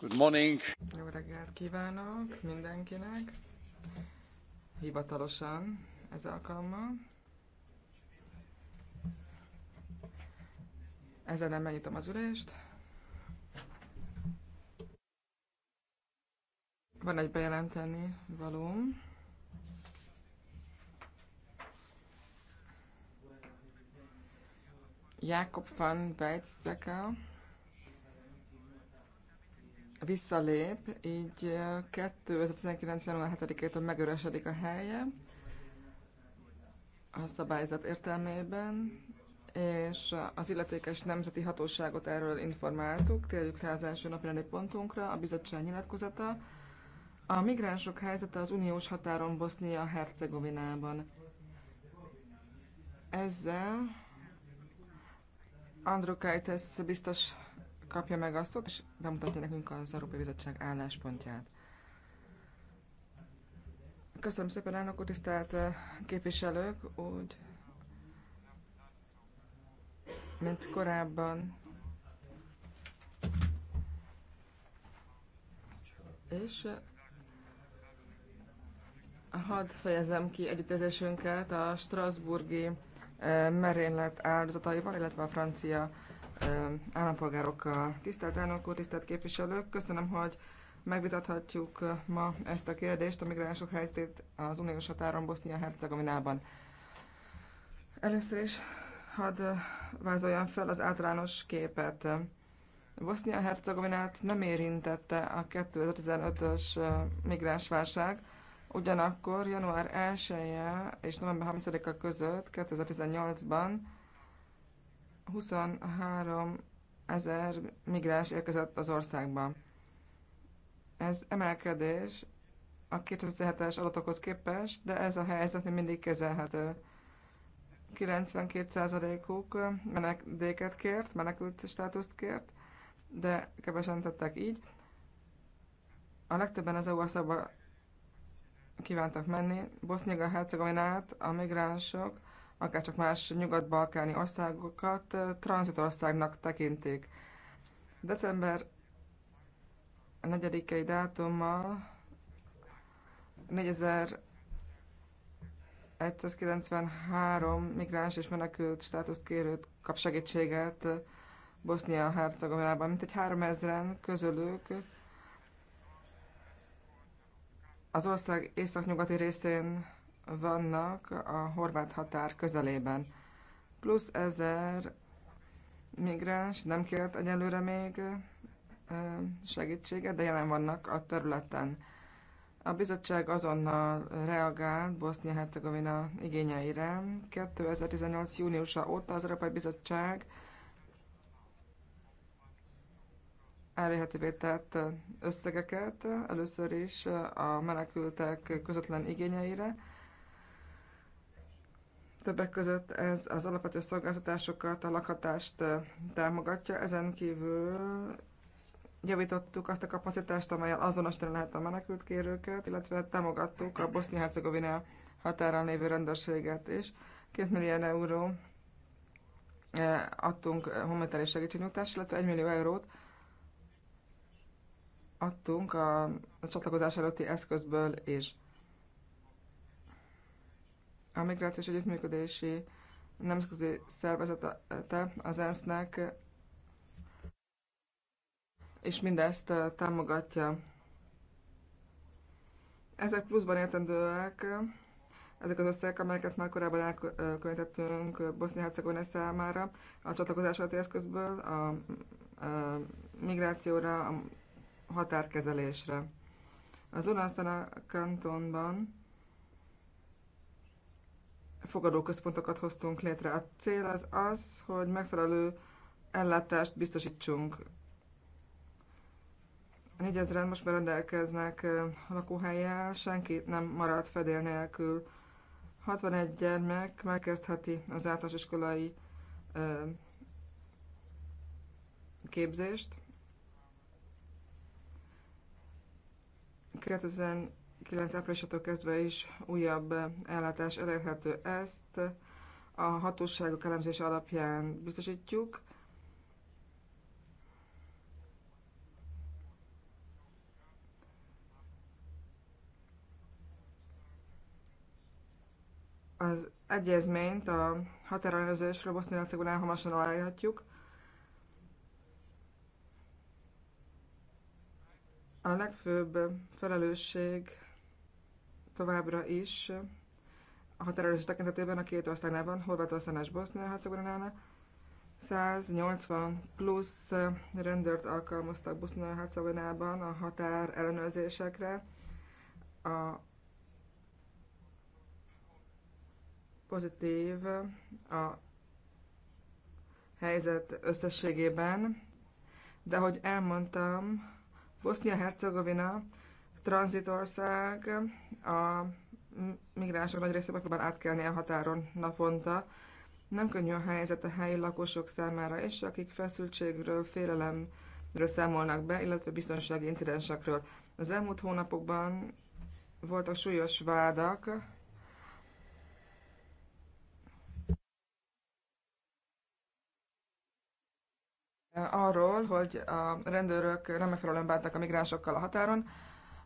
Good morning. Jó reggelt kívánok mindenkinek. Hivatalosan ez alkalommal. Ezzel nem megnyitom az ülést. Van egy bejelenteni valóm. Jakob van Weizsäcker visszalép, így 2019. január 7-től megörösödik a helye a szabályzat értelmében, és az illetékes nemzeti hatóságot erről informáltuk. Térjük rá az első napi pontunkra, a bizottság nyilatkozata. A migránsok helyzete az uniós határon Bosznia-Hercegovinában. Ezzel Kajtesz biztos kapja meg azt, és bemutatja nekünk az Európai Bizottság álláspontját. Köszönöm szépen, elnök úr, tisztelt képviselők, úgy, mint korábban. És hadd fejezem ki együttezésünket a Strasburgi merénylet áldozataival, illetve a francia állampolgárokkal. Tisztelt elnök úr, tisztelt képviselők, köszönöm, hogy megvitathatjuk ma ezt a kérdést, a migránsok helyzetét az uniós határon Bosznia-Hercegovinában. Először is hadd vázoljam fel az általános képet. Bosznia-Hercegovinát nem érintette a 2015-ös migránsválság, ugyanakkor január 1 -e és november 30-a között 2018-ban 23 ezer migráns érkezett az országba. Ez emelkedés a 2007-es adatokhoz képest, de ez a helyzet még mindig kezelhető. 92%-uk menedéket kért, menekült státuszt kért, de kevesen tettek így. A legtöbben az EU országba kívántak menni. Bosznia-Hercegovinát a migránsok csak más nyugat-balkáni országokat tranzitországnak tekintik. December 4-i dátummal 4193 migráns és menekült státuszt kérőt kap segítséget Bosznia-Hercegovinában. Mintegy 3000-en közülük az ország északnyugati részén vannak a horvát határ közelében. Plusz ezer migráns nem kért egyelőre még segítséget, de jelen vannak a területen. A bizottság azonnal reagált Bosznia-Hercegovina igényeire. 2018. júniusa óta az Európai Bizottság elérhetővé tett összegeket, először is a menekültek közvetlen igényeire, Többek között ez az alapvető szolgáltatásokat, a lakhatást támogatja, ezen kívül javítottuk azt a kapacitást, amelyel azonosítani lehet a menekültkérőket, illetve támogattuk a Bosznia-Hercegovina határán lévő rendőrséget is. Két milliárd euró adtunk humanitárius segítségnyújtást, illetve 1 millió eurót adtunk a, a csatlakozás előtti eszközből is a Migrációs Együttműködési Nemzetközi Szervezete az ENSZ-nek, és mindezt támogatja. Ezek pluszban értendőek, ezek az összegek, amelyeket már korábban elkönyvetettünk Bosznia-Hercegovina számára, a csatlakozás alatti eszközből, a, a migrációra, a határkezelésre. Az Unasana kantonban fogadóközpontokat hoztunk létre. A cél az az, hogy megfelelő ellátást biztosítsunk. 4000 négyezeren most már rendelkeznek lakóhelyjel, senki nem marad fedél nélkül. 61 gyermek megkezdheti az általános iskolai képzést. 2000 9 áprilisától kezdve is újabb ellátás elérhető ezt. A hatóságok elemzése alapján biztosítjuk. Az egyezményt a határellenőrzésről Bosznia-Hercegovinán hamarosan aláírhatjuk. a legfőbb felelősség továbbra is a határozás tekintetében a két országnál van, Horvátországnál és Bosznia-Hercegovinánál. 180 plusz rendőrt alkalmaztak Bosznia-Hercegovinában a határ ellenőrzésekre. A pozitív a helyzet összességében, de ahogy elmondtam, Bosznia-Hercegovina tranzitország a migránsok nagy része megpróbál átkelni a határon naponta. Nem könnyű a helyzet a helyi lakosok számára, és akik feszültségről, félelemről számolnak be, illetve biztonsági incidensekről. Az elmúlt hónapokban voltak súlyos vádak, arról, hogy a rendőrök nem megfelelően bántak a migránsokkal a határon,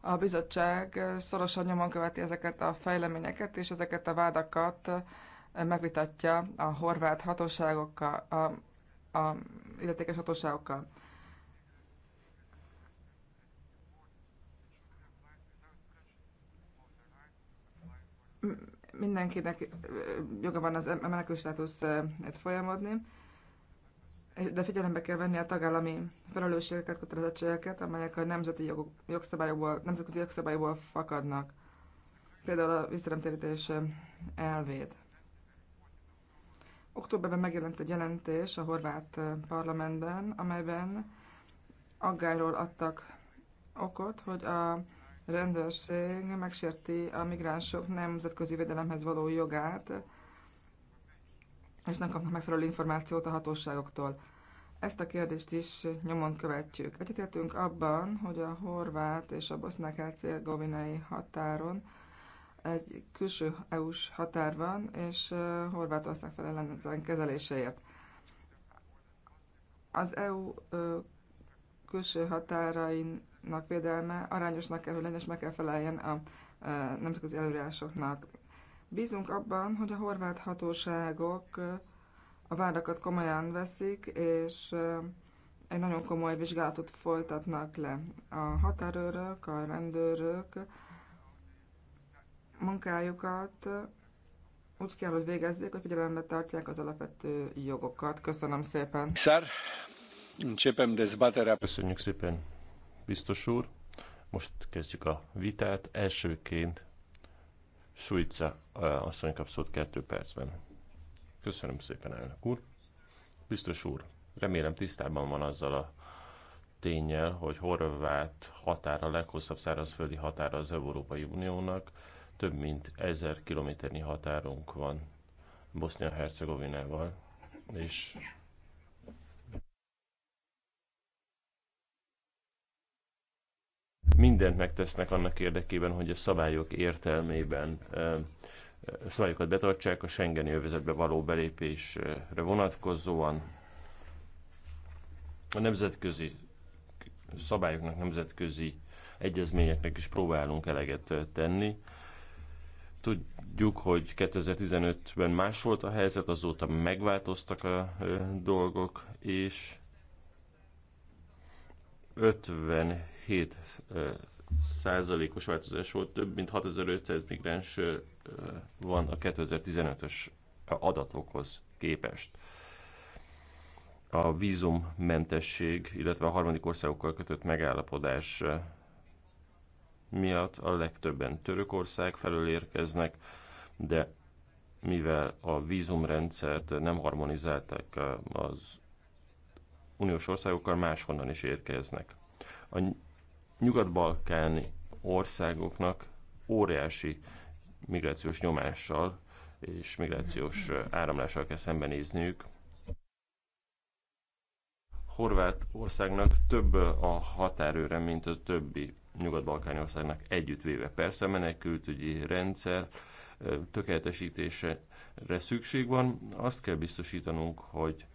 a bizottság szorosan nyomon követi ezeket a fejleményeket, és ezeket a vádakat megvitatja a horvát hatóságokkal, a, a illetékes hatóságokkal. mindenkinek joga van az menekül státuszért folyamodni de figyelembe kell venni a tagállami felelősségeket, kötelezettségeket, amelyek a nemzeti jogok, jogszabályokból, nemzetközi jogszabályokból fakadnak. Például a visszanemtérítés elvét. Októberben megjelent egy jelentés a horvát parlamentben, amelyben aggályról adtak okot, hogy a rendőrség megsérti a migránsok nemzetközi védelemhez való jogát, és nem kapnak megfelelő információt a hatóságoktól ezt a kérdést is nyomon követjük. Egyetértünk abban, hogy a horvát és a bosznák hercegovinai határon egy külső EU-s határ van, és Horvátország felé ezen kezeléséért. Az EU külső határainak védelme arányosnak kell, hogy legyen, és meg kell feleljen a nemzetközi előírásoknak. Bízunk abban, hogy a horvát hatóságok a vádakat komolyan veszik, és egy nagyon komoly vizsgálatot folytatnak le. A határőrök, a rendőrök munkájukat úgy kell, hogy végezzék, hogy figyelembe tartják az alapvető jogokat. Köszönöm szépen. Szár, csepem dezbaterá. Köszönjük szépen, biztos úr. Most kezdjük a vitát. Elsőként Suica asszony kap szót kettő percben. Köszönöm szépen, elnök úr. Biztos úr, remélem tisztában van azzal a tényel, hogy Horvát határa a leghosszabb szárazföldi határa az Európai Uniónak, több mint ezer kilométernyi határunk van Bosznia-Hercegovinával, és mindent megtesznek annak érdekében, hogy a szabályok értelmében eh, szabályokat betartsák a Schengeni övezetbe való belépésre vonatkozóan. A nemzetközi szabályoknak, nemzetközi egyezményeknek is próbálunk eleget tenni. Tudjuk, hogy 2015-ben más volt a helyzet, azóta megváltoztak a dolgok, és 57 százalékos változás volt, több mint 6500 migráns van a 2015-ös adatokhoz képest. A vízummentesség, illetve a harmadik országokkal kötött megállapodás miatt a legtöbben Törökország felől érkeznek, de mivel a vízumrendszert nem harmonizálták az uniós országokkal, máshonnan is érkeznek. A nyugat-balkáni országoknak óriási migrációs nyomással és migrációs áramlással kell szembenézniük. Horvátországnak több a határőre, mint a többi nyugat-balkáni országnak együttvéve. Persze menekültügyi rendszer tökéletesítésre szükség van. Azt kell biztosítanunk, hogy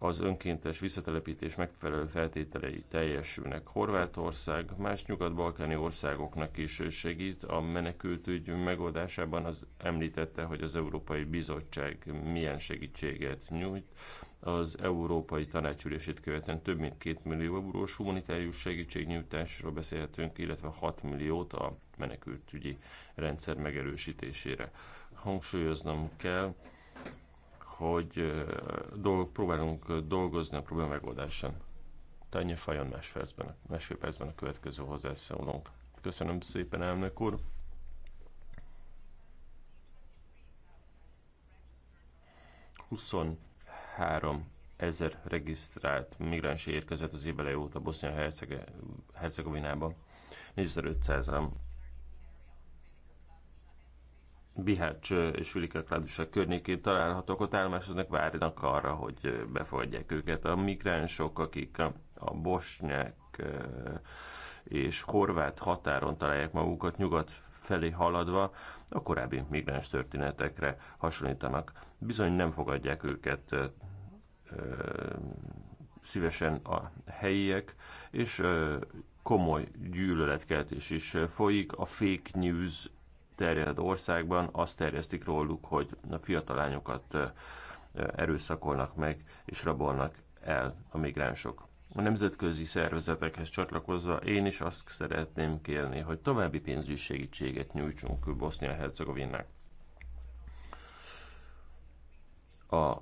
az önkéntes visszatelepítés megfelelő feltételei teljesülnek. Horvátország más nyugat-balkáni országoknak is segít a menekültügy megoldásában. Az említette, hogy az Európai Bizottság milyen segítséget nyújt. Az Európai Tanácsülését követően több mint 2 millió eurós humanitárius segítségnyújtásról beszélhetünk, illetve 6 milliót a menekültügyi rendszer megerősítésére. Hangsúlyoznom kell, hogy dolg, próbálunk dolgozni a probléma megoldásán. Tanya Fajon más percben, másfél percben a következő hozzászólunk. Köszönöm szépen, elnök úr! három ezer regisztrált migráns érkezett az évele óta Bosznia-Hercegovinába. 4500-an Bihács és Vilike Kládusák környékén találhatók, ott állomásoznak, várnak arra, hogy befogadják őket. A migránsok, akik a, a bosnyák és horvát határon találják magukat nyugat felé haladva, a korábbi migráns történetekre hasonlítanak. Bizony nem fogadják őket ö, szívesen a helyiek, és ö, komoly gyűlöletkeltés is folyik, a fake news terjed országban azt terjesztik róluk, hogy a fiatal lányokat erőszakolnak meg és rabolnak el a migránsok. A nemzetközi szervezetekhez csatlakozva én is azt szeretném kérni, hogy további pénzügyi segítséget nyújtsunk Bosznia-Hercegovinnak. A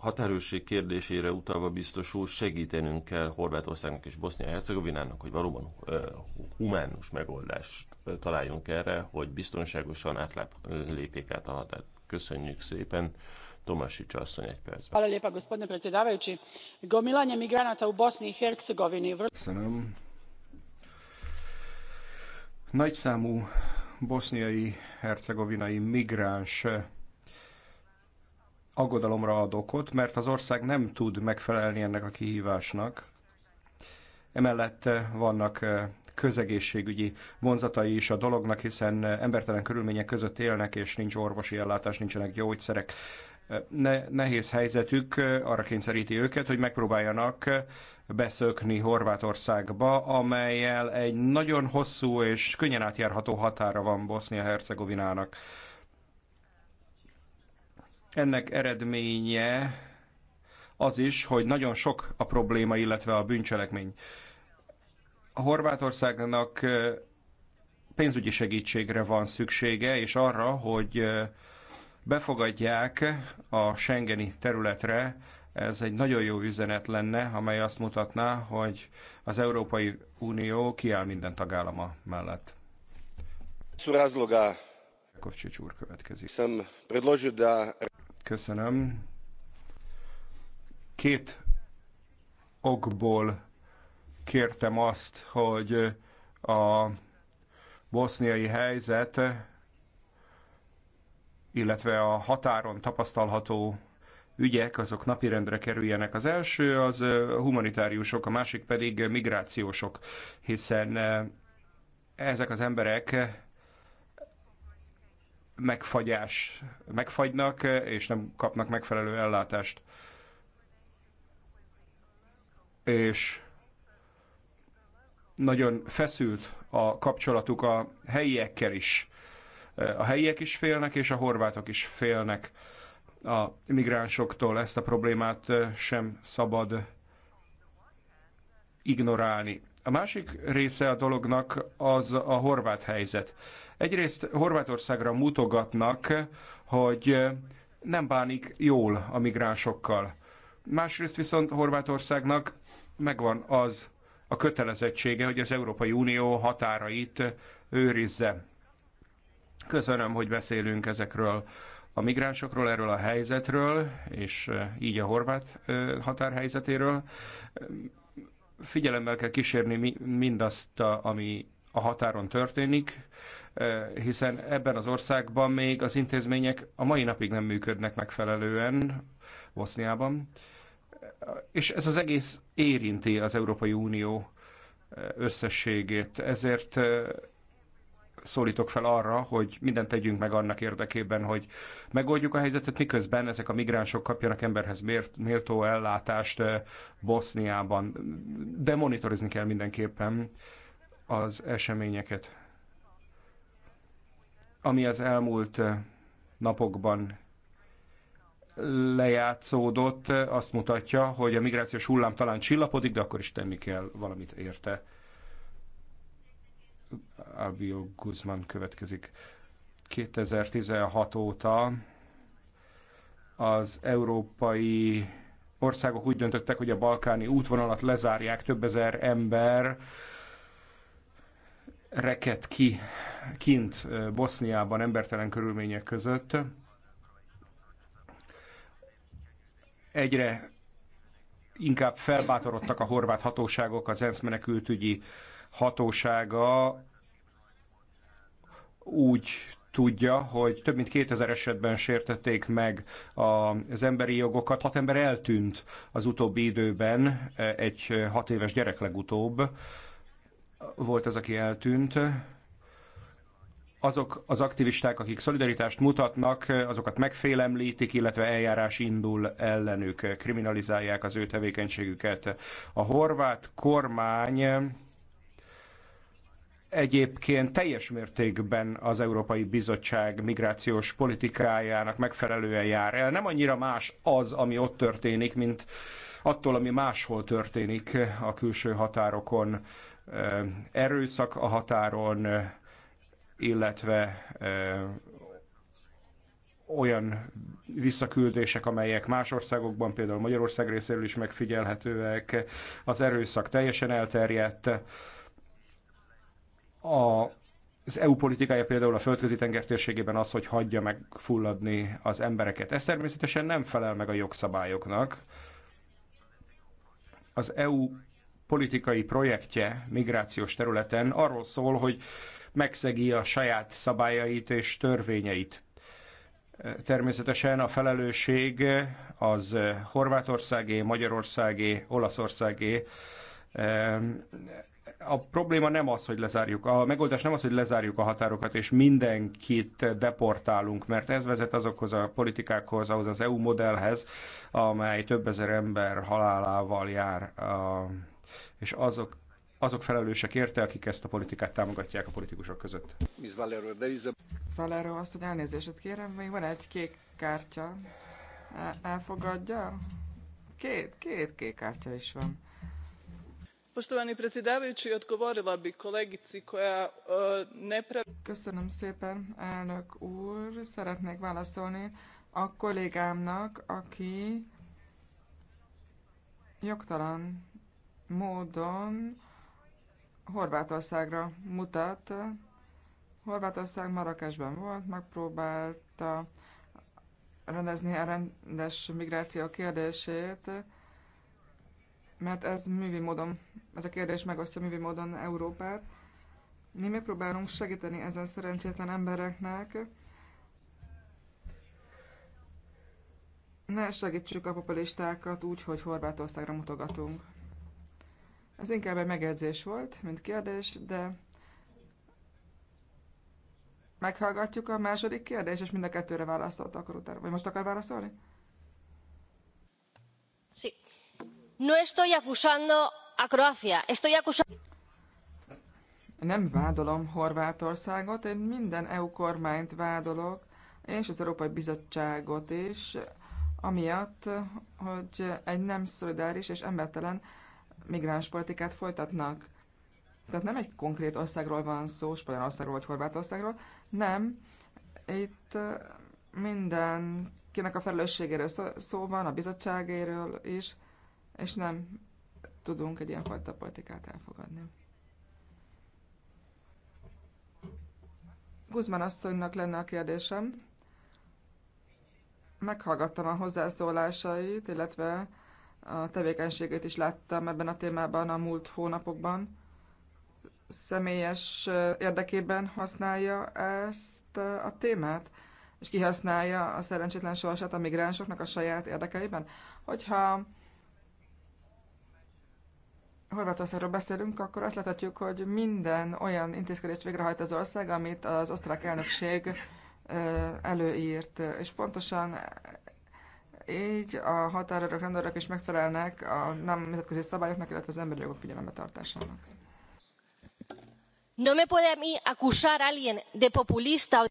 határőrség kérdésére utalva biztos úr, segítenünk kell Horvátországnak és Bosznia-Hercegovinának, hogy valóban uh, humánus megoldást találjunk erre, hogy biztonságosan átlépjék át a határt. Köszönjük szépen! Tomasić asszony egy percben. Hála lépa, gospodine predsjedavajući. Gomilanje migranata u Bosni i Hercegovini... Köszönöm. Nagyszámú boszniai hercegovinai migráns aggodalomra ad okot, mert az ország nem tud megfelelni ennek a kihívásnak. Emellett eh, vannak eh, közegészségügyi vonzatai is a dolognak, hiszen eh, embertelen körülmények között élnek, és nincs orvosi ellátás, nincsenek gyógyszerek. Ne, nehéz helyzetük arra kényszeríti őket, hogy megpróbáljanak beszökni Horvátországba, amelyel egy nagyon hosszú és könnyen átjárható határa van Bosznia-Hercegovinának. Ennek eredménye az is, hogy nagyon sok a probléma, illetve a bűncselekmény. A Horvátországnak pénzügyi segítségre van szüksége, és arra, hogy befogadják a Schengeni területre, ez egy nagyon jó üzenet lenne, amely azt mutatná, hogy az Európai Unió kiáll minden tagállama mellett. Szurázlogá. Kovcsics úr következik. Szem predložio Köszönöm. Két okból kértem azt, hogy a boszniai helyzet, illetve a határon tapasztalható ügyek, azok napirendre kerüljenek. Az első az humanitáriusok, a másik pedig migrációsok, hiszen ezek az emberek megfagyás, megfagynak, és nem kapnak megfelelő ellátást. És nagyon feszült a kapcsolatuk a helyiekkel is. A helyiek is félnek, és a horvátok is félnek a migránsoktól. Ezt a problémát sem szabad ignorálni. A másik része a dolognak az a horvát helyzet. Egyrészt Horvátországra mutogatnak, hogy nem bánik jól a migránsokkal. Másrészt viszont Horvátországnak megvan az a kötelezettsége, hogy az Európai Unió határait őrizze. Köszönöm, hogy beszélünk ezekről a migránsokról, erről a helyzetről, és így a horvát határhelyzetéről. Figyelemmel kell kísérni mindazt, ami a határon történik, hiszen ebben az országban még az intézmények a mai napig nem működnek megfelelően, Boszniában. És ez az egész érinti az Európai Unió összességét. Ezért szólítok fel arra, hogy mindent tegyünk meg annak érdekében, hogy megoldjuk a helyzetet, miközben ezek a migránsok kapjanak emberhez méltó ellátást Boszniában. De monitorizni kell mindenképpen az eseményeket. Ami az elmúlt napokban lejátszódott, azt mutatja, hogy a migrációs hullám talán csillapodik, de akkor is tenni kell valamit érte. Alvio Guzman következik. 2016 óta az európai országok úgy döntöttek, hogy a balkáni útvonalat lezárják, több ezer ember reket ki kint Boszniában embertelen körülmények között. Egyre inkább felbátorodtak a horvát hatóságok, az ENSZ menekültügyi hatósága úgy tudja, hogy több mint 2000 esetben sértették meg az emberi jogokat. Hat ember eltűnt az utóbbi időben, egy hat éves gyerek legutóbb volt az, aki eltűnt. Azok az aktivisták, akik szolidaritást mutatnak, azokat megfélemlítik, illetve eljárás indul ellenük, kriminalizálják az ő tevékenységüket. A horvát kormány egyébként teljes mértékben az Európai Bizottság migrációs politikájának megfelelően jár el. Nem annyira más az, ami ott történik, mint attól, ami máshol történik a külső határokon. Eh, erőszak a határon, eh, illetve eh, olyan visszaküldések, amelyek más országokban, például Magyarország részéről is megfigyelhetőek, az erőszak teljesen elterjedt, a az EU politikája például a földközi tenger térségében az, hogy hagyja meg fulladni az embereket. Ez természetesen nem felel meg a jogszabályoknak. Az EU politikai projektje migrációs területen arról szól, hogy megszegi a saját szabályait és törvényeit. Természetesen a felelősség az Horvátországé, Magyarországé, Olaszországé, a probléma nem az, hogy lezárjuk, a megoldás nem az, hogy lezárjuk a határokat, és mindenkit deportálunk, mert ez vezet azokhoz a politikákhoz, ahhoz az EU modellhez, amely több ezer ember halálával jár, és azok, azok felelősek érte, akik ezt a politikát támogatják a politikusok között. Ms. Valero, there is a... Valero, azt hogy elnézést kérem, még van egy kék kártya. El, elfogadja? Két, két kék kártya is van poštovani predsjedavajući odgovorila bih kolegici koja e, nepravilno köszönöm szépen úr szeretnék válaszolni a kollégámnak aki módon Horvátországra mutat. Horvátország volt, rendezni a rendes migráció kérdését, mert ez művi módon, ez a kérdés megosztja művi módon Európát. Mi megpróbálunk segíteni ezen szerencsétlen embereknek. Ne segítsük a populistákat úgy, hogy Horvátországra mutogatunk. Ez inkább egy megjegyzés volt, mint kérdés, de meghallgatjuk a második kérdést, és mind a kettőre válaszolt akkor utána. Vagy most akar válaszolni? Sí no estoy acusando a Croacia, estoy acusando... Nem vádolom Horvátországot, én minden EU kormányt vádolok, és az Európai Bizottságot is, amiatt, hogy egy nem szolidáris és embertelen migráns politikát folytatnak. Tehát nem egy konkrét országról van szó, Spanyolországról vagy Horvátországról, nem. Itt mindenkinek a felelősségéről szó, szó van, a bizottságéről is és nem tudunk egy ilyenfajta politikát elfogadni. Guzman asszonynak lenne a kérdésem. Meghallgattam a hozzászólásait, illetve a tevékenységét is láttam ebben a témában a múlt hónapokban. Személyes érdekében használja ezt a témát, és kihasználja a szerencsétlen sorsát a migránsoknak a saját érdekeiben. Hogyha Horvátországról beszélünk, akkor azt láthatjuk, hogy minden olyan intézkedést végrehajt az ország, amit az osztrák elnökség előírt. És pontosan így a határőrök, rendőrök is megfelelnek a nemzetközi szabályoknak, illetve az emberi jogok tartásának. No me puede acusar alguien de populista.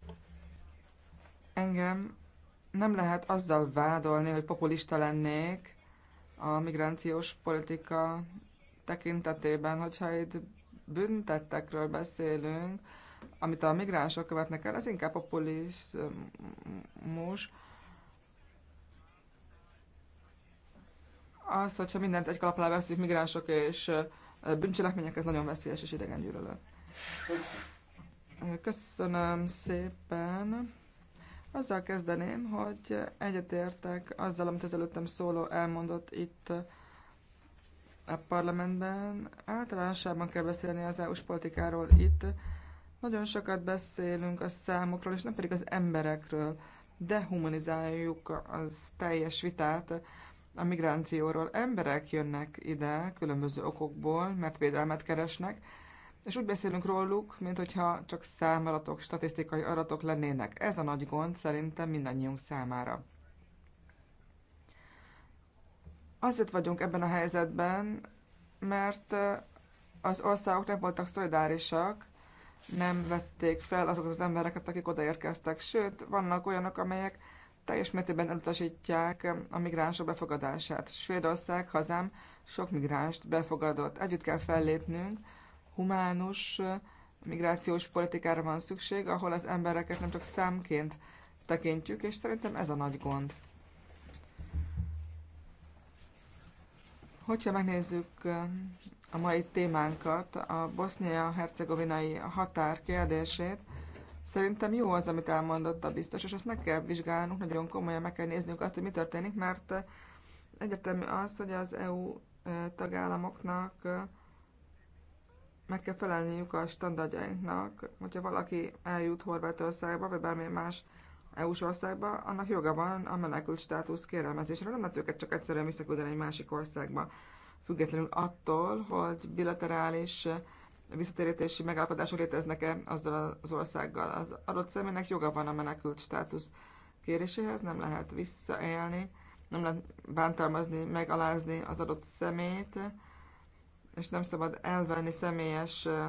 Engem nem lehet azzal vádolni, hogy populista lennék a migrációs politika tekintetében, hogyha itt büntettekről beszélünk, amit a migránsok követnek el, az inkább populizmus. Az, hogyha mindent egy kalap alá veszik migránsok és bűncselekmények, ez nagyon veszélyes és idegen gyűlölő. Köszönöm szépen. Azzal kezdeném, hogy egyetértek azzal, amit az előttem szóló elmondott itt a parlamentben. Általánosában kell beszélni az EU-s politikáról itt. Nagyon sokat beszélünk a számokról, és nem pedig az emberekről. Dehumanizáljuk az teljes vitát a migrációról. Emberek jönnek ide különböző okokból, mert védelmet keresnek, és úgy beszélünk róluk, mintha csak számaratok, statisztikai adatok lennének. Ez a nagy gond szerintem mindannyiunk számára. Azért vagyunk ebben a helyzetben, mert az országok nem voltak szolidárisak, nem vették fel azokat az embereket, akik odaérkeztek. Sőt, vannak olyanok, amelyek teljes mértékben elutasítják a migránsok befogadását. Svédország, hazám sok migránst befogadott. Együtt kell fellépnünk, humánus migrációs politikára van szükség, ahol az embereket nem csak számként tekintjük, és szerintem ez a nagy gond. Hogyha megnézzük a mai témánkat, a bosznia-hercegovinai határ kérdését, szerintem jó az, amit elmondott a biztos, és ezt meg kell vizsgálnunk, nagyon komolyan meg kell néznünk azt, hogy mi történik, mert egyértelmű az, hogy az EU tagállamoknak meg kell felelniük a standardjainknak, hogyha valaki eljut Horvátországba, vagy bármilyen más EU-s országba, annak joga van a menekült státusz kérelmezésre. Nem lehet őket csak egyszerűen visszaküldeni egy másik országba, függetlenül attól, hogy bilaterális visszatérítési megállapodások léteznek-e azzal az országgal. Az adott személynek joga van a menekült státusz kéréséhez, nem lehet visszaélni, nem lehet bántalmazni, megalázni az adott szemét, és nem szabad elvenni személyes eh,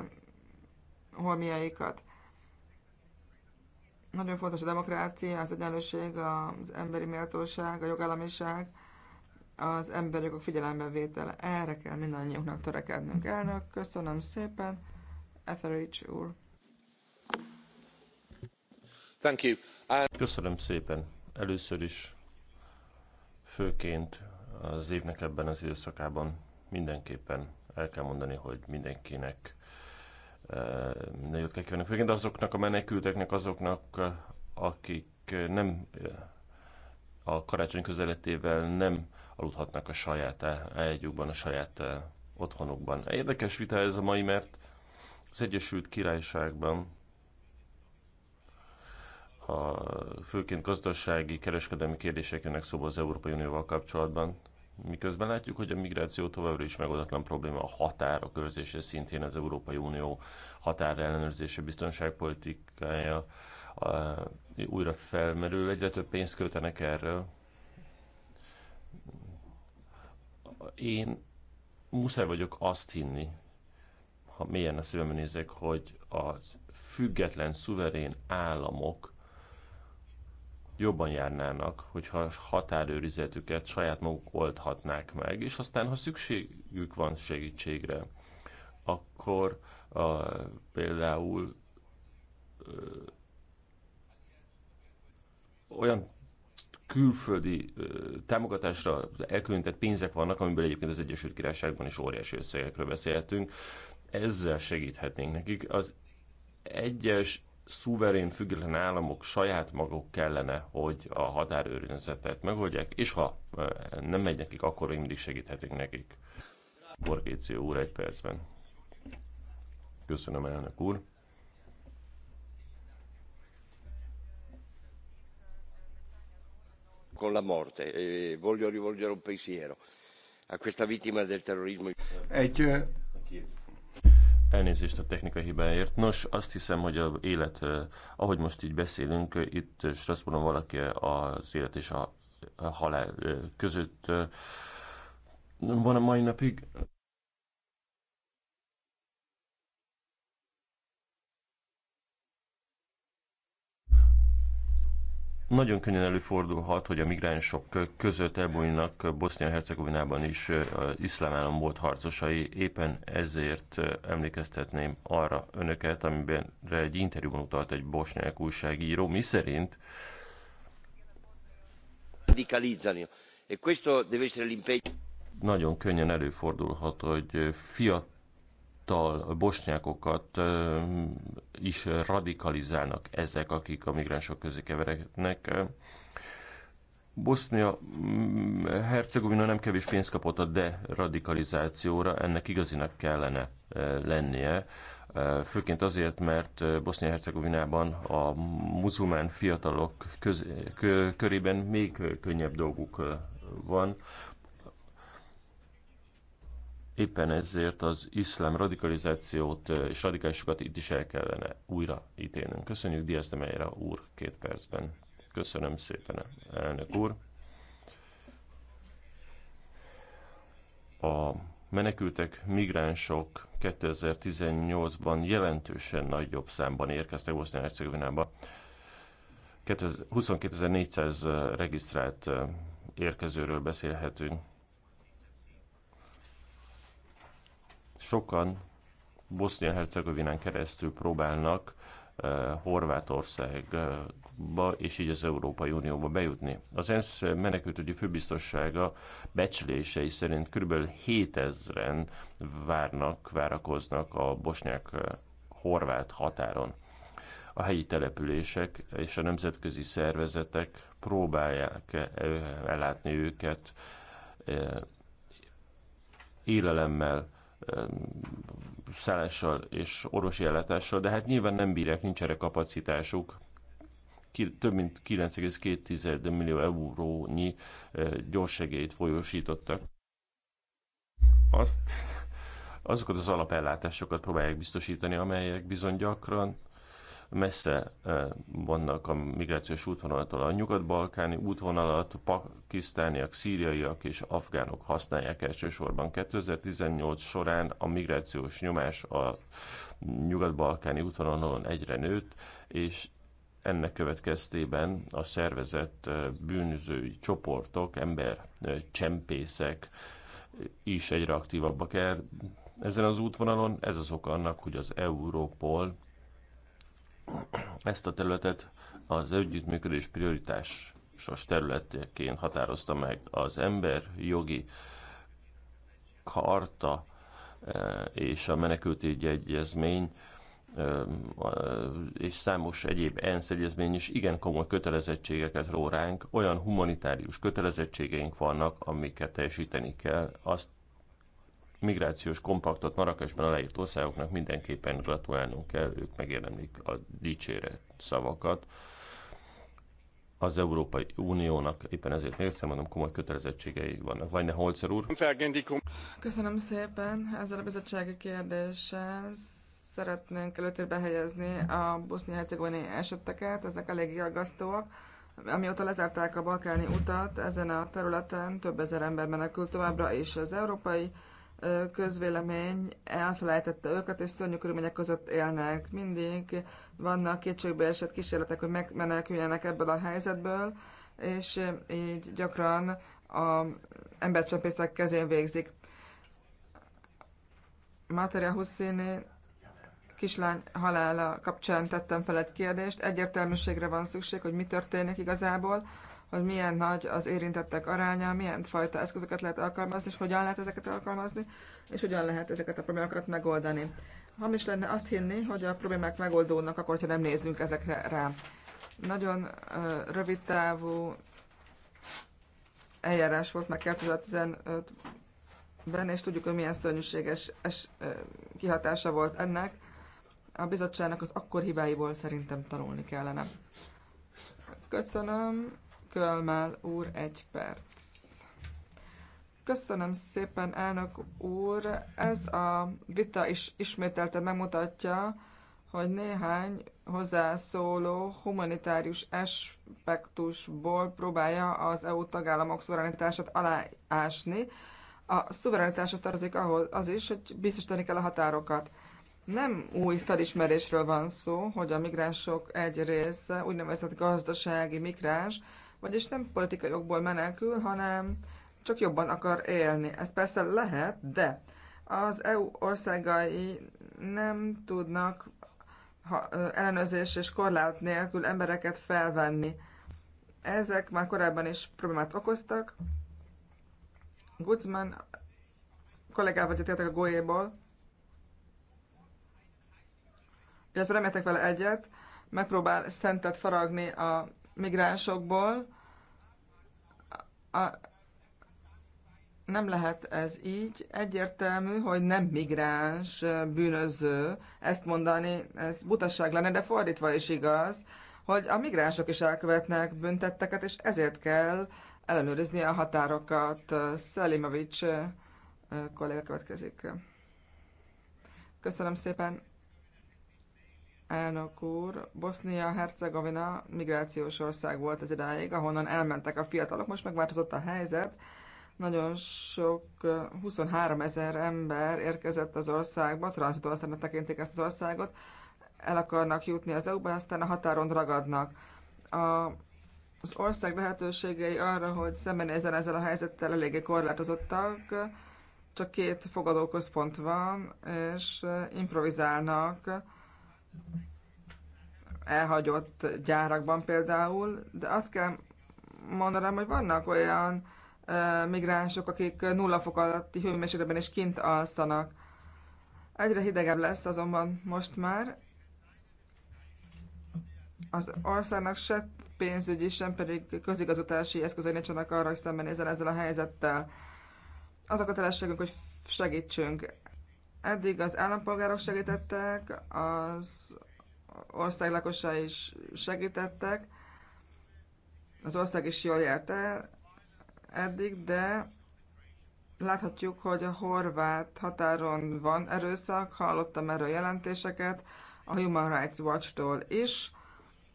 holmiaikat. Nagyon fontos a demokrácia, az egyenlőség, az emberi méltóság, a jogállamiság, az emberjogok figyelembevétele. Erre kell mindannyiunknak törekednünk. Elnök, köszönöm szépen. Etheridge úr. Thank you. Köszönöm szépen. Először is főként az évnek ebben az időszakában mindenképpen el kell mondani, hogy mindenkinek jót kell kívánni. Főként azoknak a menekülteknek, azoknak, akik nem a karácsony közeletével nem aludhatnak a saját ágyukban, e, a saját otthonukban. Érdekes vita ez a mai, mert az Egyesült Királyságban a főként gazdasági, kereskedelmi kérdések jönnek szóba az Európai Unióval kapcsolatban. Miközben látjuk, hogy a migráció továbbra is megoldatlan probléma, a határ, a körzése szintén az Európai Unió ellenőrzése, biztonságpolitikája a, újra felmerül, egyre több pénzt költenek erről. Én muszáj vagyok azt hinni, ha mélyen a szívemben nézek, hogy a független, szuverén államok jobban járnának, hogyha határőrizetüket saját maguk oldhatnák meg, és aztán, ha szükségük van segítségre, akkor uh, például uh, olyan külföldi uh, támogatásra elkülönített pénzek vannak, amiből egyébként az Egyesült Királyságban is óriási összegekről beszélhetünk, ezzel segíthetnénk nekik. Az egyes szuverén, független államok saját maguk kellene, hogy a határőrizetet megoldják, és ha nem megy nekik, akkor még mindig segíthetünk nekik. Borgéció úr, egy percben. Köszönöm, elnök úr. Con la morte. E, voglio rivolgere un pensiero a questa vittima del terrorismo. Egy Elnézést a technikai hibáért. Nos, azt hiszem, hogy a élet, ahogy most így beszélünk, itt Strasbourgon valaki az élet és a halál között van a mai napig. Nagyon könnyen előfordulhat, hogy a migránsok között elbújnak Bosznia-Hercegovinában is iszlám állam volt harcosai. Éppen ezért emlékeztetném arra önöket, amiben egy interjúban utalt egy bosnyák újságíró, mi szerint e nagyon könnyen előfordulhat, hogy fiatal fiatal bosnyákokat is radikalizálnak ezek, akik a migránsok közé keverednek. Bosznia mm, Hercegovina nem kevés pénzt kapott a deradikalizációra, ennek igazinak kellene lennie, főként azért, mert Bosznia-Hercegovinában a muzulmán fiatalok köz, kö, körében még könnyebb dolguk van. Éppen ezért az iszlám radikalizációt és radikálisokat itt is el kellene újra ítélnünk. Köszönjük Diaz de Meira úr két percben. Köszönöm szépen, elnök úr. A menekültek, migránsok 2018-ban jelentősen nagyobb számban érkeztek Bosznia-Hercegovinába. 22.400 regisztrált érkezőről beszélhetünk Sokan Bosznia-Hercegovinán keresztül próbálnak eh, Horvátországba és így az Európai Unióba bejutni. Az ENSZ menekültügyi főbiztossága becslései szerint kb. 7000-en várnak, várakoznak a bosnyák-horvát határon. A helyi települések és a nemzetközi szervezetek próbálják ellátni őket eh, élelemmel, szállással és orvosi ellátással, de hát nyilván nem bírják, nincs erre kapacitásuk. Ki, több mint 9,2 millió eurónyi segélyt folyósítottak. Azt azokat az alapellátásokat próbálják biztosítani, amelyek bizony gyakran messze vannak a migrációs útvonalatól. A nyugat-balkáni útvonalat pakisztániak, szíriaiak és afgánok használják elsősorban. 2018 során a migrációs nyomás a nyugat-balkáni útvonalon egyre nőtt, és ennek következtében a szervezett bűnözői csoportok, ember csempészek is egyre aktívabbak el ezen az útvonalon. Ez az oka annak, hogy az Európol ezt a területet az együttműködés prioritásos területeként határozta meg az ember jogi karta e, és a menekültügyi egyezmény e, és számos egyéb ENSZ egyezmény is igen komoly kötelezettségeket ró ránk, olyan humanitárius kötelezettségeink vannak, amiket teljesíteni kell. Azt migrációs kompaktot Marrakesben aláírt országoknak mindenképpen gratulálnunk kell, ők megérdemlik a dicsére szavakat. Az Európai Uniónak éppen ezért még egyszer mondom, komoly kötelezettségei vannak. Vajne Holzer úr? Köszönöm szépen. Ezzel a bizottsági kérdéssel szeretnénk előtérbe helyezni a bosznia-hercegovini eseteket, ezek elég aggasztóak. Amióta lezárták a balkáni utat, ezen a területen több ezer ember menekül továbbra, és az európai közvélemény elfelejtette őket, és szörnyű körülmények között élnek. Mindig vannak esett kísérletek, hogy megmeneküljenek ebből a helyzetből, és így gyakran a embercsempészek kezén végzik. Materia Hussini kislány halála kapcsán tettem fel egy kérdést. Egyértelműségre van szükség, hogy mi történik igazából hogy milyen nagy az érintettek aránya, milyen fajta eszközöket lehet alkalmazni, és hogyan lehet ezeket alkalmazni, és hogyan lehet ezeket a problémákat megoldani. Hamis lenne azt hinni, hogy a problémák megoldódnak, akkor, ha nem nézzünk ezekre rá. Nagyon uh, rövid távú eljárás volt meg 2015-ben, és tudjuk, hogy milyen szörnyűséges es, uh, kihatása volt ennek. A bizottságnak az akkor hibáiból szerintem tanulni kellene. Köszönöm. Kölmel úr egy perc. Köszönöm szépen, elnök úr. Ez a vita is ismételten megmutatja, hogy néhány hozzászóló humanitárius aspektusból próbálja az EU tagállamok szuverenitását aláásni. A szuverenitáshoz tartozik ahhoz az is, hogy biztosítani kell a határokat. Nem új felismerésről van szó, hogy a migránsok egy része úgynevezett gazdasági migráns, vagyis nem politikai jogból menekül, hanem csak jobban akar élni. Ez persze lehet, de az EU országai nem tudnak ha, ellenőrzés és korlát nélkül embereket felvenni. Ezek már korábban is problémát okoztak. Guzman kollégával egyetértek a Goéból, illetve reméltek vele egyet, megpróbál szentet faragni a migránsokból. A, nem lehet ez így. Egyértelmű, hogy nem migráns, bűnöző. Ezt mondani, ez butaság lenne, de fordítva is igaz, hogy a migránsok is elkövetnek büntetteket, és ezért kell ellenőrizni a határokat. Szelimovics kolléga következik. Köszönöm szépen, elnök úr. Bosznia-Hercegovina migrációs ország volt ez idáig, ahonnan elmentek a fiatalok. Most megváltozott a helyzet. Nagyon sok, 23 ezer ember érkezett az országba, tranzitországnak tekintik ezt az országot, el akarnak jutni az EU-ba, aztán a határon ragadnak. A, az ország lehetőségei arra, hogy szembenézzen ezzel a helyzettel eléggé korlátozottak, csak két fogadóközpont van, és improvizálnak elhagyott gyárakban például, de azt kell mondanám, hogy vannak olyan ö, migránsok, akik nulla fok alatti hőmérsékletben is kint alszanak. Egyre hidegebb lesz azonban most már. Az országnak se pénzügyi, sem pedig közigazgatási eszközei nincsenek arra, hogy szembenézzen ezzel a helyzettel. Az a kötelességünk, hogy segítsünk. Eddig az állampolgárok segítettek, az ország lakosai is segítettek, az ország is jól járt el eddig, de láthatjuk, hogy a horvát határon van erőszak, hallottam erről jelentéseket a Human Rights Watch-tól is.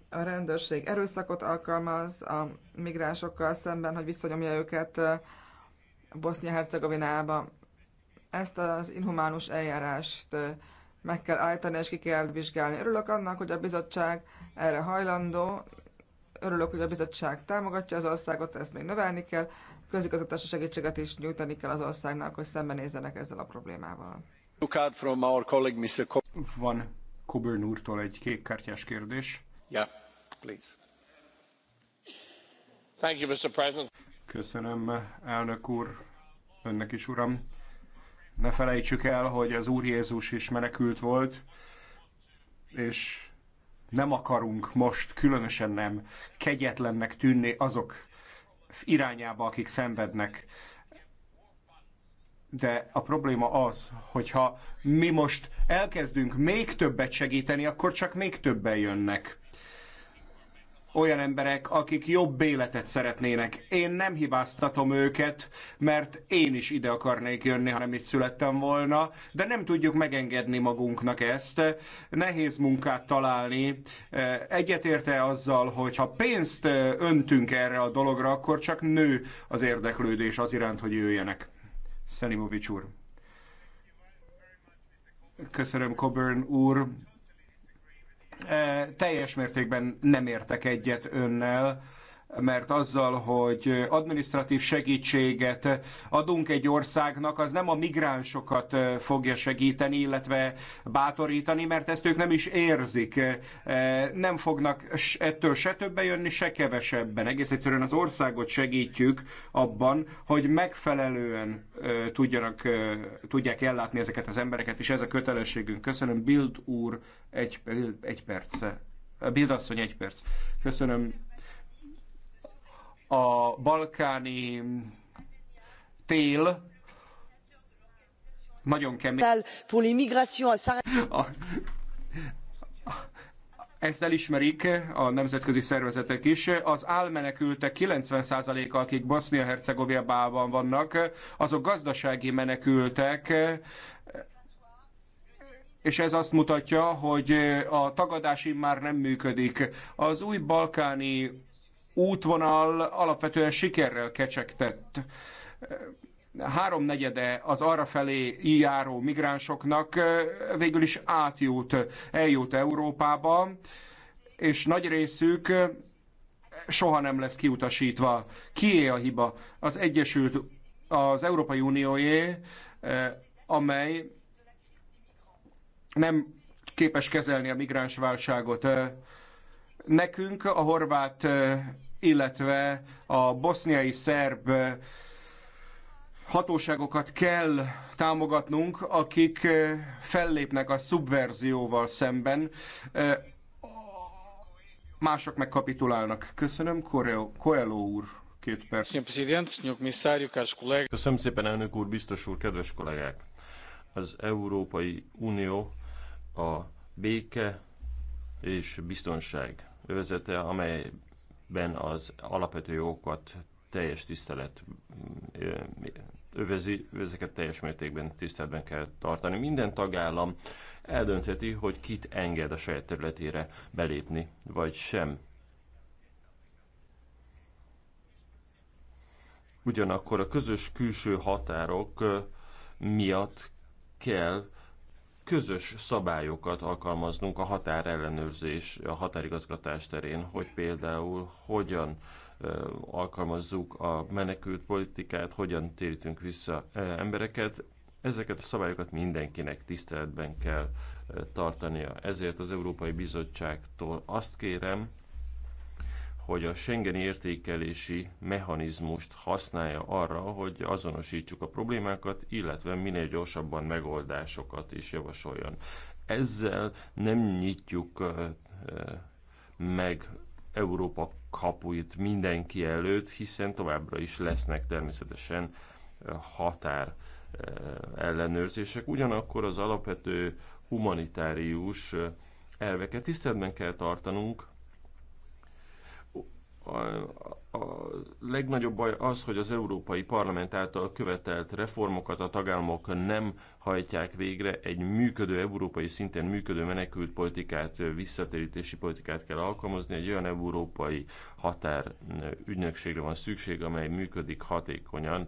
A rendőrség erőszakot alkalmaz a migránsokkal szemben, hogy visszanyomja őket eh, Bosznia-Hercegovinába. Ezt az inhumánus eljárást meg kell állítani és ki kell vizsgálni. Örülök annak, hogy a bizottság erre hajlandó, örülök, hogy a bizottság támogatja az országot, ezt még növelni kell, közigazgatási segítséget is nyújtani kell az országnak, hogy szembenézzenek ezzel a problémával. Van Coburn úrtól egy kékkártyás kérdés. Yeah, please. Thank you, Mr. President. Köszönöm, elnök úr, önnek is, uram. Ne felejtsük el, hogy az Úr Jézus is menekült volt, és nem akarunk most különösen nem kegyetlennek tűnni azok irányába, akik szenvednek. De a probléma az, hogyha mi most elkezdünk még többet segíteni, akkor csak még többen jönnek olyan emberek, akik jobb életet szeretnének. Én nem hibáztatom őket, mert én is ide akarnék jönni, ha nem itt születtem volna, de nem tudjuk megengedni magunknak ezt. Nehéz munkát találni. Egyetérte azzal, hogy ha pénzt öntünk erre a dologra, akkor csak nő az érdeklődés az iránt, hogy jöjjenek. Szelimovics úr. Köszönöm, Coburn úr teljes mértékben nem értek egyet önnel, mert azzal, hogy administratív segítséget adunk egy országnak, az nem a migránsokat fogja segíteni, illetve bátorítani, mert ezt ők nem is érzik. Nem fognak ettől se többe jönni, se kevesebben. Egész egyszerűen az országot segítjük abban, hogy megfelelően tudjanak, tudják ellátni ezeket az embereket, és ez a kötelességünk. Köszönöm, Bild úr, egy, egy perce. Bild asszony, egy perc. Köszönöm a balkáni tél nagyon kemény. A, ezt elismerik a nemzetközi szervezetek is. Az álmenekültek 90%-a, akik Bosznia-Hercegovinában vannak, azok gazdasági menekültek, és ez azt mutatja, hogy a tagadás már nem működik. Az új balkáni útvonal alapvetően sikerrel kecsegtett háromnegyede az arrafelé járó migránsoknak végül is átjut, eljut Európába, és nagy részük soha nem lesz kiutasítva. Kié a hiba? Az Egyesült, az Európai Unióé, amely nem képes kezelni a migránsválságot. Nekünk a horvát illetve a boszniai szerb hatóságokat kell támogatnunk, akik fellépnek a szubverzióval szemben. Mások megkapitulálnak. Köszönöm, Koelo úr, két perc. Köszönöm szépen, elnök úr, biztos úr, kedves kollégák! Az Európai Unió a béke és biztonság övezete, amely ben az alapvető jogokat teljes tisztelet övezi, ezeket teljes mértékben tiszteletben kell tartani. Minden tagállam eldöntheti, hogy kit enged a saját területére belépni, vagy sem. Ugyanakkor a közös külső határok miatt kell közös szabályokat alkalmaznunk a határellenőrzés, a határigazgatás terén, hogy például hogyan alkalmazzuk a menekült politikát, hogyan térítünk vissza embereket. Ezeket a szabályokat mindenkinek tiszteletben kell tartania. Ezért az Európai Bizottságtól azt kérem, hogy a Schengeni értékelési mechanizmust használja arra, hogy azonosítsuk a problémákat, illetve minél gyorsabban megoldásokat is javasoljon. Ezzel nem nyitjuk meg Európa kapuit mindenki előtt, hiszen továbbra is lesznek természetesen határ ellenőrzések. Ugyanakkor az alapvető humanitárius elveket tiszteletben kell tartanunk, a, a legnagyobb baj az, hogy az Európai Parlament által követelt reformokat a tagállamok nem hajtják végre. Egy működő, európai szinten működő menekültpolitikát, visszatérítési politikát kell alkalmazni. Egy olyan európai határ ügynökségre van szükség, amely működik hatékonyan.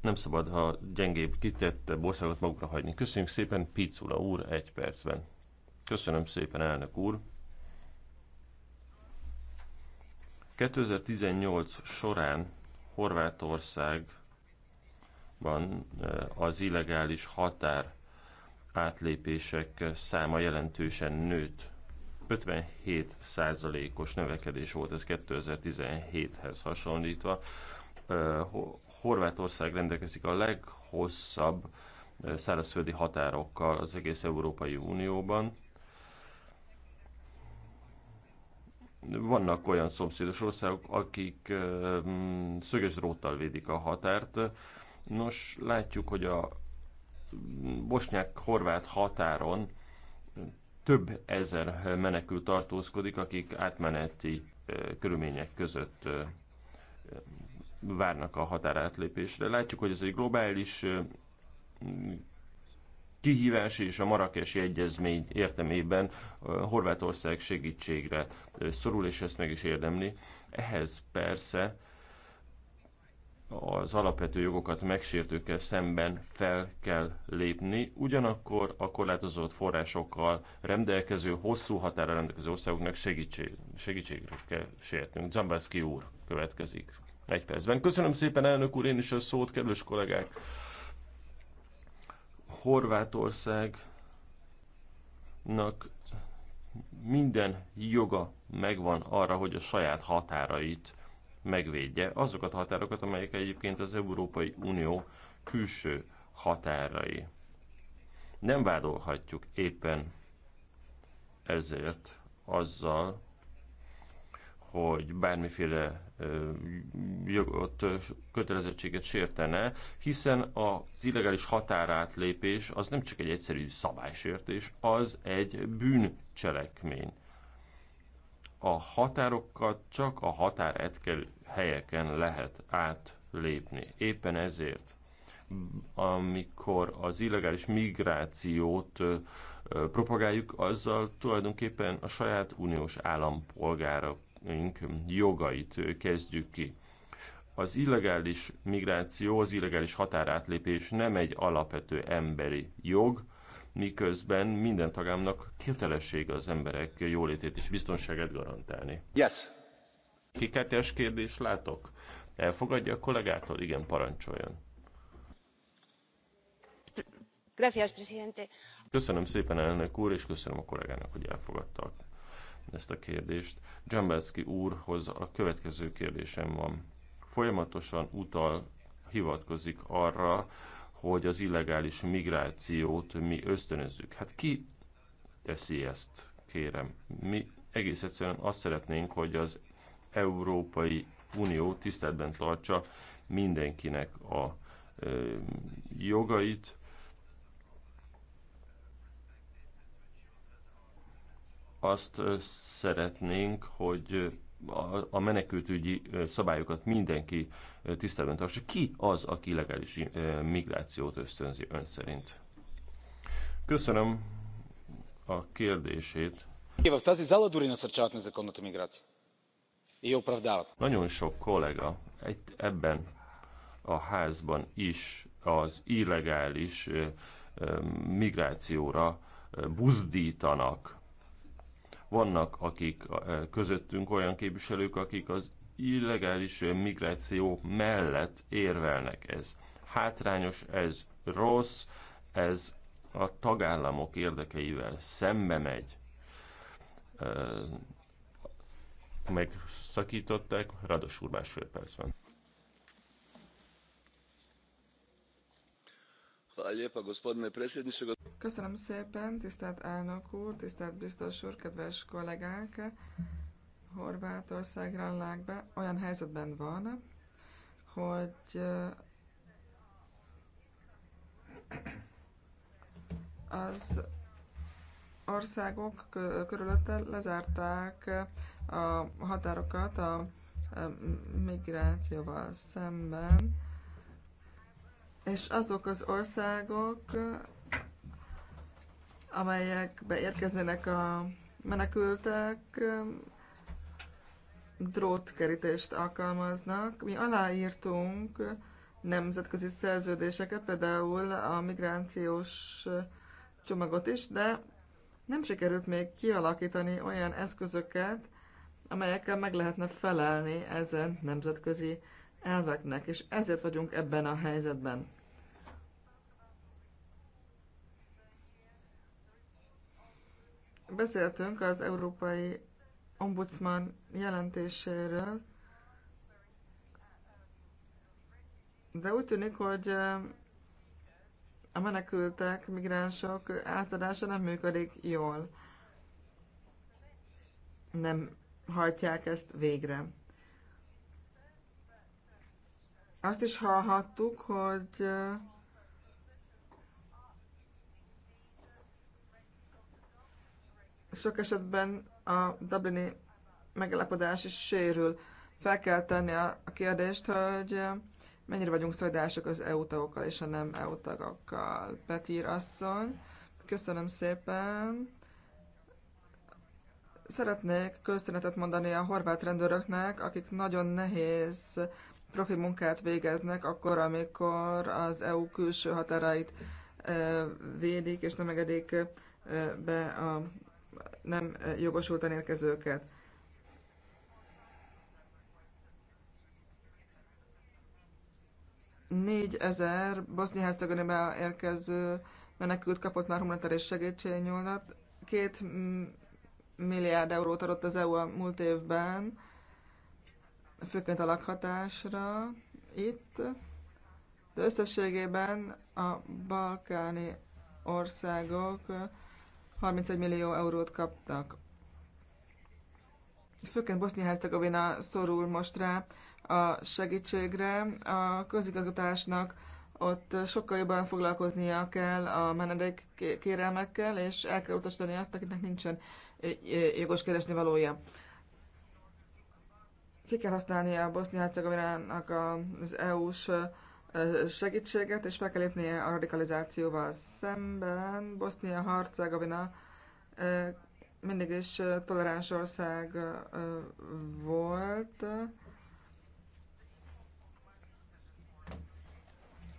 Nem szabad, ha gyengébb kitett országot magukra hagyni. Köszönjük szépen, Picula úr, egy percben. Köszönöm szépen, elnök úr. 2018 során Horvátországban e, az illegális határ átlépések száma jelentősen nőtt. 57 százalékos növekedés volt ez 2017-hez hasonlítva. E, Horvátország rendelkezik a leghosszabb e, szárazföldi határokkal az egész Európai Unióban. Vannak olyan szomszédos országok, akik mm, szöges dróttal védik a határt. Nos, látjuk, hogy a bosnyák-horvát határon több ezer menekült tartózkodik, akik átmeneti körülmények között várnak a határátlépésre. Látjuk, hogy ez egy globális kihívás és a Marrakesi Egyezmény értelmében Horvátország segítségre szorul, és ezt meg is érdemli. Ehhez persze az alapvető jogokat megsértőkkel szemben fel kell lépni, ugyanakkor a korlátozott forrásokkal rendelkező, hosszú határa rendelkező országoknak segítség, segítségre kell sértünk. Zambászki úr következik egy percben. Köszönöm szépen, elnök úr, én is a szót, kedves kollégák! Horvátországnak minden joga megvan arra, hogy a saját határait megvédje. Azokat a határokat, amelyek egyébként az Európai Unió külső határai. Nem vádolhatjuk éppen ezért azzal, hogy bármiféle jogot, kötelezettséget sértene, hiszen az illegális határátlépés az nem csak egy egyszerű szabálysértés, az egy bűncselekmény. A határokat csak a határetkelő helyeken lehet átlépni. Éppen ezért amikor az illegális migrációt propagáljuk, azzal tulajdonképpen a saját uniós állampolgárok embereink jogait kezdjük ki. Az illegális migráció, az illegális határátlépés nem egy alapvető emberi jog, miközben minden tagámnak kötelessége az emberek jólétét és biztonságát garantálni. Yes. Kikártyás kérdés látok? Elfogadja a kollégától? Igen, parancsoljon. presidente. Köszönöm szépen, elnök úr, és köszönöm a kollégának, hogy a ezt a kérdést. Dzsambelszki úrhoz a következő kérdésem van. Folyamatosan utal, hivatkozik arra, hogy az illegális migrációt mi ösztönözzük. Hát ki teszi ezt, kérem? Mi egész egyszerűen azt szeretnénk, hogy az Európai Unió tiszteletben tartsa mindenkinek a jogait, azt szeretnénk, hogy a menekültügyi szabályokat mindenki tisztelben tartsa. Ki az, aki illegális migrációt ösztönzi ön szerint? Köszönöm a kérdését. Nagyon sok kollega egy, ebben a házban is az illegális migrációra buzdítanak vannak akik közöttünk olyan képviselők, akik az illegális migráció mellett érvelnek. Ez hátrányos, ez rossz, ez a tagállamok érdekeivel szembe megy. Megszakították, Rados úr másfél percben. Köszönöm szépen, tisztelt elnök úr, tisztelt biztos úr, kedves kollégák! Horvátország jelenleg olyan helyzetben van, hogy az országok körülötte lezárták a határokat a migrációval szemben és azok az országok, amelyekbe érkeznének a menekültek, drótkerítést alkalmaznak. Mi aláírtunk nemzetközi szerződéseket, például a migrációs csomagot is, de nem sikerült még kialakítani olyan eszközöket, amelyekkel meg lehetne felelni ezen nemzetközi elveknek, és ezért vagyunk ebben a helyzetben. Beszéltünk az Európai Ombudsman jelentéséről, de úgy tűnik, hogy eh, a menekültek, migránsok átadása nem működik jól. Nem hajtják ezt végre. Azt is hallhattuk, hogy sok esetben a Dublini megállapodás is sérül. Fel kell tenni a kérdést, hogy mennyire vagyunk szolidárisak az EU tagokkal és a nem EU tagokkal. Petír asszony, köszönöm szépen. Szeretnék köszönetet mondani a horvát rendőröknek, akik nagyon nehéz profi munkát végeznek, akkor, amikor az EU külső határait védik, és nem engedik be a nem jogosultan érkezőket. ezer Bosznia-Hercegonébe érkező menekült kapott már humanitárius segítségnyújtást. Két milliárd eurót adott az EU a múlt évben, főként a lakhatásra itt, de összességében a balkáni országok 31 millió eurót kaptak. Főként Bosznia-Hercegovina szorul most rá a segítségre. A közigazgatásnak ott sokkal jobban foglalkoznia kell a menedék kérelmekkel, és el kell utasítani azt, akinek nincsen eh, jogos keresni valója. Ki kell használnia a Bosznia-Hercegovinának az EU-s segítséget, és fel kell lépnie a radikalizációval szemben. Bosznia-Hercegovina mindig is toleráns ország volt.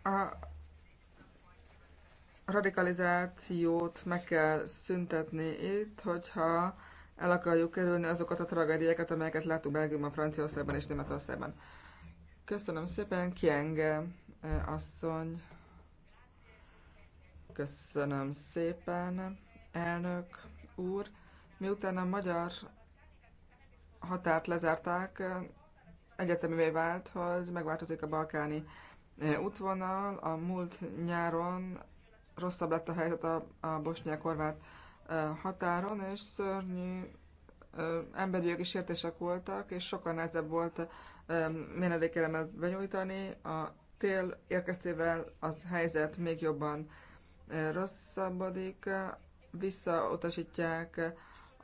A radikalizációt meg kell szüntetni itt, hogyha el akarjuk kerülni azokat a tragédiákat, amelyeket láttuk Belgiumban, Franciaországban és Németországban. Köszönöm szépen, Kienge asszony. Köszönöm szépen, elnök úr. Miután a magyar határt lezárták, egyetemivé vált, hogy megváltozik a balkáni útvonal. A múlt nyáron rosszabb lett a helyzet a, a bosnyák-horvát határon, és szörnyű emberi jogi sértések voltak, és sokkal nehezebb volt menedékelemet benyújtani. A tél érkeztével az helyzet még jobban rosszabbodik, visszautasítják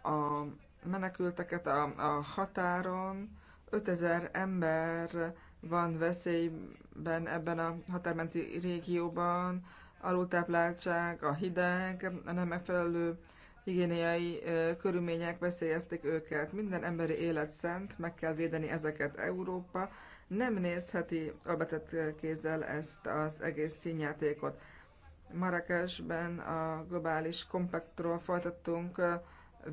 a menekülteket a, a határon, 5000 ember van veszélyben ebben a határmenti régióban, alultápláltság, a hideg, a nem megfelelő higiéniai körülmények veszélyezték őket. Minden emberi élet szent, meg kell védeni ezeket Európa. Nem nézheti a betett kézzel ezt az egész színjátékot. Marrakesben a globális kompaktról folytattunk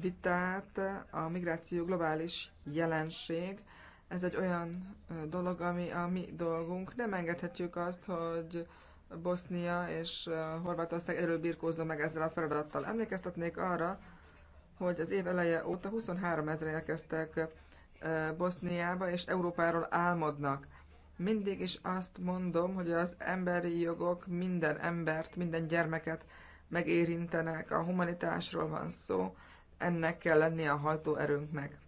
vitát, a migráció globális jelenség. Ez egy olyan dolog, ami a mi dolgunk. Nem engedhetjük azt, hogy Bosznia és Horvátország erről birkózó meg ezzel a feladattal. Emlékeztetnék arra, hogy az év eleje óta 23 ezeren érkeztek Boszniába, és Európáról álmodnak. Mindig is azt mondom, hogy az emberi jogok minden embert, minden gyermeket megérintenek, a humanitásról van szó, ennek kell lennie a hajtóerőnknek.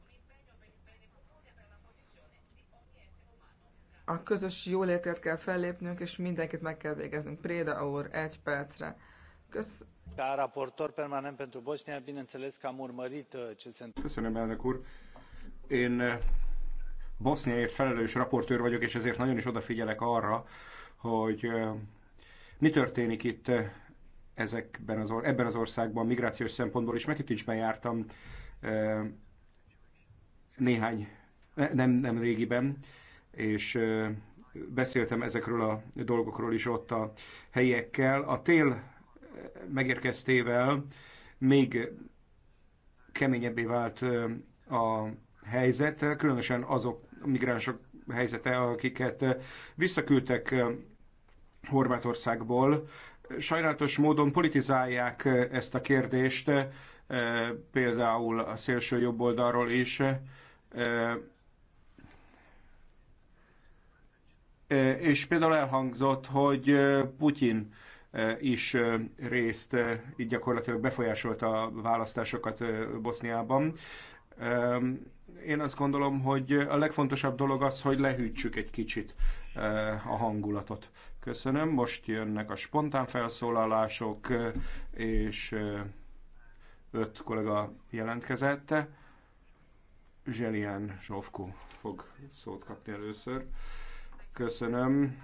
a közös jólétért kell fellépnünk, és mindenkit meg kell végeznünk. Préda úr, egy percre. Kösz... Ca raportor permanent pentru Bosnia, bineînțeles că am urmărit uh, ce se întâmplă. Köszönöm, elnök úr. Én uh, Boszniaért felelős raportőr vagyok, és ezért nagyon is odafigyelek arra, hogy uh, mi történik itt ezekben az, ebben az országban migrációs szempontból, és is bejártam néhány, nem, nem régiben, és beszéltem ezekről a dolgokról is ott a helyekkel. A tél megérkeztével még keményebbé vált a helyzet, különösen azok migránsok helyzete, akiket visszaküldtek Horvátországból. Sajnálatos módon politizálják ezt a kérdést, például a szélső jobb oldalról is Eh, és például elhangzott, hogy eh, Putyin eh, is részt, így gyakorlatilag befolyásolta a választásokat Boszniában. Én azt gondolom, hogy a legfontosabb dolog az, hogy lehűtsük egy kicsit a hangulatot. Köszönöm, most jönnek a spontán felszólalások, és öt kollega jelentkezett. Zselian Zsovku fog szót kapni először. Köszönöm.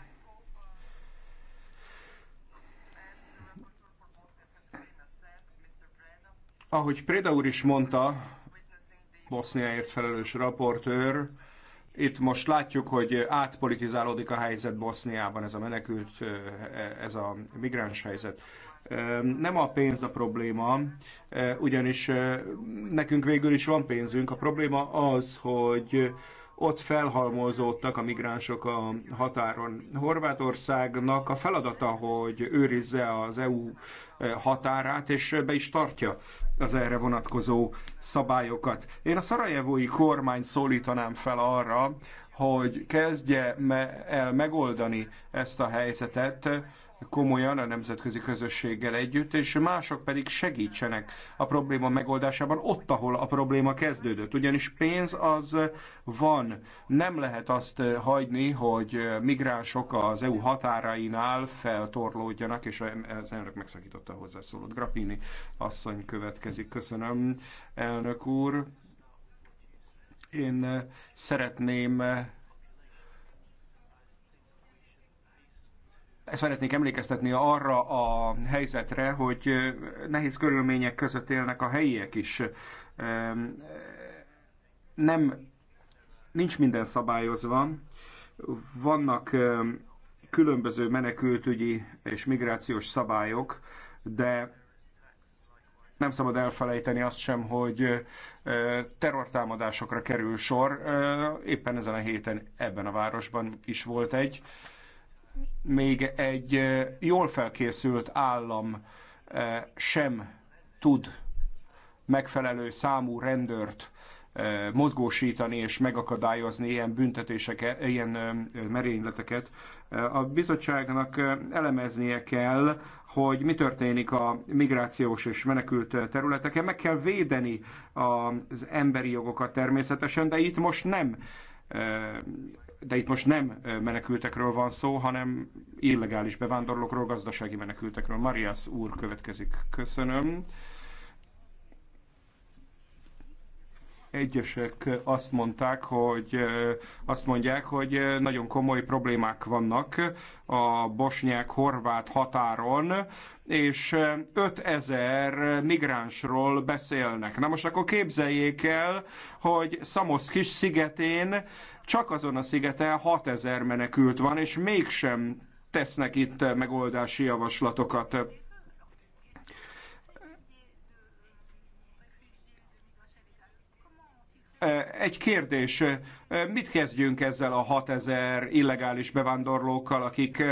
Ahogy Préda úr is mondta, Boszniáért felelős raportőr, itt most látjuk, hogy átpolitizálódik a helyzet Boszniában, ez a menekült, e, ez a migráns helyzet. Nem a pénz a probléma, ugyanis nekünk végül is van pénzünk. A probléma az, hogy ott felhalmozódtak a migránsok a határon. Horvátországnak a feladata, hogy őrizze az EU eh, határát, és be is tartja az erre vonatkozó szabályokat. Én a szarajevói kormány szólítanám fel arra, hogy kezdje el megoldani ezt a helyzetet, komolyan a nemzetközi közösséggel együtt, és mások pedig segítsenek a probléma megoldásában ott, ahol a probléma kezdődött. Ugyanis pénz az van. Nem lehet azt hagyni, hogy migránsok az EU határainál feltorlódjanak, és az elnök megszakította a hozzászólót. Grappini asszony következik. Köszönöm, elnök úr. Én szeretném szeretnék emlékeztetni arra a helyzetre, hogy nehéz körülmények között élnek a helyiek is. Nem, nincs minden szabályozva. Vannak különböző menekültügyi és migrációs szabályok, de nem szabad elfelejteni azt sem, hogy terrortámadásokra kerül sor. Éppen ezen a héten ebben a városban is volt egy még egy jól felkészült állam sem tud megfelelő számú rendőrt mozgósítani és megakadályozni ilyen büntetéseket, ilyen merényleteket. A bizottságnak elemeznie kell, hogy mi történik a migrációs és menekült területeken. Meg kell védeni az emberi jogokat természetesen, de itt most nem de itt most nem menekültekről van szó, hanem illegális bevándorlókról, gazdasági menekültekről. Marias úr következik. Köszönöm. egyesek azt mondták, hogy azt mondják, hogy nagyon komoly problémák vannak a bosnyák-horvát határon, és 5000 migránsról beszélnek. Na most akkor képzeljék el, hogy Szamosz kis szigetén csak azon a szigeten 6000 menekült van, és mégsem tesznek itt megoldási javaslatokat. Egy kérdés, mit kezdjünk ezzel a 6000 illegális bevándorlókkal, akik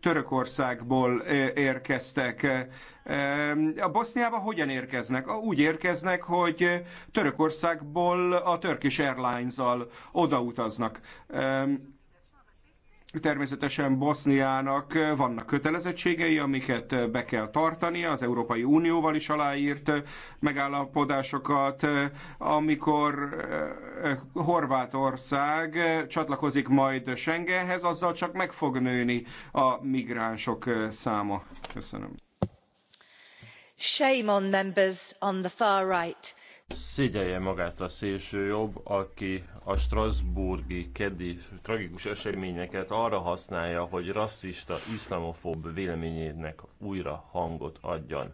Törökországból érkeztek? A Boszniába hogyan érkeznek? Úgy érkeznek, hogy Törökországból a Turkish Airlines-al odautaznak. Természetesen Boszniának vannak kötelezettségei, amiket be kell tartani az Európai Unióval is aláírt megállapodásokat. Amikor eh, Horvátország csatlakozik majd Schengenhez, azzal csak meg fog nőni a migránsok eh, száma. Köszönöm. Shame on members on the far right Szégyelje magát a szélső jobb, aki a Strasburgi keddi tragikus eseményeket arra használja, hogy rasszista, iszlamofób véleményének újra hangot adjon.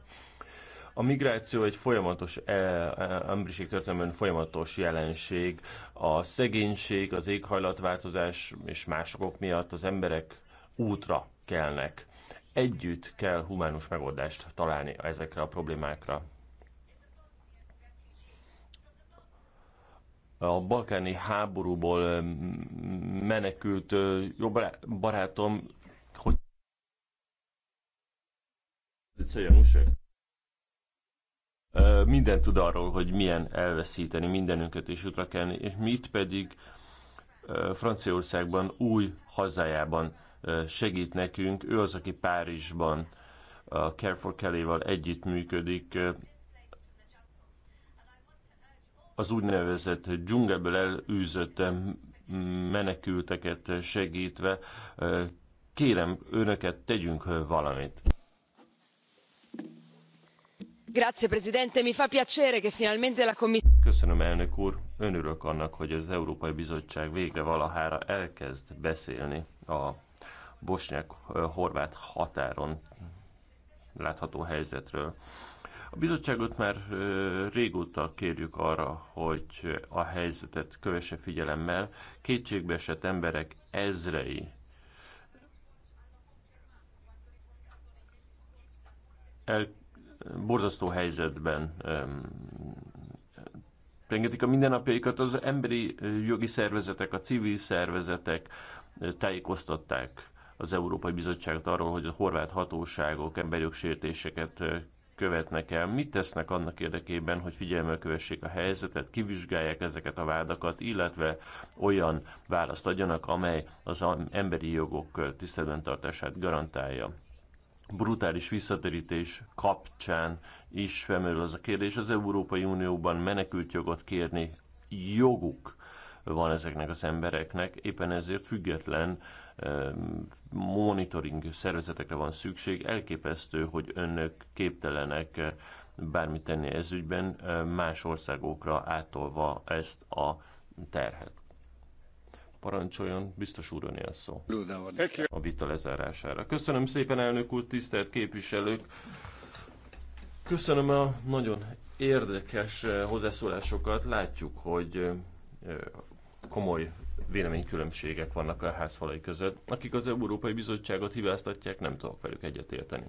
A migráció egy folyamatos, e, e, emberiség történelműen folyamatos jelenség. A szegénység, az éghajlatváltozás és másokok miatt az emberek útra kelnek. Együtt kell humánus megoldást találni ezekre a problémákra. a balkáni háborúból menekült jó barátom, hogy minden tud arról, hogy milyen elveszíteni mindenünket és útra kelni, és mit pedig Franciaországban, új hazájában segít nekünk. Ő az, aki Párizsban a Care for Kelly-val együttműködik, az úgynevezett dzsungelből elűzött menekülteket segítve. Kérem önöket, tegyünk valamit. Grazie Presidente, mi fa piacere che finalmente la Commissione... Köszönöm, elnök úr. Önülök annak, hogy az Európai Bizottság végre valahára elkezd beszélni a bosnyák-horvát határon látható helyzetről. A bizottságot már régóta kérjük arra, hogy a helyzetet kövesse figyelemmel. Kétségbeesett emberek ezrei el, borzasztó helyzetben pengetik a mindennapjaikat, az emberi jogi szervezetek, a civil szervezetek tájékoztatták az Európai Bizottságot arról, hogy a horvát hatóságok emberjogsértéseket követnek el, mit tesznek annak érdekében, hogy figyelemmel kövessék a helyzetet, kivizsgálják ezeket a vádakat, illetve olyan választ adjanak, amely az emberi jogok tiszteletben tartását garantálja. Brutális visszatérítés kapcsán is felmerül az a kérdés, az Európai Unióban menekült jogot kérni joguk van ezeknek az embereknek, éppen ezért független monitoring szervezetekre van szükség. Elképesztő, hogy önök képtelenek eh, bármit tenni ez ügyben, eh, más országokra átolva ezt a terhet. Parancsoljon, biztos úr a. szó. A vita lezárására. Köszönöm szépen, elnök úr, tisztelt képviselők! Köszönöm a nagyon érdekes eh, hozzászólásokat. Látjuk, hogy komoly véleménykülönbségek vannak a házfalai között. Akik az Európai Bizottságot hibáztatják, nem tudok velük egyetérteni.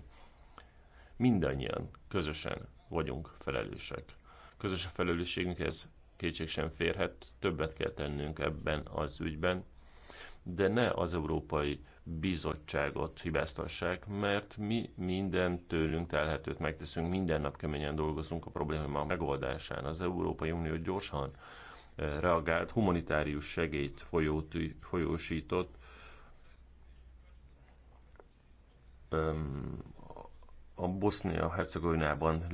Mindannyian közösen vagyunk felelősek. Közös a felelősségünk, ez kétség sem férhet, többet kell tennünk ebben az ügyben, de ne az Európai Bizottságot hibáztassák, mert mi minden tőlünk telhetőt megteszünk, minden nap keményen dolgozunk a probléma megoldásán. Az Európai Unió gyorsan reagált, humanitárius segélyt folyót, folyósított. A Bosznia-Hercegovinában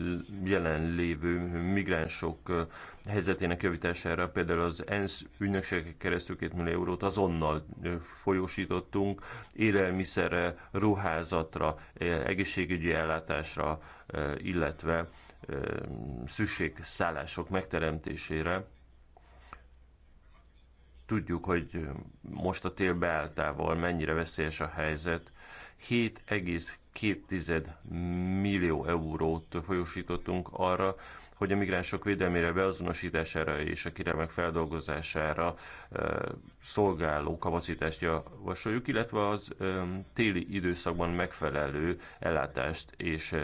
jelenlévő migránsok helyzetének javítására például az ENSZ ügynökségek keresztül 2 millió eurót azonnal folyósítottunk, élelmiszerre, ruházatra, egészségügyi ellátásra, illetve szükségszállások megteremtésére. Tudjuk, hogy most a tél beálltával mennyire veszélyes a helyzet. 7,2 millió eurót folyósítottunk arra, hogy a migránsok védelmére, beazonosítására és a kiremek feldolgozására szolgáló kapacitást javasoljuk, illetve az téli időszakban megfelelő ellátást és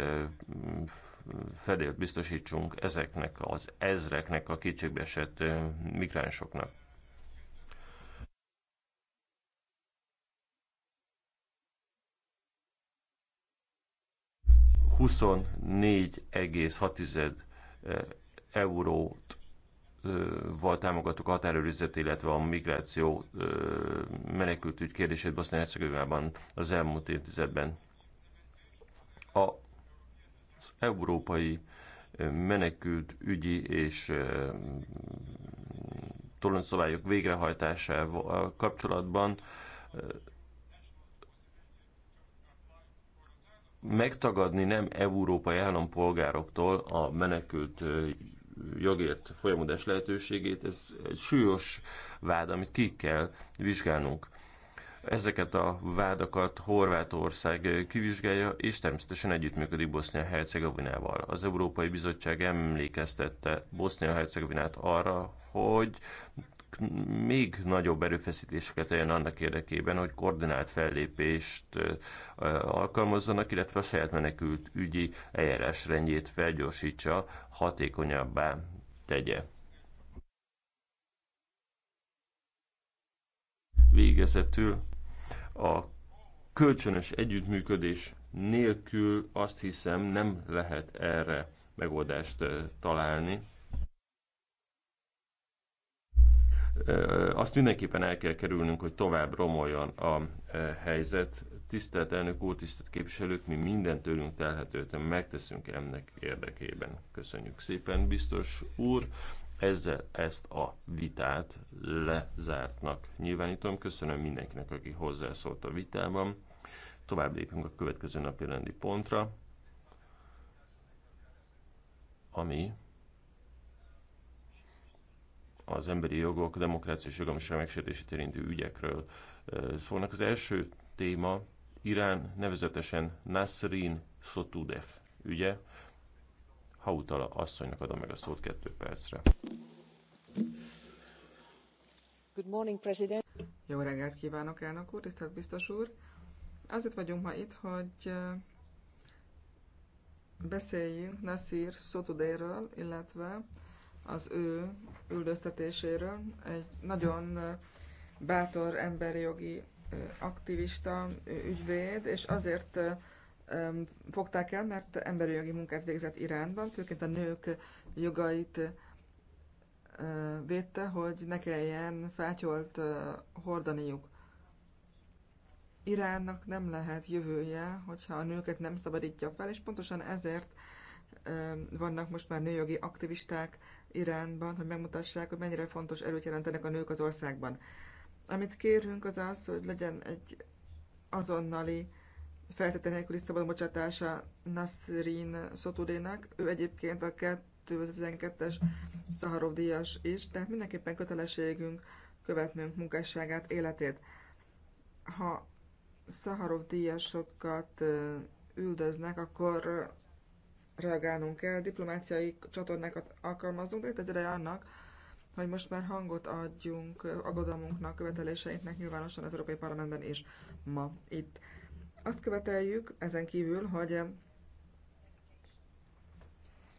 fedélt biztosítsunk ezeknek az ezreknek a kétségbeesett migránsoknak. 24,6 eh, eurót eh, val támogatok a határőrizet, illetve a migráció eh, menekültügy kérdését Bosznia-Hercegovinában az elmúlt évtizedben. A az európai menekült ügyi és tolonszabályok végrehajtásával kapcsolatban megtagadni nem európai állampolgároktól a menekült jogért folyamodás lehetőségét, ez egy súlyos vád, amit ki kell vizsgálnunk. Ezeket a vádakat Horvátország kivizsgálja, és természetesen együttműködik Bosznia-Hercegovinával. Az Európai Bizottság emlékeztette Bosznia-Hercegovinát arra, hogy még nagyobb erőfeszítéseket eljön annak érdekében, hogy koordinált fellépést alkalmazzanak, illetve a saját menekült ügyi eljárásrendjét felgyorsítsa, hatékonyabbá tegye. Végezetül a kölcsönös együttműködés nélkül azt hiszem nem lehet erre megoldást találni. azt mindenképpen el kell kerülnünk, hogy tovább romoljon a helyzet. Tisztelt elnök úr, tisztelt képviselők, mi mindent tőlünk telhetőt megteszünk ennek érdekében. Köszönjük szépen, biztos úr. Ezzel ezt a vitát lezártnak nyilvánítom. Köszönöm mindenkinek, aki hozzászólt a vitában. Tovább lépünk a következő napi rendi pontra, ami az emberi jogok, demokrácia és jogalmaság megsértését érintő ügyekről szólnak. Az első téma Irán, nevezetesen Nasrin Sotudeh ügye. Hautala asszonynak adom meg a szót kettő percre. Good morning, President. Jó reggelt kívánok, elnök úr, tisztelt biztos úr! Azért vagyunk ma itt, hogy beszéljünk Nasir Sotudéről, illetve az ő üldöztetéséről. Egy nagyon bátor emberi jogi aktivista, ügyvéd, és azért fogták el, mert emberi jogi munkát végzett Iránban, főként a nők jogait védte, hogy ne kelljen fátyolt hordaniuk. Iránnak nem lehet jövője, hogyha a nőket nem szabadítja fel, és pontosan ezért vannak most már nőjogi aktivisták Iránban, hogy megmutassák, hogy mennyire fontos erőt jelentenek a nők az országban. Amit kérünk az az, hogy legyen egy azonnali feltétel nélküli szabadbocsátása Nasrin Sotudénak. Ő egyébként a 2012-es Szaharov díjas is, tehát mindenképpen kötelességünk követnünk munkásságát, életét. Ha Szaharov díjasokat üldöznek, akkor reagálnunk kell, diplomáciai csatornákat alkalmazunk, de itt az ideje annak, hogy most már hangot adjunk aggodalmunknak, követeléseinknek nyilvánosan az Európai Parlamentben és ma itt. Azt követeljük ezen kívül, hogy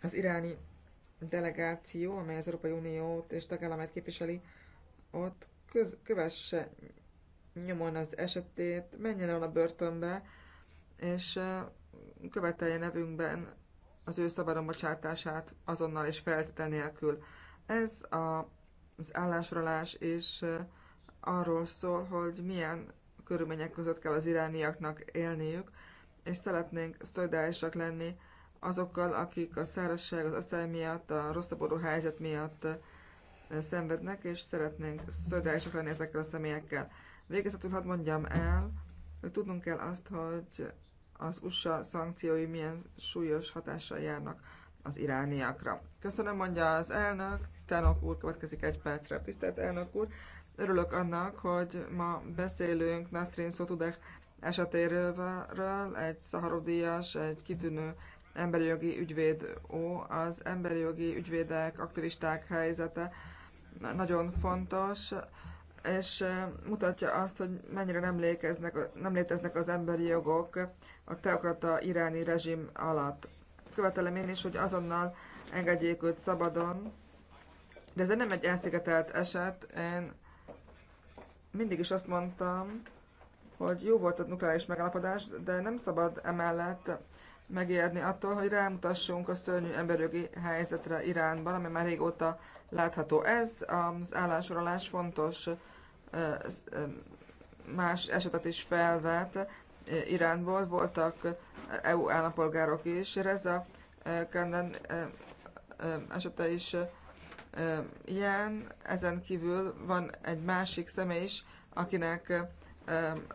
az iráni delegáció, amely az Európai Uniót és tagállamát képviseli, ott köz, kövesse nyomon az esetét, menjen el a börtönbe, és követelje nevünkben az ő szabadon bocsátását azonnal és feltétel nélkül. Ez a, az állásolás és arról szól, hogy milyen körülmények között kell az irániaknak élniük, és szeretnénk szolidárisak lenni azokkal, akik a szárazság, az asszály miatt, a rosszabbodó helyzet miatt szenvednek, és szeretnénk szolidárisak lenni ezekkel a személyekkel. Végezetül hadd mondjam el, hogy tudnunk kell azt, hogy az USA szankciói milyen súlyos hatással járnak az irániakra. Köszönöm, mondja az elnök. Tenok úr következik egy percre. Tisztelt elnök úr, örülök annak, hogy ma beszélünk Nasrin Sotudek esetéről, egy szaharodíjas, egy kitűnő emberi jogi ügyvéd ó, az emberi jogi ügyvédek, aktivisták helyzete nagyon fontos, és eh, mutatja azt, hogy mennyire nem, lékeznek, nem léteznek az emberi jogok a teokrata iráni rezsim alatt. Követelem én is, hogy azonnal engedjék őt szabadon, de ez nem egy elszigetelt eset. Én mindig is azt mondtam, hogy jó volt a nukleáris megállapodás, de nem szabad emellett megijedni attól, hogy rámutassunk a szörnyű emberjogi helyzetre Iránban, ami már régóta látható. Ez az állásorolás fontos más esetet is felvet, Iránból, voltak eh, EU állampolgárok is. Reza eh, Kanden eh, esete is ilyen, ezen kívül van egy másik személy is, akinek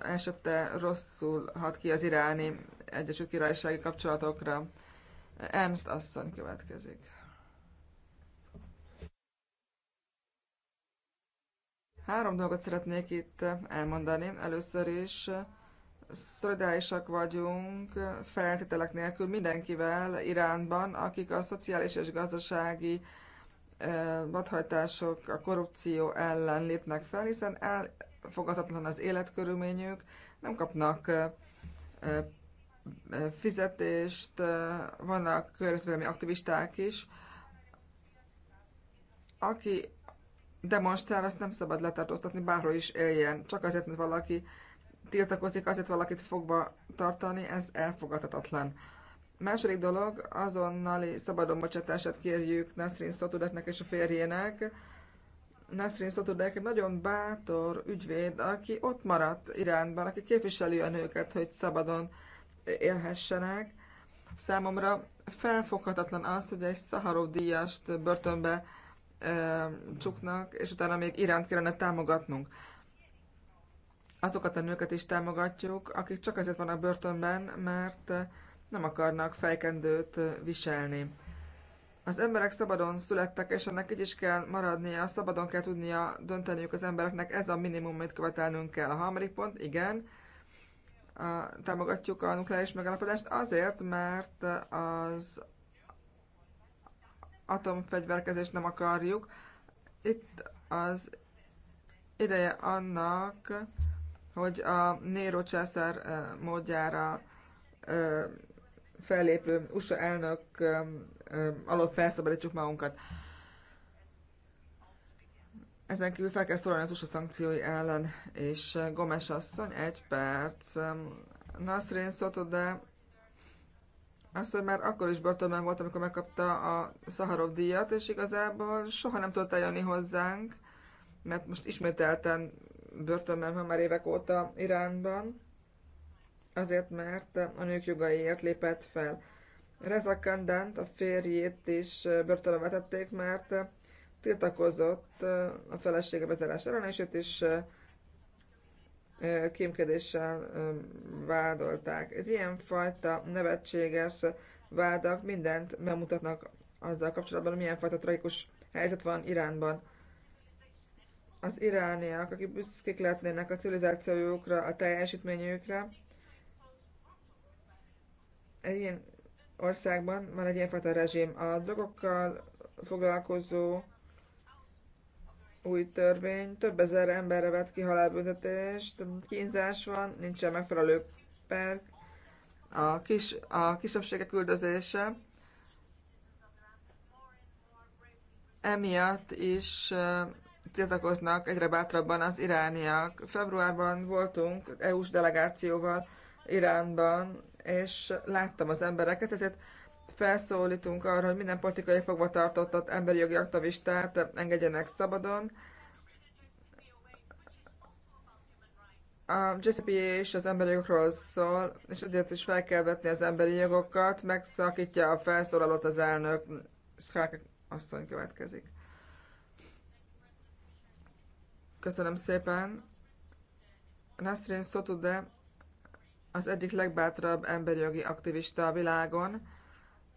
esete rosszul hat ki az iráni Egyesült Királysági kapcsolatokra. Ernst asszony következik. Három dolgot szeretnék itt elmondani. Először is szolidárisak vagyunk feltételek nélkül mindenkivel Iránban, akik a szociális és gazdasági vadhajtások, a korrupció ellen lépnek fel, hiszen elfogadhatatlan az életkörülményük, nem kapnak fizetést, vannak környezetvédelmi aktivisták is. Aki demonstrál, azt nem szabad letartóztatni, bárhol is éljen, csak azért, mert valaki tiltakozik azért valakit fogva tartani, ez elfogadhatatlan. Második dolog, azonnali szabadon bocsátását kérjük Nasrin Sotudeknek és a férjének. Nasrin Sotudek egy nagyon bátor ügyvéd, aki ott maradt Iránban, aki képviseli a nőket, hogy szabadon élhessenek. Számomra felfoghatatlan az, hogy egy Szaharov díjast börtönbe e, csuknak, és utána még Iránt kellene támogatnunk azokat a nőket is támogatjuk, akik csak azért vannak börtönben, mert nem akarnak fejkendőt viselni. Az emberek szabadon születtek, és ennek így is kell maradnia, szabadon kell tudnia dönteniük az embereknek, ez a minimum, amit követelnünk kell. A harmadik pont, igen, a, támogatjuk a nukleáris megállapodást azért, mert az atomfegyverkezést nem akarjuk. Itt az ideje annak, hogy a Nero császár módjára fellépő USA elnök alól felszabadítsuk magunkat. Ezen kívül fel kell szólalni az USA szankciói ellen, és Gomes asszony, egy perc. Nasrin Soto, de azt, hogy már akkor is börtönben volt, amikor megkapta a Szaharov díjat, és igazából soha nem tudott eljönni hozzánk, mert most ismételten börtönben van már évek óta Iránban, azért mert a nők jogaiért lépett fel. Reza Kandant, a férjét is börtönbe vetették, mert tiltakozott a felesége bezárás ellen, és őt is kémkedéssel vádolták. Ez ilyenfajta nevetséges vádak mindent bemutatnak azzal kapcsolatban, milyen fajta tragikus helyzet van Iránban az irániak, akik büszkék lehetnének a civilizációjukra, a teljesítményükre, egy ilyen országban van egy ilyenfajta rezsim. A drogokkal foglalkozó új törvény több ezer emberre vett ki halálbüntetést, kínzás van, nincsen megfelelő per, a, kis, a kisebbségek üldözése. Emiatt is tiltakoznak egyre bátrabban az irániak. Februárban voltunk EU-s delegációval Iránban, és láttam az embereket, ezért felszólítunk arra, hogy minden politikai fogvatartottat, emberi jogi aktivistát engedjenek szabadon. A JCPA és az emberi jogokról szól, és azért is fel kell vetni az emberi jogokat, megszakítja a felszólalót az elnök. Szkák asszony következik. Köszönöm szépen. Nasrin Sotude az egyik legbátrabb emberi jogi aktivista a világon.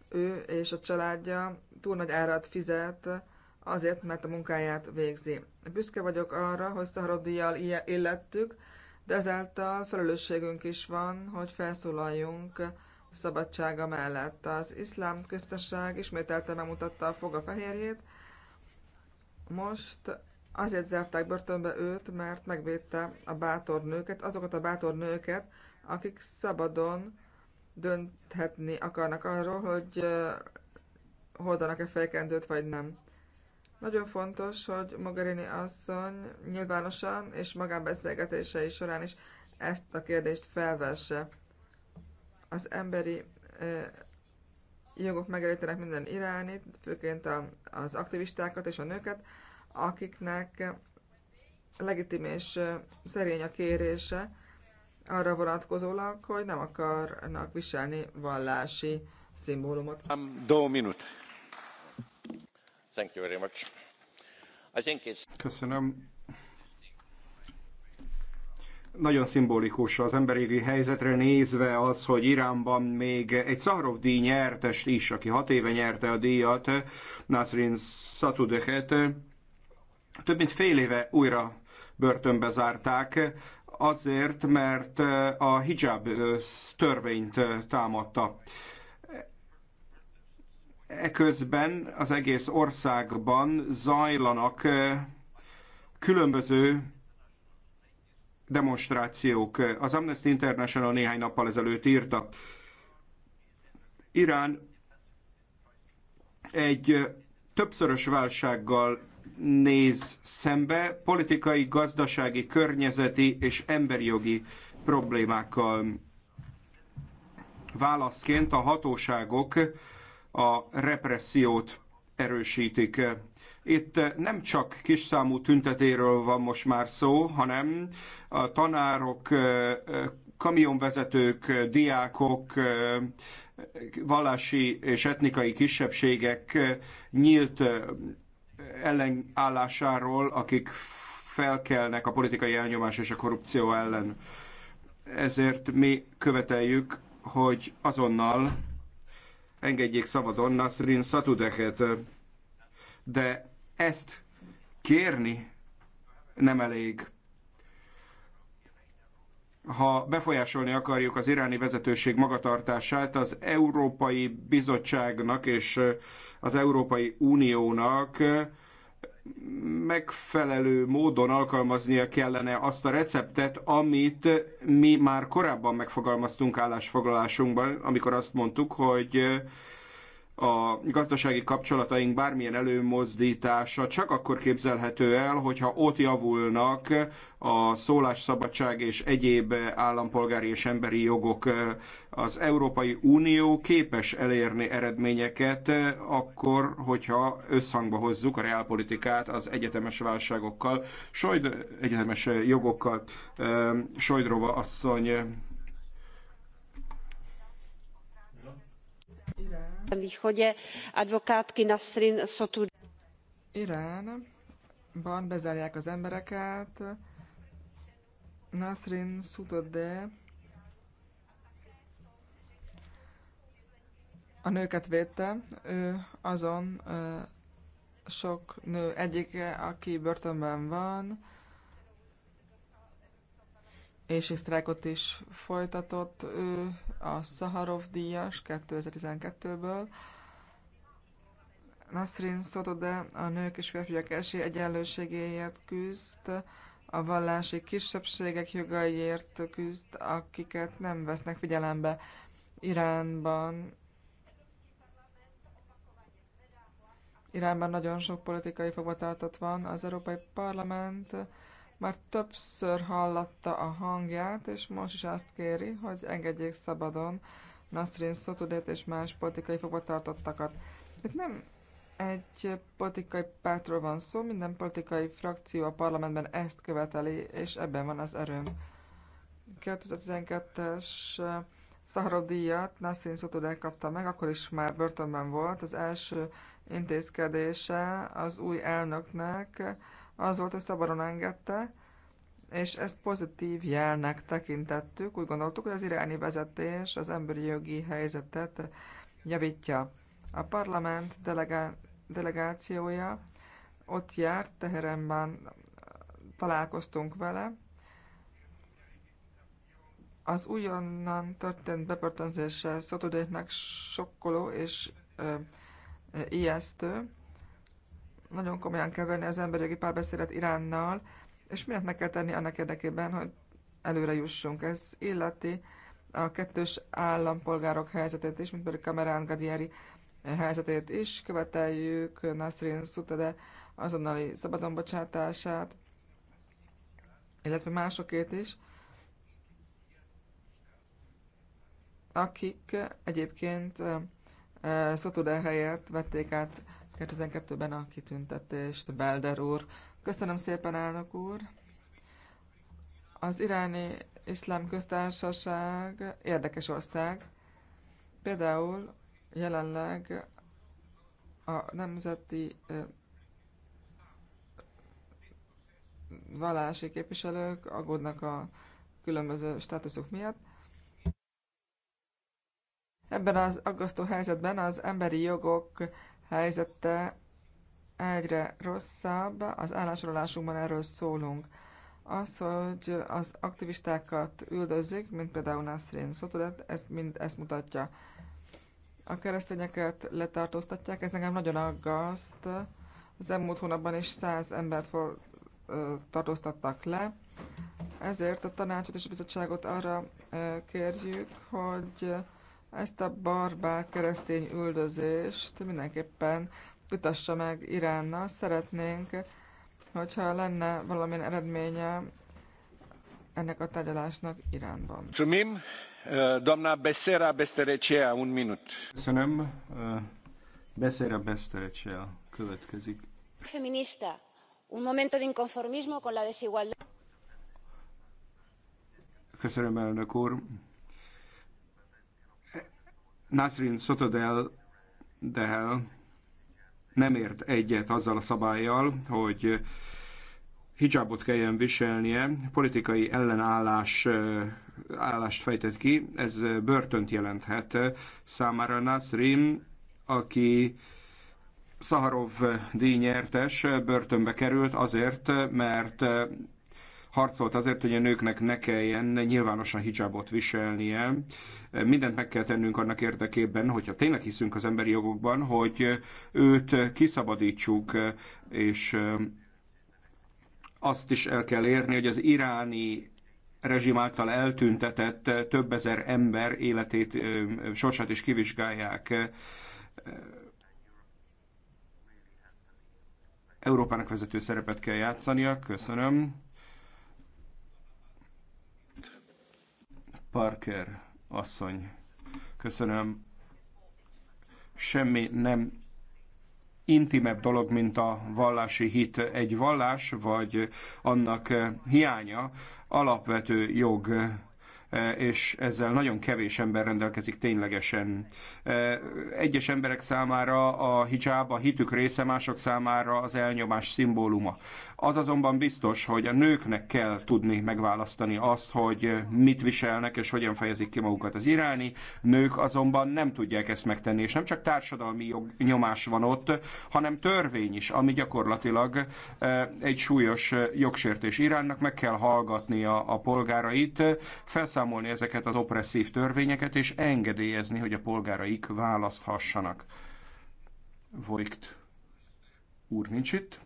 Ő és a családja túl nagy árat fizet azért, mert a munkáját végzi. Büszke vagyok arra, hogy Szaharov díjjal illettük, de ezáltal felelősségünk is van, hogy felszólaljunk szabadsága mellett. Az iszlám köztesség ismételten bemutatta a foga fehérjét, most Azért zárták börtönbe őt, mert megvédte a bátor nőket, azokat a bátor nőket, akik szabadon dönthetni akarnak arról, hogy hordanak-e fejkendőt, vagy nem. Nagyon fontos, hogy Mogherini asszony nyilvánosan és magánbeszélgetései során is ezt a kérdést felvesse. Az emberi eh, jogok megelítenek minden irányít, főként a, az aktivistákat és a nőket, akiknek legitim és szerény a kérése arra vonatkozólag, hogy nem akarnak viselni vallási szimbólumot. Köszönöm nagyon szimbolikus az emberi helyzetre nézve az, hogy Iránban még egy Szaharov díj nyertest is, aki hat éve nyerte a díjat, Nasrin Satudehet, több mint fél éve újra börtönbe zárták, azért, mert a hijab törvényt támadta. Eközben az egész országban zajlanak különböző demonstrációk. Az Amnesty International néhány nappal ezelőtt írta, Irán egy többszörös válsággal néz szembe politikai, gazdasági, környezeti és emberi jogi problémákkal. Válaszként a hatóságok a repressziót erősítik. Itt nem csak kisszámú tüntetéről van most már szó, hanem a tanárok, kamionvezetők, diákok, vallási és etnikai kisebbségek nyílt ellenállásáról, akik felkelnek a politikai elnyomás és a korrupció ellen. Ezért mi követeljük, hogy azonnal engedjék szabadon Nasrin Satudeket, de ezt kérni nem elég ha befolyásolni akarjuk az iráni vezetőség magatartását, az Európai Bizottságnak és az Európai Uniónak megfelelő módon alkalmaznia kellene azt a receptet, amit mi már korábban megfogalmaztunk állásfoglalásunkban, amikor azt mondtuk, hogy a gazdasági kapcsolataink bármilyen előmozdítása csak akkor képzelhető el, hogyha ott javulnak a szólásszabadság és egyéb állampolgári és emberi jogok. Az Európai Unió képes elérni eredményeket akkor, hogyha összhangba hozzuk a reálpolitikát az egyetemes válságokkal, sojd, egyetemes jogokkal. Sojdrova asszony. Irány východě advokátky Nasrin Iránban bezárják az embereket. Nasrin Sotoudeh a nőket védte, ő azon sok nő egyike, aki börtönben van, és sztrájkot is folytatott ő, a Szaharov díjas 2012-ből. Nasrin Sotode a nők és férfiak esély egyenlőségéért küzd, a vallási kisebbségek jogaiért küzd, akiket nem vesznek figyelembe Iránban. Iránban nagyon sok politikai fogvatartott van. Az Európai Parlament már többször hallatta a hangját, és most is azt kéri, hogy engedjék szabadon Nasrin Sotudét és más politikai fogvatartottakat. Itt nem egy politikai pártról van szó, minden politikai frakció a parlamentben ezt követeli, és ebben van az erőm. 2012-es Szaharov díjat Nassim Sotoudeh kapta meg, akkor is már börtönben volt. Az első intézkedése az új elnöknek az volt, hogy szabadon engedte, és ezt pozitív jelnek tekintettük. Úgy gondoltuk, hogy az iráni vezetés az emberi jogi helyzetet javítja. A parlament delegá- delegációja ott járt, Teheremben találkoztunk vele. Az újonnan történt bepörtönzéssel Szotudéknek sokkoló és ö, ijesztő nagyon komolyan kell venni az emberi jogi párbeszédet Iránnal, és mindent meg kell tenni annak érdekében, hogy előre jussunk. Ez illeti a kettős állampolgárok helyzetét is, mint például Kamerán Gadieri helyzetét is. Követeljük Nasrin Sutade azonnali szabadonbocsátását, illetve másokét is, akik egyébként eh, Sotudel helyett vették át 2012-ben a kitüntetést, Belder úr. Köszönöm szépen, elnök úr! Az iráni iszlám köztársaság érdekes ország. Például jelenleg a nemzeti vallási képviselők aggódnak a különböző státuszok miatt. Ebben az aggasztó helyzetben az emberi jogok helyzete egyre rosszabb, az állásolásunkban erről szólunk. Az, hogy az aktivistákat üldözik, mint például Nasrin Szotulet, ezt mind ezt mutatja. A keresztényeket letartóztatják, ez nekem nagyon aggaszt. Az elmúlt hónapban is száz embert for, ö, tartóztattak le. Ezért a tanácsot és a bizottságot arra kérjük, hogy ezt a barbár keresztény üldözést mindenképpen vitassa meg Iránnal. Szeretnénk, hogyha lenne valamilyen eredménye ennek a tárgyalásnak Iránban. Csumim, eh, domna beszéra Besterecea, un minut. Köszönöm. Eh, beszéra Besterecea következik. Feminista, un momento de inconformismo con la desigualdad. Köszönöm, elnök úr. Nasrin Sotodel Dehel nem ért egyet azzal a szabályjal, hogy hijabot kelljen viselnie, politikai ellenállás állást fejtett ki, ez börtönt jelenthet számára Nasrin, aki Szaharov díjnyertes börtönbe került azért, mert harcolt azért, hogy a nőknek ne kelljen nyilvánosan hijabot viselnie. Mindent meg kell tennünk annak érdekében, hogyha tényleg hiszünk az emberi jogokban, hogy őt kiszabadítsuk, és azt is el kell érni, hogy az iráni rezsim által eltüntetett több ezer ember életét, sorsát is kivizsgálják. Európának vezető szerepet kell játszania. Köszönöm. Parker asszony. Köszönöm. Semmi nem intimebb dolog, mint a vallási hit. Egy vallás, vagy annak hiánya alapvető jog és ezzel nagyon kevés ember rendelkezik ténylegesen. Egyes emberek számára a hijab a hitük része, mások számára az elnyomás szimbóluma. Az azonban biztos, hogy a nőknek kell tudni megválasztani azt, hogy mit viselnek és hogyan fejezik ki magukat az iráni. Nők azonban nem tudják ezt megtenni, és nem csak társadalmi jog, nyomás van ott, hanem törvény is, ami gyakorlatilag e, egy súlyos e, jogsértés. Iránnak meg kell hallgatnia a polgárait, felszámolni ezeket az opresszív törvényeket, és engedélyezni, hogy a polgáraik választhassanak. Vojkt úr nincs itt.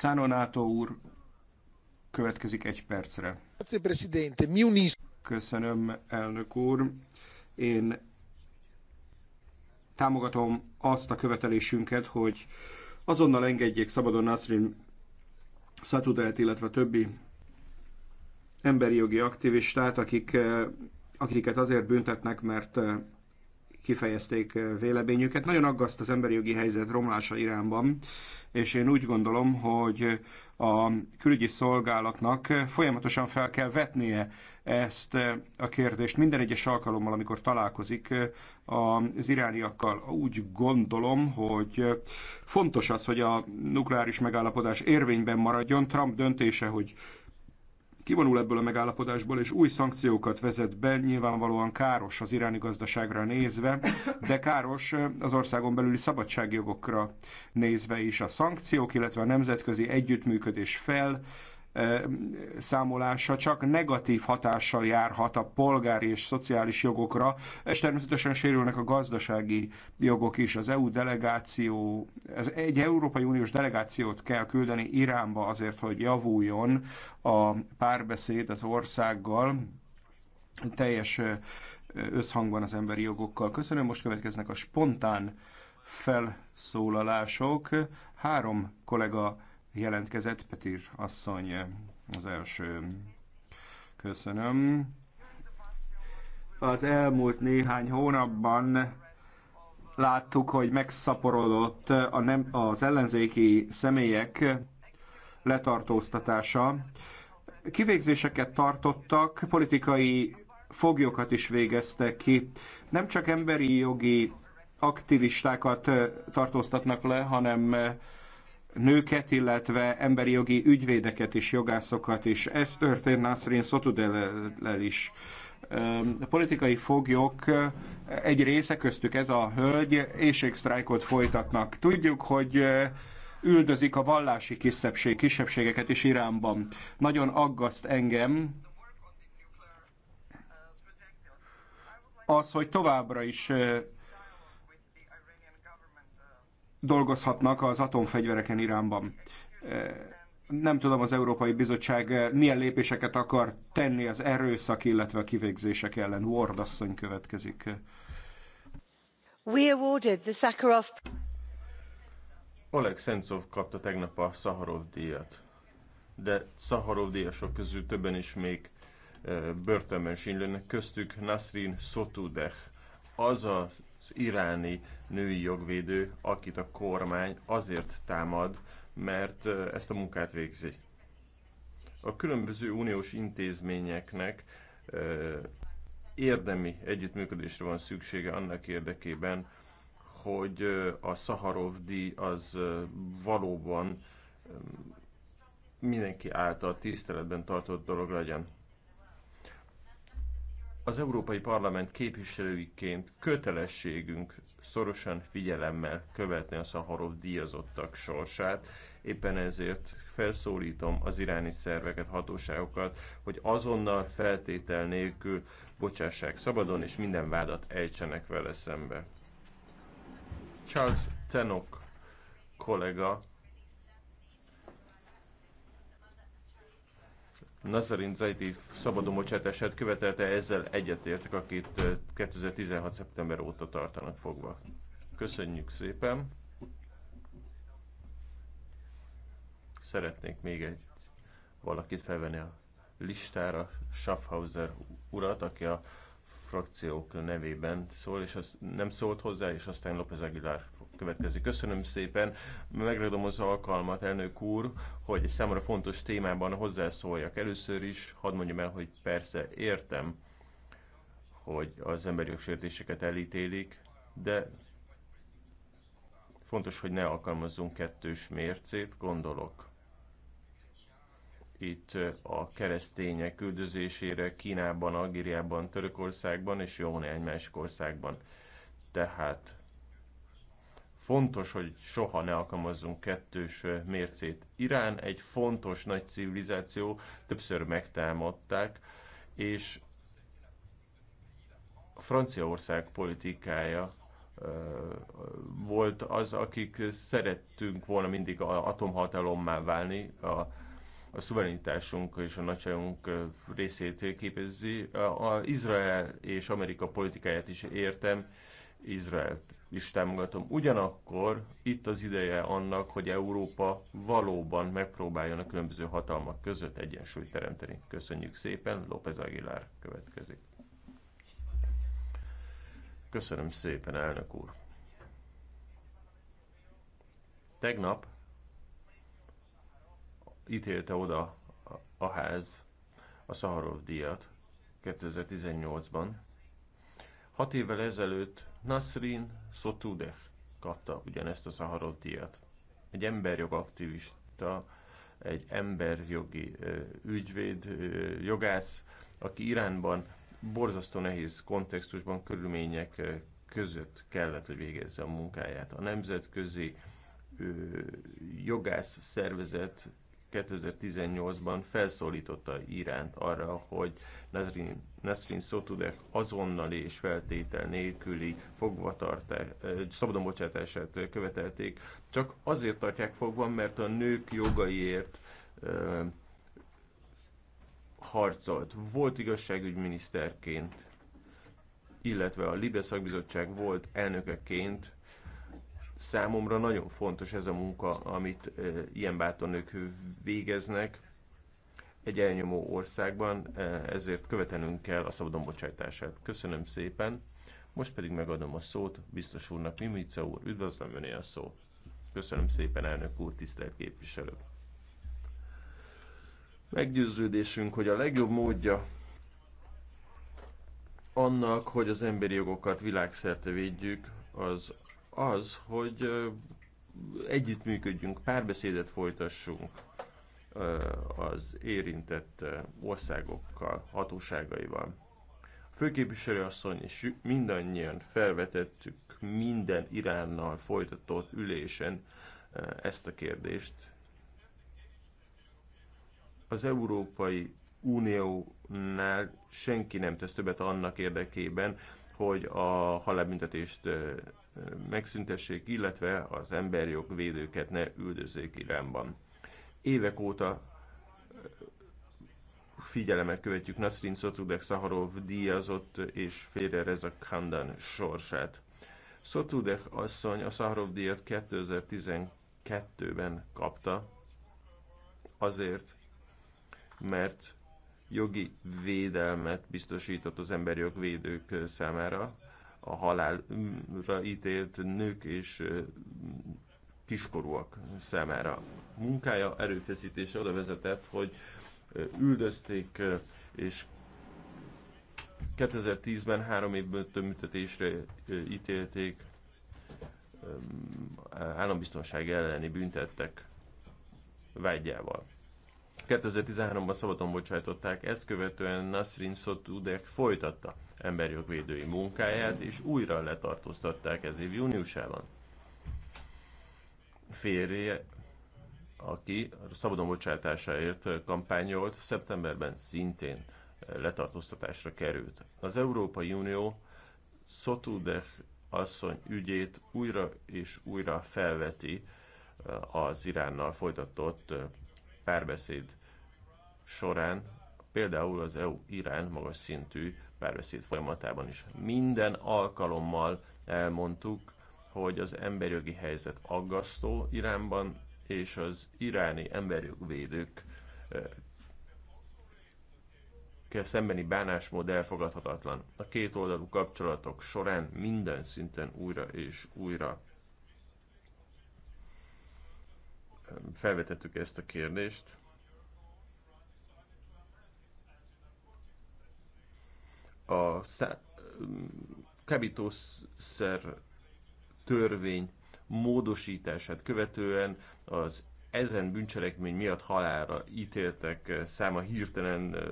Cánonátó úr következik egy percre. Köszönöm, elnök úr. Én támogatom azt a követelésünket, hogy azonnal engedjék szabadon Nasrin Szatudelt, illetve többi emberi jogi aktivistát, akik, eh, akiket azért büntetnek, mert eh, kifejezték eh, véleményüket. Nagyon aggaszt az emberi jogi helyzet romlása Iránban, és én úgy gondolom, hogy a külügyi szolgálatnak folyamatosan fel kell vetnie ezt a kérdést minden egyes alkalommal, amikor találkozik az irániakkal. Úgy gondolom, hogy fontos az, hogy a nukleáris megállapodás érvényben maradjon. Trump döntése, hogy kivonul ebből a megállapodásból, és új szankciókat vezet be, nyilvánvalóan káros az iráni gazdaságra nézve, de káros az országon belüli szabadságjogokra nézve is a szankciók, illetve a nemzetközi együttműködés fel, számolása csak negatív hatással járhat a polgári és szociális jogokra, és természetesen sérülnek a gazdasági jogok is. Az EU delegáció, egy Európai Uniós delegációt kell küldeni Iránba azért, hogy javuljon a párbeszéd az országgal, teljes összhangban az emberi jogokkal. Köszönöm, most következnek a spontán felszólalások. Három kollega jelentkezett. Petir asszony eh, az első. Köszönöm. Az elmúlt néhány hónapban láttuk, hogy megszaporodott a nem, az ellenzéki személyek letartóztatása. Kivégzéseket tartottak, politikai foglyokat is végeztek ki. Nem csak emberi jogi aktivistákat eh, tartóztatnak le, hanem eh, nőket, illetve emberi jogi ügyvédeket és jogászokat is. Ez történt Nasrin Sotudellel is. A politikai foglyok eh, egy része köztük ez a hölgy éjségsztrájkot folytatnak. Tudjuk, hogy eh, üldözik a vallási kisebbség, kisebbségeket is Iránban. Nagyon aggaszt engem az, hogy továbbra is eh, dolgozhatnak az atomfegyvereken Iránban. Nem tudom, az Európai Bizottság milyen lépéseket akar tenni az erőszak, illetve a kivégzések ellen. Ward asszony következik. We awarded the Sakharov... Oleg Szentszov kapta tegnap a Szaharov díjat, de Szaharov díjasok közül többen is még börtönben sínlőnek, köztük Nasrin Sotudeh, az a iráni női jogvédő, akit a kormány azért támad, mert ezt a munkát végzi. A különböző uniós intézményeknek érdemi együttműködésre van szüksége annak érdekében, hogy a Szaharov díj az valóban mindenki által tiszteletben tartott dolog legyen. Az Európai Parlament képviselőiként kötelességünk szorosan figyelemmel követni a Szaharov díjazottak sorsát. Éppen ezért felszólítom az iráni szerveket, hatóságokat, hogy azonnal feltétel nélkül bocsássák szabadon, és minden vádat ejtsenek vele szembe. Charles Tenok kollega Nazarin Zaidi szabadonbocsátását követelte, ezzel egyetértek, akit 2016. szeptember óta tartanak fogva. Köszönjük szépen! Szeretnék még egy valakit felvenni a listára, Schaffhauser urat, aki a frakciók nevében szól, és az nem szólt hozzá, és aztán López Aguilar következő. Köszönöm szépen, megragadom az alkalmat, elnök úr, hogy egy számomra fontos témában hozzászóljak. Először is hadd mondjam el, hogy persze értem, hogy az emberi jogsértéseket elítélik, de fontos, hogy ne alkalmazzunk kettős mércét, gondolok itt a keresztények üldözésére Kínában, Algériában, Törökországban és jó néhány másik országban. Tehát Fontos, hogy soha ne alkalmazzunk kettős mércét. Irán egy fontos nagy civilizáció, többször megtámadták, és Franciaország politikája volt az, akik szerettünk volna mindig atomhatalommá válni, a, a szuverenitásunk és a nagyságunk részét képezi. A, a Izrael és Amerika politikáját is értem, Izrael is támogatom. Ugyanakkor itt az ideje annak, hogy Európa valóban megpróbáljon a különböző hatalmak között egyensúlyt teremteni. Köszönjük szépen, López Aguilar következik. Köszönöm szépen, elnök úr. Tegnap ítélte oda a ház a Szaharov díjat 2018-ban Hat évvel ezelőtt Nasrin Sotudeh kapta ugyanezt a Szaharov díjat. Egy emberjogaktivista, egy emberjogi ügyvéd, jogász, aki Iránban borzasztó nehéz kontextusban, körülmények között kellett, hogy végezze a munkáját. A nemzetközi jogász szervezet 2018-ban felszólította Iránt arra, hogy Nasrin, Nasrin Sotudek azonnali és feltétel nélküli fogvatartás, szabadon bocsátását követelték. Csak azért tartják fogva, mert a nők jogaiért ö, harcolt. Volt igazságügyminiszterként, illetve a Libe szakbizottság volt elnökeként Számomra nagyon fontos ez a munka, amit ilyen bátor nők végeznek egy elnyomó országban, ezért követelnünk kell a szabadon bocsájtását. Köszönöm szépen, most pedig megadom a szót biztos úrnak, Mimica úr, üdvözlöm Öné a szó. Köszönöm szépen, elnök úr, tisztelt képviselő. Meggyőződésünk, hogy a legjobb módja annak, hogy az emberi jogokat világszerte védjük, az az, hogy együttműködjünk, párbeszédet folytassunk az érintett országokkal, hatóságaival. A főképviselő asszony és mindannyian felvetettük minden Iránnal folytatott ülésen ezt a kérdést. Az Európai Uniónál senki nem tesz többet annak érdekében, hogy a halálbüntetést megszüntessék, illetve az emberjog védőket ne üldözzék Iránban. Évek óta figyelemmel követjük Nasrin Sotudek Szaharov díjazott és félre Rezak Khandan sorsát. Sotudek asszony a Szaharov díjat 2012-ben kapta, azért, mert jogi védelmet biztosított az emberjogvédők számára, a halálra ítélt nők és kiskorúak számára. Munkája, erőfeszítése oda vezetett, hogy üldözték, és 2010-ben három év börtönműtetésre ítélték, állambiztonság elleni büntettek vágyjával. 2013-ban szabadon bocsájtották, ezt követően Nasrin Sotudek folytatta emberjogvédői munkáját, és újra letartóztatták ez év júniusában. Férje, aki szabadon bocsátásáért kampányolt, szeptemberben szintén letartóztatásra került. Az Európai Unió Sotudek asszony ügyét újra és újra felveti eh, az Iránnal folytatott eh, párbeszéd során, például az EU-Irán magas szintű párbeszéd folyamatában is. Minden alkalommal elmondtuk, hogy az emberjogi helyzet aggasztó Iránban, és az iráni emberjogvédők szembeni bánásmód elfogadhatatlan. A két oldalú kapcsolatok során minden szinten újra és újra felvetettük ezt a kérdést. A kábítószer törvény módosítását követően az ezen bűncselekmény miatt halálra ítéltek eh, száma hirtelen eh,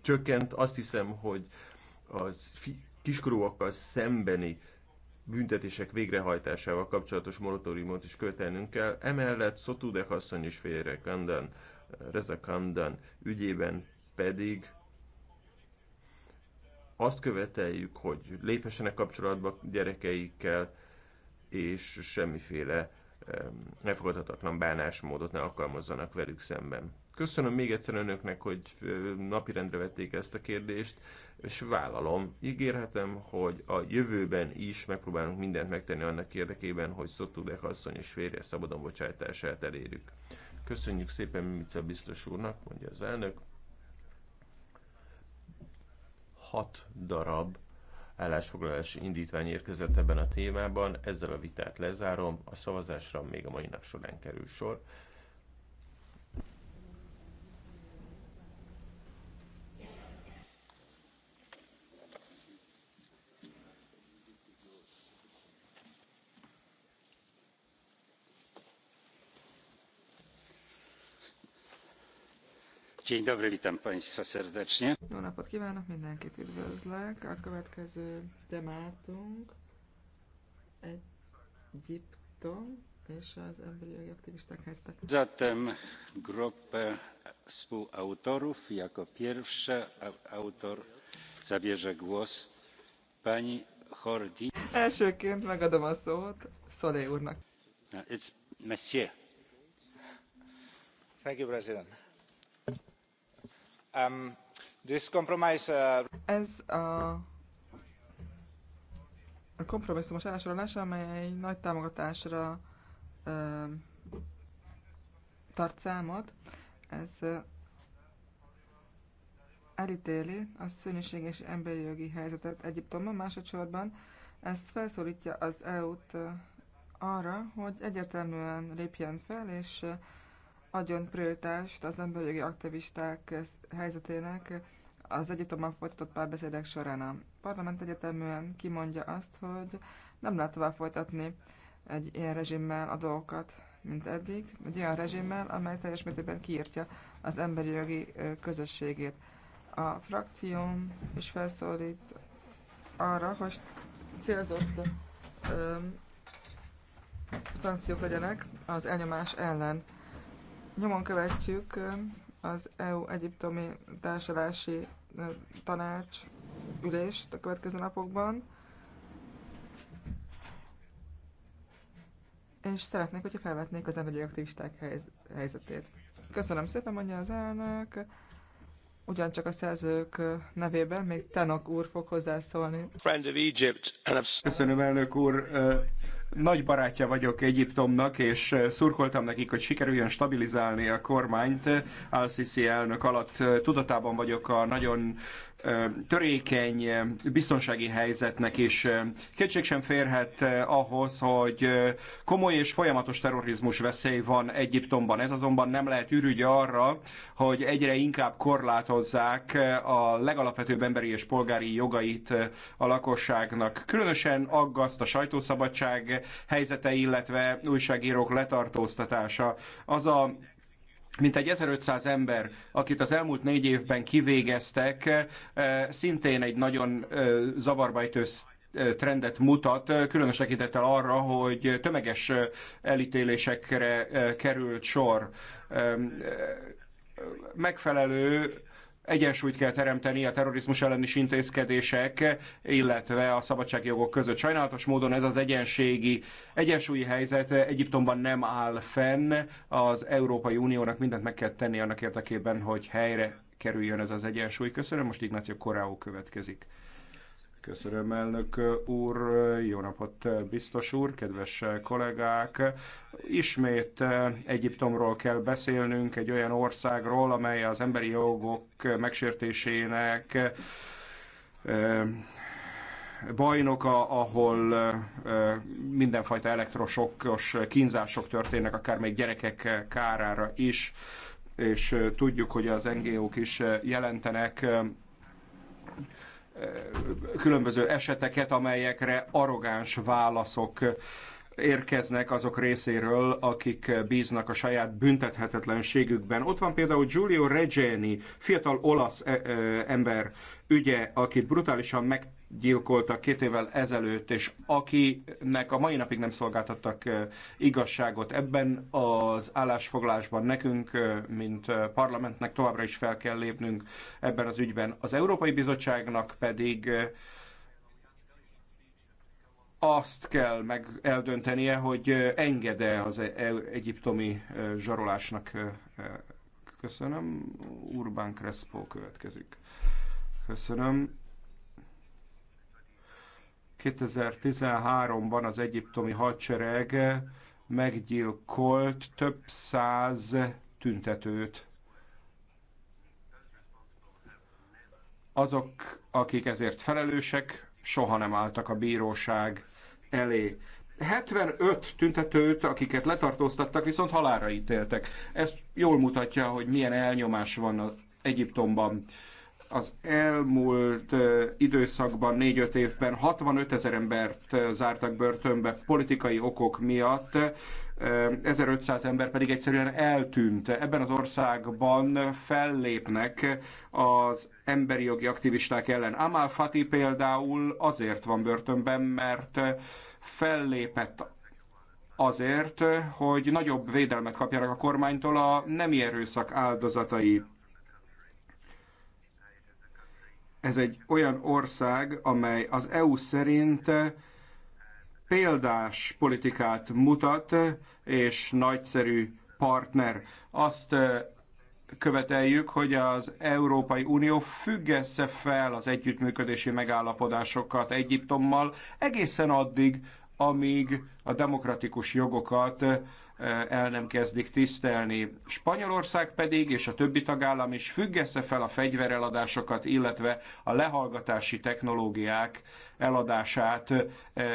csökkent. Azt hiszem, hogy az kiskorúakkal szembeni büntetések végrehajtásával kapcsolatos moratóriumot is követelnünk kell. Emellett Szotudek asszony is félre Kandan, Reza Kandan ügyében pedig azt követeljük, hogy lépessenek kapcsolatba gyerekeikkel, és semmiféle elfogadhatatlan bánásmódot ne alkalmazzanak velük szemben. Köszönöm még egyszer önöknek, hogy napirendre vették ezt a kérdést, és vállalom, ígérhetem, hogy a jövőben is megpróbálunk mindent megtenni annak érdekében, hogy Szotudek asszony és férje szabadon bocsájtását elérjük. Köszönjük szépen Mimica biztos úrnak, mondja az elnök. Hat darab állásfoglalási indítvány érkezett ebben a témában, ezzel a vitát lezárom, a szavazásra még a mai nap során kerül sor. Dzień dobry, witam państwa serdecznie. Jó napot kívánok, mindenkit üdvözlek. A következő demátunk Egyiptom és az emberi jogi aktivisták helyzetek. Zatem grupę współautorów jako pierwsza autor zabierze głos pani Hordi. Elsőként megadom a szót Szolé úrnak. It's Monsieur. Thank you, President Um, uh, ez a, a kompromisszumos állásolás, amely nagy támogatásra um, tart számot, ez uh, elítéli a szörnyűség és emberi jogi helyzetet Egyiptomban, másodszorban ez felszólítja az EU-t uh, arra, hogy egyértelműen lépjen fel, és adjon prioritást az emberi jogi aktivisták helyzetének az Egyiptomban folytatott párbeszédek során. A parlament egyeteműen kimondja azt, hogy nem lehet tovább folytatni egy ilyen rezsimmel a dolgokat, mint eddig, egy olyan rezsimmel, amely teljes mértékben kiírtja az emberi jogi közösségét. A frakcióm is felszólít arra, hogy célzott ö, szankciók legyenek az elnyomás ellen. Nyomon követjük az EU-Egyiptomi társulási tanács ülést a következő napokban. És szeretnék, hogyha felvetnék az emberi aktivisták helyzetét. Köszönöm szépen, mondja az elnök. Ugyancsak a szerzők nevében még Tenok úr fog hozzászólni. Köszönöm, elnök úr nagy barátja vagyok Egyiptomnak, és eh, szurkoltam nekik, hogy sikerüljön stabilizálni a kormányt. Al-Sisi elnök alatt eh, tudatában vagyok a nagyon törékeny biztonsági helyzetnek is kétség sem férhet ahhoz, hogy komoly és folyamatos terrorizmus veszély van Egyiptomban. Ez azonban nem lehet ürügy arra, hogy egyre inkább korlátozzák a legalapvetőbb emberi és polgári jogait a lakosságnak. Különösen aggaszt a sajtószabadság helyzete, illetve újságírók letartóztatása. Az a mintegy 1500 ember, akit az elmúlt négy évben kivégeztek, eh, szintén egy nagyon eh, zavarbajtő eh, trendet mutat, különös tekintettel arra, hogy tömeges elítélésekre került sor. Megfelelő egyensúlyt kell teremteni a terrorizmus elleni intézkedések, illetve a szabadságjogok között. Sajnálatos módon ez az egyenségi, egyensúlyi helyzet Egyiptomban nem áll fenn. Az Európai Uniónak mindent meg kell tenni annak érdekében, hogy helyre kerüljön ez az egyensúly. Köszönöm, most Ignácio Koráó következik. Köszönöm, elnök úr, jó napot, biztos úr, kedves kollégák! Ismét Egyiptomról kell beszélnünk, egy olyan országról, amely az emberi jogok megsértésének bajnoka, ahol mindenfajta elektrosokkos kínzások történnek, akár még gyerekek kárára is, és tudjuk, hogy az NGO-k is jelentenek különböző eseteket, amelyekre arrogáns válaszok érkeznek azok részéről, akik bíznak a saját büntethetetlenségükben. Ott van például Giulio Regeni, fiatal olasz e, e, ember ügye, akit brutálisan meg gyilkoltak két évvel ezelőtt, és akinek a mai napig nem szolgáltattak igazságot ebben az állásfoglásban nekünk, mint parlamentnek továbbra is fel kell lépnünk ebben az ügyben. Az Európai Bizottságnak pedig azt kell meg eldöntenie, hogy engede az e-, e-, egyiptomi zsarolásnak. Köszönöm. Urbán Crespo következik. Köszönöm. 2013-ban az egyiptomi hadsereg meggyilkolt több száz tüntetőt. Azok, akik ezért felelősek, soha nem álltak a bíróság elé. 75 tüntetőt, akiket letartóztattak, viszont halára ítéltek. Ez jól mutatja, hogy milyen elnyomás van az Egyiptomban az elmúlt időszakban, 4-5 évben 65 ezer embert zártak börtönbe politikai okok miatt, 1500 ember pedig egyszerűen eltűnt. Ebben az országban fellépnek az emberi jogi aktivisták ellen. Amal Fati például azért van börtönben, mert fellépett azért, hogy nagyobb védelmet kapjanak a kormánytól a nemi erőszak áldozatai. Ez egy olyan ország, amely az EU szerint példás politikát mutat, és nagyszerű partner. Azt követeljük, hogy az Európai Unió függesse fel az együttműködési megállapodásokat Egyiptommal egészen addig, amíg a demokratikus jogokat el nem kezdik tisztelni. Spanyolország pedig és a többi tagállam is függesze fel a fegyvereladásokat, illetve a lehallgatási technológiák eladását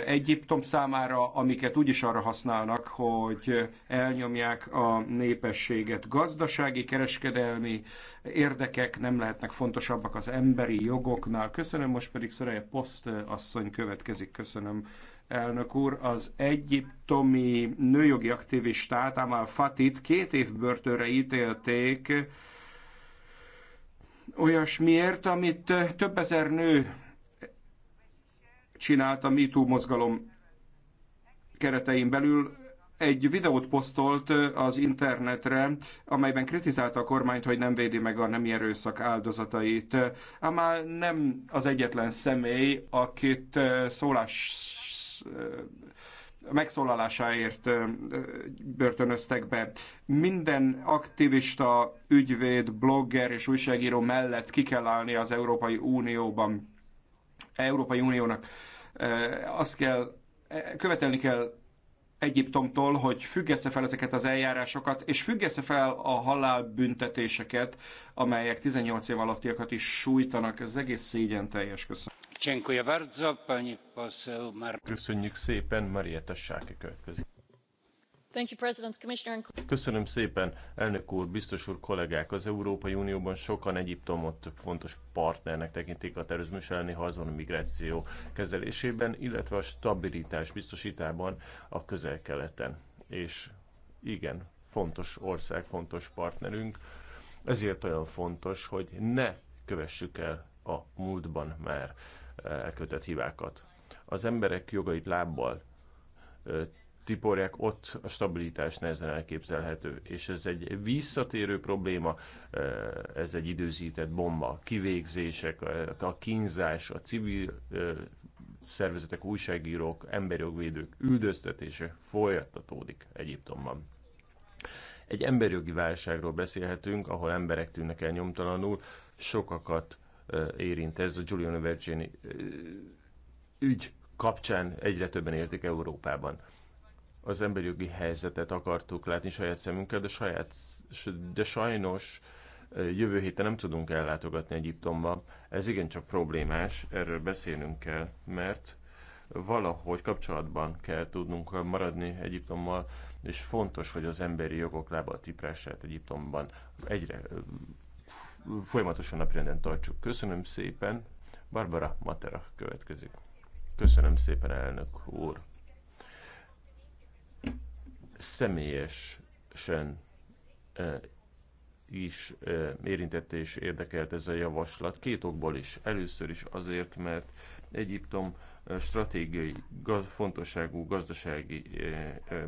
Egyiptom számára, amiket úgyis arra használnak, hogy elnyomják a népességet. Gazdasági, kereskedelmi érdekek nem lehetnek fontosabbak az emberi jogoknál. Köszönöm, most pedig Szereje Poszt asszony következik. Köszönöm elnök úr az egyiptomi nőjogi aktivistát, Amal Fatit két év börtönre ítélték olyasmiért, amit több ezer nő csinált a MeToo mozgalom keretein belül, egy videót posztolt az internetre, amelyben kritizálta a kormányt, hogy nem védi meg a nemi erőszak áldozatait. Amál nem az egyetlen személy, akit szólás megszólalásáért börtönöztek be. Minden aktivista, ügyvéd, blogger és újságíró mellett ki kell állni az Európai Unióban. Európai Uniónak azt kell, követelni kell Egyiptomtól, hogy függesse fel ezeket az eljárásokat, és függesse fel a halálbüntetéseket, amelyek 18 év alattiakat is sújtanak. Ez egész szégyen teljes. Köszönöm. Köszönjük szépen, Marietta Köszönöm szépen, elnök úr, biztos úr, kollégák! Az Európai Unióban sokan Egyiptomot fontos partnernek tekintik a terrorizmus elleni harcban a migráció kezelésében, illetve a stabilitás biztostásában a közel-keleten. És igen, fontos ország, fontos partnerünk, ezért olyan fontos, hogy ne kövessük el a múltban már elkövetett hibákat. Az emberek jogait lábbal tiporják, ott a stabilitás nehezen elképzelhető. És ez egy visszatérő probléma, ez egy időzített bomba. Kivégzések, a kínzás, a civil szervezetek, újságírók, emberjogvédők üldöztetése folytatódik Egyiptomban. Egy emberjogi válságról beszélhetünk, ahol emberek tűnnek el nyomtalanul, sokakat érint ez a Giuliano Vergini ügy kapcsán egyre többen értik Európában. Az emberi jogi helyzetet akartuk látni saját szemünkkel, de, saját, de sajnos jövő héten nem tudunk ellátogatni Egyiptomba. Ez igencsak problémás, erről beszélnünk kell, mert valahogy kapcsolatban kell tudnunk maradni Egyiptommal, és fontos, hogy az emberi jogok lába tiprását Egyiptomban egyre folyamatosan napirenden tartsuk. Köszönöm szépen, Barbara Matera következik. Köszönöm szépen, elnök úr. Személyesen e, is e, érintette és érdekelt ez a javaslat. Két okból is. Először is azért, mert Egyiptom e, stratégiai, gaz, fontosságú gazdasági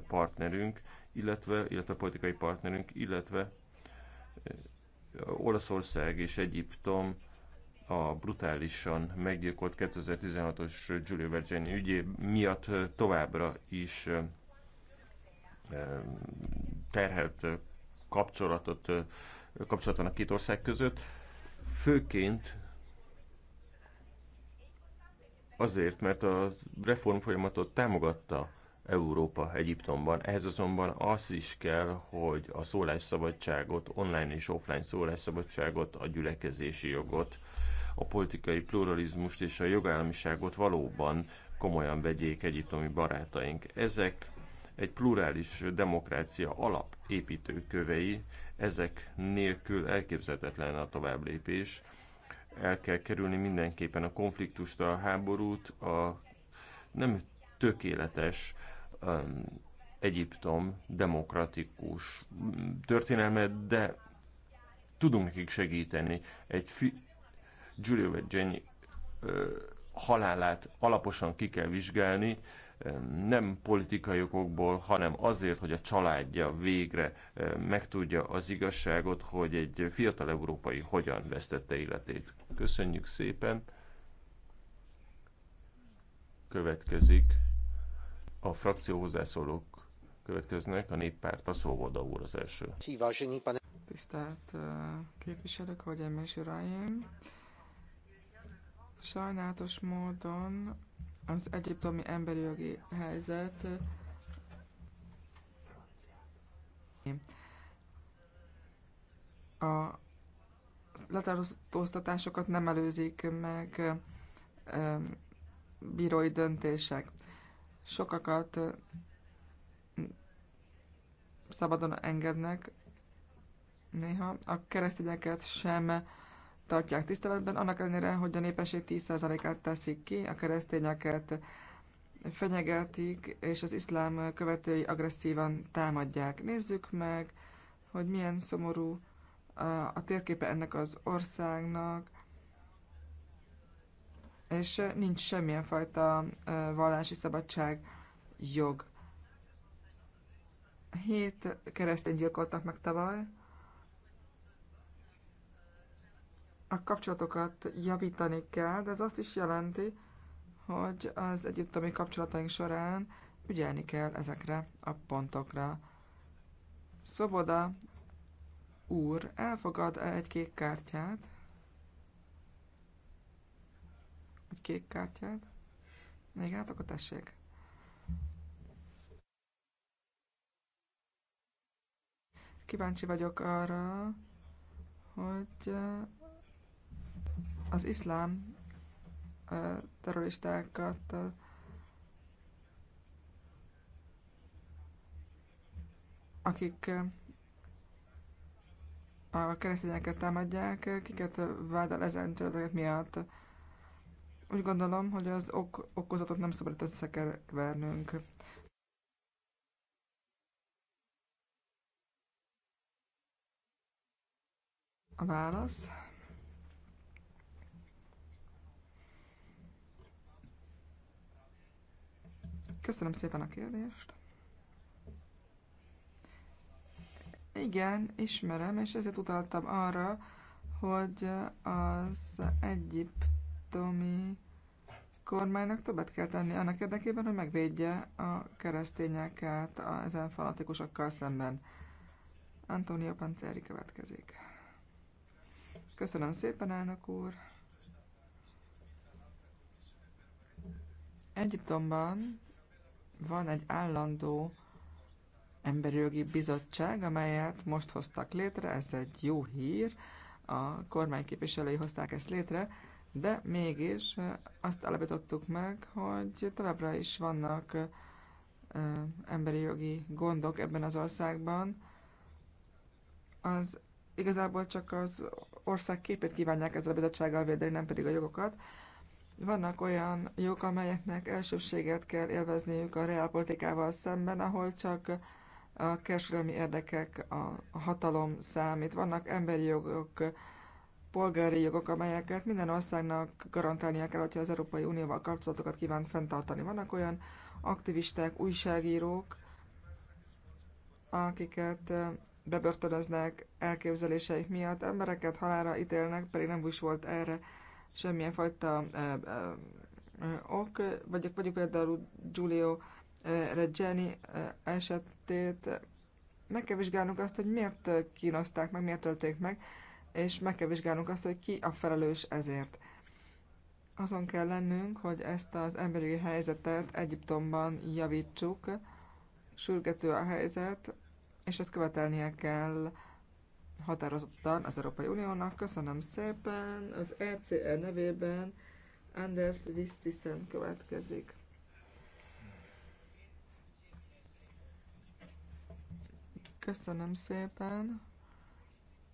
partnerünk, illetve, illetve politikai partnerünk, illetve Olaszország és Egyiptom a brutálisan meggyilkolt 2016-os Giulio Vergeni ügyé miatt továbbra is terhelt kapcsolatot, kapcsolat van a két ország között, főként azért, mert a reform folyamatot támogatta Európa Egyiptomban. Ehhez azonban az is kell, hogy a szólásszabadságot, online és offline szólásszabadságot, a gyülekezési jogot, a politikai pluralizmust és a jogállamiságot valóban komolyan vegyék egyiptomi barátaink. Ezek egy plurális demokrácia alapépítő kövei, ezek nélkül elképzelhetetlen a továbblépés. El kell kerülni mindenképpen a konfliktust, a háborút, a nem tökéletes um, Egyiptom demokratikus mm, történelme, de tudunk nekik segíteni. Egy fi, Giulio Vergeni halálát alaposan ki kell vizsgálni, nem politikai okokból, hanem azért, hogy a családja végre megtudja az igazságot, hogy egy fiatal európai hogyan vesztette életét. Köszönjük szépen! Következik a frakció hozzászólók következnek, a néppárt a Szóvoda úr az első. Tisztelt képviselők, hogy emes uraim! Sajnálatos módon az egyiptomi emberi jogi helyzet a letartóztatásokat nem előzik meg bírói döntések sokakat szabadon engednek néha. A keresztényeket sem tartják tiszteletben, annak ellenére, hogy a népesség 10%-át teszik ki, a keresztényeket fenyegetik, és az iszlám követői agresszívan támadják. Nézzük meg, hogy milyen szomorú a térképe ennek az országnak, és nincs semmilyen fajta vallási szabadság jog. Hét keresztény gyilkoltak meg tavaly. A kapcsolatokat javítani kell, de ez azt is jelenti, hogy az egyiptomi kapcsolataink során ügyelni kell ezekre a pontokra. Szoboda úr elfogad egy kék kártyát? egy kék kártyát. át, akkor tessék. Kíváncsi vagyok arra, hogy az iszlám terroristákat akik a keresztényeket támadják, kiket vádol ezen csodák miatt. Úgy gondolom, hogy az ok okozatot nem szabad összekevernünk. A válasz. Köszönöm szépen a kérdést. Igen, ismerem, és ezért utaltam arra, hogy az Egyiptom egyiptomi kormánynak többet kell tenni annak érdekében, hogy megvédje a keresztényeket a, ezen fanatikusokkal szemben. Antonio Panceri következik. Köszönöm szépen, elnök úr! Egyiptomban van egy állandó emberi jogi bizottság, amelyet most hoztak létre, ez egy jó hír, a kormányképviselői hozták ezt létre, de mégis azt állapítottuk meg, hogy továbbra is vannak emberi jogi gondok ebben az országban. Az igazából csak az ország képét kívánják ezzel a bizottsággal védeni, nem pedig a jogokat. Vannak olyan jogok, amelyeknek elsőbséget kell élvezniük a reálpolitikával szemben, ahol csak a kereskedelmi érdekek, a hatalom számít. Vannak emberi jogok, polgári jogok, amelyeket minden országnak garantálnia kell, hogyha az Európai Unióval kapcsolatokat kíván fenntartani. Vannak olyan aktivisták, újságírók, akiket bebörtönöznek elképzeléseik miatt, embereket halára ítélnek, pedig nem is volt erre semmilyen fajta ö, ö, ö, ok, vagy, vagyok például Giulio Reggiani esetét. Meg kell vizsgálnunk azt, hogy miért kínozták meg, miért ölték meg, és meg kell vizsgálnunk azt, hogy ki a felelős ezért. Azon kell lennünk, hogy ezt az emberi helyzetet Egyiptomban javítsuk, sürgető a helyzet, és ezt követelnie kell határozottan az Európai Uniónak. Köszönöm szépen, az ECR e nevében Anders Vistisen következik. Köszönöm szépen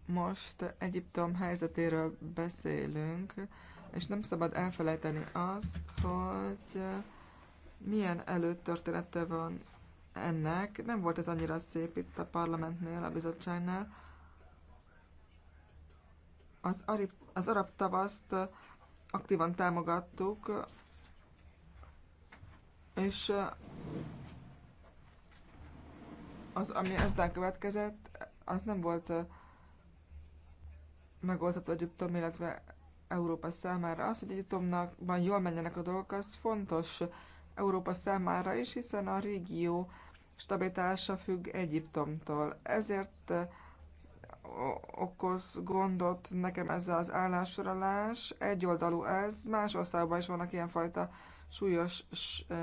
most Egyiptom helyzetéről beszélünk, és nem szabad elfelejteni azt, hogy milyen előtörténete van ennek. Nem volt ez annyira szép itt a parlamentnél, a bizottságnál. Az, arib, az arab tavaszt aktívan támogattuk, és az, ami ezután következett, az nem volt megoldható Egyiptom, illetve Európa számára. Az, hogy Egyiptomnak van jól menjenek a dolgok, az fontos Európa számára is, hiszen a régió stabilitása függ Egyiptomtól. Ezért okoz gondot nekem ez az állásorolás. Egyoldalú ez, más országban is vannak ilyenfajta súlyos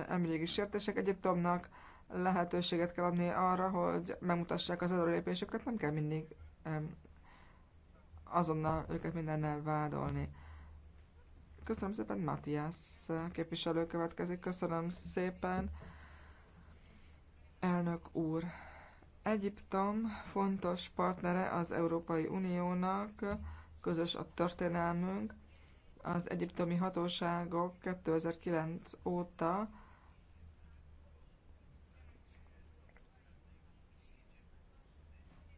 emberi sértések. Egyiptomnak lehetőséget kell adni arra, hogy megmutassák az előrelépésüket, nem kell mindig azonnal őket mindennel vádolni. Köszönöm szépen, Matthias képviselő következik. Köszönöm szépen, elnök úr. Egyiptom fontos partnere az Európai Uniónak, közös a történelmünk. Az egyiptomi hatóságok 2009 óta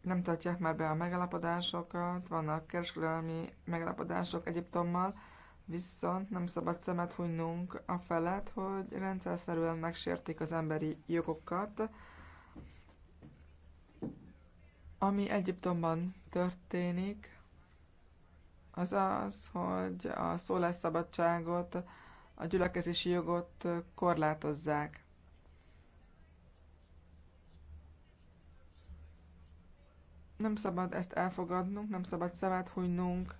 nem tartják már be a megállapodásokat, vannak kereskedelmi megállapodások Egyiptommal, viszont nem szabad szemet hunynunk a felett, hogy rendszerszerűen megsértik az emberi jogokat, ami Egyiptomban történik, az az, hogy a szólásszabadságot, a gyülekezési jogot korlátozzák. Nem szabad ezt elfogadnunk, nem szabad szemet hunynunk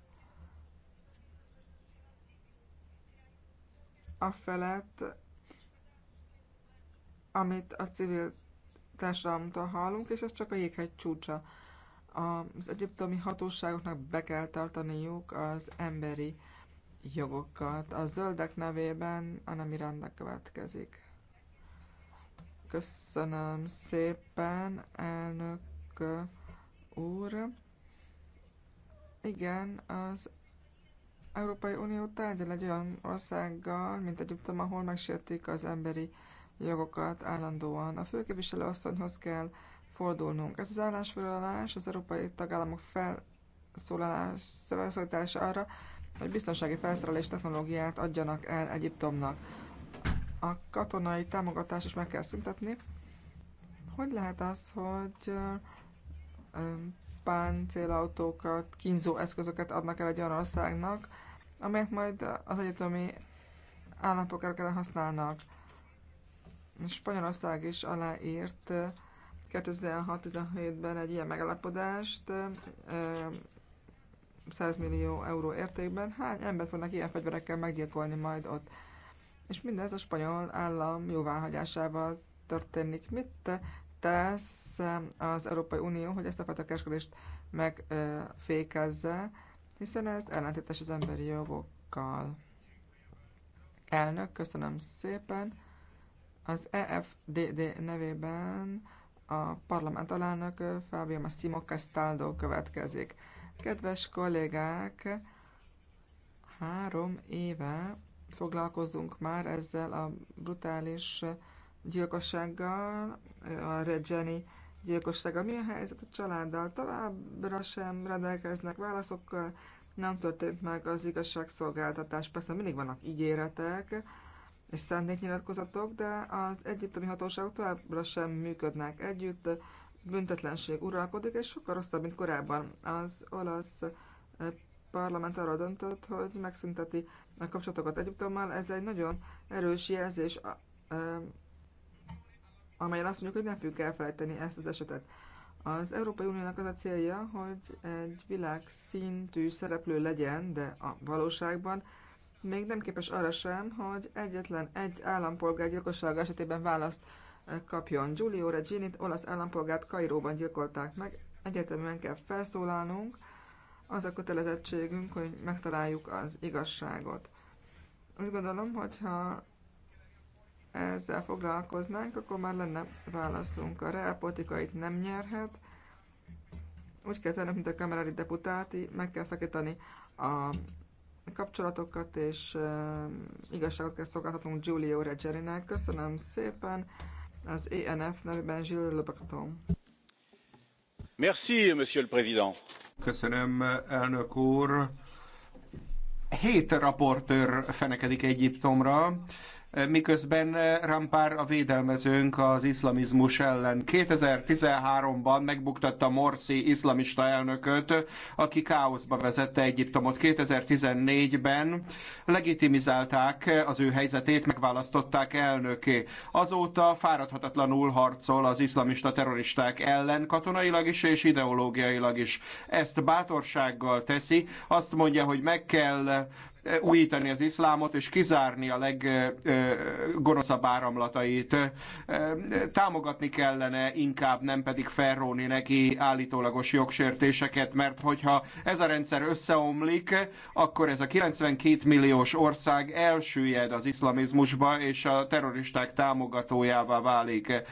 felett, amit a civil társadalomtól hallunk, és ez csak a jéghegy csúcsa. Az egyiptomi hatóságoknak be kell tartaniuk az emberi jogokat. A zöldek nevében Anna Miranda következik. Köszönöm szépen, elnök úr. Igen, az Európai Unió tárgyal egy olyan országgal, mint Egyiptom, ahol megsértik az emberi jogokat állandóan. A főképviselő asszonyhoz kell fordulnunk. Ez az állásfoglalás az európai tagállamok felszólítása arra, hogy biztonsági felszerelés technológiát adjanak el Egyiptomnak. A katonai támogatást is meg kell szüntetni. Hogy lehet az, hogy páncélautókat, kínzó eszközöket adnak el egy olyan országnak, amelyek majd az egyetemi állampolgárok használnak. Spanyolország is aláírt 2016-17-ben eh, egy ilyen megállapodást 100 eh, millió euró értékben. Hány embert fognak ilyen fegyverekkel meggyilkolni majd ott? És mindez a spanyol állam jóváhagyásával történik. Mit tesz az Európai Unió, hogy ezt a fajta kereskedést megfékezze, hiszen ez ellentétes az emberi jogokkal. Elnök, köszönöm szépen. Az EFDD nevében a parlament alelnök Fábio Massimo Castaldo következik. Kedves kollégák, három éve foglalkozunk már ezzel a brutális gyilkossággal, a Regeni gyilkossággal. Mi a helyzet a családdal? Továbbra sem rendelkeznek válaszokkal, nem történt meg az igazságszolgáltatás. Persze mindig vannak ígéretek és szándéknyilatkozatok, de az egyiptomi hatóságok továbbra sem működnek együtt, büntetlenség uralkodik, és sokkal rosszabb, mint korábban. Az olasz eh, parlament arra döntött, hogy megszünteti a kapcsolatokat Egyiptommal. Ez egy nagyon erős jelzés eh, amelyen azt mondjuk, hogy nem fogjuk elfelejteni ezt az esetet. Az Európai Uniónak az a célja, hogy egy világszintű szereplő legyen, de a valóságban még nem képes arra sem, hogy egyetlen egy állampolgár gyilkossága esetében választ eh, kapjon. Giulio Reginit, olasz állampolgárt Kairóban gyilkolták meg. Egyetemen kell felszólalnunk, az a kötelezettségünk, hogy megtaláljuk az igazságot. Úgy gondolom, hogyha ezzel foglalkoznánk, akkor már lenne válaszunk. A reálpolitika nem nyerhet. Úgy kell tennünk, mint a kamerári deputáti, meg kell szakítani a kapcsolatokat, és uh, igazságot kell szolgáltatnunk Giulio Reggerinek. Köszönöm szépen az ENF nevében Gilles Le Merci, monsieur le président. Köszönöm, elnök úr. Hét raportőr fenekedik Egyiptomra miközben eh, Rampár a védelmezőnk az iszlamizmus ellen. 2013-ban megbuktatta Morsi iszlamista elnököt, aki káoszba vezette Egyiptomot. 2014-ben legitimizálták az ő helyzetét, megválasztották elnöké. Azóta fáradhatatlanul harcol az iszlamista terroristák ellen, katonailag is és ideológiailag is. Ezt bátorsággal teszi, azt mondja, hogy meg kell újítani az iszlámot és kizárni a leggonoszabb áramlatait. Támogatni kellene inkább, nem pedig felróni neki állítólagos jogsértéseket, mert hogyha ez a rendszer összeomlik, akkor ez a 92 milliós ország elsüllyed az iszlamizmusba, és a terroristák támogatójává válik.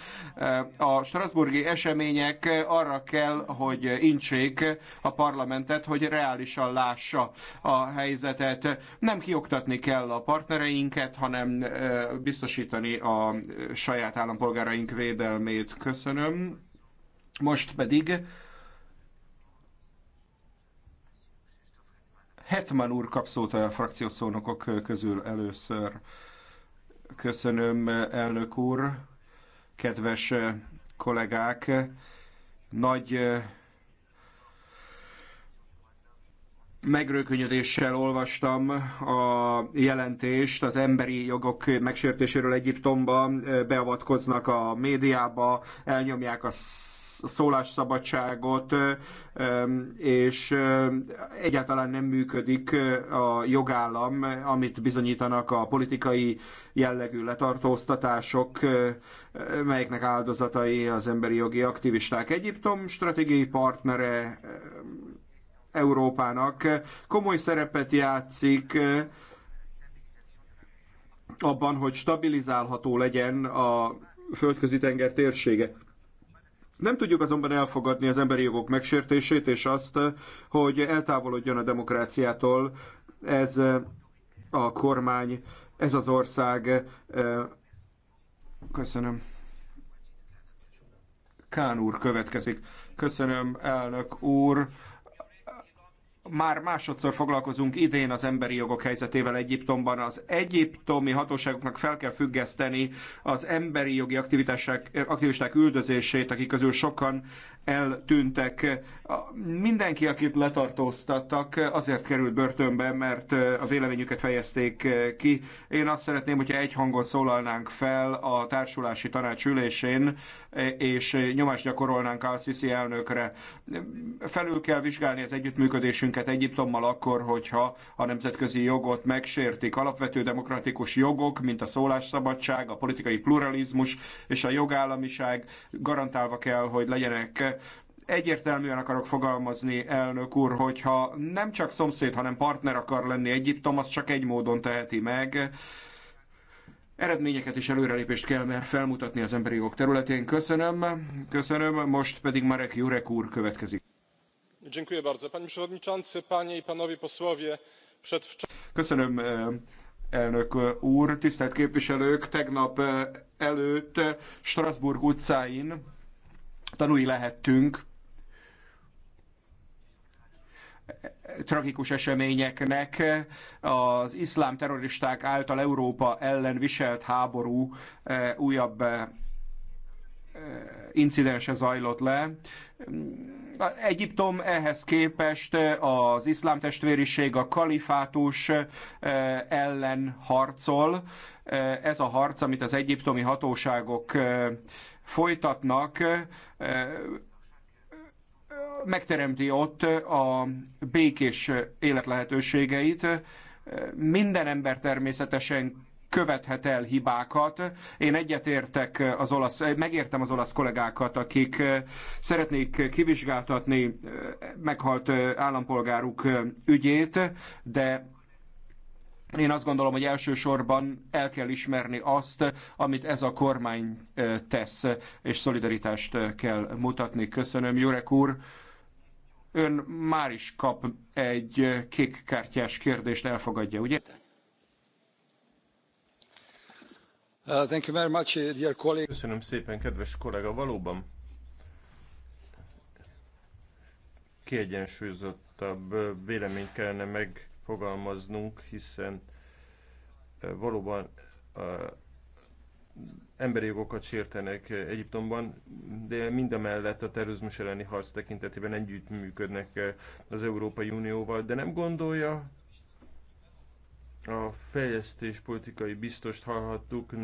A strasburgi események arra kell, hogy intsék a parlamentet, hogy reálisan lássa a helyzetet nem kioktatni kell a partnereinket, hanem biztosítani a saját állampolgáraink védelmét. Köszönöm. Most pedig Hetman úr kap szót a frakciószónokok közül először. Köszönöm, elnök úr, kedves kollégák, nagy megrökönyödéssel olvastam a jelentést az emberi jogok megsértéséről Egyiptomban, beavatkoznak a médiába, elnyomják a szólásszabadságot, és egyáltalán nem működik a jogállam, amit bizonyítanak a politikai jellegű letartóztatások, melyeknek áldozatai az emberi jogi aktivisták. Egyiptom stratégiai partnere Európának komoly szerepet játszik abban, hogy stabilizálható legyen a földközi tenger térsége. Nem tudjuk azonban elfogadni az emberi jogok megsértését és azt, hogy eltávolodjon a demokráciától ez a kormány, ez az ország. Köszönöm. Kán úr következik. Köszönöm, elnök úr. Már másodszor foglalkozunk idén az emberi jogok helyzetével Egyiptomban. Az egyiptomi hatóságoknak fel kell függeszteni az emberi jogi aktivisták üldözését, akik közül sokan eltűntek. Mindenki, akit letartóztattak, azért került börtönbe, mert a véleményüket fejezték ki. Én azt szeretném, hogyha egy hangon szólalnánk fel a társulási tanács ülésén, és nyomást gyakorolnánk a Sisi elnökre. Felül kell vizsgálni az együttműködésünket Egyiptommal akkor, hogyha a nemzetközi jogot megsértik. Alapvető demokratikus jogok, mint a szólásszabadság, a politikai pluralizmus és a jogállamiság garantálva kell, hogy legyenek egyértelműen akarok fogalmazni, elnök úr, hogyha nem csak szomszéd, hanem partner akar lenni Egyiptom, az csak egy módon teheti meg. Eredményeket és előrelépést kell már felmutatni az emberi jogok területén. Köszönöm, köszönöm, most pedig Marek Jurek úr következik. Köszönöm, e, elnök úr, tisztelt képviselők, tegnap e, előtt Strasbourg utcáin tanúi lehettünk tragikus eseményeknek, az iszlám terroristák által Európa ellen viselt háború eh, újabb eh, incidense zajlott le. Egyiptom ehhez képest eh, az iszlám testvériség, a kalifátus ellen harcol. Ez a harc, amit az egyiptomi hatóságok folytatnak, megteremti ott a békés életlehetőségeit. Minden ember természetesen követhet el hibákat. Én egyetértek az olasz, megértem az olasz kollégákat, akik szeretnék kivizsgáltatni meghalt állampolgáruk ügyét, de én azt gondolom, hogy elsősorban el kell ismerni azt, amit ez a kormány tesz, és szolidaritást kell mutatni. Köszönöm, Jurek úr. Ön már is kap egy kék kártyás kérdést, elfogadja, ugye? Uh, thank you very much, uh, dear colleague. Köszönöm szépen, kedves kollega, valóban kiegyensúlyozottabb véleményt kellene meg fogalmaznunk, hiszen eh, valóban eh, emberi jogokat sértenek eh, Egyiptomban, de mindemellett a terrorizmus elleni harc tekintetében együttműködnek az Európai Unióval, de nem gondolja a fejlesztés politikai biztost hallhattuk,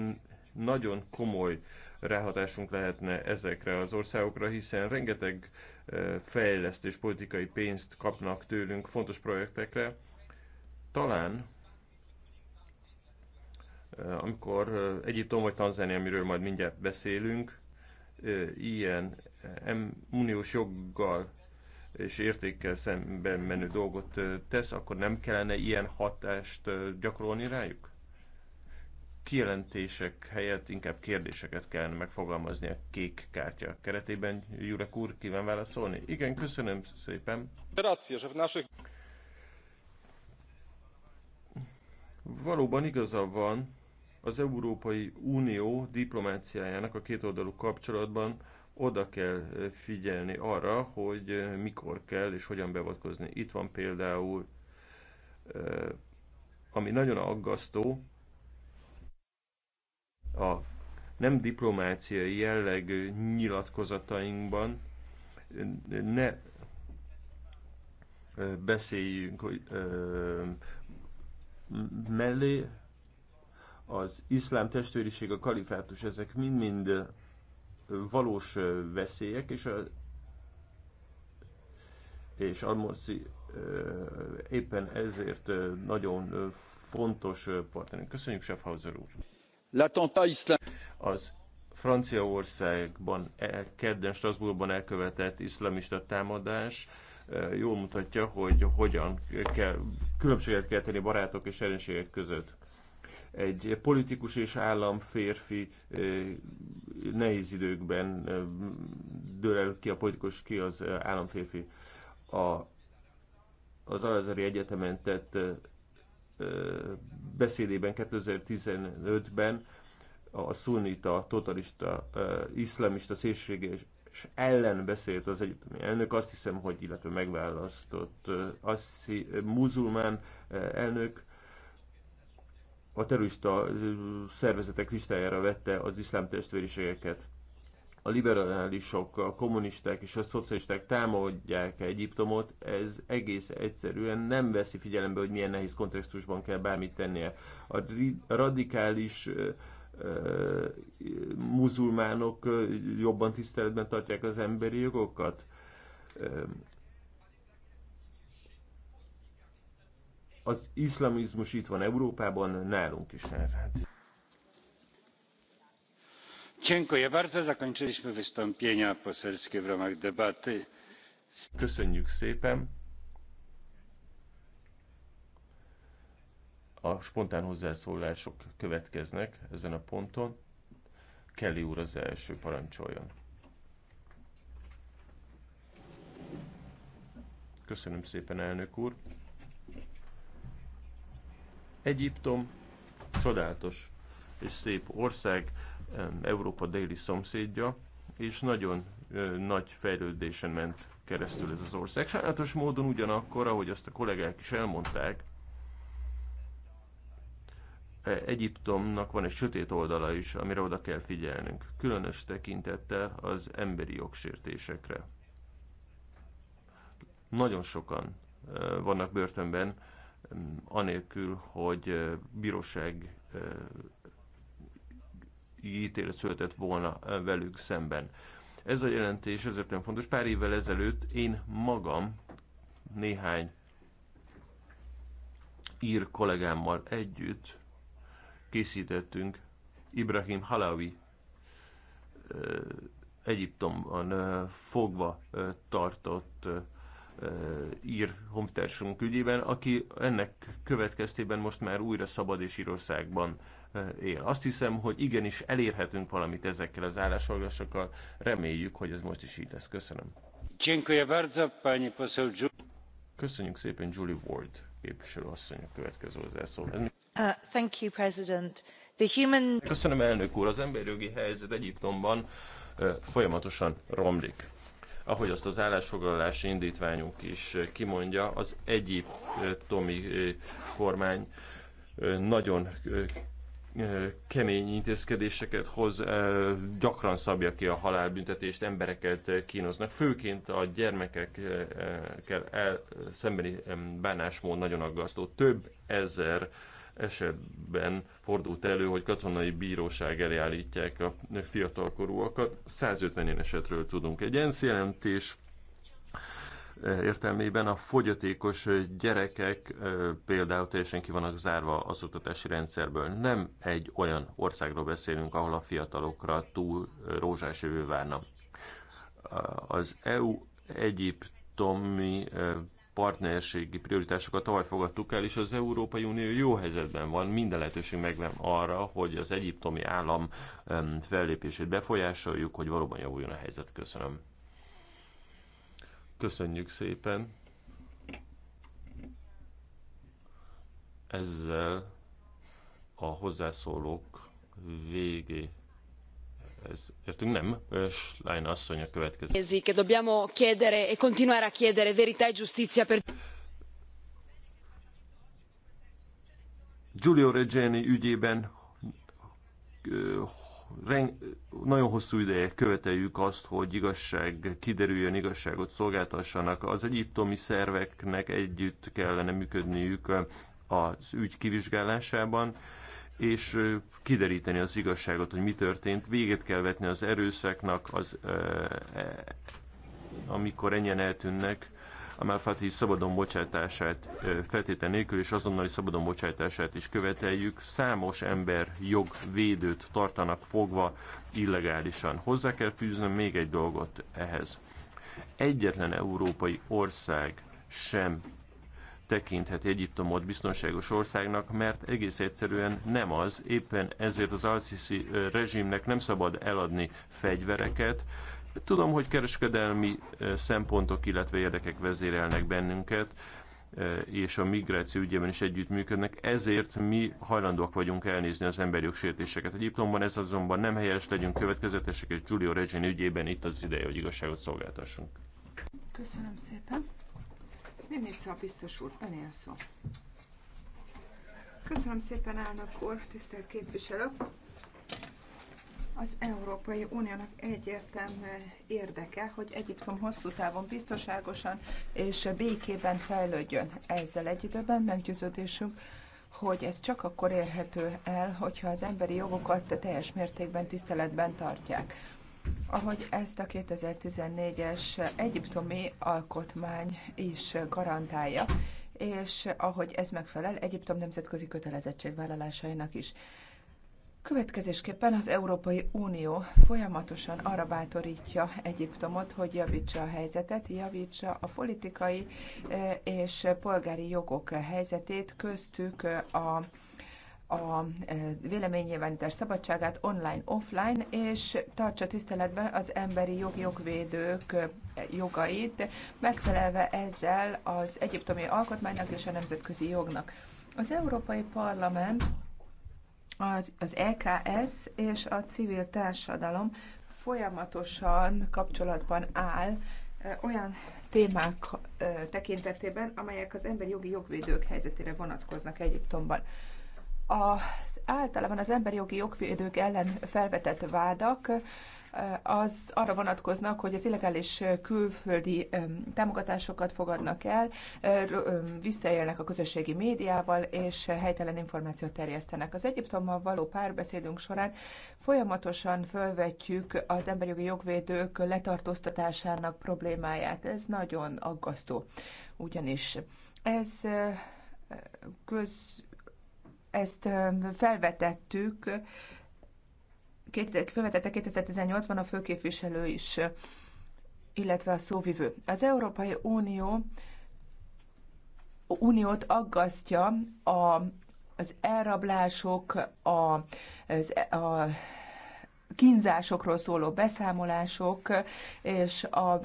nagyon komoly ráhatásunk lehetne ezekre az országokra, hiszen rengeteg fejlesztés politikai pénzt kapnak tőlünk fontos projektekre, talán eh, amikor eh, Egyiptom vagy Tanzánia, amiről majd mindjárt beszélünk, eh, ilyen uniós joggal és értékkel szemben menő dolgot tesz, akkor nem kellene ilyen hatást gyakorolni rájuk? Kijelentések helyett inkább kérdéseket kell megfogalmazni a kék kártya keretében. Jurek úr, kíván válaszolni? Igen, köszönöm szépen. Valóban igaza van, az Európai Unió diplomáciájának a kétoldalú kapcsolatban oda kell figyelni arra, hogy mikor kell és hogyan beavatkozni. Itt van például, ami nagyon aggasztó, a nem diplomáciai jellegű nyilatkozatainkban ne beszéljünk hogy, mellé az iszlám testvériség, a kalifátus, ezek mind-mind valós veszélyek, és a és Almoszi éppen ezért nagyon fontos partnerünk. Köszönjük, Schaffhauser úr! Az Franciaországban e, kedden Strasbourgban elkövetett iszlamista támadás jól mutatja, hogy hogyan kell különbséget kell tenni barátok és ellenségek között. Egy politikus és államférfi eh, nehéz időkben eh, dől el ki a politikus, ki az eh, államférfi. A, az Alazari Egyetemen tett beszédében 2015-ben a szunita, totalista, iszlamista szélséges és ellen beszélt az egyetemi elnök, azt hiszem, hogy illetve megválasztott azt, muzulmán elnök a terrorista szervezetek listájára vette az iszlám testvériségeket. A liberálisok, a kommunisták és a szocialisták támadják Egyiptomot, ez egész egyszerűen nem veszi figyelembe, hogy milyen nehéz kontextusban kell bármit tennie. A radikális muzulmánok jobban tiszteletben tartják az emberi jogokat? Az iszlamizmus itt van Európában, nálunk is elrend. Dziękuję bardzo. Zakończyliśmy wystąpienia poselskie w ramach debaty. Köszönjük szépen! A spontán hozzászólások következnek ezen a ponton. Kelly úr az első parancsoljon. Köszönöm szépen, elnök úr. Egyiptom csodálatos és szép ország, Európa déli szomszédja, és nagyon nagy fejlődésen ment keresztül ez az ország. Sajnálatos módon ugyanakkor, ahogy azt a kollégák is elmondták, E, Egyiptomnak van egy sötét oldala is, amire oda kell figyelnünk, különös tekintettel az emberi jogsértésekre. Nagyon sokan e, vannak börtönben, anélkül, hogy e, bíróság ítélet született volna velük szemben. Ez a jelentés ezért nem fontos. Pár évvel ezelőtt én magam néhány ír kollégámmal együtt készítettünk Ibrahim Halawi Egyiptomban fogva tartott ír honfitársunk ügyében, aki ennek következtében most már újra szabad és Írországban él. Azt hiszem, hogy igenis elérhetünk valamit ezekkel az állásolgásokkal. Reméljük, hogy ez most is így lesz. Köszönöm. Köszönjük szépen Julie Ward képviselő asszony a következő hozzászól elnök uh, Köszönöm, elnök úr! Az emberjogi helyzet Egyiptomban uh, folyamatosan romlik. Ahogy azt az állásfoglalási indítványunk is uh, kimondja, az egyiptomi kormány nagyon kemény intézkedéseket hoz, gyakran szabja ki a halálbüntetést, embereket kínoznak, főként a gyermekekkel szembeni um, bánásmód nagyon aggasztó. Több ezer esetben fordult elő, hogy katonai bíróság elé állítják a fiatalkorúakat. 150 esetről tudunk. Egy ENSZ jelentés eh, értelmében a fogyatékos gyerekek eh, például teljesen ki vannak zárva az oktatási rendszerből. Nem egy olyan országról beszélünk, ahol a fiatalokra túl eh, rózsás jövő várna. Az EU egyiptomi partnerségi prioritásokat tavaly fogadtuk el, és az Európai Unió jó helyzetben van, minden lehetőség megvan arra, hogy az egyiptomi állam fellépését befolyásoljuk, hogy valóban javuljon a helyzet. Köszönöm. Köszönjük szépen. Ezzel a hozzászólók végé értünk nem, Schlein asszony a következő. che dobbiamo chiedere e continuare a chiedere verità e giustizia per... Giulio Regeni ügyében nagyon hosszú ideje követeljük azt, hogy igazság kiderüljön, igazságot szolgáltassanak. Az egyiptomi szerveknek együtt kellene működniük az ügy kivizsgálásában és kideríteni az igazságot, hogy mi történt. Véget kell vetni az erőszaknak, az, e, amikor ennyien eltűnnek, a Fatih szabadon bocsátását feltétel nélkül és azonnali szabadon bocsátását is követeljük. Számos ember jogvédőt tartanak fogva illegálisan. Hozzá kell fűznöm még egy dolgot ehhez. Egyetlen európai ország sem tekintheti Egyiptomot biztonságos országnak, mert egész egyszerűen nem az. Éppen ezért az al-Sisi rezsimnek nem szabad eladni fegyvereket. Tudom, hogy kereskedelmi szempontok, illetve érdekek vezérelnek bennünket, és a migráció ügyében is együttműködnek, ezért mi hajlandóak vagyunk elnézni az emberi jogsértéseket. Egyiptomban ez azonban nem helyes, legyünk következetesek, és Giulio Regini ügyében itt az ideje, hogy igazságot szolgáltassunk. Köszönöm szépen. Mimica biztos úr, önél szó. Köszönöm szépen, elnök úr, tisztelt képviselő! Az Európai Uniónak egyértelmű érdeke, hogy Egyiptom hosszú távon biztonságosan és békében fejlődjön. Ezzel egy időben meggyőződésünk, hogy ez csak akkor érhető el, hogyha az emberi jogokat teljes mértékben tiszteletben tartják ahogy ezt a 2014-es egyiptomi alkotmány is garantálja, és ahogy ez megfelel Egyiptom nemzetközi kötelezettségvállalásainak is. Következésképpen az Európai Unió folyamatosan arra bátorítja Egyiptomot, hogy javítsa a helyzetet, javítsa a politikai eh, és polgári jogok helyzetét, köztük eh, a a e, véleménynyilvánítás szabadságát online, offline, és tartsa tiszteletben az emberi jog jogvédők e, jogait, megfelelve ezzel az egyiptomi alkotmánynak és a nemzetközi jognak. Az Európai Parlament, az, az EKS és a civil társadalom folyamatosan kapcsolatban áll e, olyan témák tekintetében, amelyek az emberi jogi jogvédők helyzetére vonatkoznak Egyiptomban az általában az emberi jogi jogvédők ellen felvetett vádak eh, az arra vonatkoznak, hogy az illegális külföldi támogatásokat fogadnak el, eh, visszaélnek a közösségi médiával, és helytelen információt terjesztenek. Az Egyiptommal való párbeszédünk során folyamatosan fölvetjük az emberi jogi jogvédők letartóztatásának problémáját. Ez nagyon aggasztó, ugyanis ez eh, köz ezt felvetettük, felvetette 2018-ban a főképviselő is, illetve a szóvivő. Az Európai Unió uniót aggasztja a, az elrablások, a, az, a kínzásokról szóló beszámolások és a,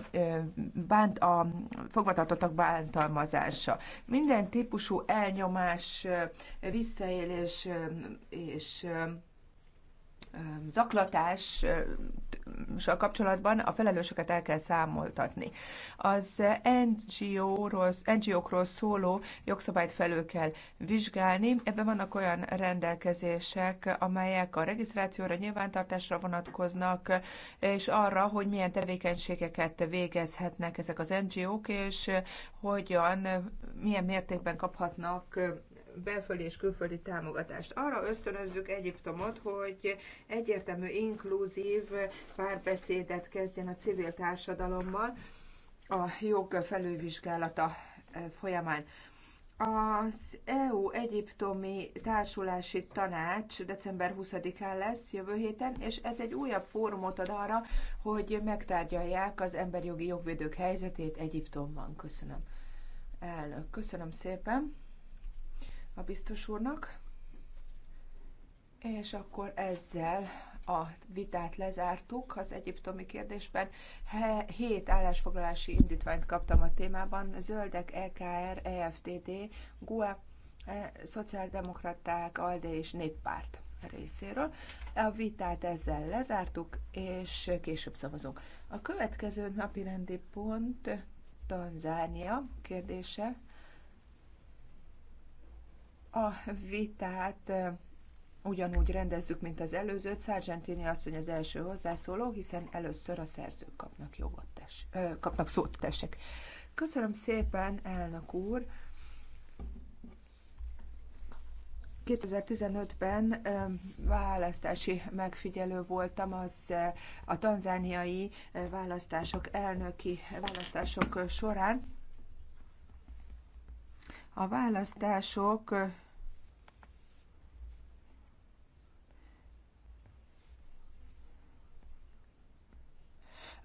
bánt, a fogvatartottak bántalmazása. Minden típusú elnyomás, visszaélés és zaklatással kapcsolatban a felelősöket el kell számoltatni. Az NGO-ról, NGO-król szóló jogszabályt felül kell vizsgálni. Ebben vannak olyan rendelkezések, amelyek a regisztrációra, nyilvántartásra vonatkoznak, és arra, hogy milyen tevékenységeket végezhetnek ezek az NGO-k, és hogyan, milyen mértékben kaphatnak belföldi és külföldi támogatást. Arra ösztönözzük Egyiptomot, hogy egyértelmű, inkluzív párbeszédet kezdjen a civil társadalommal a jog felülvizsgálata eh, folyamán. Az EU-Egyiptomi Társulási Tanács december 20-án lesz jövő héten, és ez egy újabb fórumot ad arra, hogy megtárgyalják az emberjogi jogvédők helyzetét Egyiptomban. Köszönöm. Elnök, köszönöm szépen a biztos úrnak. És akkor ezzel a vitát lezártuk az egyiptomi kérdésben. He, hét állásfoglalási indítványt kaptam a témában. Zöldek, EKR, EFTD, GUE, e, Szociáldemokraták, ALDE és Néppárt részéről. A vitát ezzel lezártuk, és később szavazunk. A következő napi rendi pont Tanzánia kérdése. A vitát ugyanúgy rendezzük, mint az előzőt. azt asszony az első hozzászóló, hiszen először a szerzők kapnak, jogot tess, ö, kapnak szót, tessék. Köszönöm szépen, elnök úr! 2015-ben választási megfigyelő voltam az a tanzániai választások elnöki választások során. A választások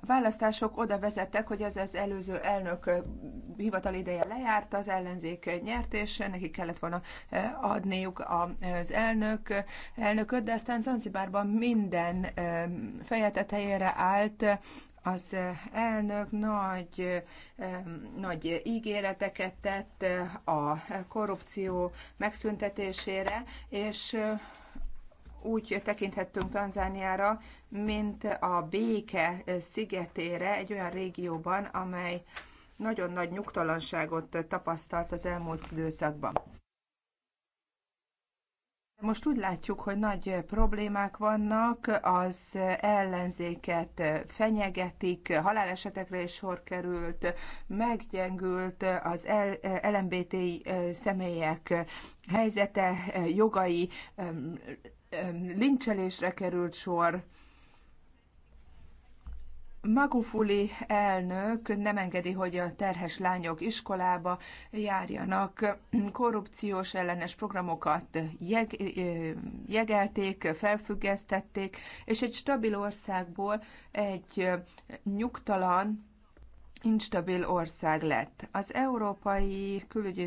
A választások oda vezettek, hogy ez az előző elnök hivatal ideje lejárt, az ellenzék nyert, és neki kellett volna adniuk az elnök, elnököt, de aztán Zanzibárban minden feje tetejére állt, az elnök nagy, nagy ígéreteket tett a korrupció megszüntetésére, és úgy tekinthettünk Tanzániára, mint a béke szigetére egy olyan régióban, amely nagyon nagy nyugtalanságot tapasztalt az elmúlt időszakban. Most úgy látjuk, hogy nagy problémák vannak, az ellenzéket fenyegetik, halálesetekre is sor került, meggyengült az LMBTI személyek helyzete, jogai lincselésre került sor. Magufuli elnök nem engedi, hogy a terhes lányok iskolába járjanak. Korrupciós ellenes programokat jeg, jegelték, felfüggesztették, és egy stabil országból egy nyugtalan, instabil ország lett. Az Európai Külügyi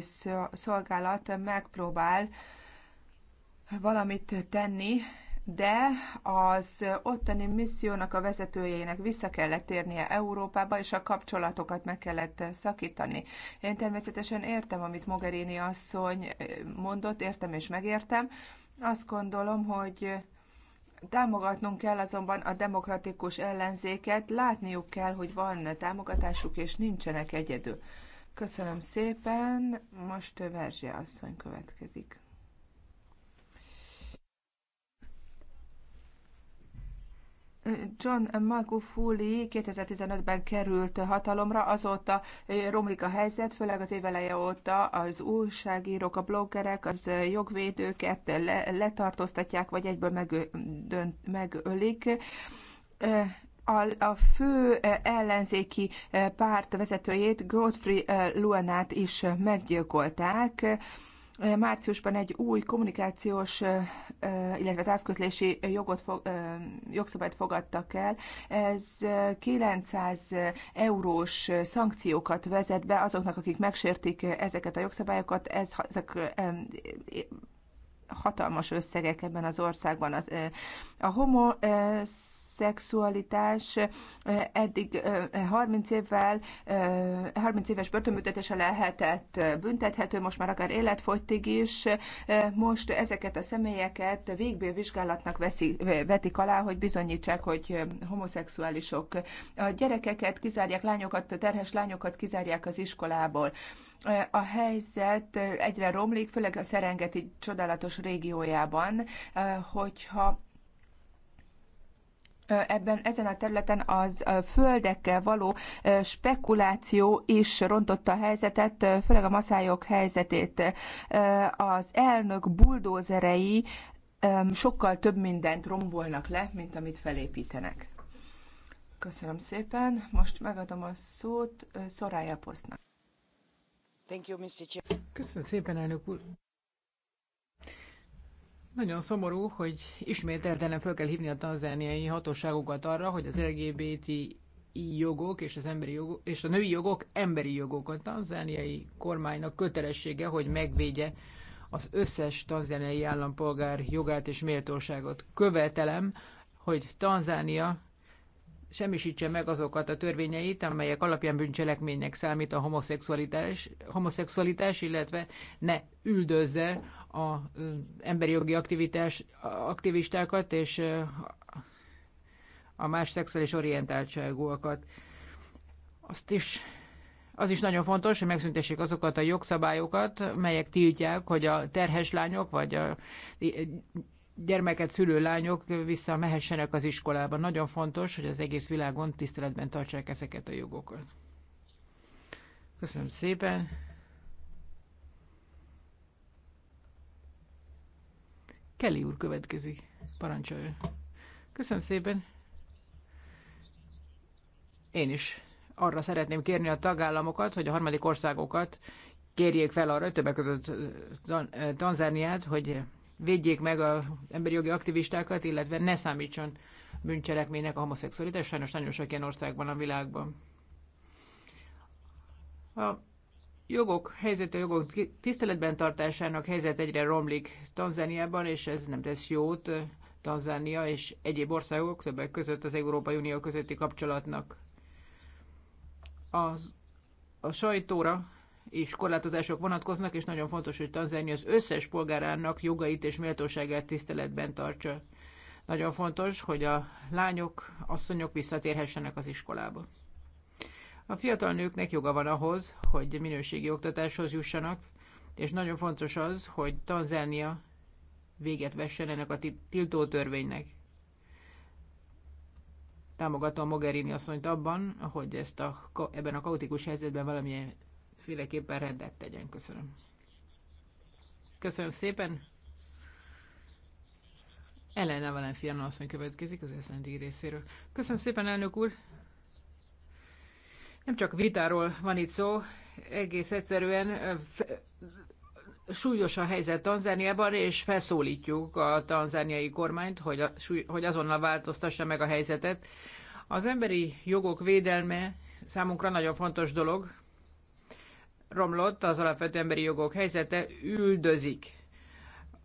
Szolgálat megpróbál valamit tenni, de az ottani missziónak a vezetőjének vissza kellett térnie Európába, és a kapcsolatokat meg kellett szakítani. Én természetesen értem, amit Mogherini asszony eh, mondott, értem és megértem. Azt gondolom, hogy támogatnunk kell azonban a demokratikus ellenzéket, látniuk kell, hogy van támogatásuk, és nincsenek egyedül. Köszönöm szépen, most Verzsé asszony következik. John Magufuli 2015-ben került hatalomra, azóta romlik a helyzet, főleg az éveleje óta az újságírók, a bloggerek, az jogvédőket le, letartóztatják, vagy egyből megö, dönt, megölik. A, a fő ellenzéki párt vezetőjét, Godfrey Luanát is meggyilkolták márciusban egy új kommunikációs, illetve távközlési jogot jogszabályt fogadtak el. Ez 900 eurós szankciókat vezet be azoknak, akik megsértik ezeket a jogszabályokat. Ez, ezek hatalmas összegek ebben az országban. Az, a homo szexualitás eddig 30 évvel, 30 éves börtönbüntetése lehetett büntethető, most már akár életfogytig is. Most ezeket a személyeket vizsgálatnak veszi, vetik alá, hogy bizonyítsák, hogy homoszexuálisok. A gyerekeket kizárják, lányokat, terhes lányokat kizárják az iskolából a helyzet egyre romlik, főleg a Szerengeti csodálatos régiójában, hogyha ebben ezen a területen az földekkel való spekuláció is rontotta a helyzetet, főleg a maszályok helyzetét. Az elnök buldózerei sokkal több mindent rombolnak le, mint amit felépítenek. Köszönöm szépen. Most megadom a szót Szorája Posznak. Köszönöm szépen, elnök úr. Nagyon szomorú, hogy ismét érdemben fel kell hívni a tanzániai hatóságokat arra, hogy az LGBT jogok és, az emberi jogok, és a női jogok emberi jogok. A tanzániai kormánynak kötelessége, hogy megvédje az összes tanzániai állampolgár jogát és méltóságot. Követelem, hogy Tanzánia semmisítse meg azokat a törvényeit, amelyek alapján bűncselekménynek számít a homoszexualitás, homoszexualitás illetve ne üldözze az emberi jogi aktivitás, aktivistákat és a más szexuális orientáltságúakat. Azt is, az is nagyon fontos, hogy megszüntessék azokat a jogszabályokat, melyek tiltják, hogy a terhes lányok vagy a gyermeket szülő lányok vissza mehessenek az iskolába. Nagyon fontos, hogy az egész világon tiszteletben tartsák ezeket a jogokat. Köszönöm szépen! Kelly úr következik. Parancsolja. Köszönöm szépen. Én is arra szeretném kérni a tagállamokat, hogy a harmadik országokat kérjék fel arra, többek között eh, eh, Tanzániát, hogy védjék meg az emberi jogi aktivistákat, illetve ne számítson bűncselekménynek a homoszexualitás. Sajnos nagyon sok ilyen országban a világban. A jogok, helyzete jogok tiszteletben tartásának helyzet egyre romlik Tanzániában, és ez nem tesz jót Tanzánia és egyéb országok, többek között az Európai Unió közötti kapcsolatnak. Az, a sajtóra és korlátozások vonatkoznak, és nagyon fontos, hogy Tanzánia az összes polgárának jogait és méltóságát tiszteletben tartsa. Nagyon fontos, hogy a lányok, asszonyok visszatérhessenek az iskolába. A fiatal nőknek joga van ahhoz, hogy minőségi oktatáshoz jussanak, és nagyon fontos az, hogy Tanzánia véget vessen ennek a tiltó törvénynek. Támogatom Mogherini asszonyt abban, hogy ezt a, ebben a kaotikus helyzetben valamilyen féleképpen rendet tegyen. Köszönöm. Köszönöm szépen. Elena Valenciano asszony következik az eszendi részéről. Köszönöm szépen, elnök úr. Nem csak vitáról van itt szó, egész egyszerűen súlyos a helyzet Tanzániában, és felszólítjuk a tanzániai kormányt, hogy, a, hogy azonnal változtassa meg a helyzetet. Az emberi jogok védelme számunkra nagyon fontos dolog. Romlott az alapvető emberi jogok helyzete, üldözik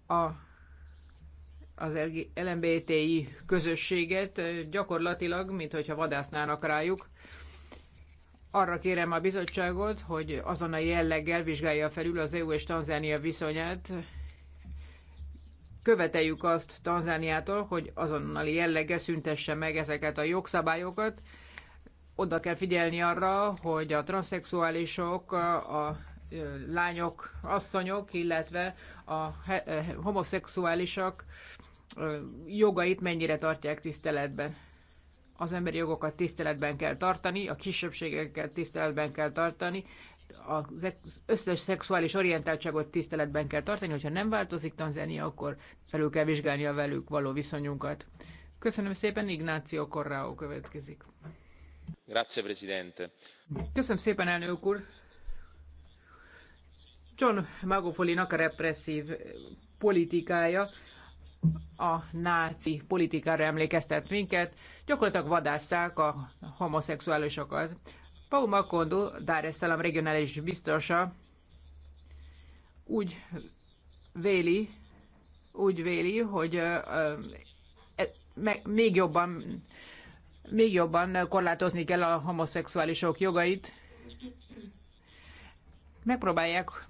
a, az LMBTI közösséget, gyakorlatilag, mintha vadásznának rájuk arra kérem a bizottságot, hogy azon a jelleggel vizsgálja felül az EU és Tanzánia viszonyát. Követeljük azt Tanzániától, hogy azonnali jellege szüntesse meg ezeket a jogszabályokat. Oda kell figyelni arra, hogy a transzexuálisok, a lányok, asszonyok, illetve a homoszexuálisok jogait mennyire tartják tiszteletben az emberi jogokat tiszteletben kell tartani, a kisebbségeket tiszteletben kell tartani, az összes szexuális orientáltságot tiszteletben kell tartani, hogyha nem változik Tanzánia, akkor felül kell vizsgálni a velük való viszonyunkat. Köszönöm szépen, Ignácio Corrao következik. Grazie, Presidente. Köszönöm szépen, elnök úr. John Magofolinak a represszív politikája a náci politikára emlékeztet minket, gyakorlatilag vadásszák a homoszexuálisokat. Paul Makondu, Dar es Salaam regionális biztosa úgy véli, úgy véli, hogy uh, meg, még jobban még jobban korlátozni kell a homoszexuálisok jogait. Megpróbálják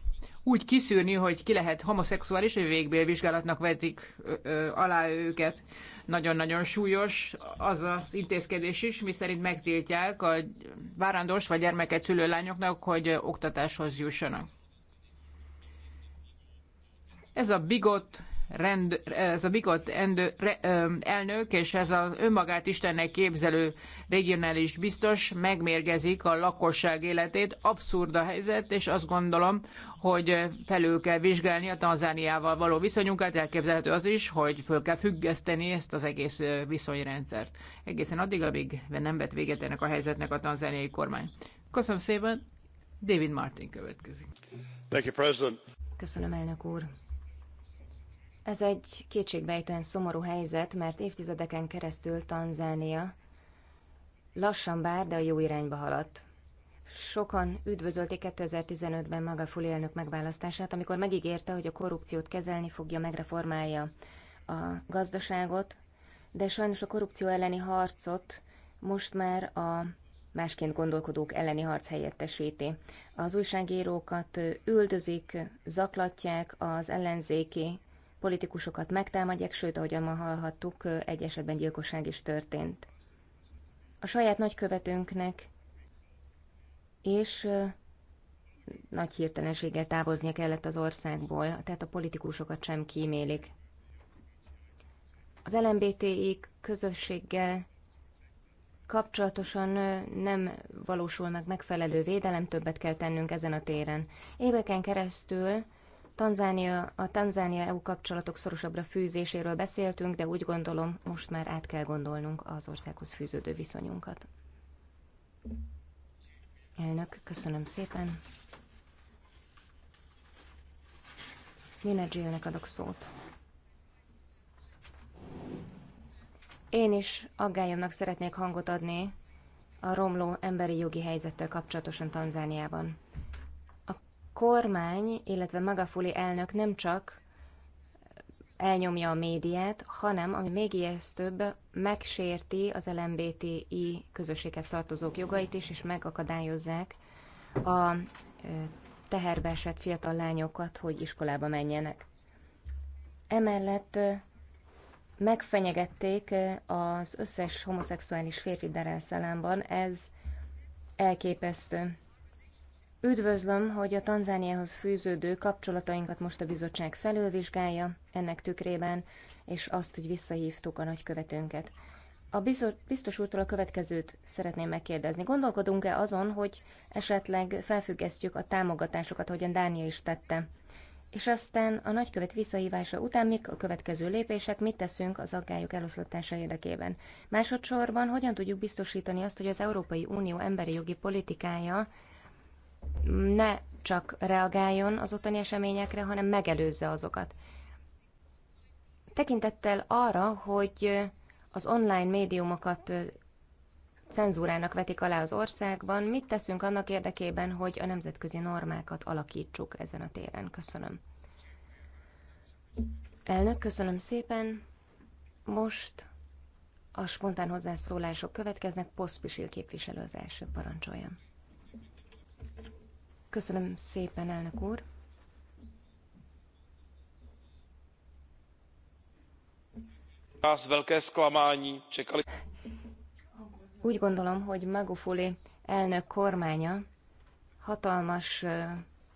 úgy kiszűrni, hogy ki lehet homoszexuális, hogy végbélvizsgálatnak vetik ö, ö, alá őket. Nagyon-nagyon súlyos az az intézkedés is, miszerint megtiltják a várandós vagy gyermeket szülő lányoknak, hogy oktatáshoz jussanak. Ez a bigott rend, ez a bigott endő, re, ö, elnök és ez az önmagát Istennek képzelő regionális biztos megmérgezik a lakosság életét. Abszurd a helyzet, és azt gondolom, hogy felül kell vizsgálni a Tanzániával való viszonyunkat. Elképzelhető az is, hogy föl kell függeszteni ezt az egész viszonyrendszert. Egészen addig, amíg nem vett véget ennek a helyzetnek a tanzániai kormány. Köszönöm szépen, David Martin következik. Thank you, President. Köszönöm, elnök úr. Ez egy kétségbejtően szomorú helyzet, mert évtizedeken keresztül Tanzánia lassan bár, de a jó irányba haladt. Sokan üdvözölték 2015-ben maga elnök megválasztását, amikor megígérte, hogy a korrupciót kezelni fogja, megreformálja a gazdaságot, de sajnos a korrupció elleni harcot most már a másként gondolkodók elleni harc helyettesíti. Az újságírókat üldözik, zaklatják, az ellenzéki politikusokat megtámadják, sőt, ahogyan ma hallhattuk, egy esetben gyilkosság is történt. A saját nagykövetőnknek és nagy hirtelenséggel távoznia kellett az országból, tehát a politikusokat sem kímélik. Az LMBTI közösséggel kapcsolatosan nem valósul meg megfelelő védelem, többet kell tennünk ezen a téren. Éveken keresztül Tanzánia, a Tanzánia-EU kapcsolatok szorosabbra fűzéséről beszéltünk, de úgy gondolom, most már át kell gondolnunk az országhoz fűződő viszonyunkat. Elnök, köszönöm szépen. Nina adok szót. Én is aggályomnak szeretnék hangot adni a romló emberi jogi helyzettel kapcsolatosan Tanzániában kormány, illetve Magafuli elnök nem csak elnyomja a médiát, hanem, ami még ijesztőbb, megsérti az LMBTI közösséghez tartozók jogait is, és megakadályozzák a teherbe esett fiatal lányokat, hogy iskolába menjenek. Emellett megfenyegették az összes homoszexuális férfi Darel ez elképesztő. Üdvözlöm, hogy a Tanzániához fűződő kapcsolatainkat most a bizottság felülvizsgálja ennek tükrében, és azt, hogy visszahívtuk a nagykövetőnket. A biztos úrtól a következőt szeretném megkérdezni. Gondolkodunk-e azon, hogy esetleg felfüggesztjük a támogatásokat, hogyan Dánia is tette? És aztán a nagykövet visszahívása után mik a következő lépések, mit teszünk az aggályok eloszlatása érdekében? Másodszorban hogyan tudjuk biztosítani azt, hogy az Európai Unió emberi jogi politikája ne csak reagáljon az ottani eseményekre, hanem megelőzze azokat. Tekintettel arra, hogy az online médiumokat cenzúrának vetik alá az országban, mit teszünk annak érdekében, hogy a nemzetközi normákat alakítsuk ezen a téren? Köszönöm. Elnök, köszönöm szépen. Most a spontán hozzászólások következnek. Poszpisil képviselő az első parancsolja. Köszönöm szépen, elnök úr. Nás velké čekali. Úgy gondolom, hogy Magufuli elnök kormánya hatalmas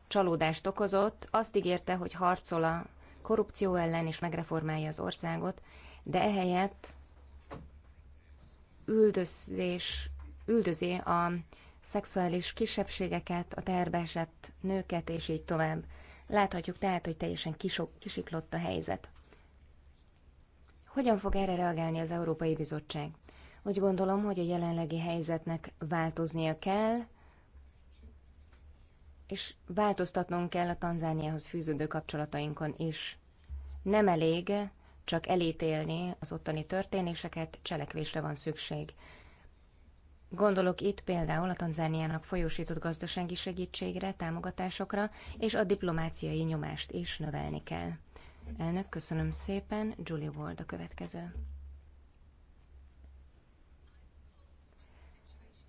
csalódást okozott. Azt ígérte, hogy harcol a korrupció ellen és megreformálja az országot, de ehelyett üldözés, üldözé a szexuális kisebbségeket, a terbe esett nőket, és így tovább. Láthatjuk tehát, hogy teljesen kisok, kisiklott a helyzet. Hogyan fog erre reagálni az Európai Bizottság? Úgy gondolom, hogy a jelenlegi helyzetnek változnia kell, és változtatnunk kell a Tanzániához fűződő kapcsolatainkon is. Nem elég csak elítélni az ottani történéseket, cselekvésre van szükség. Gondolok itt például a Tanzániának folyósított gazdasági segítségre, támogatásokra, és a diplomáciai nyomást is növelni kell. Elnök, köszönöm szépen, Julie Ward a következő.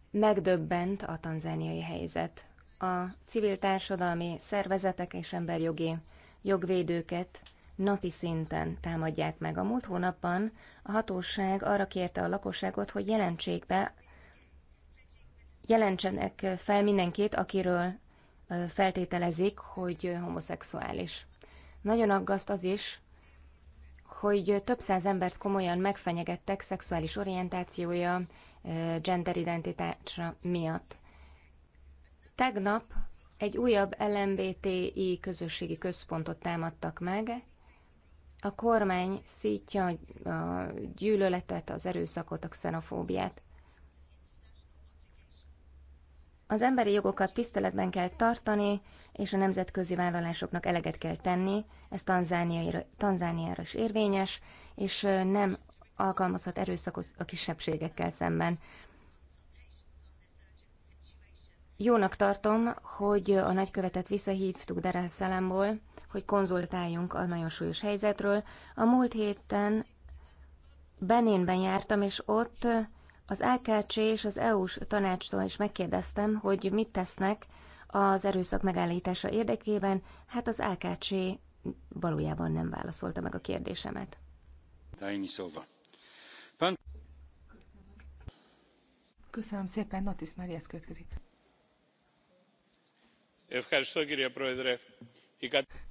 Megdöbbent a tanzániai helyzet. A civil társadalmi szervezetek és emberjogi jogvédőket napi szinten támadják meg. A múlt hónapban a hatóság arra kérte a lakosságot, hogy jelentsék be jelentsenek fel mindenkit, akiről feltételezik, hogy homoszexuális. Nagyon aggaszt az is, hogy több száz embert komolyan megfenyegettek szexuális orientációja, genderidentitása miatt. Tegnap egy újabb LMBTI közösségi központot támadtak meg. A kormány szítja a gyűlöletet, az erőszakot, a xenofóbiát. Az emberi jogokat tiszteletben kell tartani, és a nemzetközi vállalásoknak eleget kell tenni, ez Tanzániára, is érvényes, és nem alkalmazhat erőszakot a kisebbségekkel szemben. Jónak tartom, hogy a nagykövetet visszahívtuk Derel es hogy konzultáljunk a nagyon súlyos helyzetről. A múlt héten Beninben jártam, és ott az LKC és az EU-s tanácstól is megkérdeztem, hogy mit tesznek az erőszak megállítása érdekében, hát az LKC valójában nem válaszolta meg a kérdésemet. Pan... Köszönöm szépen, Notis Marias következik.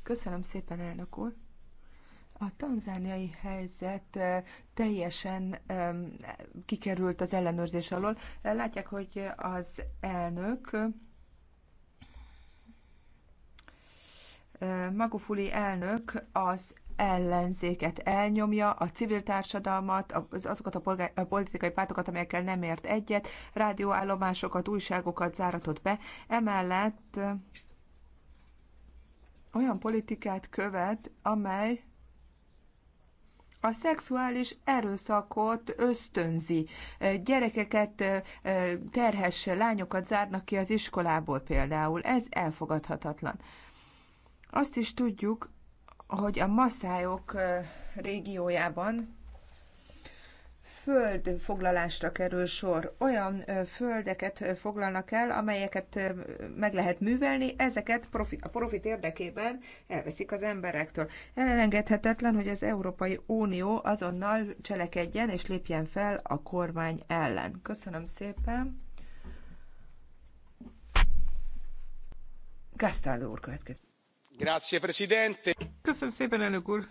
Köszönöm szépen, elnök úr. A tanzániai helyzet teljesen kikerült az ellenőrzés alól. Látják, hogy az elnök Magufuli elnök az ellenzéket elnyomja, a civil társadalmat, azokat a, polgár, a politikai pártokat, amelyekkel nem ért egyet, rádióállomásokat, újságokat záratott be. Emellett olyan politikát követ, amely a szexuális erőszakot ösztönzi. Gyerekeket terhes lányokat zárnak ki az iskolából például. Ez elfogadhatatlan. Azt is tudjuk, hogy a masszájok régiójában földfoglalásra kerül sor. Olyan földeket foglalnak el, amelyeket meg lehet művelni, ezeket profi a profit érdekében elveszik az emberektől. Elengedhetetlen, hogy az Európai Unió azonnal cselekedjen és lépjen fel a kormány ellen. Köszönöm szépen. Gastaldo úr következik. Grazie, Presidente. Köszönöm szépen, elnök úr.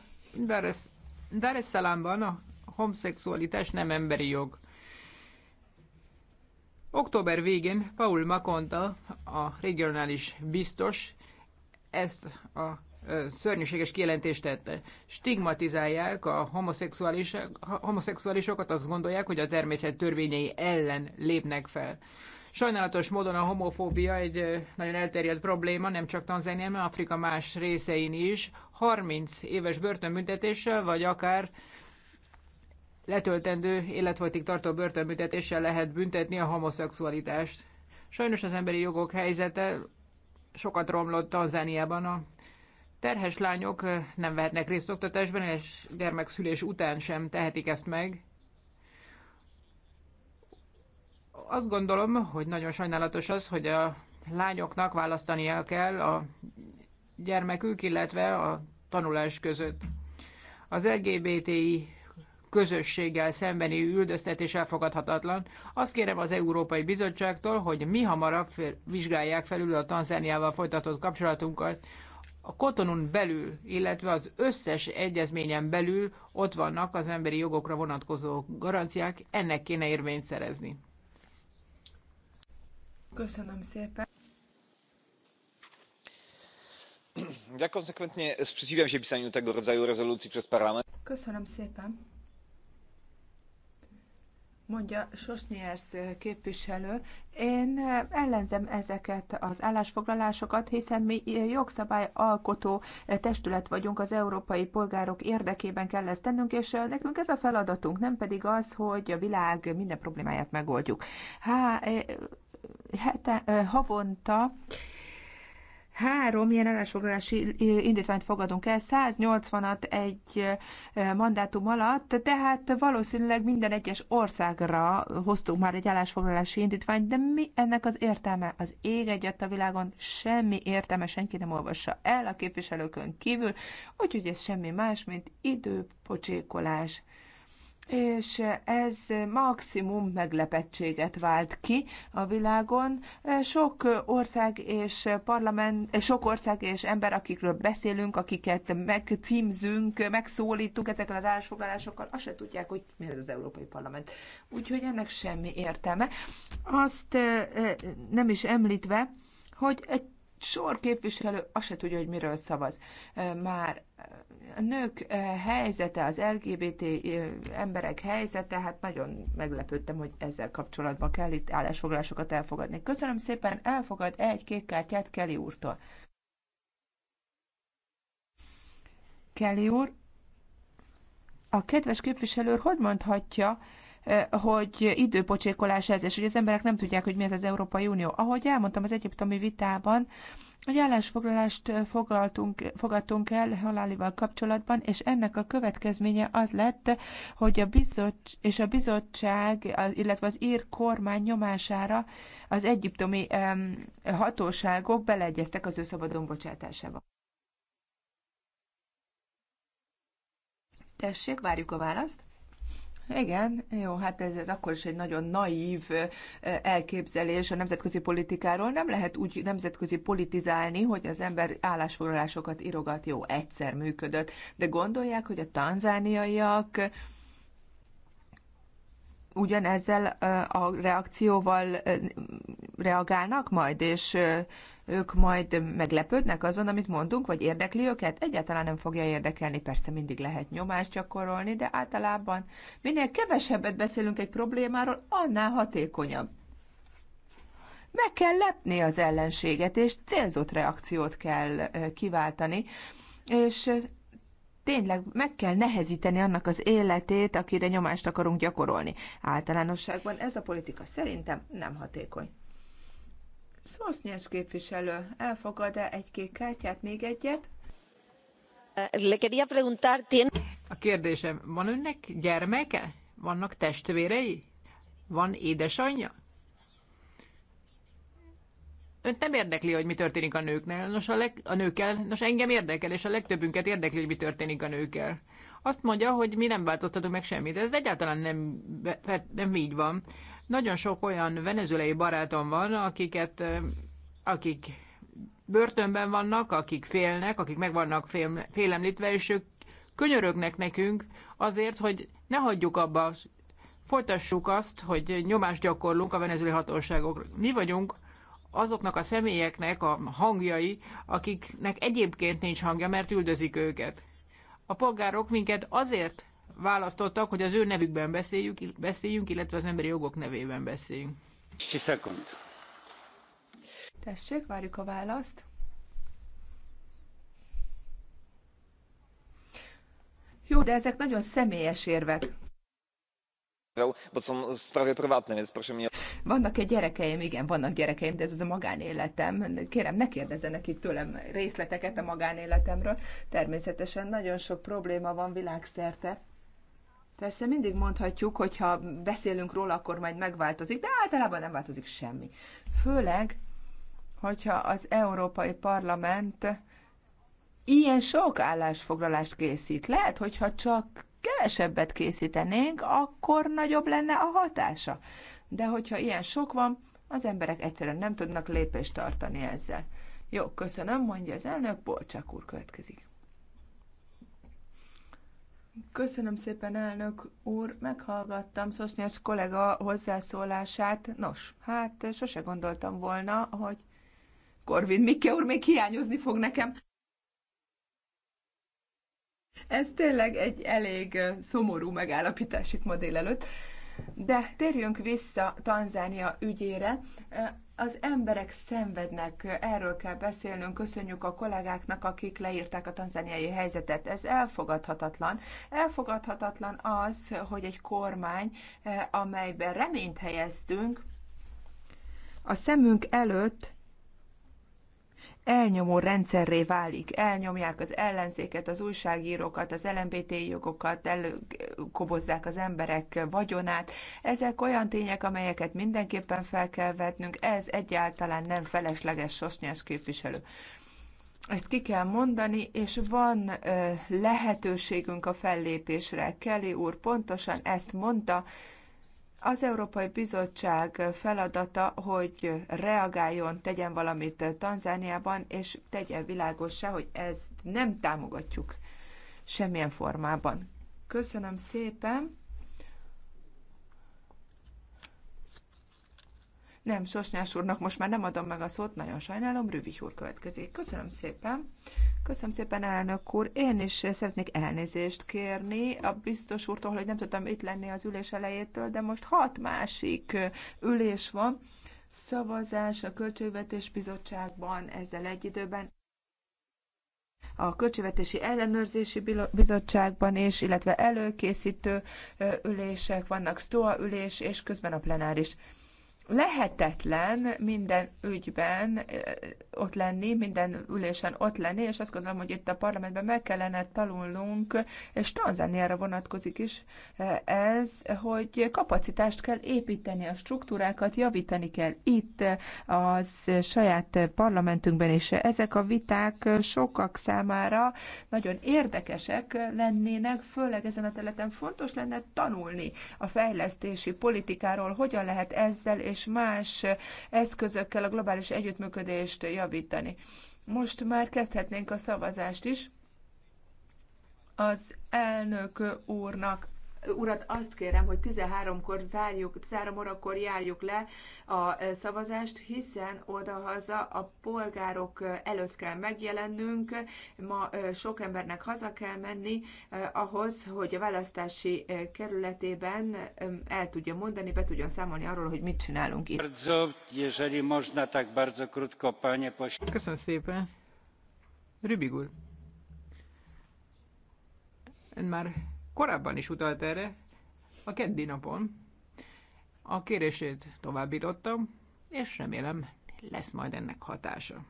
Dar es Salaamban, a homoszexualitás nem emberi jog. Október végén Paul Makonta, a regionális biztos, ezt a szörnyűséges kijelentést tette. Stigmatizálják a homoszexuálisokat, azt gondolják, hogy a természet törvényei ellen lépnek fel. Sajnálatos módon a homofóbia egy nagyon elterjedt probléma, nem csak Tanzániában, Afrika más részein is. 30 éves börtönbüntetéssel, vagy akár letöltendő életfogytig tartó börtönbüntetéssel lehet büntetni a homoszexualitást. Sajnos az emberi jogok helyzete sokat romlott Tanzániában. A terhes lányok nem vehetnek részt oktatásban, és gyermekszülés után sem tehetik ezt meg. Azt gondolom, hogy nagyon sajnálatos az, hogy a lányoknak választania kell a gyermekük, illetve a tanulás között. Az LGBTI közösséggel szembeni üldöztetés elfogadhatatlan. Azt kérem az Európai Bizottságtól, hogy mi hamarabb vizsgálják felül a Tanzániával folytatott kapcsolatunkat, a kotonun belül, illetve az összes egyezményen belül ott vannak az emberi jogokra vonatkozó garanciák, ennek kéne érvényt szerezni. Köszönöm szépen. Ja konsekwentnie sprzeciwiam się pisaniu tego rodzaju rezolucji przez parlament. Köszönöm szépen mondja Sosnyers képviselő. Én ellenzem ezeket az állásfoglalásokat, hiszen mi jogszabályalkotó testület vagyunk, az európai polgárok érdekében kell ezt tennünk, és nekünk ez a feladatunk, nem pedig az, hogy a világ minden problémáját megoldjuk. Há, hete, havonta Három ilyen állásfoglalási indítványt fogadunk el, 180-at egy mandátum alatt, tehát valószínűleg minden egyes országra hoztunk már egy állásfoglalási indítványt, de mi ennek az értelme? Az ég egyet a világon semmi értelme, senki nem olvassa el a képviselőkön kívül, úgyhogy ez semmi más, mint időpocsékolás és ez maximum meglepettséget vált ki a világon. Sok ország és parlament, sok ország és ember, akikről beszélünk, akiket megcímzünk, megszólítunk ezekkel az állásfoglalásokkal, azt se tudják, hogy mi ez az Európai Parlament. Úgyhogy ennek semmi értelme. Azt eh, nem is említve, hogy egy sor képviselő azt se tudja, hogy miről szavaz. Már a nők helyzete, az LGBT emberek helyzete, hát nagyon meglepődtem, hogy ezzel kapcsolatban kell itt állásfoglalásokat elfogadni. Köszönöm szépen, elfogad egy kék kártyát Kelly úrtól. Kelly úr, a kedves képviselő hogy mondhatja, hogy időpocsékolás ez, és hogy az emberek nem tudják, hogy mi ez az Európai Unió. Ahogy elmondtam az egyiptomi vitában, egy állásfoglalást fogaltunk, fogadtunk el halálival kapcsolatban, és ennek a következménye az lett, hogy a bizottság és a bizottság, illetve az ír kormány nyomására az egyiptomi hatóságok beleegyeztek az ő szabadon bocsátásába. Tessék, várjuk a választ. Igen, jó, hát ez, ez akkor is egy nagyon naív elképzelés a nemzetközi politikáról. Nem lehet úgy nemzetközi politizálni, hogy az ember állásfoglalásokat irogat, jó, egyszer működött. De gondolják, hogy a tanzániaiak ugyanezzel a reakcióval reagálnak majd, és ők majd meglepődnek azon, amit mondunk, vagy érdekli őket? Egyáltalán nem fogja érdekelni, persze mindig lehet nyomást gyakorolni, de általában minél kevesebbet beszélünk egy problémáról, annál hatékonyabb. Meg kell lepni az ellenséget, és célzott reakciót kell kiváltani, és tényleg meg kell nehezíteni annak az életét, akire nyomást akarunk gyakorolni. Általánosságban ez a politika szerintem nem hatékony. Szosznyes képviselő, elfogad-e egy kék kártyát, még egyet? Eh, le quería preguntar, A kérdésem, van önnek gyermeke? Vannak testvérei? Van édesanyja? Önt nem érdekli, hogy mi történik a nőknél, nos a, leg, a nőkkel, nos engem érdekel, és a legtöbbünket érdekli, hogy mi történik a nőkkel. Azt mondja, hogy mi nem változtatunk meg semmit, de ez egyáltalán nem, nem így van. Nagyon sok olyan venezuelai barátom van, akiket, akik börtönben vannak, akik félnek, akik meg vannak fél, félemlítve, és ők könyörögnek nekünk azért, hogy ne hagyjuk abba, folytassuk azt, hogy nyomást gyakorlunk a venezuelai hatóságokra. Mi vagyunk azoknak a személyeknek a hangjai, akiknek egyébként nincs hangja, mert üldözik őket. A polgárok minket azért választottak, hogy az ő nevükben beszéljük, beszéljünk, illetve az emberi jogok nevében beszéljünk. Second. Tessék, várjuk a választ. Jó, de ezek nagyon személyes érvek. vannak egy gyerekeim? Igen, vannak gyerekeim, de ez az a magánéletem. Kérem, ne kérdezzenek itt tőlem részleteket a magánéletemről. Természetesen nagyon sok probléma van világszerte. Persze mindig mondhatjuk, hogyha beszélünk róla, akkor majd megváltozik, de általában nem változik semmi. Főleg, hogyha az Európai Parlament ilyen sok állásfoglalást készít. Lehet, hogyha csak kevesebbet készítenénk, akkor nagyobb lenne a hatása. De hogyha ilyen sok van, az emberek egyszerűen nem tudnak lépést tartani ezzel. Jó, köszönöm, mondja az elnök, Bolcsák úr következik. Köszönöm szépen, elnök úr. Meghallgattam Szosnyás kollega hozzászólását. Nos, hát sose gondoltam volna, hogy Korvin Mikke úr még hiányozni fog nekem. Ez tényleg egy elég szomorú megállapítás itt ma délelőtt. De térjünk vissza Tanzánia ügyére. Az emberek szenvednek, erről kell beszélnünk, köszönjük a kollégáknak, akik leírták a tanzániai helyzetet. Ez elfogadhatatlan. Elfogadhatatlan az, hogy egy kormány, eh, amelyben reményt helyeztünk, a szemünk előtt elnyomó rendszerré válik. Elnyomják az ellenzéket, az újságírókat, az LMBT jogokat, elkobozzák az emberek vagyonát. Ezek olyan tények, amelyeket mindenképpen fel kell vetnünk. Ez egyáltalán nem felesleges sosnyás képviselő ezt ki kell mondani, és van lehetőségünk a fellépésre. Kelly úr pontosan ezt mondta, az Európai Bizottság feladata, hogy reagáljon, tegyen valamit Tanzániában, és tegyen világossá, hogy ezt nem támogatjuk semmilyen formában. Köszönöm szépen! Nem, Sosnyás úrnak most már nem adom meg a szót, nagyon sajnálom, Rüvi úr következik. Köszönöm szépen. Köszönöm szépen, elnök úr. Én is szeretnék elnézést kérni a biztos úrtól, hogy nem tudtam itt lenni az ülés elejétől, de most hat másik ülés van. Szavazás a Költségvetés Bizottságban ezzel egy időben a Költségvetési Ellenőrzési Bizottságban is, illetve előkészítő ülések, vannak STOA ülés, és közben a plenáris lehetetlen minden ügyben eh, ott lenni, minden ülésen ott lenni, és azt gondolom, hogy itt a parlamentben meg kellene tanulnunk, és Tanzániára vonatkozik is eh, ez, hogy kapacitást kell építeni, a struktúrákat javítani kell itt, eh, az saját parlamentünkben is. Ezek a viták sokak számára nagyon érdekesek lennének, főleg ezen a területen fontos lenne tanulni a fejlesztési politikáról, hogyan lehet ezzel és és más eszközökkel a globális együttműködést javítani. Most már kezdhetnénk a szavazást is. Az elnök úrnak urat azt kérem, hogy 13-kor zárjuk, 13 órakor járjuk le a e, szavazást, hiszen odahaza a polgárok e, előtt kell megjelennünk, ma e, sok embernek haza kell menni ahhoz, hogy a választási kerületében el tudja mondani, be tudjon számolni arról, hogy mit csinálunk itt. Köszönöm szépen. Rübig úr, ön már korábban is utalt erre, a keddi napon a kérését továbbítottam, és remélem lesz majd ennek hatása.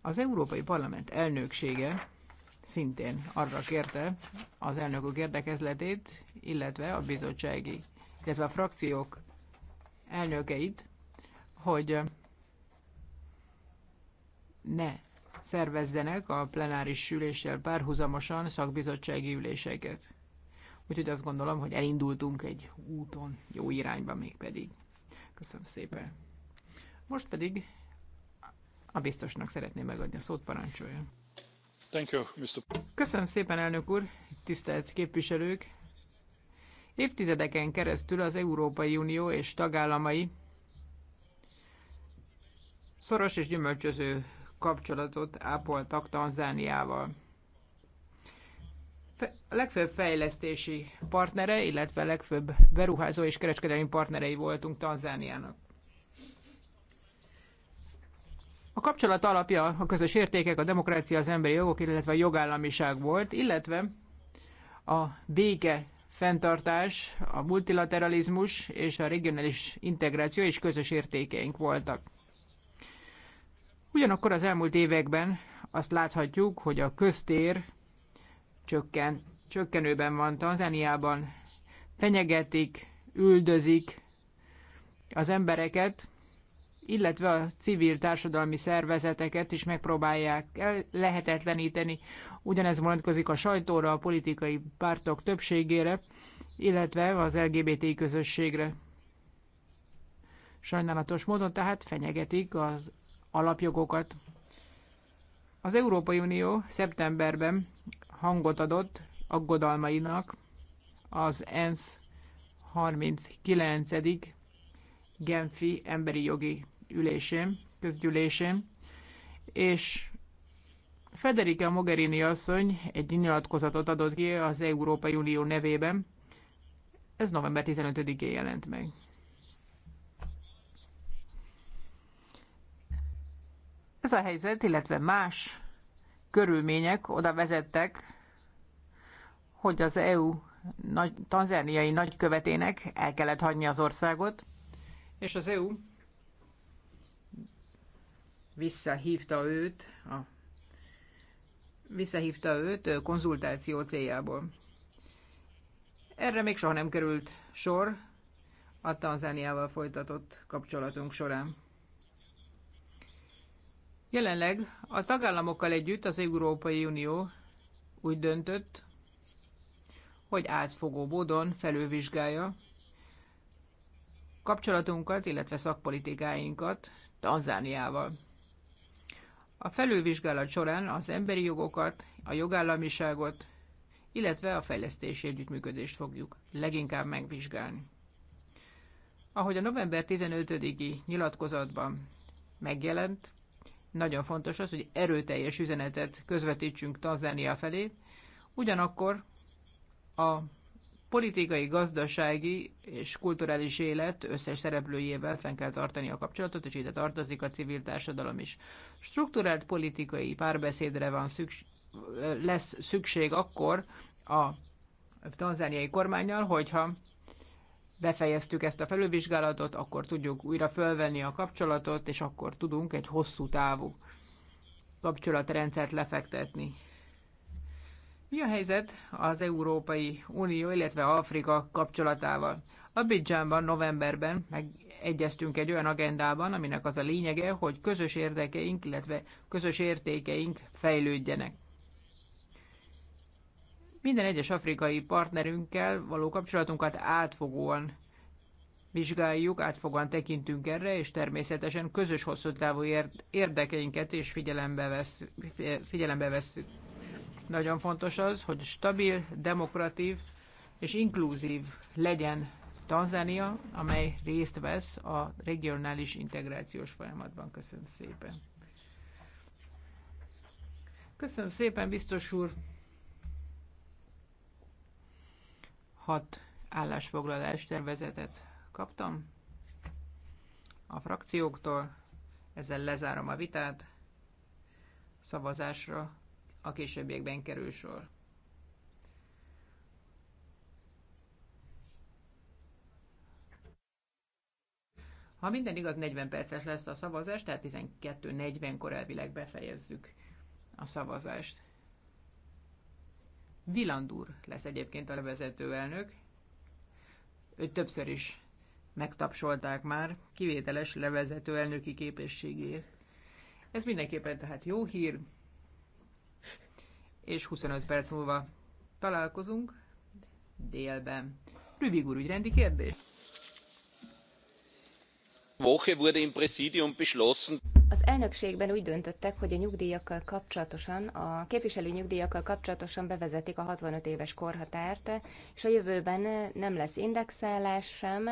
Az Európai Parlament elnöksége szintén arra kérte az elnökök érdekezletét, illetve a bizottsági, illetve a frakciók elnökeit, hogy ne szervezzenek a plenáris üléssel párhuzamosan szakbizottsági üléseket. Úgyhogy azt gondolom, hogy elindultunk egy úton, jó irányba még pedig. Köszönöm szépen. Most pedig a biztosnak szeretném megadni a szót, parancsoljon. Thank you, Mr. Köszönöm szépen, elnök úr, tisztelt képviselők! Évtizedeken keresztül az Európai Unió és tagállamai szoros és gyümölcsöző kapcsolatot ápoltak Tanzániával. A legfőbb fejlesztési partnere, illetve a legfőbb beruházó és kereskedelmi partnerei voltunk Tanzániának. A kapcsolat alapja a közös értékek, a demokrácia, az emberi jogok, illetve a jogállamiság volt, illetve a béke fenntartás, a multilateralizmus és a regionális integráció és közös értékeink voltak. Ugyanakkor az elmúlt években azt láthatjuk, hogy a köztér csökken, csökkenőben van Tanzániában. Fenyegetik, üldözik az embereket, illetve a civil társadalmi szervezeteket is megpróbálják lehetetleníteni. Ugyanez vonatkozik a sajtóra, a politikai pártok többségére, illetve az LGBT közösségre. Sajnálatos módon tehát fenyegetik az alapjogokat. Az Európai Unió szeptemberben hangot adott aggodalmainak az ENSZ 39. Genfi emberi jogi ülésén, közgyűlésén, és Federica Mogherini asszony egy nyilatkozatot adott ki az Európai Unió nevében, ez november 15-én jelent meg. Ez a helyzet, illetve más körülmények oda vezettek, hogy az EU nagy, tanzániai nagykövetének el kellett hagyni az országot, és az EU visszahívta őt a visszahívta őt konzultáció céljából. Erre még soha nem került sor a Tanzániával folytatott kapcsolatunk során. Jelenleg a tagállamokkal együtt az Európai Unió úgy döntött, hogy átfogó módon felülvizsgálja kapcsolatunkat, illetve szakpolitikáinkat Tanzániával. A felülvizsgálat során az emberi jogokat, a jogállamiságot, illetve a fejlesztési együttműködést fogjuk leginkább megvizsgálni. Ahogy a november 15-i nyilatkozatban megjelent, nagyon fontos az, hogy erőteljes üzenetet közvetítsünk Tanzánia felé. Ugyanakkor a politikai, gazdasági és kulturális élet összes szereplőjével fenn kell tartani a kapcsolatot, és ide tartozik a civil társadalom is. Strukturált politikai párbeszédre van szükség, lesz szükség akkor a tanzániai kormányjal, hogyha befejeztük ezt a felülvizsgálatot, akkor tudjuk újra fölvenni a kapcsolatot, és akkor tudunk egy hosszú távú kapcsolatrendszert lefektetni. Mi a helyzet az Európai Unió, illetve Afrika kapcsolatával? Abidjanban novemberben megegyeztünk egy olyan agendában, aminek az a lényege, hogy közös érdekeink, illetve közös értékeink fejlődjenek. Minden egyes afrikai partnerünkkel való kapcsolatunkat átfogóan vizsgáljuk, átfogóan tekintünk erre, és természetesen közös hosszú távú érdekeinket is figyelembe, vesz, figyelembe vesszük. Nagyon fontos az, hogy stabil, demokratív és inkluzív legyen Tanzánia, amely részt vesz a regionális integrációs folyamatban. Köszönöm szépen. Köszönöm szépen, biztos úr. hat állásfoglalás tervezetet kaptam a frakcióktól. Ezzel lezárom a vitát. Szavazásra a későbbiekben kerül sor. Ha minden igaz, 40 perces lesz a szavazás, tehát 12.40-kor elvileg befejezzük a szavazást. Viland lesz egyébként a levezető elnök. Őt többször is megtapsolták már kivételes levezető elnöki képességéért. Ez mindenképpen tehát jó hír, és 25 perc múlva találkozunk délben. Rübig úr, ügyrendi kérdés? Woche wurde im Präsidium beschlossen, az elnökségben úgy döntöttek, hogy a nyugdíjakkal kapcsolatosan, a képviselő nyugdíjakkal kapcsolatosan bevezetik a 65 éves korhatárt, és a jövőben nem lesz indexálás sem.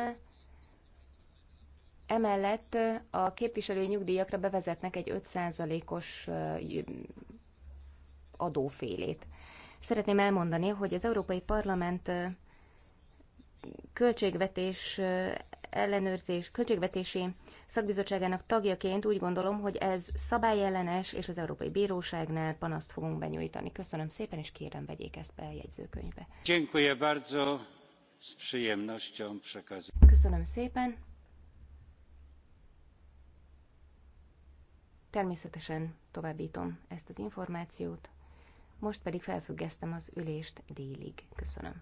Emellett a képviselő nyugdíjakra bevezetnek egy 5%-os adófélét. Szeretném elmondani, hogy az Európai Parlament költségvetés ellenőrzés költségvetési szakbizottságának tagjaként úgy gondolom, hogy ez szabályellenes, és az Európai Bíróságnál panaszt fogunk benyújtani. Köszönöm szépen, és kérem vegyék ezt be a jegyzőkönyvbe. Köszönöm szépen. Természetesen továbbítom ezt az információt, most pedig felfüggesztem az ülést délig. Köszönöm.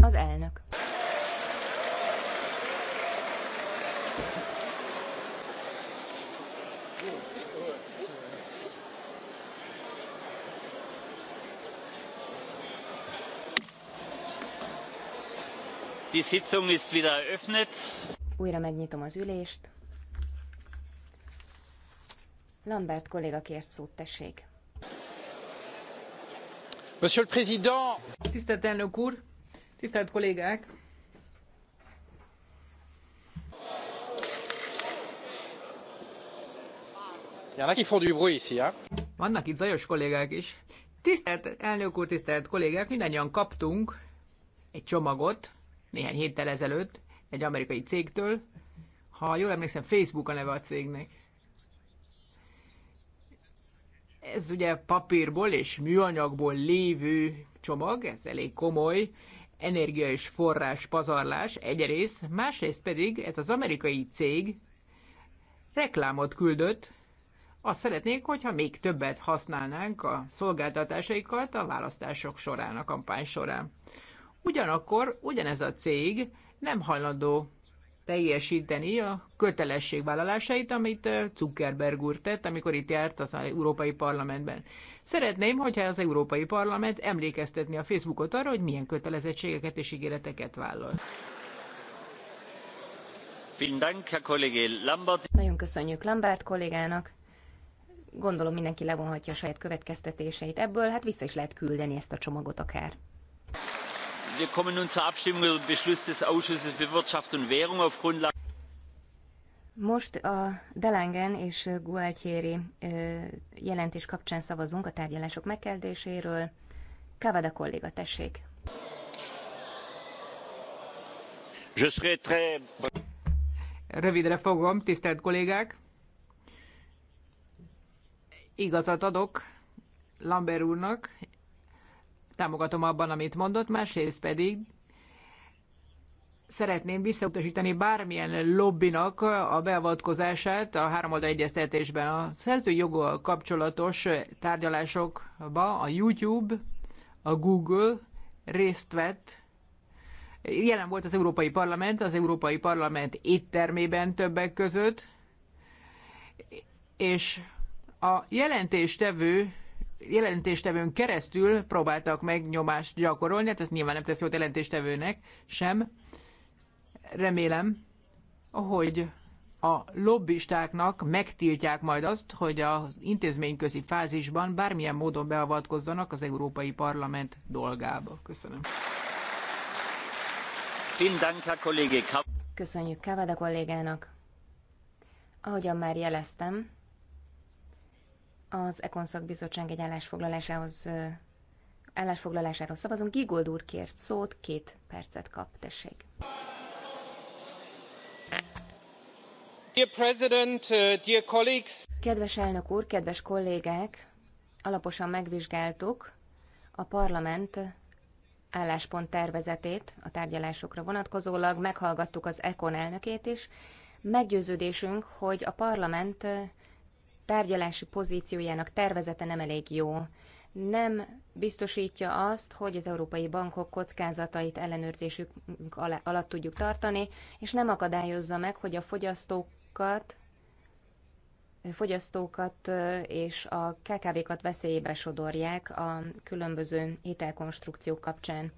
Az elnök. Die Sitzung ist wieder eröffnet. Újra megnyitom az ülést. Lambert kolléga kért szót, tessék. Monsieur le Président, Tisztelt elnök úr, tisztelt kollégák! Vannak itt zajos kollégák is. Tisztelt elnök úr, tisztelt kollégák, mindannyian kaptunk egy csomagot néhány héttel ezelőtt egy amerikai cégtől. Ha jól emlékszem, Facebook a neve a cégnek. Ez ugye papírból és műanyagból lévő csomag, ez elég komoly, energia és forrás pazarlás egyrészt, másrészt pedig ez az amerikai cég reklámot küldött, azt szeretnék, hogyha még többet használnánk a szolgáltatásaikat a választások során, a kampány során. Ugyanakkor ugyanez a cég nem hajlandó teljesíteni a kötelességvállalásait, amit Zuckerberg úr tett, amikor itt járt az Európai Parlamentben. Szeretném, hogyha az Európai Parlament emlékeztetni a Facebookot arra, hogy milyen kötelezettségeket és ígéreteket vállal. Nagyon köszönjük Lambert kollégának. Gondolom mindenki levonhatja a saját következtetéseit ebből, hát vissza is lehet küldeni ezt a csomagot akár wir kommen nun zur abstimmung über den beschluss des ausschusses für wirtschaft und währung auf grundlage. Most a Delangen és Gualtieri jelentés kapcsán szavazunk a tárgyalások megkérdéséről. Kavada kolléga, tessék. Je serai très... Rövidre fogom, tisztelt kollégák. Igazat adok Lambert úrnak, támogatom abban, amit mondott, másrészt pedig szeretném visszautasítani bármilyen lobbinak a beavatkozását a háromoldal egyeztetésben. A szerzőjoggal kapcsolatos tárgyalásokba a YouTube, a Google részt vett, jelen volt az Európai Parlament, az Európai Parlament éttermében többek között, és a jelentéstevő jelentéstevőn keresztül próbáltak meg nyomást gyakorolni, hát ez nyilván nem tesz jót jelentéstevőnek sem. Remélem, hogy a lobbistáknak megtiltják majd azt, hogy az intézményközi fázisban bármilyen módon beavatkozzanak az Európai Parlament dolgába. Köszönöm. Köszönjük Kavada kollégának. Ahogyan már jeleztem, az Econ Bizottság egy állásfoglalásához, állásfoglalásáról szavazunk. Gigold úr kért szót, két percet kap, tessék. Dear President, uh, dear colleagues. Kedves elnök úr, kedves kollégák, alaposan megvizsgáltuk a parlament álláspont tervezetét a tárgyalásokra vonatkozólag, meghallgattuk az ECON elnökét is. Meggyőződésünk, hogy a parlament tárgyalási pozíciójának tervezete nem elég jó. Nem biztosítja azt, hogy az európai bankok kockázatait ellenőrzésük alatt tudjuk tartani, és nem akadályozza meg, hogy a fogyasztókat fogyasztókat és a KKV-kat veszélybe sodorják a különböző ételkonstrukciók kapcsán.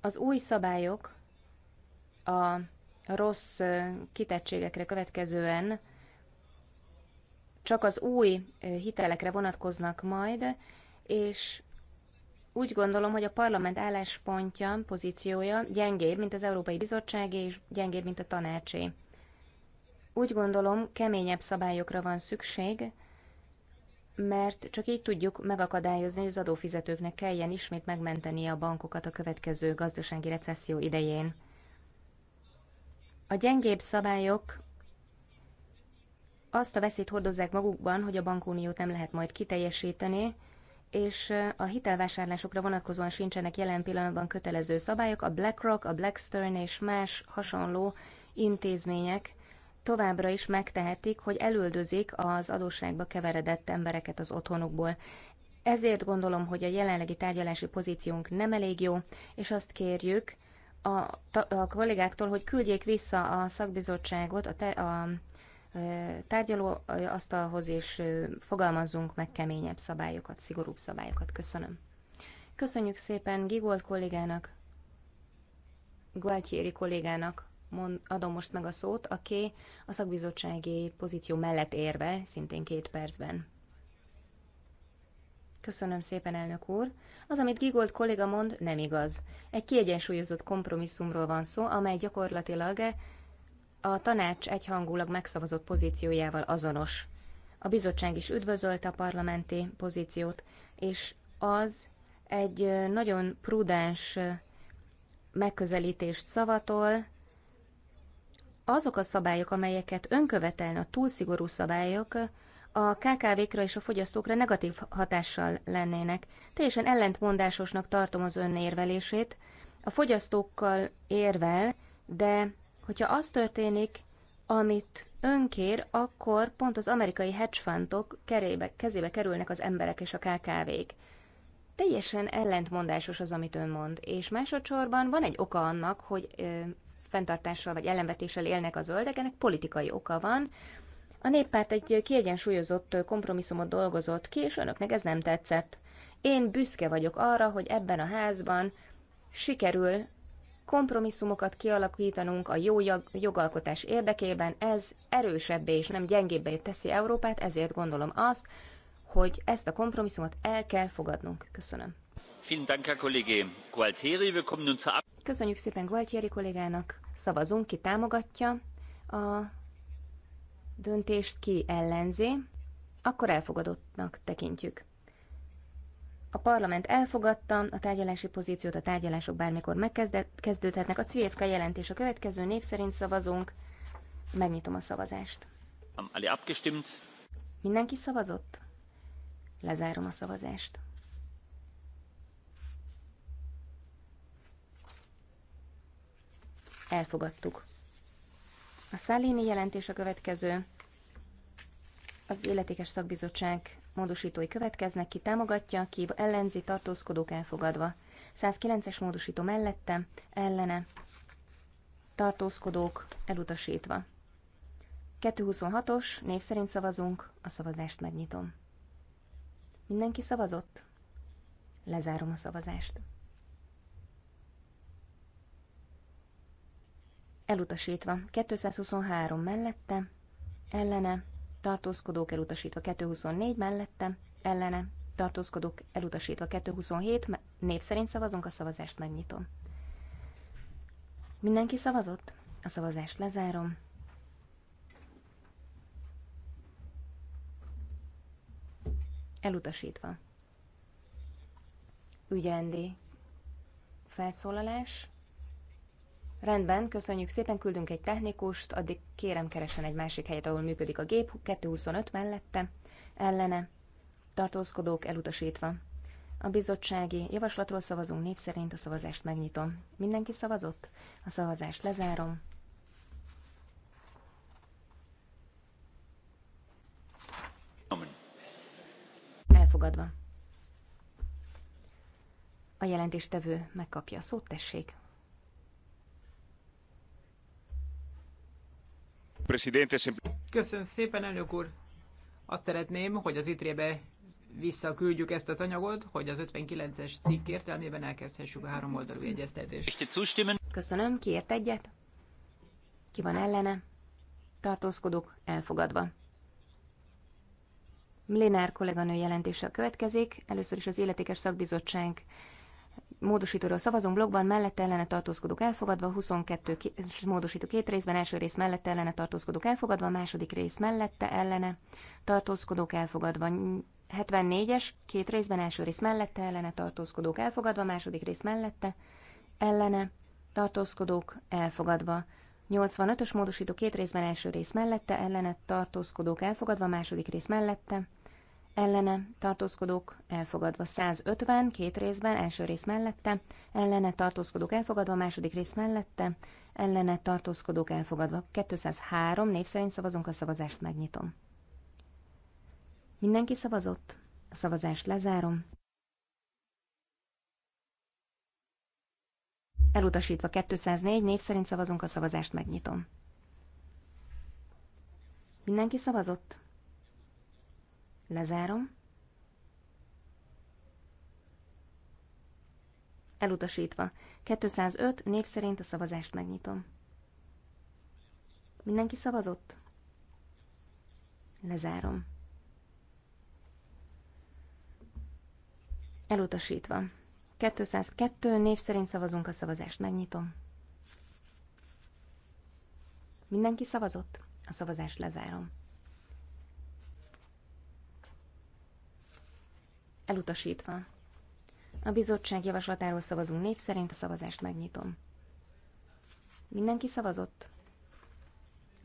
Az új szabályok a rossz kitettségekre következően csak az új hitelekre vonatkoznak majd, és úgy gondolom, hogy a parlament álláspontja, pozíciója gyengébb, mint az Európai Bizottságé, és gyengébb, mint a tanácsé. Úgy gondolom, keményebb szabályokra van szükség, mert csak így tudjuk megakadályozni, hogy az adófizetőknek kelljen ismét megmenteni a bankokat a következő gazdasági recesszió idején. A gyengébb szabályok azt a veszélyt hordozzák magukban, hogy a bankuniót nem lehet majd kiteljesíteni, és a hitelvásárlásokra vonatkozóan sincsenek jelen pillanatban kötelező szabályok. A BlackRock, a Blackstone és más hasonló intézmények továbbra is megtehetik, hogy elüldözik az adósságba keveredett embereket az otthonukból. Ezért gondolom, hogy a jelenlegi tárgyalási pozíciónk nem elég jó, és azt kérjük a, a kollégáktól, hogy küldjék vissza a szakbizottságot, a, te, a tárgyalóasztalhoz, és fogalmazzunk meg keményebb szabályokat, szigorúbb szabályokat. Köszönöm. Köszönjük szépen Gigold kollégának, Gualtieri kollégának mond, adom most meg a szót, aki a szakbizottsági pozíció mellett érve, szintén két percben. Köszönöm szépen, elnök úr. Az, amit Gigold kolléga mond, nem igaz. Egy kiegyensúlyozott kompromisszumról van szó, amely gyakorlatilag a tanács egyhangulag megszavazott pozíciójával azonos. A bizottság is üdvözölte a parlamenti pozíciót, és az egy nagyon prudens megközelítést szavatol, azok a szabályok, amelyeket önkövetelne, a túlszigorú szabályok, a KKV-kra és a fogyasztókra negatív hatással lennének. Teljesen ellentmondásosnak tartom az önérvelését. A fogyasztókkal érvel, de Hogyha az történik, amit kér, akkor pont az amerikai hedge fundok kerébe, kezébe kerülnek az emberek és a KKV-k. Teljesen ellentmondásos az, amit ön mond, és másodszorban van egy oka annak, hogy ö, fenntartással vagy ellenvetéssel élnek a zöldek, ennek politikai oka van. A néppárt egy kiegyensúlyozott kompromisszumot dolgozott ki, és önöknek ez nem tetszett. Én büszke vagyok arra, hogy ebben a házban sikerül kompromisszumokat kialakítanunk a jó jogalkotás érdekében, ez erősebbé és nem gyengébbé teszi Európát, ezért gondolom azt, hogy ezt a kompromisszumot el kell fogadnunk. Köszönöm. Köszönjük szépen Gualtieri kollégának. Szavazunk, ki támogatja a döntést, ki ellenzi, akkor elfogadottnak tekintjük. A parlament elfogadta a tárgyalási pozíciót, a tárgyalások bármikor megkezdődhetnek. A CFK jelentés a következő név szerint szavazunk. Megnyitom a szavazást. Mindenki szavazott? Lezárom a szavazást. Elfogadtuk. A Szállini jelentés a következő. Az életékes Szakbizottság módosítói következnek, ki támogatja, ki ellenzi, tartózkodók elfogadva. 109-es módosító mellette, ellene, tartózkodók elutasítva. 226-os, név szerint szavazunk, a szavazást megnyitom. Mindenki szavazott? Lezárom a szavazást. Elutasítva, 223 mellette, ellene, tartózkodók elutasítva 224 mellette, ellene, tartózkodók elutasítva 227, név szerint szavazunk, a szavazást megnyitom. Mindenki szavazott? A szavazást lezárom. Elutasítva. Ügyrendi felszólalás. Rendben, köszönjük szépen, küldünk egy technikust, addig kérem keresen egy másik helyet, ahol működik a gép, 225 mellette, ellene, tartózkodók elutasítva. A bizottsági javaslatról szavazunk név szerint, a szavazást megnyitom. Mindenki szavazott? A szavazást lezárom. Elfogadva. A jelentéstevő megkapja a szót, tessék. Köszönöm szépen, elnök úr! Azt szeretném, hogy az ITRE-be visszaküldjük ezt az anyagot, hogy az 59-es cikk értelmében elkezdhessük a három oldalú egyeztetést. Köszönöm, kiért egyet? Ki van ellene? Tartózkodok, elfogadva. Mlénár kolléganő jelentése következik. Először is az Életékes Szakbizottság módosítóra szavazunk blogban, mellette ellene tartózkodók elfogadva, 22 módosító két részben, első rész mellette ellene tartózkodók elfogadva, második rész mellette ellene tartózkodók elfogadva, 74-es, két részben, első rész mellette ellene tartózkodók elfogadva, második rész mellette ellene tartózkodók elfogadva. 85-ös módosító két részben első rész mellette, ellene tartózkodók elfogadva, második rész mellette, ellene tartózkodók elfogadva 150, két részben, első rész mellette, ellene tartózkodók elfogadva, második rész mellette, ellene tartózkodók elfogadva 203, név szerint szavazunk a szavazást, megnyitom. Mindenki szavazott? A szavazást lezárom. Elutasítva 204, név szerint szavazunk a szavazást, megnyitom. Mindenki szavazott? Lezárom. Elutasítva. 205 név szerint a szavazást megnyitom. Mindenki szavazott? Lezárom. Elutasítva. 202 név szerint szavazunk a szavazást. Megnyitom. Mindenki szavazott? A szavazást lezárom. Elutasítva. A bizottság javaslatáról szavazunk név szerint, a szavazást megnyitom. Mindenki szavazott?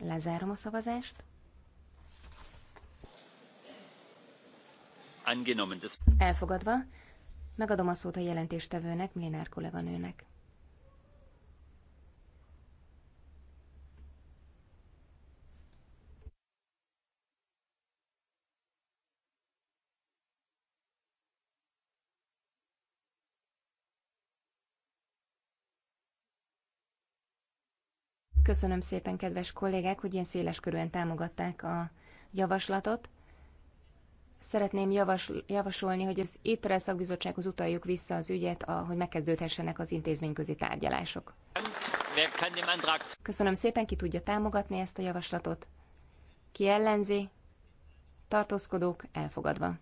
Lezárom a szavazást. Elfogadva, megadom a szót a jelentéstevőnek, Millinár kolléganőnek. Köszönöm szépen, kedves kollégák, hogy ilyen széles széleskörűen támogatták a javaslatot. Szeretném javas, javasolni, hogy az étterel szakbizottsághoz utaljuk vissza az ügyet, a, hogy megkezdődhessenek az intézményközi tárgyalások. Köszönöm szépen, ki tudja támogatni ezt a javaslatot. Ki ellenzi? Tartózkodók elfogadva.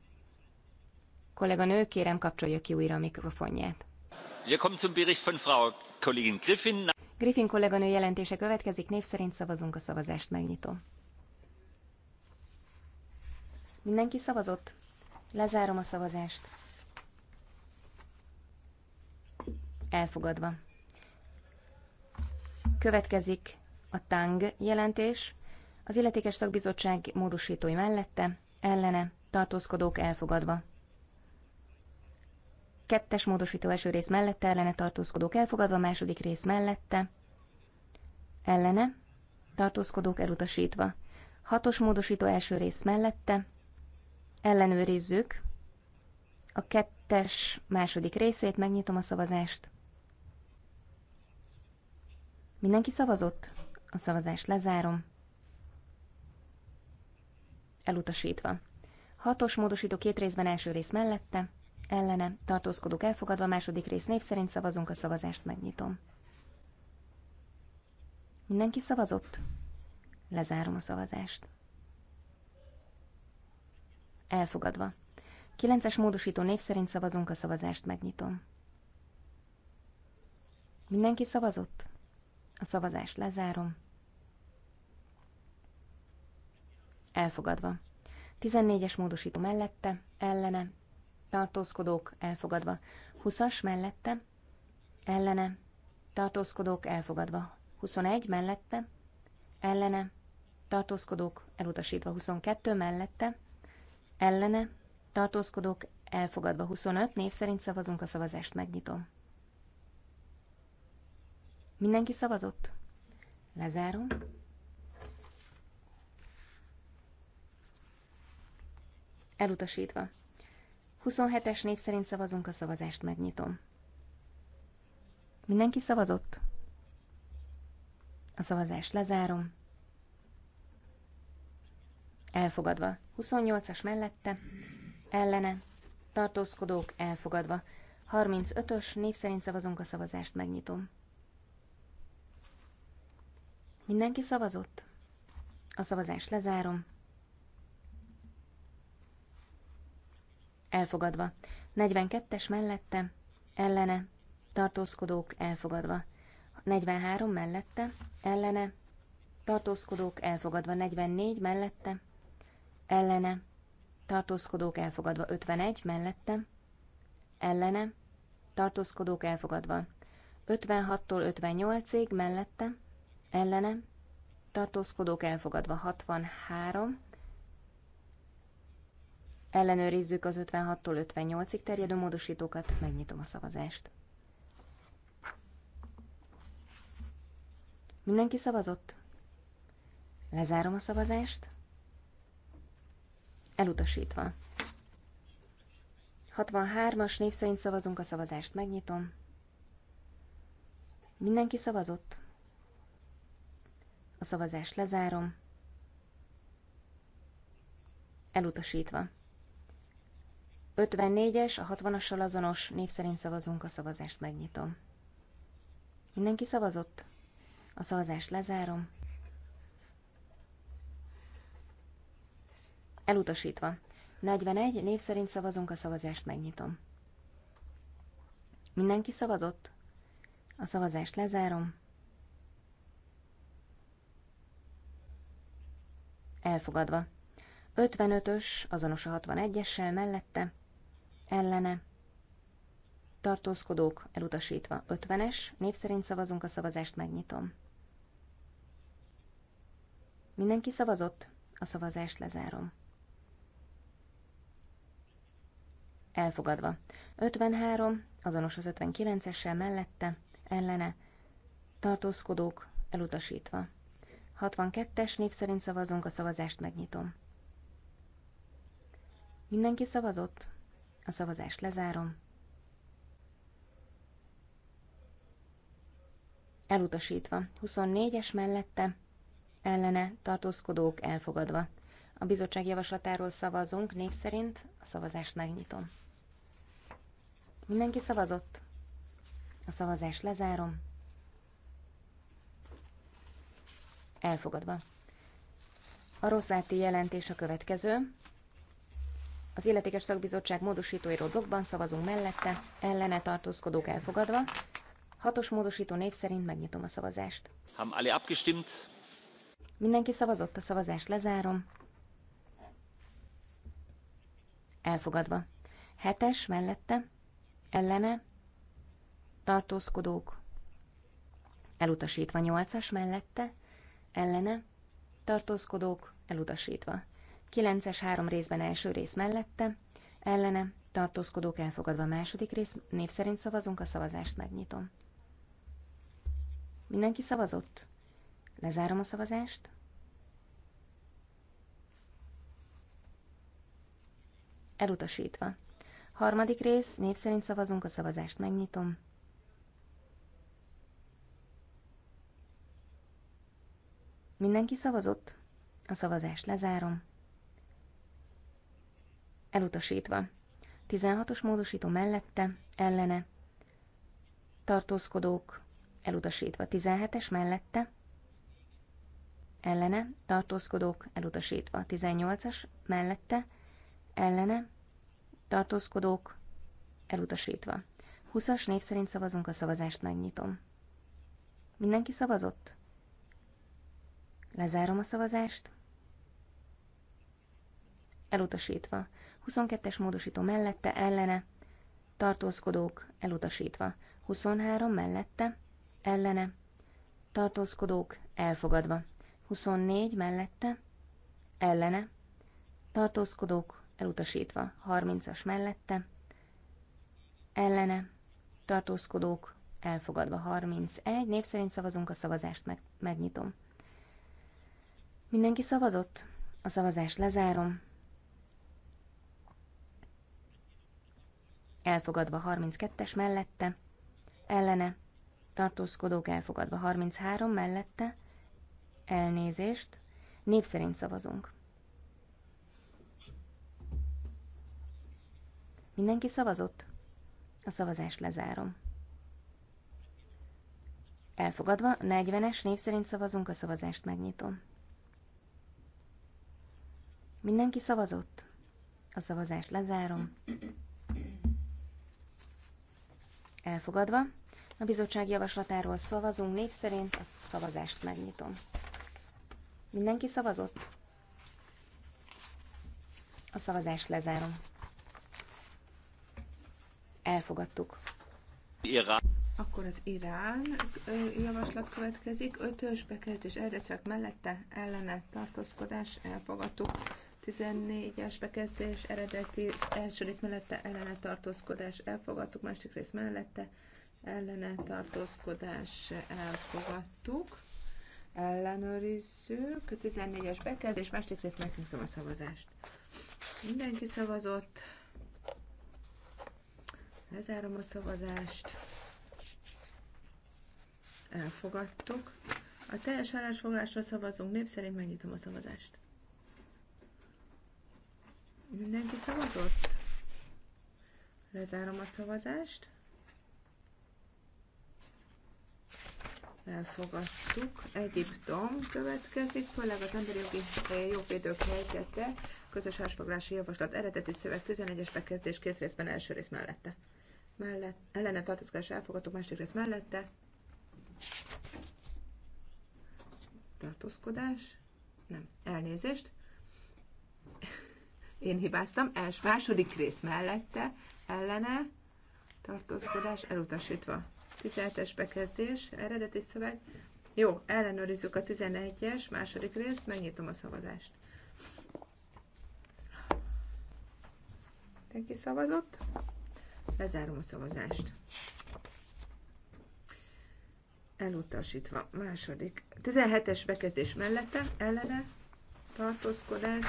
Kollega, nő, kérem kapcsolja ki újra a mikrofonját. Wir kommen zum Bericht von Frau Kollegin Griffin. Griffin kolléganő jelentése következik, név szerint szavazunk a szavazást, megnyitom. Mindenki szavazott? Lezárom a szavazást. Elfogadva. Következik a TANG jelentés. Az illetékes szakbizottság módosítói mellette, ellene, tartózkodók elfogadva. Kettes módosító első rész mellette ellene tartózkodók elfogadva, második rész mellette ellene tartózkodók elutasítva. Hatos módosító első rész mellette ellenőrizzük a kettes második részét, megnyitom a szavazást. Mindenki szavazott? A szavazást lezárom. Elutasítva. Hatos módosító két részben első rész mellette, ellene tartózkodók elfogadva, második rész név szerint szavazunk, a szavazást megnyitom. Mindenki szavazott? Lezárom a szavazást. Elfogadva. Kilences módosító név szerint szavazunk, a szavazást megnyitom. Mindenki szavazott? A szavazást lezárom. Elfogadva. 14-es módosító mellette, ellene, tartózkodók elfogadva. 20-as mellette, ellene, tartózkodók elfogadva. 21 mellette, ellene, tartózkodók elutasítva. 22 mellette, ellene, tartózkodók elfogadva. 25 név szerint szavazunk a szavazást, megnyitom. Mindenki szavazott? Lezárom. Elutasítva. 27-es név szerint szavazunk, a szavazást megnyitom. Mindenki szavazott? A szavazást lezárom. Elfogadva. 28-as mellette, ellene, tartózkodók elfogadva. 35-ös név szerint szavazunk, a szavazást megnyitom. Mindenki szavazott? A szavazást lezárom. elfogadva. 42-es mellette, ellene, tartózkodók elfogadva. 43 mellette, ellene, tartózkodók elfogadva. 44 mellette, ellene, tartózkodók elfogadva. 51 mellette, ellene, tartózkodók elfogadva. 56-tól 58-ig mellette, ellene, tartózkodók elfogadva. 63 Ellenőrizzük az 56-tól 58-ig terjedő módosítókat, megnyitom a szavazást. Mindenki szavazott? Lezárom a szavazást. Elutasítva. 63-as név szerint szavazunk a szavazást, megnyitom. Mindenki szavazott? A szavazást lezárom. Elutasítva. 54-es, a 60-assal azonos, név szerint szavazunk, a szavazást megnyitom. Mindenki szavazott? A szavazást lezárom. Elutasítva. 41, név szerint szavazunk, a szavazást megnyitom. Mindenki szavazott? A szavazást lezárom. Elfogadva. 55-ös, azonos a 61-essel mellette, ellene, tartózkodók elutasítva 50-es, név szerint szavazunk, a szavazást megnyitom. Mindenki szavazott, a szavazást lezárom. Elfogadva. 53, azonos az 59-essel mellette, ellene, tartózkodók elutasítva. 62-es név szerint szavazunk, a szavazást megnyitom. Mindenki szavazott, a szavazást lezárom. Elutasítva. 24-es mellette. Ellene tartózkodók elfogadva. A bizottság javaslatáról szavazunk, név szerint a szavazást megnyitom. Mindenki szavazott? A szavazást lezárom. Elfogadva. A rosszáti jelentés a következő. Az illetékes szakbizottság módosítóiról blogban szavazunk mellette, ellene tartózkodók elfogadva. Hatos módosító név szerint megnyitom a szavazást. Haben alle abgestimmt? Mindenki szavazott, a szavazást lezárom. Elfogadva. Hetes mellette, ellene, tartózkodók, elutasítva nyolcas mellette, ellene, tartózkodók, elutasítva. 9-es három részben első rész mellette, ellene, tartózkodók elfogadva második rész, név szerint szavazunk, a szavazást megnyitom. Mindenki szavazott? Lezárom a szavazást. Elutasítva. Harmadik rész, név szerint szavazunk, a szavazást megnyitom. Mindenki szavazott? A szavazást lezárom elutasítva. 16-os módosító mellette, ellene, tartózkodók, elutasítva. 17-es mellette, ellene, tartózkodók, elutasítva. 18-as mellette, ellene, tartózkodók, elutasítva. 20-as név szerint szavazunk, a szavazást megnyitom. Mindenki szavazott? Lezárom a szavazást. Elutasítva. 22-es módosító mellette, ellene, tartózkodók elutasítva. 23 mellette, ellene, tartózkodók elfogadva. 24 mellette, ellene, tartózkodók elutasítva. 30-as mellette, ellene, tartózkodók elfogadva. 31 név szerint szavazunk a szavazást, meg, megnyitom. Mindenki szavazott? A szavazást lezárom. elfogadva 32-es mellette, ellene, tartózkodók elfogadva 33 mellette, elnézést, név szerint szavazunk. Mindenki szavazott? A szavazást lezárom. Elfogadva, 40-es név szerint szavazunk, a szavazást megnyitom. Mindenki szavazott? A szavazást lezárom. Elfogadva. A bizottság javaslatáról szavazunk név szerint, a szavazást megnyitom. Mindenki szavazott? A szavazást lezárom. Elfogadtuk. Irán. Akkor az Irán javaslat következik. Ötös bekezdés eredetileg mellette ellene tartózkodás elfogadtuk. 14-es bekezdés eredeti első rész mellette ellene tartózkodás elfogadtuk, másik rész mellette ellene tartózkodás elfogadtuk. Ellenőrizzük. 14-es bekezdés, másik rész megnyitom a szavazást. Mindenki szavazott. Lezárom a szavazást. Elfogadtuk. A teljes állásfoglalásra szavazunk. Név szerint megnyitom a szavazást. Mindenki szavazott? Lezárom a szavazást. elfogadtuk. Egyiptom következik, főleg az emberi jogi eh, jogvédők helyzete, közös ásfoglási javaslat, eredeti szöveg, 11-es bekezdés, két részben, első rész mellette. Mellett, ellene tartozkodás. elfogadtuk, másik rész mellette. Tartózkodás? Nem. Elnézést én hibáztam, els, második rész mellette, ellene, tartózkodás elutasítva. 17-es bekezdés, eredeti szöveg. Jó, ellenőrizzük a 11-es, második részt, megnyitom a szavazást. Mindenki szavazott? Lezárom a szavazást. Elutasítva. Második. 17-es bekezdés mellette, ellene, tartózkodás,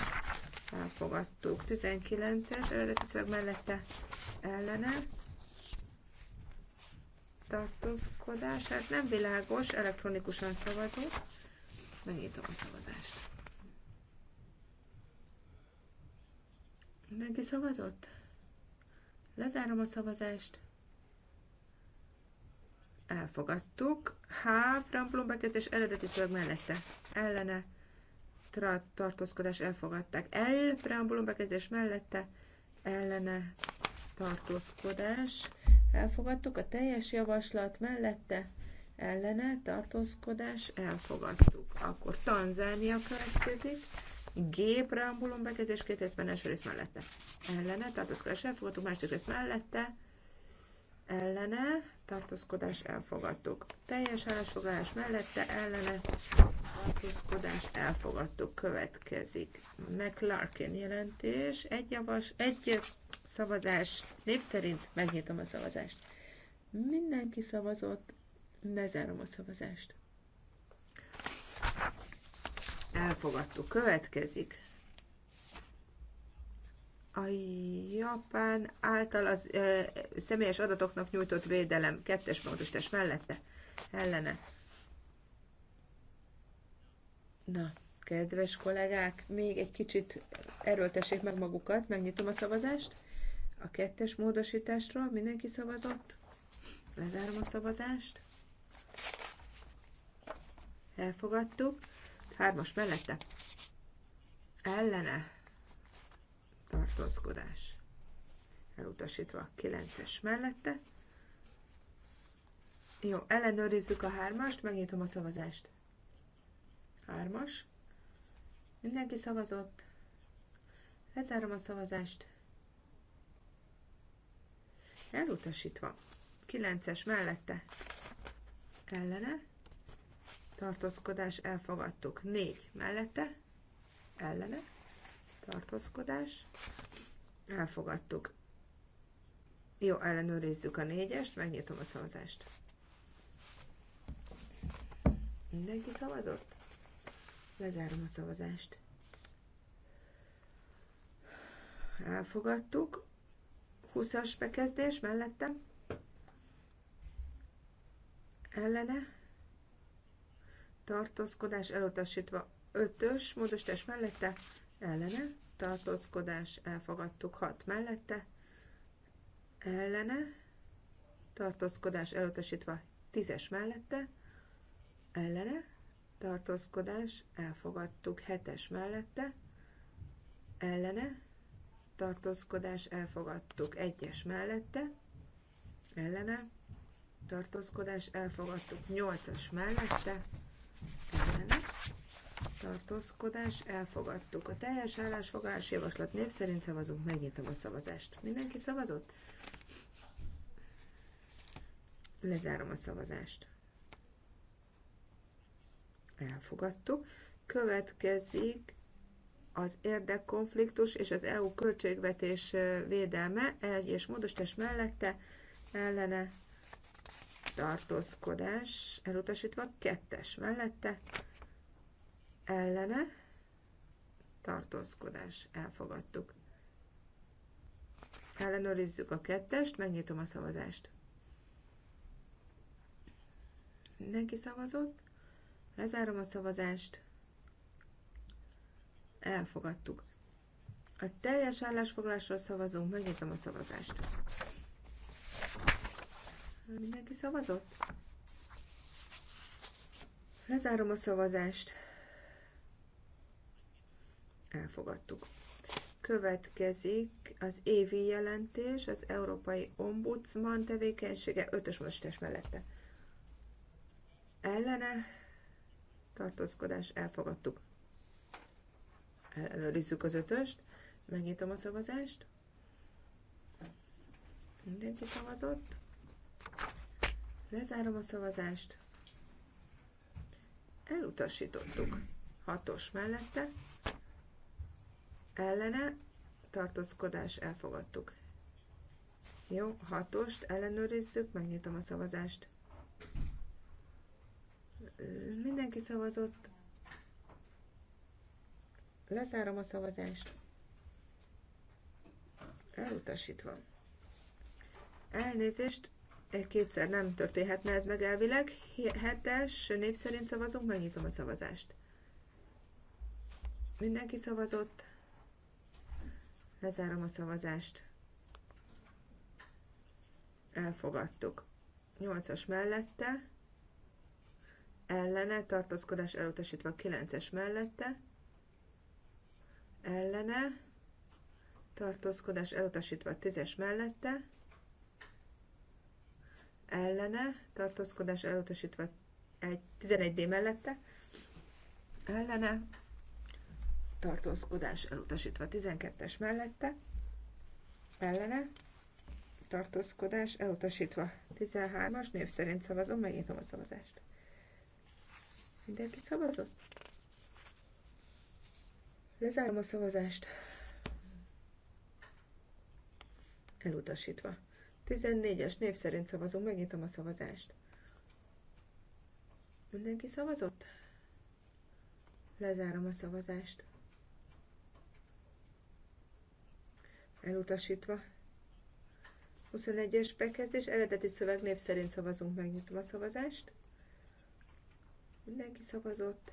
elfogadtuk. 19-es eredeti szöveg mellette ellene tartózkodás. Hát nem világos, elektronikusan szavazunk. Megnyitom a szavazást. Mindenki szavazott? Lezárom a szavazást. Elfogadtuk. H. Framplon bekezdés eredeti szöveg mellette. Ellene tra, tartózkodás elfogadták. El, preambulum bekezdés mellette ellene tartózkodás. Elfogadtuk a teljes javaslat mellette ellene tartózkodás. Elfogadtuk. Akkor Tanzánia következik. G preambulum bekezdés két részben első rész mellette. Ellene tartózkodás elfogadtuk, második rész mellette ellene, tartózkodás elfogadtuk. Teljes állásfoglalás mellette ellene, tartózkodás elfogadtuk. Következik McLarkin jelentés. Egy, javas, egy szavazás név szerint megnyitom a szavazást. Mindenki szavazott, lezárom a szavazást. Elfogadtuk. Következik a Japán által az ö, személyes adatoknak nyújtott védelem kettes módosítás mellette ellene Na, kedves kollégák, még egy kicsit erőltessék meg magukat, megnyitom a szavazást. A kettes módosításra mindenki szavazott. Lezárom a szavazást. Elfogadtuk. Hármas mellette. Ellene. Tartózkodás. Elutasítva a kilences mellette. Jó, ellenőrizzük a hármast, megnyitom a szavazást. Hármas. Mindenki szavazott. Lezárom a szavazást. Elutasítva. Kilences mellette. Ellene. Tartózkodás elfogadtuk. Négy mellette. Ellene. Tartózkodás. Elfogadtuk. Jó, ellenőrizzük a négyest, megnyitom a szavazást. Mindenki szavazott? Lezárom a szavazást. Elfogadtuk. 20-as bekezdés mellette. Ellene. Tartózkodás elutasítva. 5-ös módosítás mellette. Ellene. Tartózkodás elfogadtuk. 6 mellette. Ellene. Tartózkodás elutasítva. 10-es mellette. Ellene tartózkodás, elfogadtuk. Hetes mellette, ellene, tartózkodás, elfogadtuk. Egyes mellette, ellene, tartózkodás, elfogadtuk. Nyolcas mellette, ellene, tartózkodás, elfogadtuk. A teljes állásfoglalás javaslat név szerint szavazunk, megnyitom a szavazást. Mindenki szavazott? Lezárom a szavazást elfogadtuk. Következik az érdekkonfliktus és az EU költségvetés védelme, egy és módosítás mellette ellene tartózkodás, elutasítva kettes mellette ellene tartózkodás, elfogadtuk. Ellenőrizzük a kettest, megnyitom a szavazást. Mindenki szavazott? Lezárom a szavazást. Elfogadtuk. A teljes állásfoglalásról szavazunk, megnyitom a szavazást. Mindenki szavazott? Lezárom a szavazást. Elfogadtuk. Következik az évi jelentés, az Európai Ombudsman tevékenysége, ötös mostás mellette. Ellene tartózkodás elfogadtuk. Előrizzük az ötöst, megnyitom a szavazást. Mindenki szavazott. Lezárom a szavazást. Elutasítottuk. Hatos mellette. Ellene tartózkodás elfogadtuk. Jó, hatost ellenőrizzük, megnyitom a szavazást. Mindenki szavazott. Lezárom a szavazást. Elutasítva. Elnézést, eh, kétszer nem történhetne ez meg elvileg. Hetes név szerint szavazunk, megnyitom a szavazást. Mindenki szavazott. Lezárom a szavazást. Elfogadtuk. Nyolcas mellette ellene, tartózkodás elutasítva 9-es mellette, ellene, tartózkodás elutasítva 10-es mellette, ellene, tartózkodás elutasítva 11D mellette, ellene, tartózkodás elutasítva 12-es mellette, ellene, tartózkodás elutasítva 13-as név szerint szavazom, megnyitom a szavazást. Mindenki szavazott? Lezárom a szavazást. Elutasítva. 14-es név szerint szavazunk, megnyitom a szavazást. Mindenki szavazott? Lezárom a szavazást. Elutasítva. 21-es bekezdés, eredeti szöveg név szerint szavazunk, megnyitom a szavazást. Mindenki szavazott.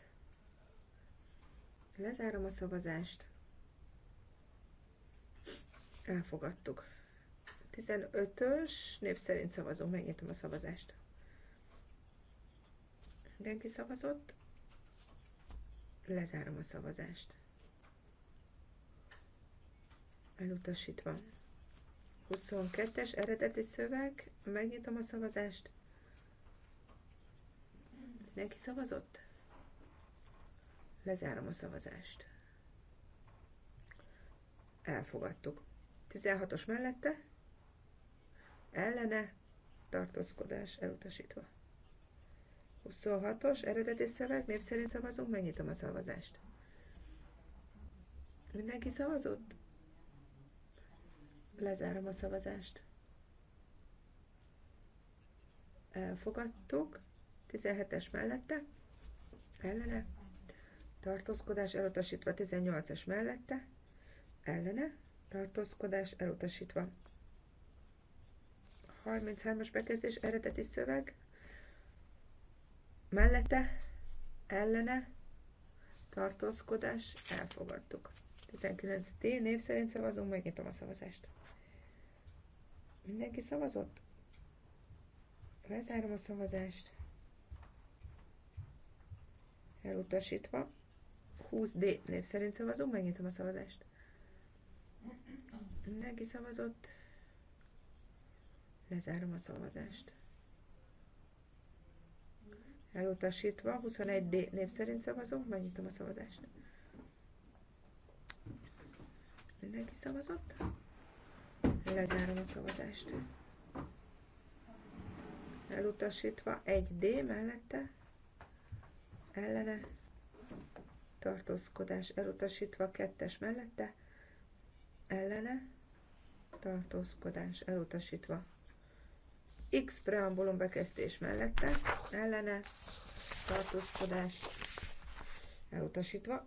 Lezárom a szavazást. Elfogadtuk. 15-ös név szerint szavazunk. Megnyitom a szavazást. Mindenki szavazott. Lezárom a szavazást. Elutasítva. 22-es eredeti szöveg. Megnyitom a szavazást. Mindenki szavazott? Lezárom a szavazást. Elfogadtuk. 16-os mellette, ellene, tartózkodás elutasítva. 26-os eredeti szöveg, név szerint szavazunk, megnyitom a szavazást. Mindenki szavazott? Lezárom a szavazást. Elfogadtuk. 17-es mellette, ellene, tartózkodás elutasítva 18-es mellette, ellene, tartózkodás elutasítva. 33-as bekezdés eredeti szöveg, mellette, ellene, tartózkodás, elfogadtuk. 19D név szerint szavazunk, megnyitom a szavazást. Mindenki szavazott? Lezárom a szavazást elutasítva. 20D név szerint szavazunk, megnyitom a szavazást. Mindenki szavazott. Lezárom a szavazást. Elutasítva, 21D név szerint szavazunk, megnyitom a szavazást. Mindenki szavazott? Lezárom a szavazást. Elutasítva, 1D mellette, ellene, tartózkodás elutasítva, kettes mellette, ellene, tartózkodás elutasítva. X preambulum bekezdés mellette, ellene, tartózkodás elutasítva.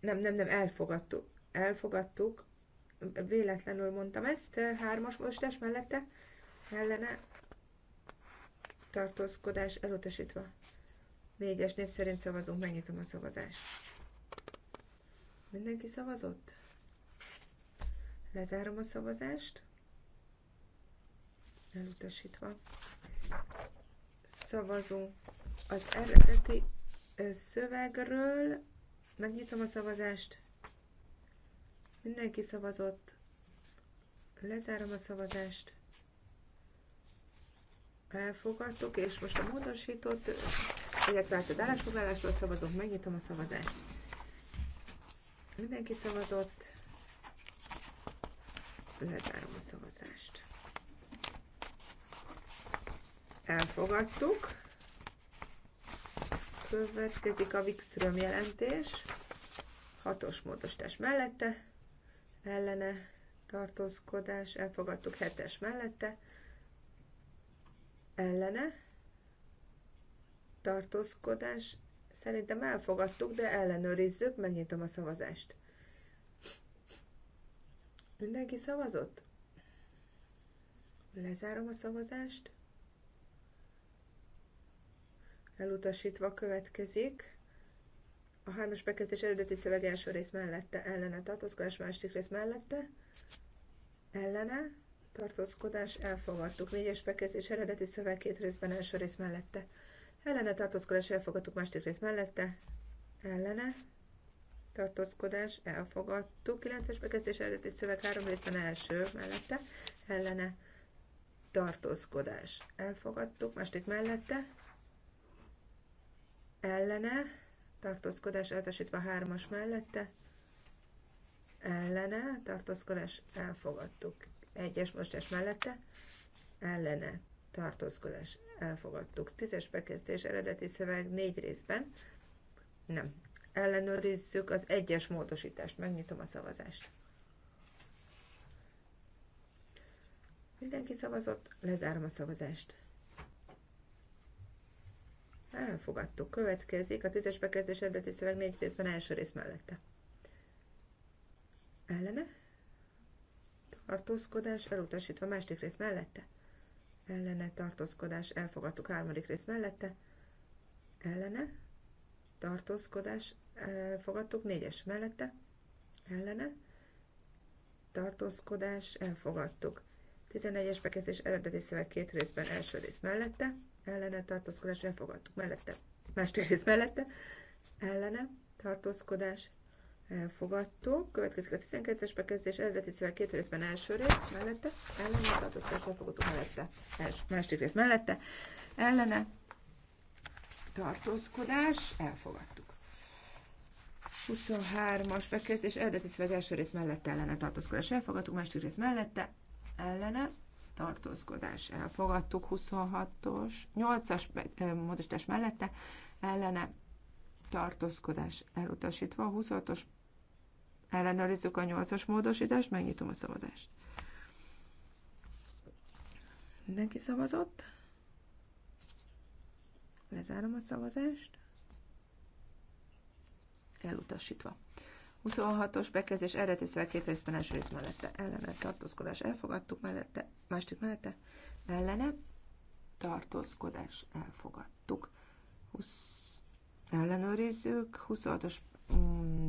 Nem, nem, nem, elfogadtuk. Elfogadtuk, véletlenül mondtam ezt, hármas mostás mellette, ellene, tartózkodás elutasítva. Négyes név szerint szavazunk, megnyitom a szavazást. Mindenki szavazott? Lezárom a szavazást. Elutasítva. Szavazunk az eredeti szövegről. Megnyitom a szavazást. Mindenki szavazott. Lezárom a szavazást elfogadtuk, és most a módosított, illetve hát az állásfoglalásról szavazunk, megnyitom a szavazást. Mindenki szavazott, lezárom a szavazást. Elfogadtuk. Következik a Wikström jelentés. Hatos módosítás mellette, ellene tartózkodás, elfogadtuk hetes mellette, ellene, tartózkodás, szerintem elfogadtuk, de ellenőrizzük, megnyitom a szavazást. Mindenki szavazott? Lezárom a szavazást. Elutasítva következik. A hármas bekezdés eredeti szöveg első rész mellette ellene tartózkodás, második rész mellette ellene tartózkodás elfogadtuk. Négyes bekezdés eredeti szöveg két részben első rész mellette. Ellene tartózkodás elfogadtuk második rész mellette. Ellene tartózkodás elfogadtuk. Kilences bekezdés eredeti szöveg három részben első mellette. Ellene tartózkodás elfogadtuk. Második mellette. Ellene tartózkodás eltesítve hármas mellette. Ellene tartózkodás elfogadtuk egyes es mostás mellette ellene tartózkodás elfogadtuk. Tízes bekezdés eredeti szöveg négy részben. Nem. Ellenőrizzük az egyes módosítást. Megnyitom a szavazást. Mindenki szavazott, lezárom a szavazást. Elfogadtuk. Következik a tízes bekezdés eredeti szöveg négy részben első rész mellette. Ellene? tartózkodás elutasítva második rész mellette ellene tartózkodás elfogadtuk harmadik rész mellette ellene tartózkodás elfogadtuk négyes mellette ellene tartózkodás elfogadtuk 11-es bekezdés eredeti szöveg két részben első rész mellette ellene tartózkodás elfogadtuk mellette második rész mellette ellene tartózkodás elfogadtuk. Következik a 19-es bekezdés, eredeti szöveg két részben első rész, mellette, ellene, tartózkodás elfogadtuk mellette, els, másik rész mellette, ellene, tartózkodás, elfogadtuk. 23-as bekezdés, eredeti szöveg első rész mellette, ellene, tartózkodás, elfogadtuk, másik rész mellette, ellene, tartózkodás, elfogadtuk. 26-os, 8-as módosítás mellette, ellene, tartózkodás elutasítva, 26-os ellenőrizzük a nyolcas módosítást, megnyitom a szavazást. Mindenki szavazott? Lezárom a szavazást. Elutasítva. 26-os bekezdés eredeti szöveg két részben első rész mellette ellene tartózkodás elfogadtuk, mellette, Másik mellette ellene tartózkodás elfogadtuk. 20, ellenőrizzük, 26-os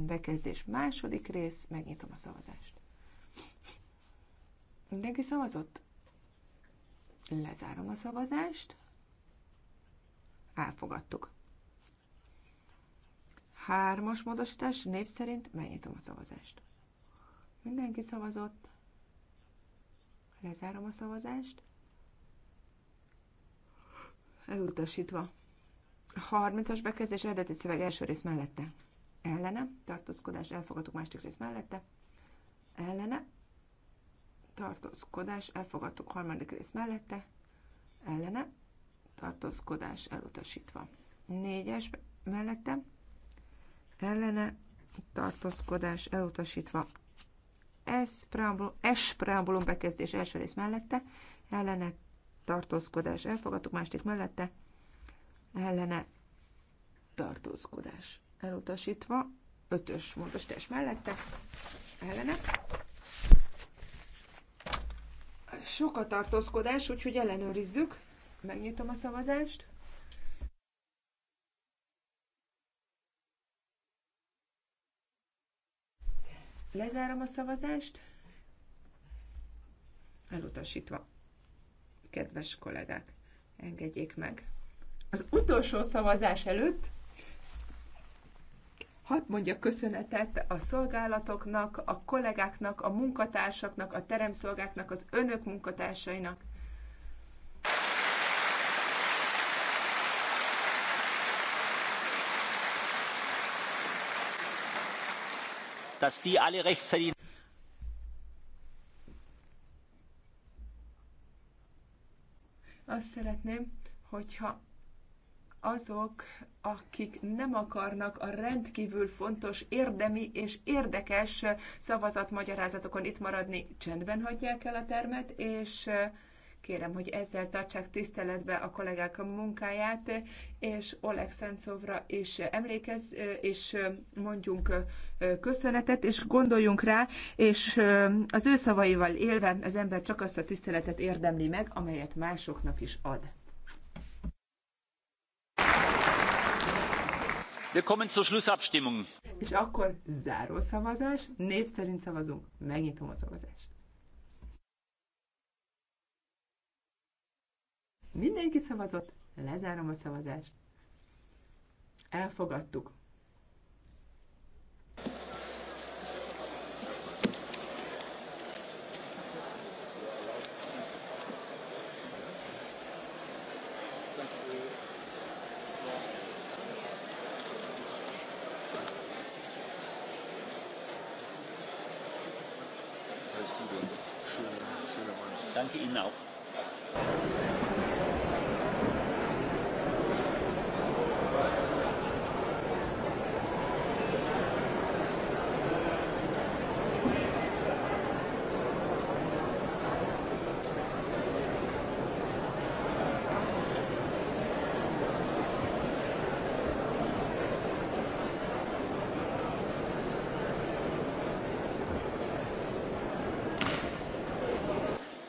bekezdés második rész, megnyitom a szavazást. Mindenki szavazott? Lezárom a szavazást. Elfogadtuk. Hármas módosítás név szerint megnyitom a szavazást. Mindenki szavazott. Lezárom a szavazást. Elutasítva. 30-as bekezdés eredeti szöveg első rész mellette ellene, tartózkodás, elfogadtuk második rész mellette, ellene, tartózkodás, elfogadtuk harmadik rész mellette, ellene, tartózkodás elutasítva. Négyes mellette, ellene, tartózkodás elutasítva. Ez preambulum, es preambulum bekezdés első rész mellette, ellene, tartózkodás elfogadtuk, második mellette, ellene, tartózkodás elutasítva, ötös test mellette, ellene. Sok a tartózkodás, úgyhogy ellenőrizzük. Megnyitom a szavazást. Lezárom a szavazást. Elutasítva. Kedves kollégák, engedjék meg. Az utolsó szavazás előtt Hadd mondja köszönetet a szolgálatoknak, a kollégáknak, a munkatársaknak, a teremszolgáknak, az önök munkatársainak. Dass die alle rechtzeitig azt szeretném, hogyha azok, akik nem akarnak a rendkívül fontos, érdemi és érdekes szavazatmagyarázatokon itt maradni, csendben hagyják el a termet, és kérem, hogy ezzel tartsák tiszteletbe a kollégák a munkáját, és Oleg Szentszovra is emlékez, és mondjunk köszönetet, és gondoljunk rá, és az ő szavaival élve az ember csak azt a tiszteletet érdemli meg, amelyet másoknak is ad. Wir kommen zur Schlussabstimmung. És akkor záró szavazás, név szerint szavazunk. Megnyitom a szavazást. Mindenki szavazott, lezárom a szavazást. Elfogadtuk.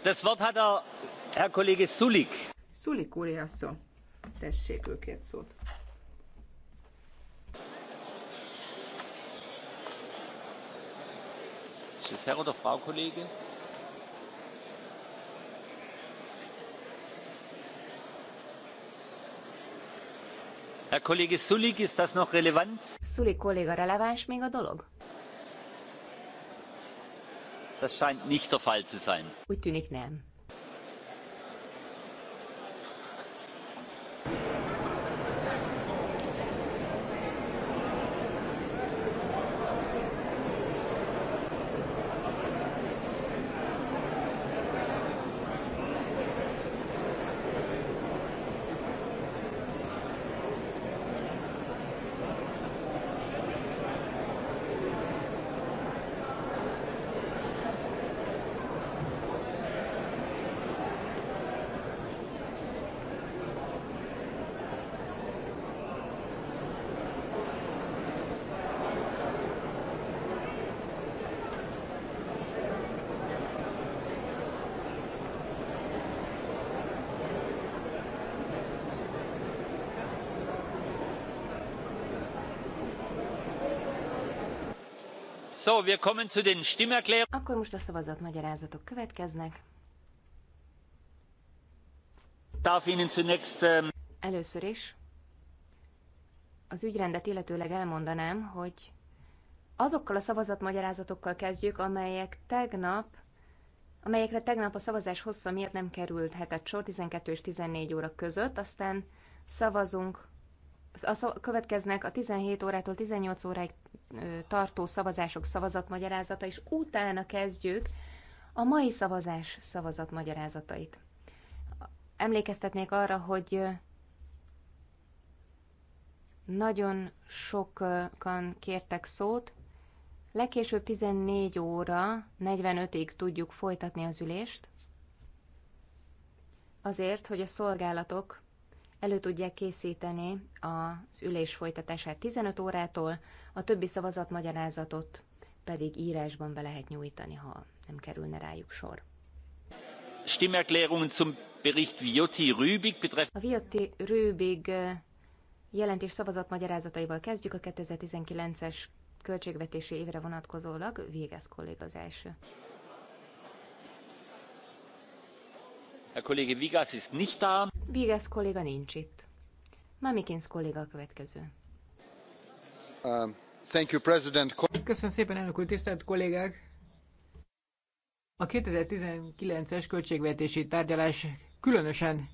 Das Wort hat er, Herr Kollege Sulik. Sulik úr, szó. Tessék őket szót. Ist das Herr oder Frau Kollege? Herr Kollege Sulik, ist das noch relevant? Sulik kolléga, releváns még a dolog? Das scheint nicht der Fall zu sein. Úgy tűnik nem. So, wir kommen zu den Stimmerklärungen. Akkor most a szavazatmagyarázatok következnek. Darf Ihnen zunächst, ähm, Először is az ügyrendet illetőleg elmondanám, hogy azokkal a szavazatmagyarázatokkal kezdjük, amelyek tegnap amelyekre tegnap a szavazás hossza miatt nem kerülhetett sor 12 és 14 óra között, aztán szavazunk a következnek a 17 órától 18 óráig tartó szavazások szavazatmagyarázata, és utána kezdjük a mai szavazás szavazatmagyarázatait. Emlékeztetnék arra, hogy nagyon sokan kértek szót, legkésőbb 14 óra 45-ig tudjuk folytatni az ülést, azért, hogy a szolgálatok elő tudják készíteni az ülés folytatását 15 órától, a többi szavazat szavazatmagyarázatot pedig írásban be lehet nyújtani, ha nem kerülne rájuk sor. Stimmerklärungen zum Bericht Viotti Rübig betreff... A Viotti Rübig jelentés szavazat szavazatmagyarázataival kezdjük a 2019-es költségvetési évre vonatkozólag. Végez kolléga az első. Herr Kollege Vigas ist kolléga nincs itt. Mamikins kolléga a következő. Um, thank you, President. Köszönöm szépen, elnök úr, tisztelt kollégák! A 2019-es költségvetési tárgyalás különösen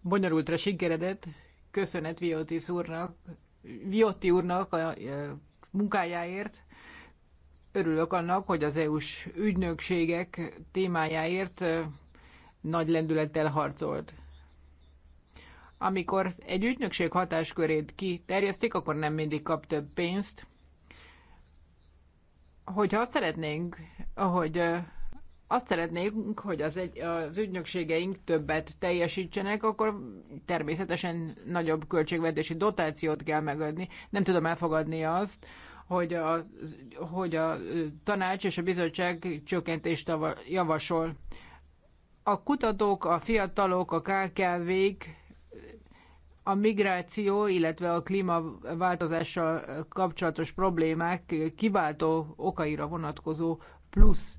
bonyolultra sikeredett, köszönet Viotti úrnak, Viotti úrnak a eh, munkájáért. Örülök annak, hogy az EU-s ügynökségek témájáért eh, nagy lendülettel harcolt. Amikor egy ügynökség hatáskörét kiterjesztik, akkor nem mindig kap több pénzt. Hogyha azt szeretnénk, hogy azt szeretnénk, hogy az, egy, az ügynökségeink többet teljesítsenek, akkor természetesen nagyobb költségvetési dotációt kell megadni. Nem tudom elfogadni azt, hogy a, hogy a tanács és a bizottság csökkentést javasol a kutatók, a fiatalok, a KKV-k, a migráció, illetve a klímaváltozással kapcsolatos problémák kiváltó okaira vonatkozó plusz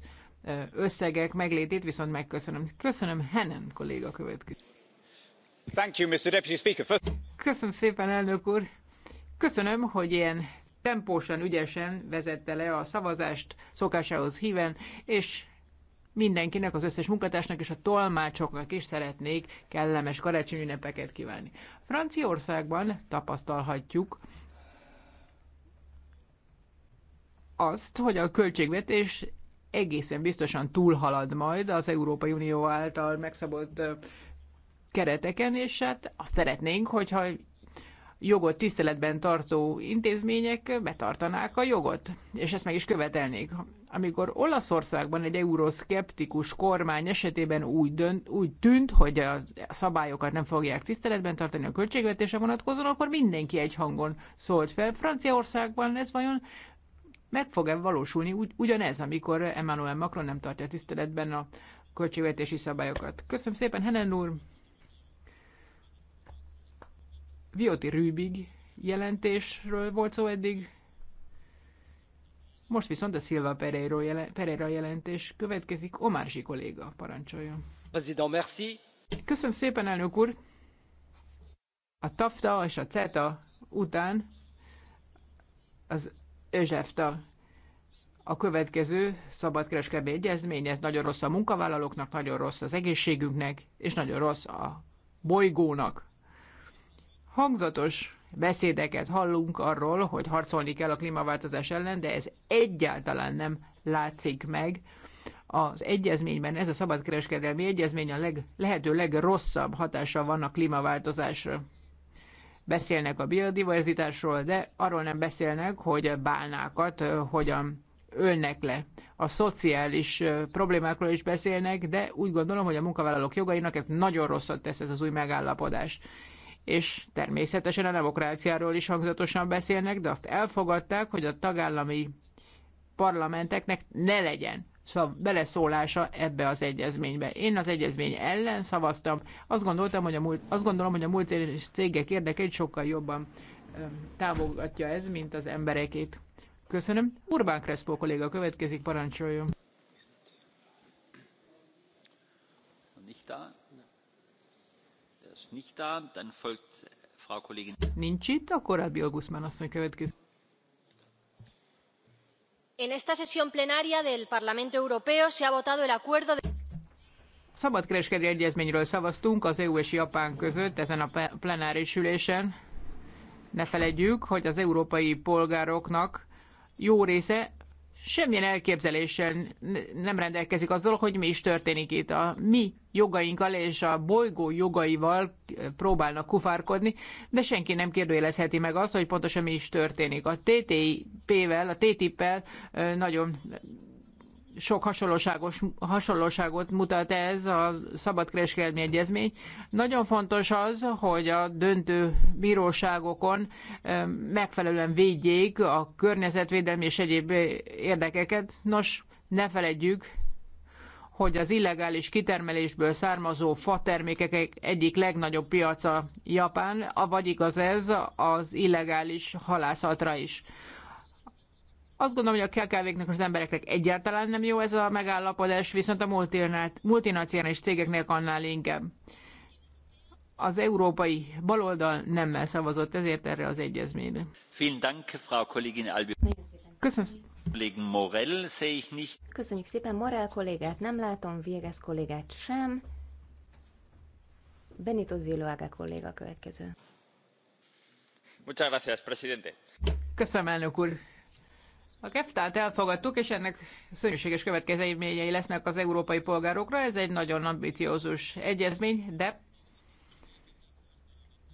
összegek meglétét viszont megköszönöm. Köszönöm, Hennen kolléga következő. Thank you, Mr. Deputy Speaker. First... Köszönöm szépen, elnök úr. Köszönöm, hogy ilyen tempósan, ügyesen vezette le a szavazást szokásához híven, és mindenkinek, az összes munkatársnak és a tolmácsoknak is szeretnék kellemes karácsonyi ünnepeket kívánni. Franciaországban tapasztalhatjuk azt, hogy a költségvetés egészen biztosan túlhalad majd az Európai Unió által megszabott kereteken, és hát azt szeretnénk, hogyha jogot tiszteletben tartó intézmények betartanák a jogot, és ezt meg is követelnék. Amikor Olaszországban egy euroszkeptikus kormány esetében úgy, dönt, úgy tűnt, hogy a szabályokat nem fogják tiszteletben tartani a költségvetése vonatkozóan, akkor mindenki egy hangon szólt fel. Franciaországban ez vajon meg fog-e valósulni ugy, ugyanez, amikor Emmanuel Macron nem tartja tiszteletben a költségvetési szabályokat. Köszönöm szépen, Henen úr! Vioti Rübig jelentésről volt szó eddig, most viszont a Silva Pereira, Pereira jelentés következik. Omársi kolléga, parancsoljon. Président, merci. Köszönöm szépen, elnök úr. A TAFTA és a CETA után az ÖZSEFTA a következő szabadkereskedelmi egyezmény, ez nagyon rossz a munkavállalóknak, nagyon rossz az egészségünknek, és nagyon rossz a bolygónak. Hangzatos beszédeket hallunk arról, hogy harcolni kell a klímaváltozás ellen, de ez egyáltalán nem látszik meg. Az egyezményben ez a szabadkereskedelmi egyezmény a leg, lehető legrosszabb hatása van a klímaváltozásra. Beszélnek a biodiverzitásról, de arról nem beszélnek, hogy bálnákat hogyan ölnek le. A szociális problémákról is beszélnek, de úgy gondolom, hogy a munkavállalók jogainak ez nagyon rosszat tesz ez az új megállapodás és természetesen a demokráciáról is hangzatosan beszélnek, de azt elfogadták, hogy a tagállami parlamenteknek ne legyen szóval beleszólása ebbe az egyezménybe. Én az egyezmény ellen szavaztam, azt, gondoltam, hogy a múlt, azt gondolom, hogy a múlt cégek érdekeit sokkal jobban támogatja ez, mint az emberekét. Köszönöm. Urbán Kreszpó kolléga következik, parancsoljon. Nicht da. Äh, en esta sesión plenaria del Parlamento Europeo se ha votado el acuerdo de szabadkereskedelmi egyezményről szavaztunk az EU és Japán között ezen a plenáris ülésen. Ne feledjük, hogy az európai polgároknak jó része semmilyen elképzeléssel nem rendelkezik azzal, hogy mi is történik itt. A mi jogainkkal és a bolygó jogaival próbálnak kufárkodni, de senki nem kérdőjelezheti meg azt, hogy pontosan mi is történik. A TTIP-vel, a TTIP-vel nagyon sok hasonlóságos, hasonlóságot mutat ez a szabadkereskedelmi egyezmény. Nagyon fontos az, hogy a döntő bíróságokon megfelelően védjék a környezetvédelmi és egyéb érdekeket. Nos, ne feledjük, hogy az illegális kitermelésből származó fa termékek egyik legnagyobb piaca Japán, vagy igaz ez az illegális halászatra is. Azt gondolom, hogy a KKV-knek az embereknek egyáltalán nem jó ez a megállapodás, viszont a multinacionális cégeknek annál inkább. Az európai baloldal nemmel szavazott ezért erre az egyezményre. Köszönjük szépen Morel kollégát, nem látom, Viegas kollégát sem. Benito Zilloaga kolléga következő. Muchas gracias, presidente. Köszönöm, elnök úr. A keftát elfogadtuk, és ennek szörnyűséges következményei lesznek az európai polgárokra. Ez egy nagyon ambiciózus egyezmény, de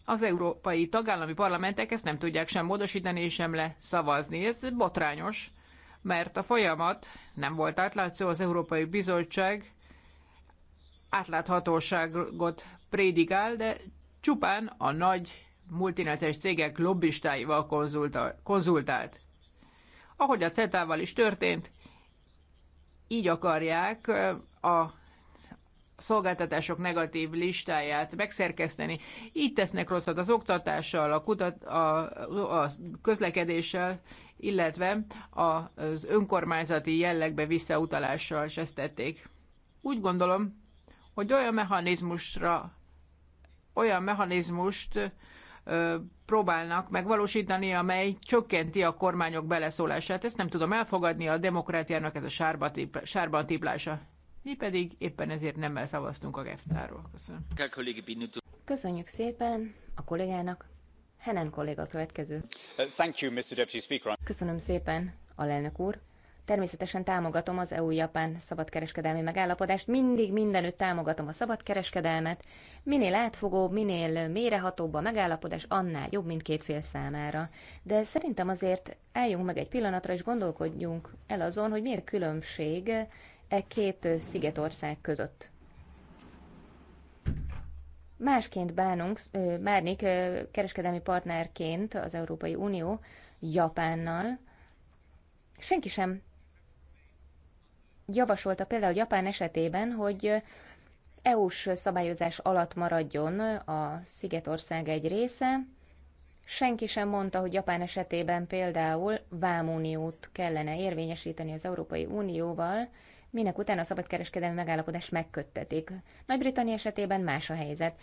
az európai tagállami parlamentek ezt nem tudják sem módosítani, sem le szavazni. Ez botrányos, mert a folyamat nem volt átlátszó, az Európai Bizottság átláthatóságot prédikál, de csupán a nagy multinacionális cégek lobbistáival konzultált ahogy a CETA-val is történt, így akarják a szolgáltatások negatív listáját megszerkeszteni. Így tesznek rosszat az oktatással, a, kutat, a, a közlekedéssel, illetve az önkormányzati jellegbe visszautalással, és ezt tették. Úgy gondolom, hogy olyan mechanizmusra, olyan mechanizmust próbálnak megvalósítani, amely csökkenti a kormányok beleszólását. Ezt nem tudom elfogadni, a demokráciának ez a sárban tiplása. Mi pedig éppen ezért nem szavaztunk a Geftáról. Köszönöm. Köszönjük szépen a kollégának. Henen kolléga a következő. Thank you, Mr. Deputy Speaker. Köszönöm szépen, alelnök úr. Természetesen támogatom az EU-Japán szabadkereskedelmi megállapodást, mindig mindenütt támogatom a szabadkereskedelmet. Minél átfogóbb, minél mérehatóbb a megállapodás, annál jobb, mint két fél számára. De szerintem azért álljunk meg egy pillanatra, és gondolkodjunk el azon, hogy miért különbség e két szigetország között. Másként bánunk, bánik kereskedelmi partnerként az Európai Unió Japánnal, senki sem javasolta például Japán esetében, hogy EU-s szabályozás alatt maradjon a Szigetország egy része. Senki sem mondta, hogy Japán esetében például vámuniót kellene érvényesíteni az Európai Unióval, minek után a szabadkereskedelmi megállapodást megköttetik. Nagy-Britannia esetében más a helyzet.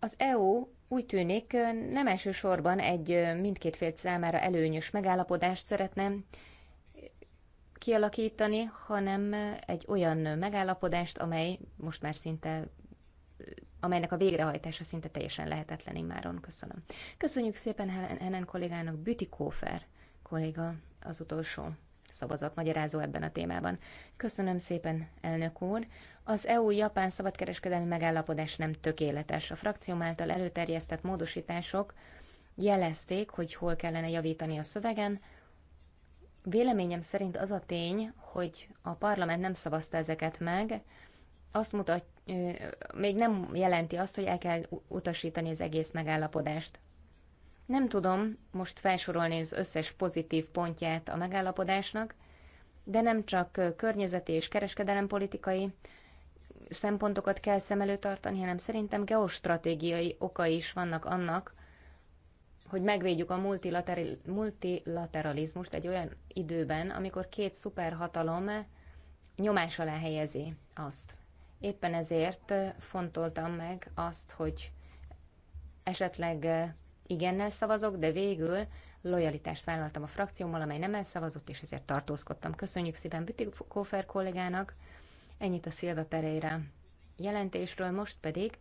Az EU úgy tűnik nem elsősorban egy mindkét fél számára előnyös megállapodást szeretne kialakítani, hanem egy olyan megállapodást, amely most már szinte amelynek a végrehajtása szinte teljesen lehetetlen immáron. Köszönöm. Köszönjük szépen Helen kollégának, Büti Kófer kolléga az utolsó szavazat magyarázó ebben a témában. Köszönöm szépen, elnök úr. Az EU-Japán szabadkereskedelmi megállapodás nem tökéletes. A frakcióm által előterjesztett módosítások jelezték, hogy hol kellene javítani a szövegen, Véleményem szerint az a tény, hogy a parlament nem szavazta ezeket meg, azt mutat, még nem jelenti azt, hogy el kell utasítani az egész megállapodást. Nem tudom most felsorolni az összes pozitív pontját a megállapodásnak, de nem csak környezeti és kereskedelempolitikai szempontokat kell szem előtt tartani, hanem szerintem geostratégiai okai is vannak annak, hogy megvédjük a multilateralizmust egy olyan időben, amikor két szuperhatalom nyomás alá helyezi azt. Éppen ezért fontoltam meg azt, hogy esetleg igennel szavazok, de végül lojalitást vállaltam a frakciómmal, amely nem elszavazott, és ezért tartózkodtam. Köszönjük szépen Bütikófer kollégának, ennyit a Szilve Pereira jelentésről, most pedig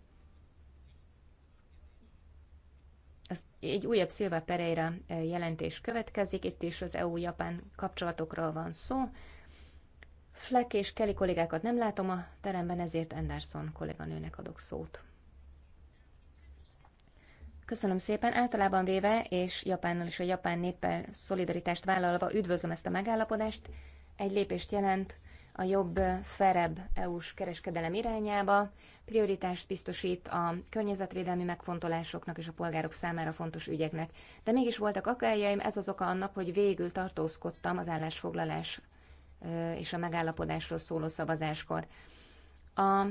Az, egy újabb Silva Pereira jelentés következik, itt is az EU-Japán kapcsolatokról van szó. Fleck és Kelly kollégákat nem látom a teremben, ezért Anderson kolléganőnek adok szót. Köszönöm szépen. Általában véve, és Japánnal és a japán néppel szolidaritást vállalva üdvözlöm ezt a megállapodást. Egy lépést jelent a jobb, ferebb EU-s kereskedelem irányába, prioritást biztosít a környezetvédelmi megfontolásoknak és a polgárok számára fontos ügyeknek. De mégis voltak akályaim, ez az oka annak, hogy végül tartózkodtam az állásfoglalás és a megállapodásról szóló szavazáskor. A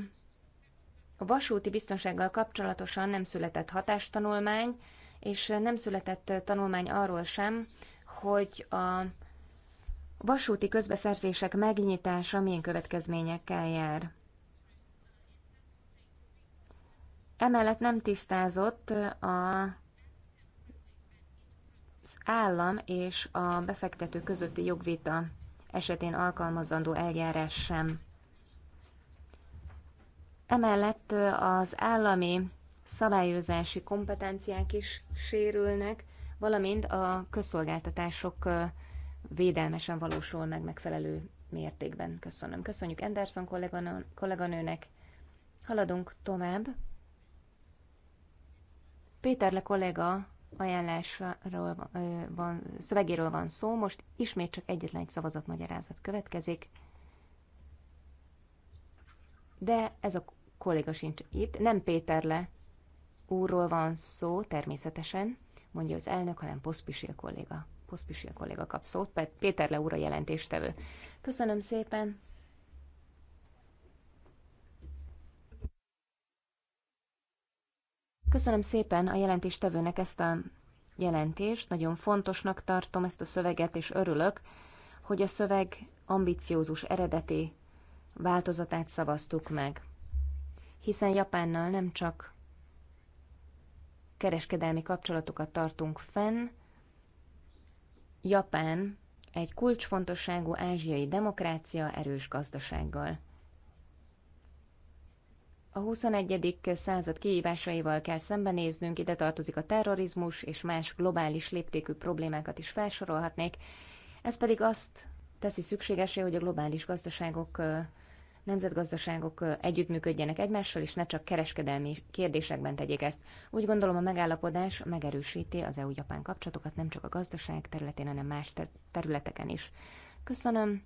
vasúti biztonsággal kapcsolatosan nem született hatástanulmány, és nem született tanulmány arról sem, hogy a vasúti közbeszerzések megnyitása milyen következményekkel jár. Emellett nem tisztázott a, az állam és a befektető közötti jogvita esetén alkalmazandó eljárás sem. Emellett az állami szabályozási kompetenciák is sérülnek, valamint a közszolgáltatások védelmesen valósul meg megfelelő mértékben. Köszönöm. Köszönjük Anderson kolléganő, kolléganőnek. Haladunk tovább. Péter le kolléga ajánlásról van, szövegéről van szó, most ismét csak egyetlen egy szavazatmagyarázat következik. De ez a kolléga sincs itt, nem Péterle úrról van szó természetesen, mondja az elnök, hanem Poszpisil kolléga a kolléga kap szót, Péter Le úr a jelentéstevő. Köszönöm szépen! Köszönöm szépen a jelentéstevőnek ezt a jelentést, nagyon fontosnak tartom ezt a szöveget, és örülök, hogy a szöveg ambiciózus eredeti változatát szavaztuk meg. Hiszen Japánnal nem csak kereskedelmi kapcsolatokat tartunk fenn, Japán egy kulcsfontosságú ázsiai demokrácia erős gazdasággal. A 21. század kihívásaival kell szembenéznünk, ide tartozik a terrorizmus és más globális léptékű problémákat is felsorolhatnék. Ez pedig azt teszi szükségesé, hogy a globális gazdaságok nemzetgazdaságok együttműködjenek egymással, és ne csak kereskedelmi kérdésekben tegyék ezt. Úgy gondolom, a megállapodás megerősíti az EU-Japán kapcsolatokat nem csak a gazdaság területén, hanem más ter- területeken is. Köszönöm.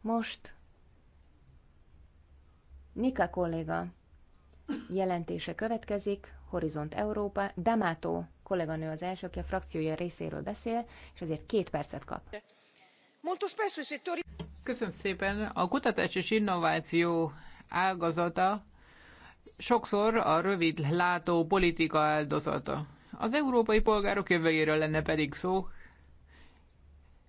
Most Nika kolléga jelentése következik, Horizont Európa, Damato kolléganő az első, aki a frakciója részéről beszél, és azért két percet kap. Köszönöm szépen. A kutatás és innováció ágazata sokszor a rövid látó politika áldozata. Az európai polgárok jövőjéről lenne pedig szó,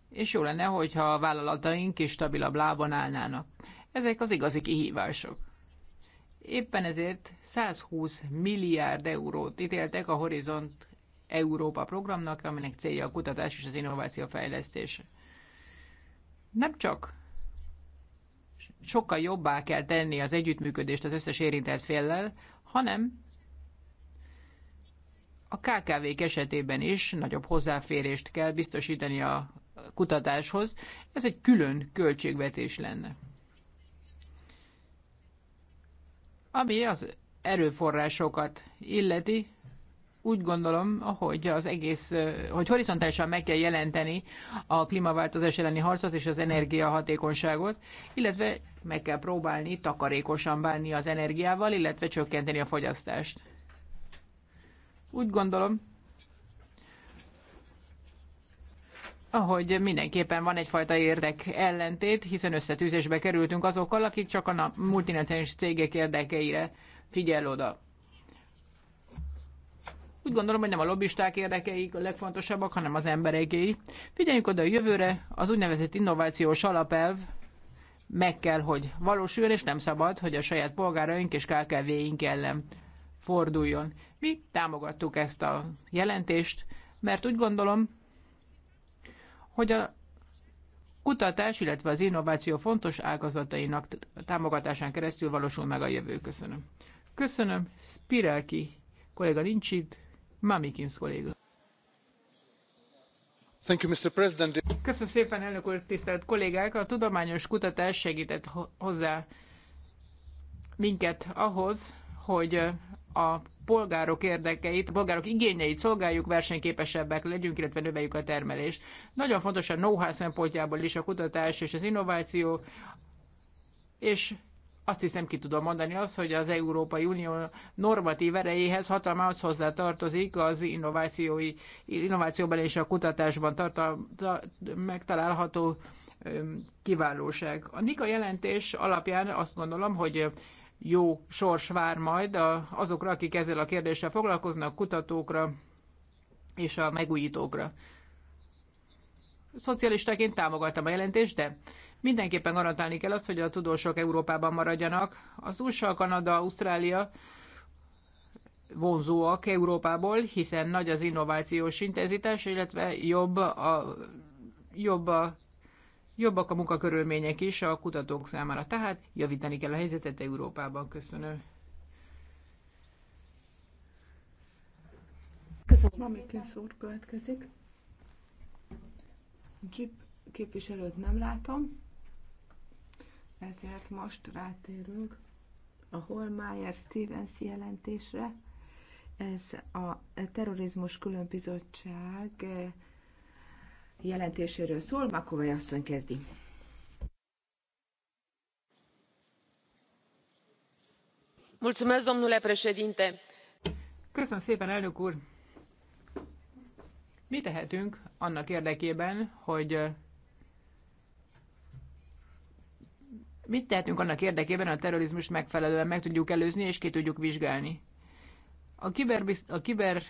és jó lenne, hogyha a vállalataink is stabilabb lábon állnának. Ezek az igazi kihívások. Éppen ezért 120 milliárd eurót ítéltek a Horizont Európa programnak, aminek célja a kutatás és az innováció fejlesztése. Nem csak sokkal jobbá kell tenni az együttműködést az összes érintett féllel, hanem a KKV-k esetében is nagyobb hozzáférést kell biztosítani a kutatáshoz. Ez egy külön költségvetés lenne. Ami az erőforrásokat illeti, úgy gondolom, hogy az egész, hogy horizontálisan meg kell jelenteni a klímaváltozás elleni harcot és az energiahatékonyságot, illetve meg kell próbálni takarékosan bánni az energiával, illetve csökkenteni a fogyasztást. Úgy gondolom, ahogy mindenképpen van egyfajta érdek ellentét, hiszen összetűzésbe kerültünk azokkal, akik csak a multinacionális cégek érdekeire figyel oda. Úgy gondolom, hogy nem a lobbisták érdekeik a legfontosabbak, hanem az emberekéi. Figyeljünk oda a jövőre, az úgynevezett innovációs alapelv meg kell, hogy valósuljon, és nem szabad, hogy a saját polgáraink és KKV-ink ellen forduljon. Mi támogattuk ezt a jelentést, mert úgy gondolom, hogy a kutatás, illetve az innováció fontos ágazatainak támogatásán keresztül valósul meg a jövő. Köszönöm. Köszönöm. Spirelki kolléga nincs itt, Mamikins Köszönöm szépen, elnök úr, tisztelt kollégák! A tudományos kutatás segített hozzá minket ahhoz, hogy a polgárok érdekeit, a polgárok igényeit szolgáljuk, versenyképesebbek legyünk, illetve növeljük a termelést. Nagyon fontos a know-how szempontjából is a kutatás és az innováció, és azt hiszem ki tudom mondani azt, hogy az Európai Unió normatív erejéhez hatalmához hozzá tartozik az innovációi, innovációban és a kutatásban tartal, ta, megtalálható kiválóság. A Nika jelentés alapján azt gondolom, hogy jó sors vár majd azokra, akik ezzel a kérdéssel foglalkoznak, kutatókra és a megújítókra szocialistaként támogattam a jelentést, de mindenképpen garantálni kell azt, hogy a tudósok Európában maradjanak. Az USA, Kanada, Ausztrália vonzóak Európából, hiszen nagy az innovációs intenzitás, illetve jobb a, jobb a, jobbak a munkakörülmények is a kutatók számára. Tehát javítani kell a helyzetet Európában. Köszönöm. Köszönöm. Mamikins úr következik. Jeep képviselőt nem látom, ezért most rátérünk a Holmeyer-Stevens jelentésre. Ez a terrorizmus különbizottság jelentéséről szól. Makovai asszony kezdi. Mulțumesc, domnule președinte! Köszönöm szépen, elnök úr! Mi tehetünk annak érdekében, hogy mit tehetünk annak érdekében, hogy a terrorizmust megfelelően meg tudjuk előzni és ki tudjuk vizsgálni? A kiber, a kiber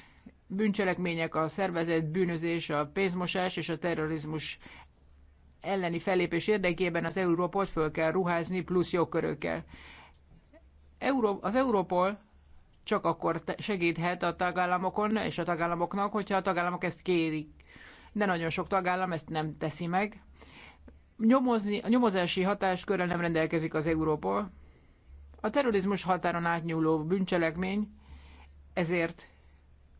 bűncselekmények, a szervezett bűnözés, a pénzmosás és a terrorizmus elleni fellépés érdekében az Európolt föl kell ruházni plusz jogkörökkel. Euró, az Európol csak akkor segíthet a tagállamokon és a tagállamoknak, hogyha a tagállamok ezt kérik. De nagyon sok tagállam ezt nem teszi meg. Nyomozni, a nyomozási hatáskörrel nem rendelkezik az Európa. A terrorizmus határon átnyúló bűncselekmény, ezért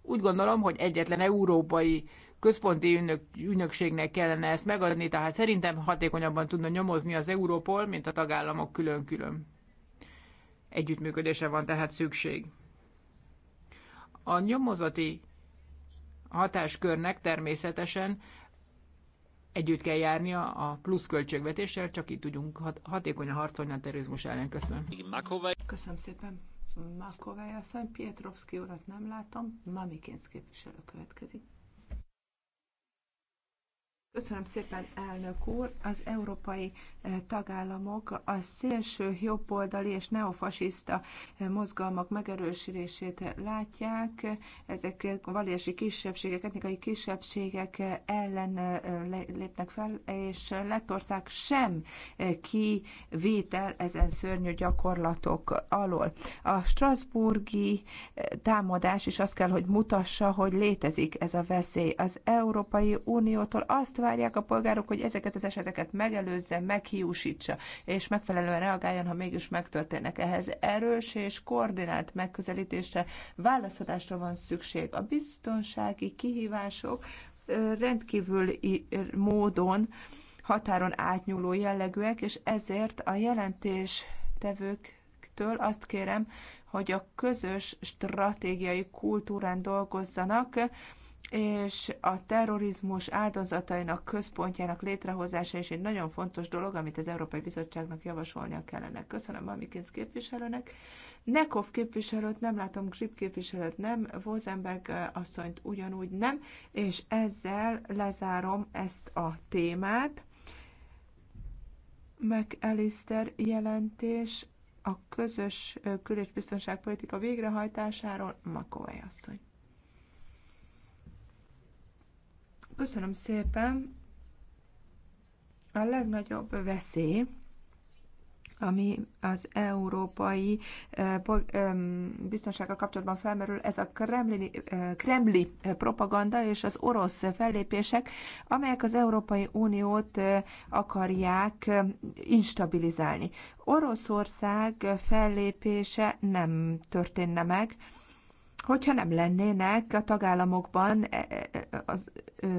úgy gondolom, hogy egyetlen európai központi ügynök, ügynökségnek kellene ezt megadni, tehát szerintem hatékonyabban tudna nyomozni az Európol, mint a tagállamok külön-külön. Együttműködésre van tehát szükség. A nyomozati hatáskörnek természetesen együtt kell járnia a plusz költségvetéssel, csak így tudjunk hat- hatékonyan harcolni a terrorizmus ellen. Köszönöm. Köszönöm szépen. Makovej asszony, Pietrovszki urat nem látom, Mamikinsz képviselő következik. Köszönöm szépen, elnök úr! Az európai e, tagállamok a szélső jobboldali és neofasiszta e, mozgalmak megerősülését látják. Ezek valési kisebbségek, etnikai kisebbségek e, ellen lépnek fel, és Lettország sem kivétel ezen szörnyű gyakorlatok alól. A Strasburgi támadás is azt kell, hogy mutassa, hogy létezik ez a veszély. Az Európai Uniótól azt várják a polgárok, hogy ezeket az eseteket megelőzze, meghiúsítsa, és megfelelően reagáljon, ha mégis megtörténnek. Ehhez erős és koordinált megközelítésre, válaszadásra van szükség. A biztonsági kihívások rendkívül módon határon átnyúló jellegűek, és ezért a jelentéstevőktől azt kérem, hogy a közös stratégiai kultúrán dolgozzanak, és a terrorizmus áldozatainak központjának létrehozása is egy nagyon fontos dolog, amit az Európai Bizottságnak javasolnia kellene. Köszönöm Mamikins képviselőnek. Nekov képviselőt nem látom, Grip képviselőt nem, Vosenberg asszonyt ugyanúgy nem, és ezzel lezárom ezt a témát. McAllister jelentés a közös kül- és biztonságpolitika végrehajtásáról Makovai asszony. Köszönöm szépen. A legnagyobb veszély, ami az európai eh, biztonsággal kapcsolatban felmerül, ez a kremli, eh, kremli propaganda és az orosz fellépések, amelyek az Európai Uniót eh, akarják instabilizálni. Oroszország fellépése nem történne meg, Hogyha nem lennének a tagállamokban e, e, e, az, az,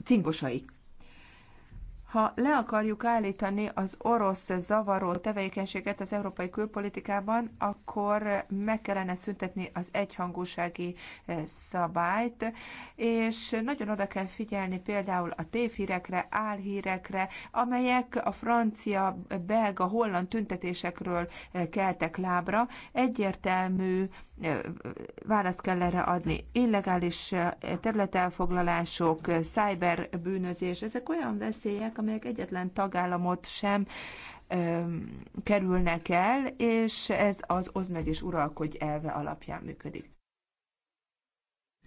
az, az ha le akarjuk állítani az orosz zavaró tevékenységet az európai külpolitikában, akkor meg kellene szüntetni az egyhangúsági e, szabályt, és nagyon oda kell figyelni például a tévhírekre, álhírekre, amelyek a francia, belga, holland tüntetésekről e, keltek lábra. Egyértelmű e, választ kell erre adni. Illegális területelfoglalások, szájberbűnözés, ezek olyan veszélyek, amelyek egyetlen tagállamot sem kerülnek el, és ez az oszd meg és uralkodj elve alapján működik.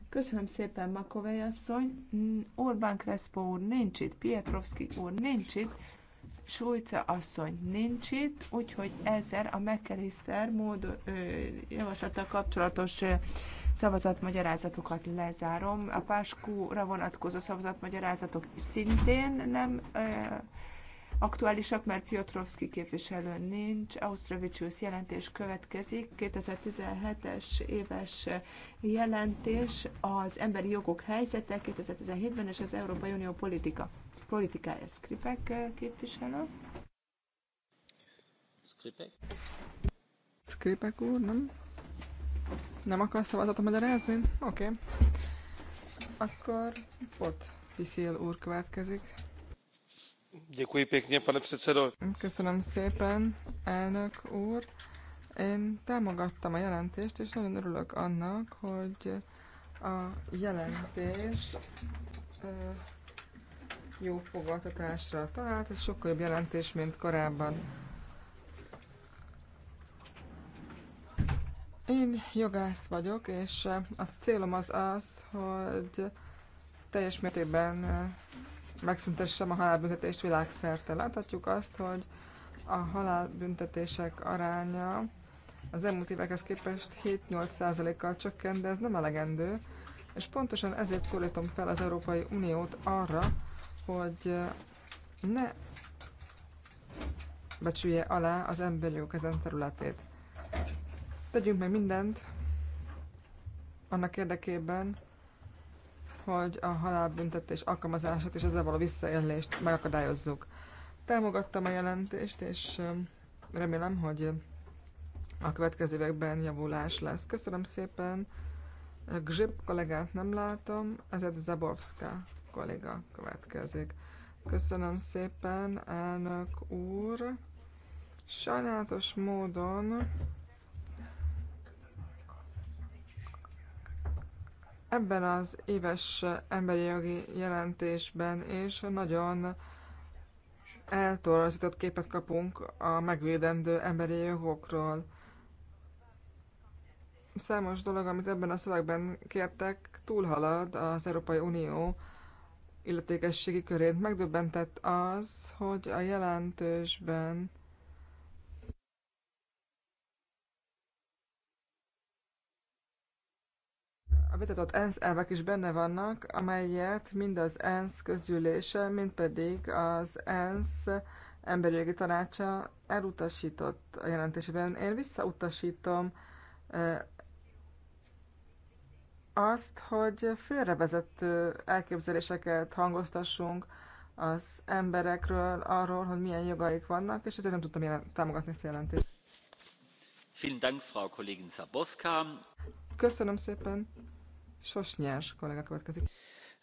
Köszönöm szépen, Makovej asszony. Mm, Orbán Crespo úr nincs itt, Pietrovski úr nincs itt, Sújca asszony nincs itt, úgyhogy ezzel a McAllister mód ö, javaslattal kapcsolatos ö, szavazatmagyarázatokat lezárom. A Páskóra vonatkozó szavazatmagyarázatok szintén nem e, aktuálisak, mert Piotrowski képviselő nincs. Ausztravicius jelentés következik. 2017-es éves jelentés az emberi jogok helyzete 2017-ben és az Európai Unió politika. Politikája Skripek képviselő. Skripek? Skripek úr, nem? Nem akar szavazatot magyarázni? Oké. Okay. Akkor ott Piszél úr következik. Děkuji pěkně, pane předsedo. Köszönöm szépen, elnök úr. Én támogattam a jelentést, és nagyon örülök annak, hogy a jelentés jó fogadtatásra talált. Ez sokkal jobb jelentés, mint korábban Én jogász vagyok, és a célom az az, hogy teljes mértékben megszüntessem a halálbüntetést világszerte. Láthatjuk azt, hogy a halálbüntetések aránya az elmúlt évekhez képest 7-8%-kal csökkent, de ez nem elegendő, és pontosan ezért szólítom fel az Európai Uniót arra, hogy ne becsülje alá az emberi jogok ezen területét. Tegyünk meg mindent annak érdekében, hogy a halálbüntetés alkalmazását és ezzel való visszaélést megakadályozzuk. Támogattam a jelentést, és um, remélem, hogy a következő években javulás lesz. Köszönöm szépen. Gzsip kollégát nem látom, ez egy Zaborska kolléga következik. Köszönöm szépen, elnök úr. Sajnálatos módon Ebben az éves emberi jogi jelentésben is nagyon eltorzított képet kapunk a megvédendő emberi jogokról. Számos dolog, amit ebben a szövegben kértek, túlhalad az Európai Unió illetékességi körét. Megdöbbentett az, hogy a jelentősben a vitatott ENSZ elvek is benne vannak, amelyet mind az ENSZ közgyűlése, mind pedig az ENSZ emberi jogi tanácsa elutasított a jelentésében. Én visszautasítom azt, hogy félrevezető elképzeléseket hangoztassunk az emberekről, arról, hogy milyen jogaik vannak, és ezért nem tudtam jelen- támogatni ezt a jelentést. Köszönöm szépen, Sosnyás kollega következik.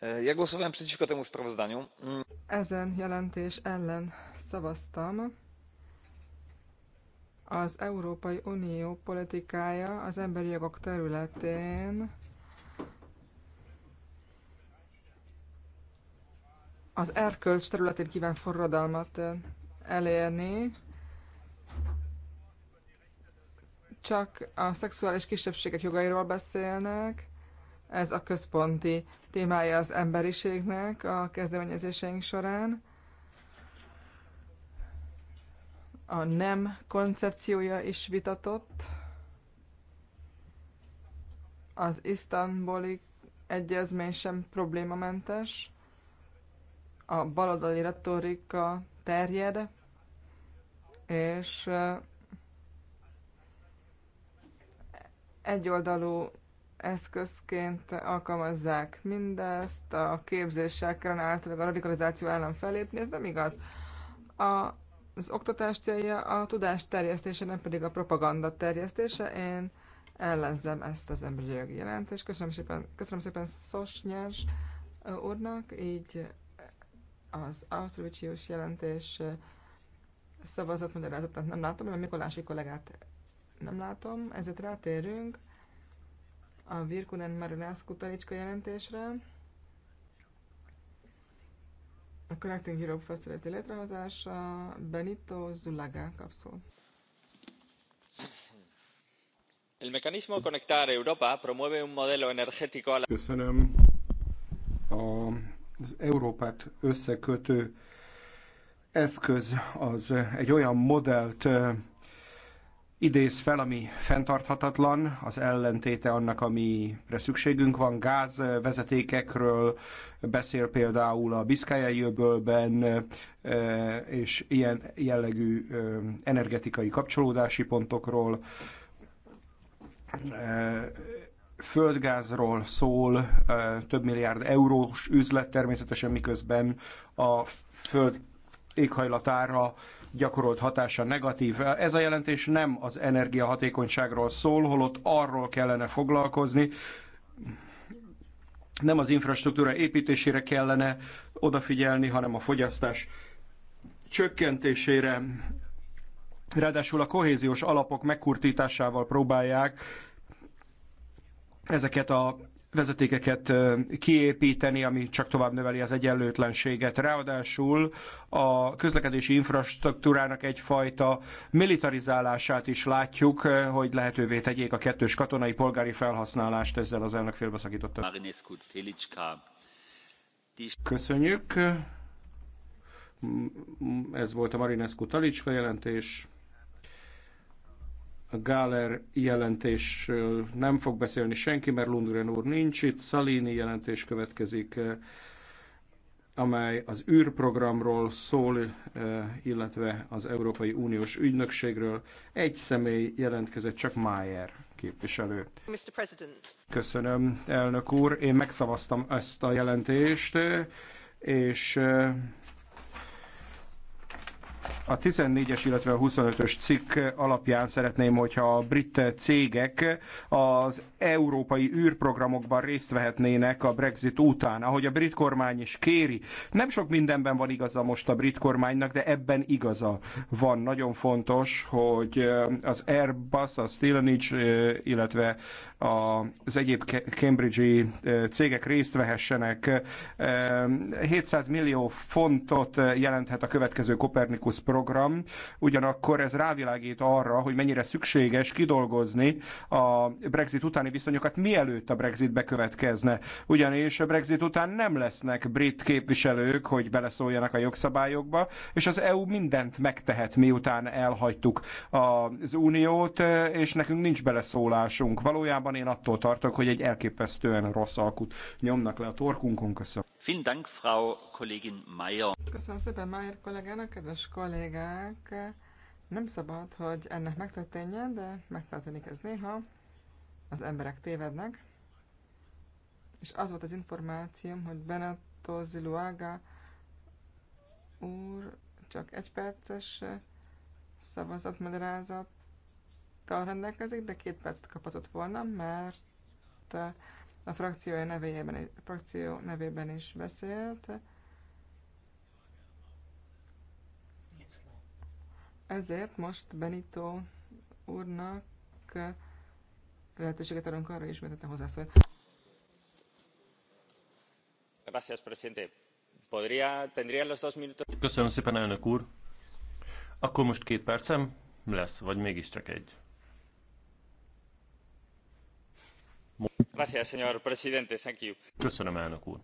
E, ja głosowałem przeciwko temu sprawozdaniu. Mm. Ezen jelentés ellen szavaztam. Az Európai Unió politikája az emberi jogok területén az erkölcs területén kíván forradalmat elérni, csak a szexuális kisebbségek jogairól beszélnek, ez a központi témája az emberiségnek a kezdeményezéseink során. A nem koncepciója is vitatott. Az isztambuli egyezmény sem problémamentes. A baloldali retorika terjed, és eh, egyoldalú eszközként alkalmazzák mindezt, a képzéssel kellene általában a radikalizáció ellen felépni, ez nem igaz. A, az oktatás célja a tudás terjesztése, nem pedig a propaganda terjesztése. Én ellenzem ezt az emberi jogi jelentést. Köszönöm szépen, köszönöm szépen Szosnyás úrnak, így az Ausztrovicsius jelentés szavazatmagyarázatát nem látom, mert Mikolási kollégát nem látom, ezért rátérünk a Virkunen Marinászku tanicska jelentésre, a Connecting Europe Facility létrehozása, Benito Zulaga kapszó. El mecanismo Conectar Europa promueve un modelo energético a la... Köszönöm. Az Európát összekötő eszköz az egy olyan modellt idéz fel, ami fenntarthatatlan, az ellentéte annak, amire szükségünk van. Gázvezetékekről beszél például a Biszkájai öbölben, eh, és ilyen jellegű eh, energetikai kapcsolódási pontokról eh, földgázról szól, több milliárd eurós üzlet természetesen, miközben a föld éghajlatára gyakorolt hatása negatív. Ez a jelentés nem az energiahatékonyságról szól, holott arról kellene foglalkozni, nem az infrastruktúra építésére kellene odafigyelni, hanem a fogyasztás csökkentésére. Ráadásul a kohéziós alapok megkurtításával próbálják ezeket a vezetékeket kiépíteni, ami csak tovább növeli az egyenlőtlenséget. Ráadásul a közlekedési infrastruktúrának egyfajta militarizálását is látjuk, hogy lehetővé tegyék a kettős katonai polgári felhasználást, ezzel az elnök félbeszakította. Köszönjük. Ez volt a Marinescu Talicska jelentés a Gáler jelentés nem fog beszélni senki, mert Lundgren úr nincs itt. Salini jelentés következik, eh, amely az űrprogramról szól, eh, illetve az Európai Uniós ügynökségről. Egy személy jelentkezett, csak Mayer képviselő. Köszönöm, elnök úr. Én megszavaztam ezt a jelentést, eh, és a 14-es, illetve a 25-ös cikk alapján szeretném, hogyha a brit cégek az európai űrprogramokban részt vehetnének a Brexit után, ahogy a brit kormány is kéri. Nem sok mindenben van igaza most a brit kormánynak, de ebben igaza van. Nagyon fontos, hogy az Airbus, a Stevenage, illetve az egyéb Cambridge-i cégek részt vehessenek. 700 millió fontot jelenthet a következő Kopernikus program, program, ugyanakkor ez rávilágít arra, hogy mennyire szükséges kidolgozni a Brexit utáni viszonyokat, mielőtt a Brexit bekövetkezne. Ugyanis a Brexit után nem lesznek brit képviselők, hogy beleszóljanak a jogszabályokba, és az EU mindent megtehet, miután elhagytuk az uniót, és nekünk nincs beleszólásunk. Valójában én attól tartok, hogy egy elképesztően rossz alkut nyomnak le a torkunkon. Köszönöm. Köszönöm szépen Mayer kollégának, kedves kollég kollégák, nem szabad, hogy ennek megtörténjen, de megtörténik ez néha. Az emberek tévednek. És az volt az információm, hogy Benato Ziluaga úr csak egy perces szavazatmagyarázattal rendelkezik, de két percet kaphatott volna, mert a frakciója nevében, a frakció nevében is beszélt. Ezért most Benito úrnak lehetőséget adunk arra, hogy ismételten hozzászól. Gracias, presidente. Podría, tendría los dos minutos. Köszönöm szépen, elnök úr. Akkor most két percem lesz, vagy mégiscsak egy. Gracias, señor presidente. Thank you. Köszönöm, elnök úr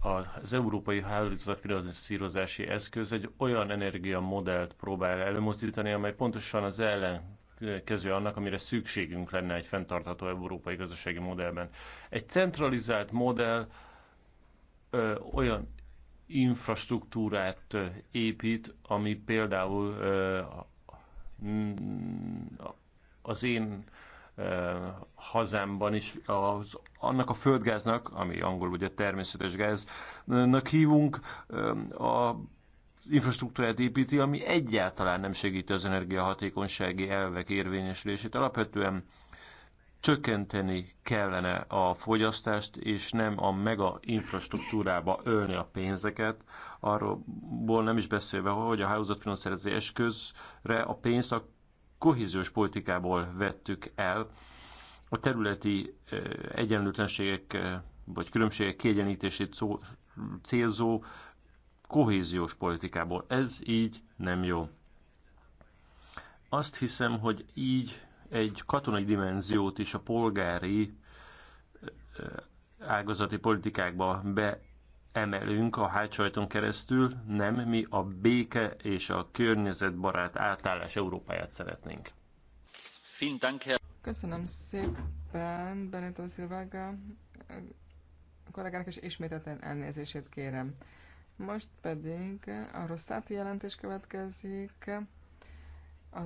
az Európai Hálózatfinanszírozási Eszköz egy olyan energiamodellt próbál előmozdítani, amely pontosan az ellen kező annak, amire szükségünk lenne egy fenntartható európai gazdasági modellben. Egy centralizált modell ö, olyan infrastruktúrát épít, ami például ö, az én hazámban is az, annak a földgáznak, ami angol ugye természetes gáznak hívunk, a infrastruktúrát építi, ami egyáltalán nem segíti az energiahatékonysági elvek érvényesülését. Alapvetően csökkenteni kellene a fogyasztást, és nem a mega infrastruktúrába ölni a pénzeket, arról nem is beszélve, hogy a hálózatfinanszírozási eszközre a pénzt a kohéziós politikából vettük el. A területi egyenlőtlenségek vagy különbségek kiegyenítését célzó kohéziós politikából. Ez így nem jó. Azt hiszem, hogy így egy katonai dimenziót is a polgári ágazati politikákba be emelünk a hátsajton keresztül, nem mi a béke és a környezetbarát átállás Európáját szeretnénk. Köszönöm szépen Benito Szilvága kollégának, és ismételten elnézését kérem. Most pedig a Rosszáti jelentés következik. A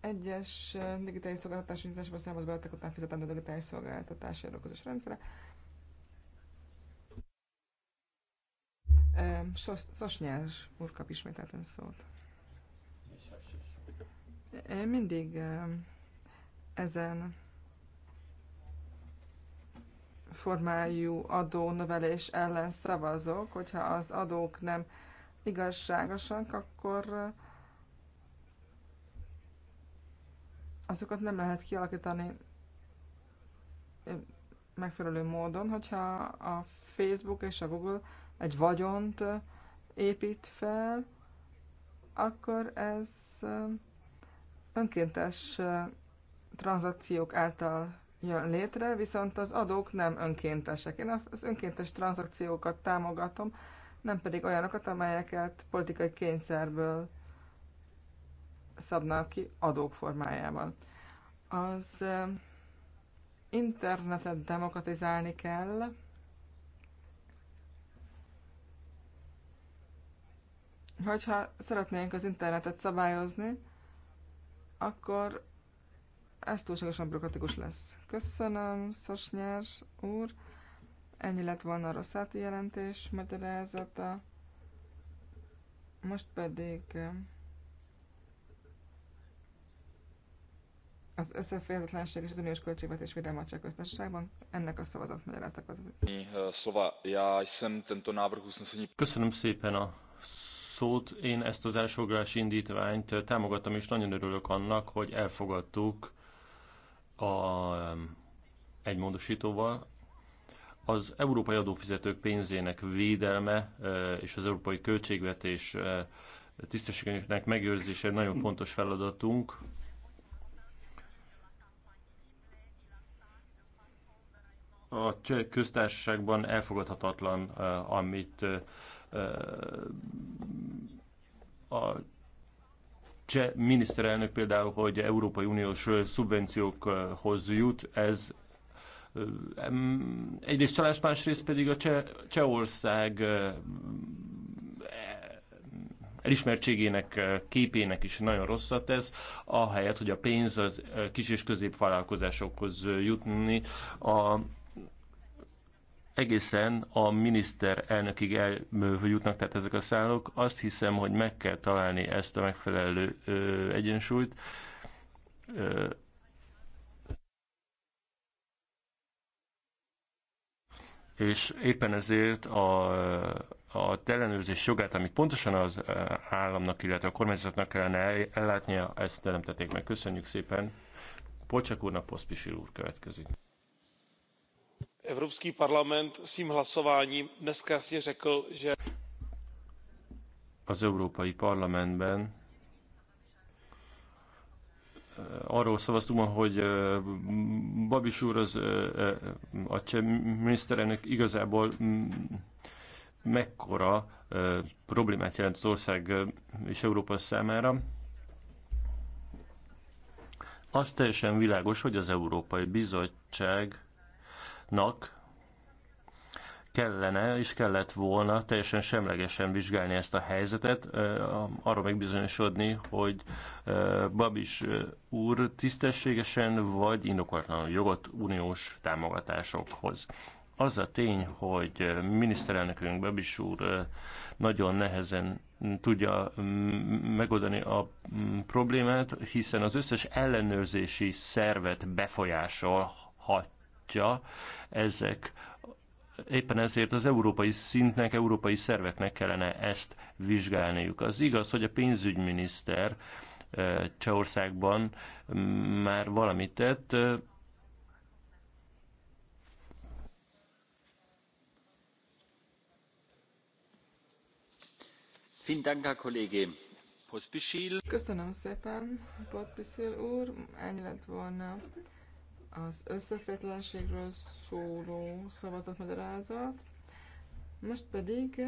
egyes digitális szolgáltatás nyújtásba származó a után fizetendő digitális szolgáltatás közös rendszere. Sosnyás úr kap ismételten szót. Én mindig ezen formájú adónövelés ellen szavazok, hogyha az adók nem igazságosak, akkor eh, azokat nem lehet kialakítani megfelelő módon, hogyha a Facebook és a Google egy vagyont épít fel, akkor ez önkéntes tranzakciók által jön létre, viszont az adók nem önkéntesek. Én az önkéntes tranzakciókat támogatom, nem pedig olyanokat, amelyeket politikai kényszerből szabnak ki adók formájában. Az internetet demokratizálni kell, Hogyha szeretnénk az internetet szabályozni, akkor ez túlságosan bürokratikus lesz. Köszönöm, Szosnyás úr. Ennyi lett volna a Rosszáti jelentés magyarázata. Most pedig eh, az összeférhetetlenség és az uniós költségvetés védelme a cseh köztársaságban. Ennek a szavazat magyaráztak az. Eh, Köszönöm szépen a szót. Én ezt az elsőgrási indítványt támogattam, és nagyon örülök annak, hogy elfogadtuk a, egy módosítóval. Az európai adófizetők pénzének védelme e, és az európai költségvetés e, tisztességének megőrzése nagyon fontos feladatunk. A cseh köztársaságban elfogadhatatlan, e, amit a cseh miniszterelnök például, hogy Európai Uniós szubvenciókhoz jut, ez egyrészt csalás, másrészt pedig a cseh, Csehország elismertségének, képének is nagyon rosszat tesz, ahelyett, hogy a pénz az kis és középvállalkozásokhoz jutni. A egészen a miniszterelnökig eljutnak, tehát ezek a szállók. Azt hiszem, hogy meg kell találni ezt a megfelelő ö, egyensúlyt. Ö, és éppen ezért a, a ellenőrzés jogát, amit pontosan az államnak, illetve a kormányzatnak kellene ellátnia, ezt nem tették meg. Köszönjük szépen. Polcsak úrnak Poszpisil úr következik evropský parlament svým hlasováním dnes jasně řekl že. az európai parlamentben eh, arról szavaztunk ma, hogy eh, Babis úr az eh, a cseh miniszterelnök igazából mm, mekkora problémát jelent az ország és Európa számára. Az teljesen világos, hogy az Európai Bizottság nak kellene és kellett volna teljesen semlegesen vizsgálni ezt a helyzetet, arról megbizonyosodni, hogy Babis úr tisztességesen vagy indokolatlanul jogot uniós támogatásokhoz. Az a tény, hogy miniszterelnökünk Babis úr nagyon nehezen tudja megoldani a problémát, hiszen az összes ellenőrzési szervet befolyásolhat mutatja, ezek éppen ezért az európai szintnek, európai szerveknek kellene ezt vizsgálniuk. Az igaz, hogy a pénzügyminiszter eh, Csehországban mm, már valamit tett, eh, Köszönöm szépen, Patpiszél úr. Ennyi lett volna az összefétlenségről szóló szavazatmagyarázat. Most pedig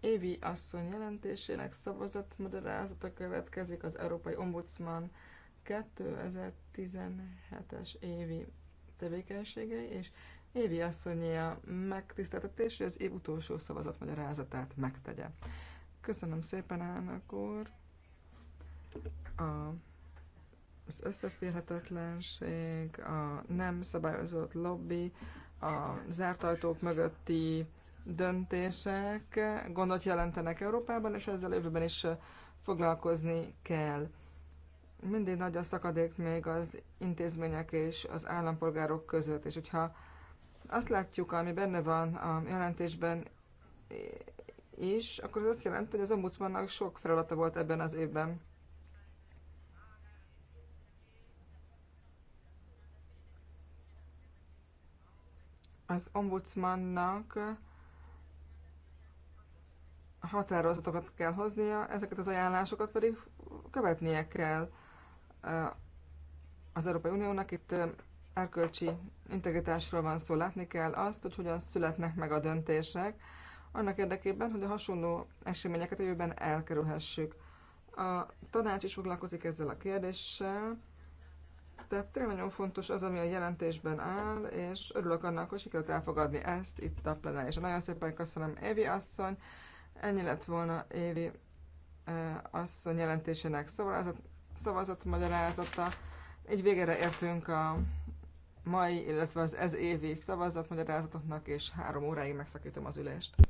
Évi asszony jelentésének szavazatmagyarázata következik az Európai Ombudsman 2017-es évi tevékenységei, és Évi asszonyé a megtiszteltetés, hogy az év utolsó szavazatmagyarázatát megtegye. Köszönöm szépen, ánakor. A az összeférhetetlenség, a nem szabályozott lobby, a zárt ajtók mögötti döntések gondot jelentenek Európában, és ezzel jövőben is foglalkozni kell. Mindig nagy a szakadék még az intézmények és az állampolgárok között, és hogyha azt látjuk, ami benne van a jelentésben is, akkor az azt jelenti, hogy az ombudsmannak sok feladata volt ebben az évben. az ombudsmannak határozatokat kell hoznia, ezeket az ajánlásokat pedig követnie kell az Európai Uniónak. Itt erkölcsi integritásról van szó. Látni kell azt, hogy hogyan születnek meg a döntések, annak érdekében, hogy a hasonló eseményeket a jövőben elkerülhessük. A tanács is foglalkozik ezzel a kérdéssel, tehát tényleg nagyon fontos az, ami a jelentésben áll, és örülök annak, hogy sikerült elfogadni ezt itt a plenárison. Nagyon szépen köszönöm, Évi asszony. Ennyi lett volna Évi eh, asszony jelentésének szavazat, szavazat magyarázata. Így végére értünk a mai, illetve az ez évi magyarázatoknak, és három óráig megszakítom az ülést.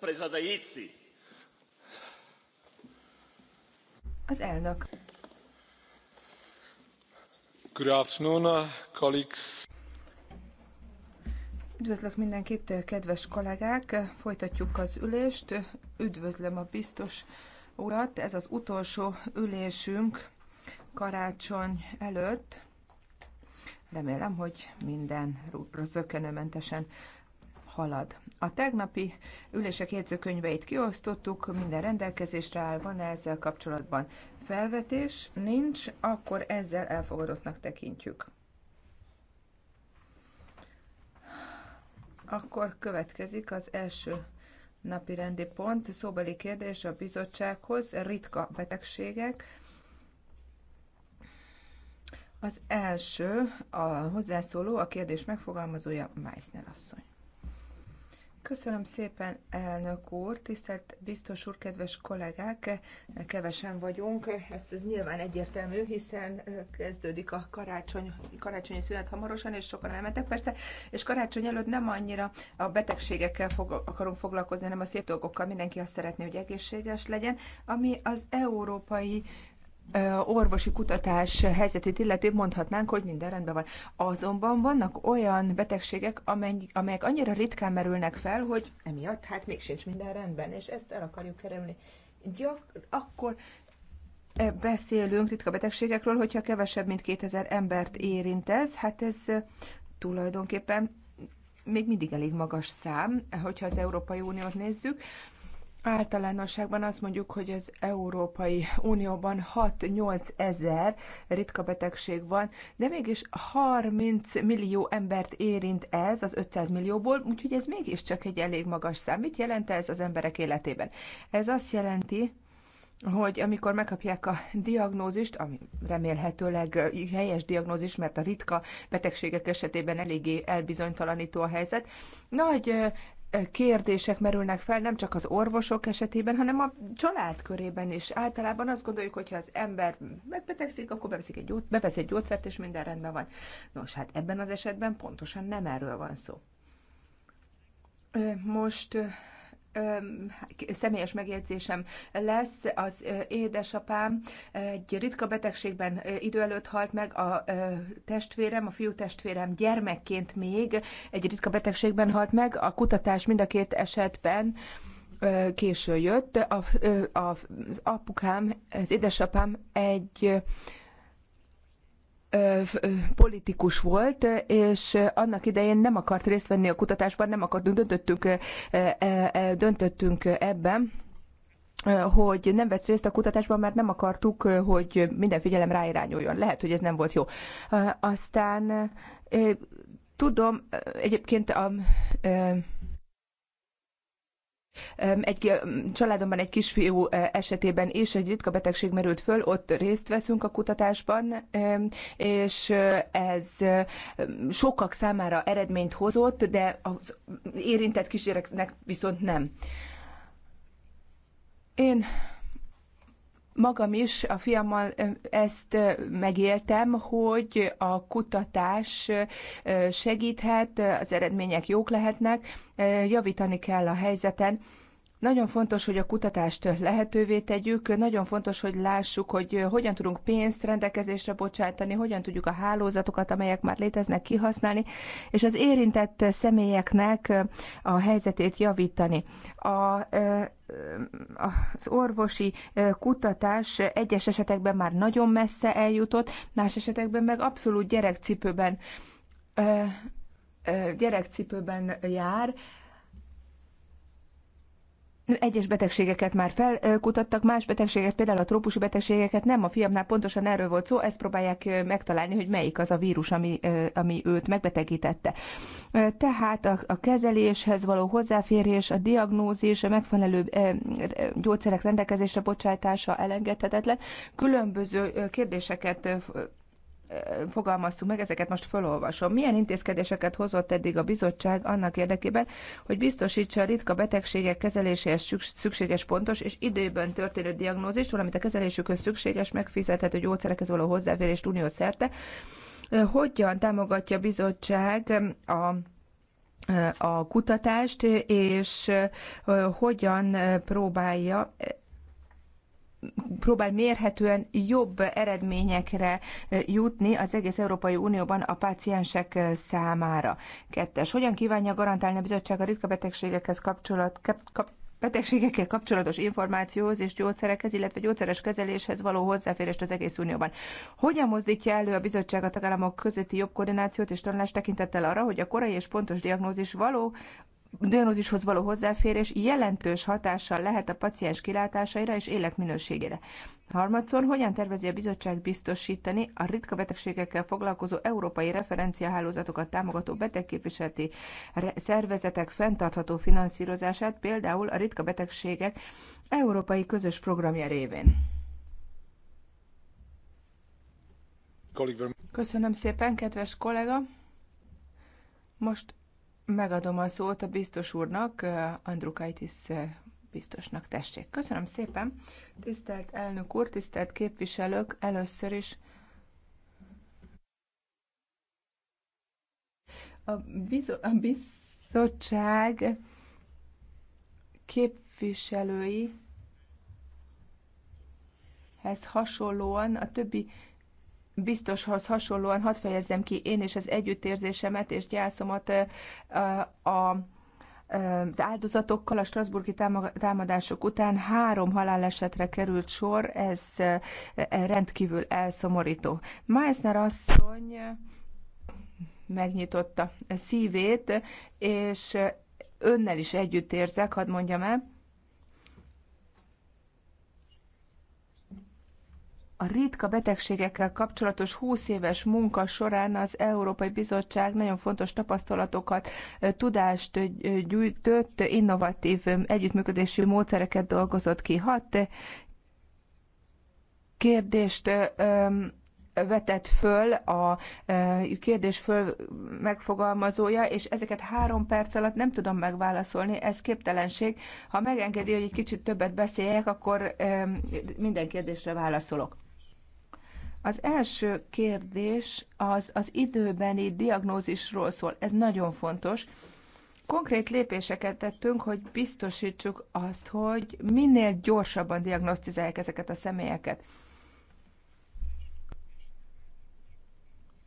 Herren Az elnök. Good afternoon, uh, colleagues. Üdvözlök mindenkit, kedves kollégák! Folytatjuk az ülést. Üdvözlöm a biztos urat. Ez az utolsó ülésünk karácsony előtt. Remélem, hogy minden zökkenőmentesen halad. A tegnapi ülések jegyzőkönyveit kiosztottuk, minden rendelkezésre áll, van -e ezzel kapcsolatban felvetés? Nincs, akkor ezzel elfogadottnak tekintjük. Akkor következik az első napi rendi pont, szóbeli kérdés a bizottsághoz, ritka betegségek. Az első, a hozzászóló, a kérdés megfogalmazója Meissner asszony. Köszönöm szépen, elnök úr, tisztelt biztos úr, kedves kollégák, kevesen vagyunk, ez, ez nyilván egyértelmű, hiszen kezdődik a karácsony, karácsonyi szünet hamarosan, és sokan elmentek persze, és karácsony előtt nem annyira a betegségekkel fog, akarunk foglalkozni, hanem a szép dolgokkal, mindenki azt szeretné, hogy egészséges legyen, ami az európai orvosi kutatás helyzetét illeti, mondhatnánk, hogy minden rendben van. Azonban vannak olyan betegségek, amelyek annyira ritkán merülnek fel, hogy emiatt hát még sincs minden rendben, és ezt el akarjuk kerülni. Gyak, akkor beszélünk ritka betegségekről, hogyha kevesebb, mint 2000 embert érint ez, hát ez tulajdonképpen még mindig elég magas szám, hogyha az Európai Uniót nézzük. Általánosságban azt mondjuk, hogy az Európai Unióban 6-8 ezer ritka betegség van, de mégis 30 millió embert érint ez az 500 millióból, úgyhogy ez mégiscsak egy elég magas szám. Mit jelent ez az emberek életében? Ez azt jelenti, hogy amikor megkapják a diagnózist, ami remélhetőleg helyes diagnózis, mert a ritka betegségek esetében eléggé elbizonytalanító a helyzet, nagy kérdések merülnek fel nem csak az orvosok esetében, hanem a család körében is. Általában azt gondoljuk, hogy ha az ember megbetegszik, akkor beveszik egy gyógy, bevesz egy gyógyszert, és minden rendben van. Nos, hát ebben az esetben pontosan nem erről van szó. Most személyes megjegyzésem lesz. Az édesapám egy ritka betegségben idő előtt halt meg, a testvérem, a fiú testvérem gyermekként még egy ritka betegségben halt meg. A kutatás mind a két esetben késő jött. az apukám, az édesapám egy politikus volt, és annak idején nem akart részt venni a kutatásban, nem akartunk, döntöttünk, döntöttünk ebben, hogy nem vesz részt a kutatásban, mert nem akartuk, hogy minden figyelem ráirányuljon. Lehet, hogy ez nem volt jó. Aztán tudom, egyébként a egy családomban egy kisfiú e, esetében is egy ritka betegség merült föl, ott részt veszünk a kutatásban, és e, ez e, sokak számára eredményt hozott, de az érintett kisgyereknek viszont nem. Én magam is a fiammal ezt megéltem, hogy a kutatás segíthet, az eredmények jók lehetnek, javítani kell a helyzeten, nagyon fontos, hogy a kutatást lehetővé tegyük, nagyon fontos, hogy lássuk, hogy hogyan tudunk pénzt rendelkezésre bocsátani, hogyan tudjuk a hálózatokat, amelyek már léteznek, kihasználni, és az érintett személyeknek a helyzetét javítani. A az orvosi kutatás egyes esetekben már nagyon messze eljutott, más esetekben meg abszolút gyerekcipőben gyerekcipőben jár, egyes betegségeket már felkutattak, más betegségeket, például a trópusi betegségeket nem, a fiamnál pontosan erről volt szó, ezt próbálják megtalálni, hogy melyik az a vírus, ami, ami őt megbetegítette. Tehát a, a kezeléshez való hozzáférés, a diagnózis, a megfelelő gyógyszerek rendelkezésre bocsátása elengedhetetlen. Különböző kérdéseket fogalmaztuk meg, ezeket most felolvasom. Milyen intézkedéseket hozott eddig a bizottság annak érdekében, hogy biztosítsa a ritka betegségek kezeléséhez szükséges pontos és időben történő diagnózist, valamint a kezelésükhöz szükséges megfizethető gyógyszerekhez való hozzáférést unió szerte. Hogyan támogatja a bizottság a a kutatást, és hogyan próbálja próbál mérhetően jobb eredményekre eh, jutni az egész Európai Unióban a páciensek eh, számára. Kettes. Hogyan kívánja garantálni a bizottság a ritka betegségekhez kapcsolat, kap, kap, betegségekkel kapcsolatos információhoz és gyógyszerekhez, illetve gyógyszeres kezeléshez való hozzáférést az egész Unióban. Hogyan mozdítja elő a bizottság a tagállamok közötti jobb koordinációt és tanulást tekintettel arra, hogy a korai és pontos diagnózis való diagnózishoz való hozzáférés jelentős hatással lehet a paciens kilátásaira és életminőségére. Harmadszor, hogyan tervezi a bizottság biztosítani a ritka betegségekkel foglalkozó európai referenciahálózatokat támogató betegképviseleti szervezetek fenntartható finanszírozását, például a ritka betegségek európai közös programja révén? Köszönöm szépen, kedves kollega! Most Megadom a szót a biztos úrnak, Andrukaitis biztosnak. Tessék. Köszönöm szépen. Tisztelt elnök úr, tisztelt képviselők, először is a, bizo- a bizottság képviselőihez hasonlóan a többi biztoshoz hasonlóan hadd fejezzem ki én is az együttérzésemet és gyászomat a, a az áldozatokkal a strasburgi támadások után három halálesetre került sor, ez rendkívül elszomorító. Meissner asszony megnyitotta szívét, és önnel is együtt érzek, hadd mondjam el, a ritka betegségekkel kapcsolatos 20 éves munka során az Európai Bizottság nagyon fontos tapasztalatokat, tudást gyűjtött, innovatív együttműködési módszereket dolgozott ki. Hat kérdést vetett föl a kérdés föl megfogalmazója, és ezeket három perc alatt nem tudom megválaszolni, ez képtelenség. Ha megengedi, hogy egy kicsit többet beszéljek, akkor minden kérdésre válaszolok. Az első kérdés az az időbeni diagnózisról szól. Ez nagyon fontos. Konkrét lépéseket tettünk, hogy biztosítsuk azt, hogy minél gyorsabban diagnosztizálják ezeket a személyeket.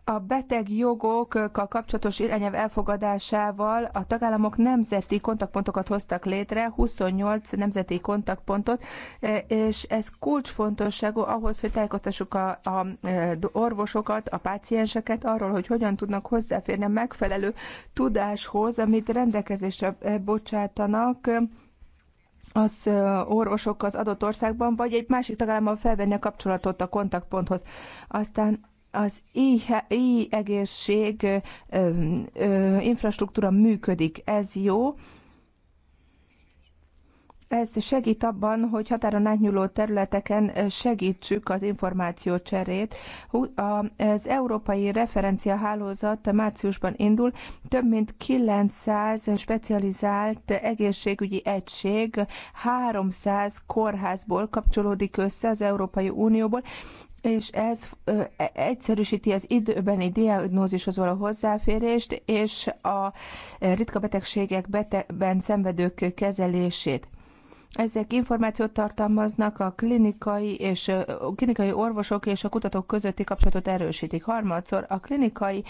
a beteg jogokkal kapcsolatos irányelv elfogadásával a tagállamok nemzeti kontaktpontokat hoztak létre, 28 nemzeti kontaktpontot, e, és ez kulcsfontosságú ahhoz, hogy tájékoztassuk a, a e, orvosokat, a pácienseket arról, hogy hogyan tudnak hozzáférni a megfelelő tudáshoz, amit rendelkezésre e, bocsátanak az orvosok az adott országban, vagy egy másik tagállammal felvenni a kapcsolatot a kontaktponthoz. Aztán az e-egészség infrastruktúra működik, ez jó. Ez segít abban, hogy határon átnyúló területeken segítsük az információ cserét. Az Európai Referenciahálózat márciusban indul, több mint 900 specializált egészségügyi egység, 300 kórházból kapcsolódik össze az Európai Unióból, és ez e, egyszerűsíti az időbeni diagnózishoz való hozzáférést és a ritka betegségek beteben szenvedők kezelését. Ezek információt tartalmaznak a klinikai és a klinikai orvosok és a kutatók közötti kapcsolatot erősítik. Harmadszor a klinikai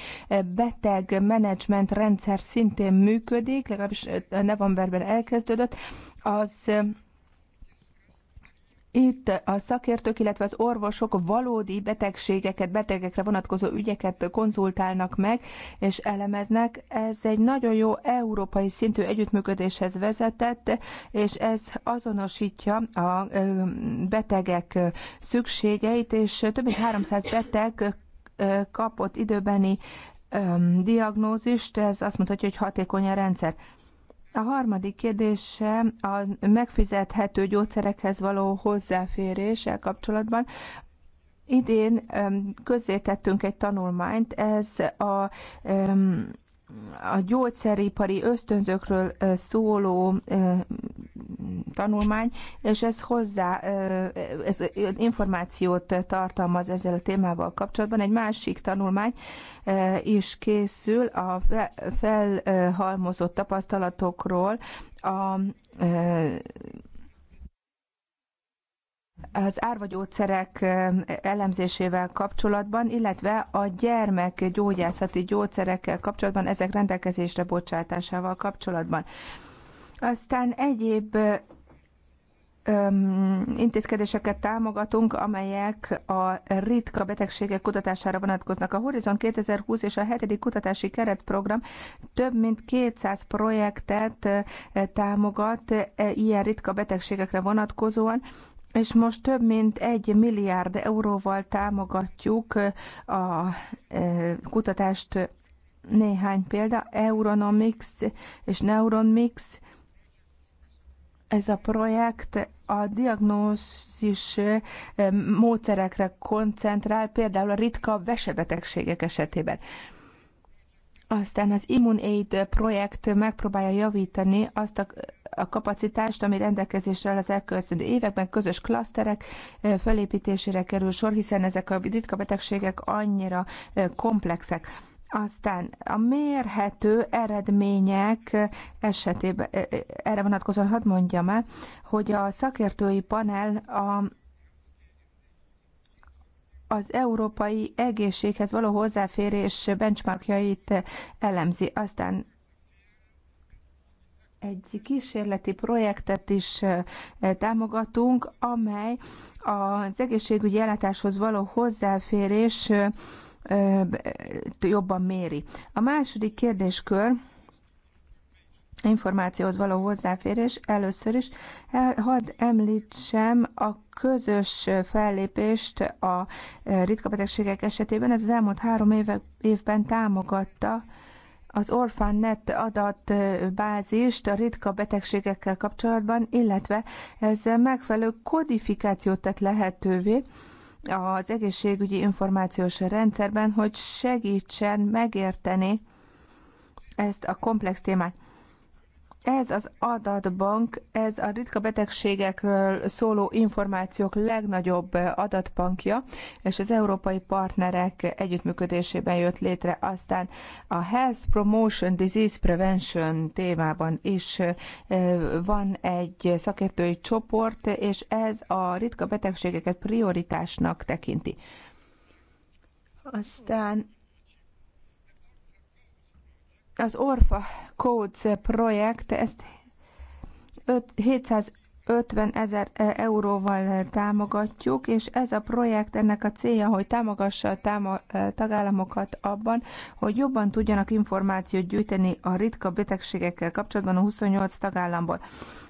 beteg menedzsment rendszer szintén működik, legalábbis novemberben elkezdődött. Az itt a szakértők, illetve az orvosok valódi betegségeket, betegekre vonatkozó ügyeket konzultálnak meg és elemeznek. Ez egy nagyon jó európai szintű együttműködéshez vezetett, és ez azonosítja a betegek szükségeit, és több mint 300 beteg kapott időbeni diagnózist, ez azt mutatja, hogy hatékony a rendszer. A harmadik kérdése a megfizethető gyógyszerekhez való hozzáféréssel kapcsolatban. Idén közzétettünk egy tanulmányt, ez a a gyógyszeripari ösztönzőkről szóló tanulmány, és ez hozzá ez információt tartalmaz ezzel a témával kapcsolatban. Egy másik tanulmány is készül a felhalmozott tapasztalatokról a az árvagyógyszerek elemzésével kapcsolatban, illetve a gyermek gyógyászati gyógyszerekkel kapcsolatban, ezek rendelkezésre bocsátásával kapcsolatban. Aztán egyéb intézkedéseket támogatunk, amelyek a ritka betegségek kutatására vonatkoznak. A Horizon 2020 és a 7. kutatási keretprogram több mint 200 projektet támogat ilyen ritka betegségekre vonatkozóan, és most több mint egy milliárd euróval támogatjuk a e, kutatást néhány példa, Euronomics és Neuronmix, ez a projekt a diagnózis e, módszerekre koncentrál, például a ritka vesebetegségek esetében. Aztán az ImmunAid projekt megpróbálja javítani azt a a kapacitást, ami rendelkezésre áll az elkövetkező években, közös klaszterek felépítésére kerül sor, hiszen ezek a ritka betegségek annyira komplexek. Aztán a mérhető eredmények esetében, erre vonatkozóan hadd mondjam el, hogy a szakértői panel a, az európai egészséghez való hozzáférés benchmarkjait elemzi. Aztán egy kísérleti projektet is támogatunk, amely az egészségügyi ellátáshoz való hozzáférés jobban méri. A második kérdéskör információhoz való hozzáférés először is. E, hadd említsem a közös fellépést a e, ritka betegségek esetében. Ez az elmúlt három éve, évben támogatta az OrfanNet adatbázist a ritka betegségekkel kapcsolatban, illetve ez megfelelő kodifikációt tett lehetővé az egészségügyi információs rendszerben, hogy segítsen megérteni ezt a komplex témát. Ez az adatbank, ez a ritka betegségekről szóló információk legnagyobb adatbankja, és az európai partnerek együttműködésében jött létre. Aztán a Health Promotion Disease Prevention témában is van egy szakértői csoport, és ez a ritka betegségeket prioritásnak tekinti. Aztán az Orfa Codes projekt ezt 750 ezer e, euróval támogatjuk, és ez a projekt ennek a célja, hogy támogassa a e, tagállamokat abban, hogy jobban tudjanak információt gyűjteni a ritka betegségekkel kapcsolatban a 28 tagállamból.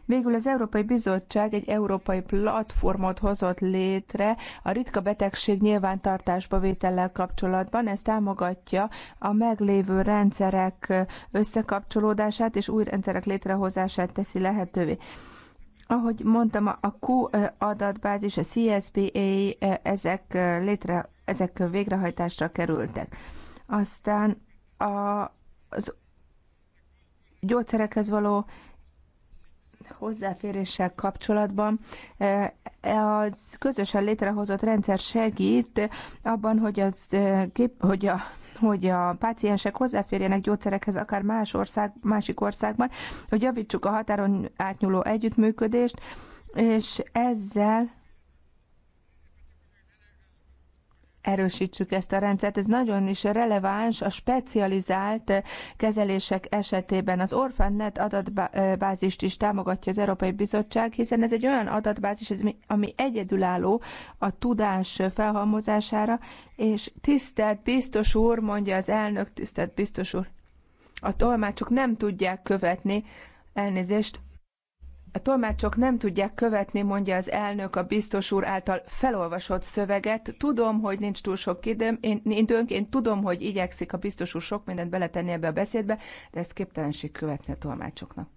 Végül az Európai Bizottság egy európai platformot hozott létre a ritka betegség nyilvántartásba vétellel kapcsolatban. Ez támogatja a meglévő rendszerek összekapcsolódását és új rendszerek létrehozását teszi lehetővé ahogy mondtam, a Q adatbázis, a CSPA, e, ezek, e, létre, ezek végrehajtásra kerültek. Aztán a, az gyógyszerekhez való hozzáféréssel kapcsolatban e, az közösen létrehozott rendszer segít abban, hogy, az, e, hogy a hogy a páciensek hozzáférjenek gyógyszerekhez akár más ország, másik országban, hogy javítsuk a határon átnyúló együttműködést, és ezzel erősítsük ezt a rendszert. Ez nagyon is releváns a specializált kezelések esetében. Az Orphanet adatbázist is támogatja az Európai Bizottság, hiszen ez egy olyan adatbázis, ami egyedülálló a tudás felhalmozására, és tisztelt biztos úr, mondja az elnök, tisztelt biztos úr, a tolmácsok nem tudják követni, elnézést, a tolmácsok nem tudják követni, mondja az elnök a biztos úr által felolvasott szöveget. Tudom, hogy nincs túl sok időm, én, időnk, én tudom, hogy igyekszik a biztos úr sok mindent beletenni ebbe a beszédbe, de ezt képtelenség követni a tolmácsoknak.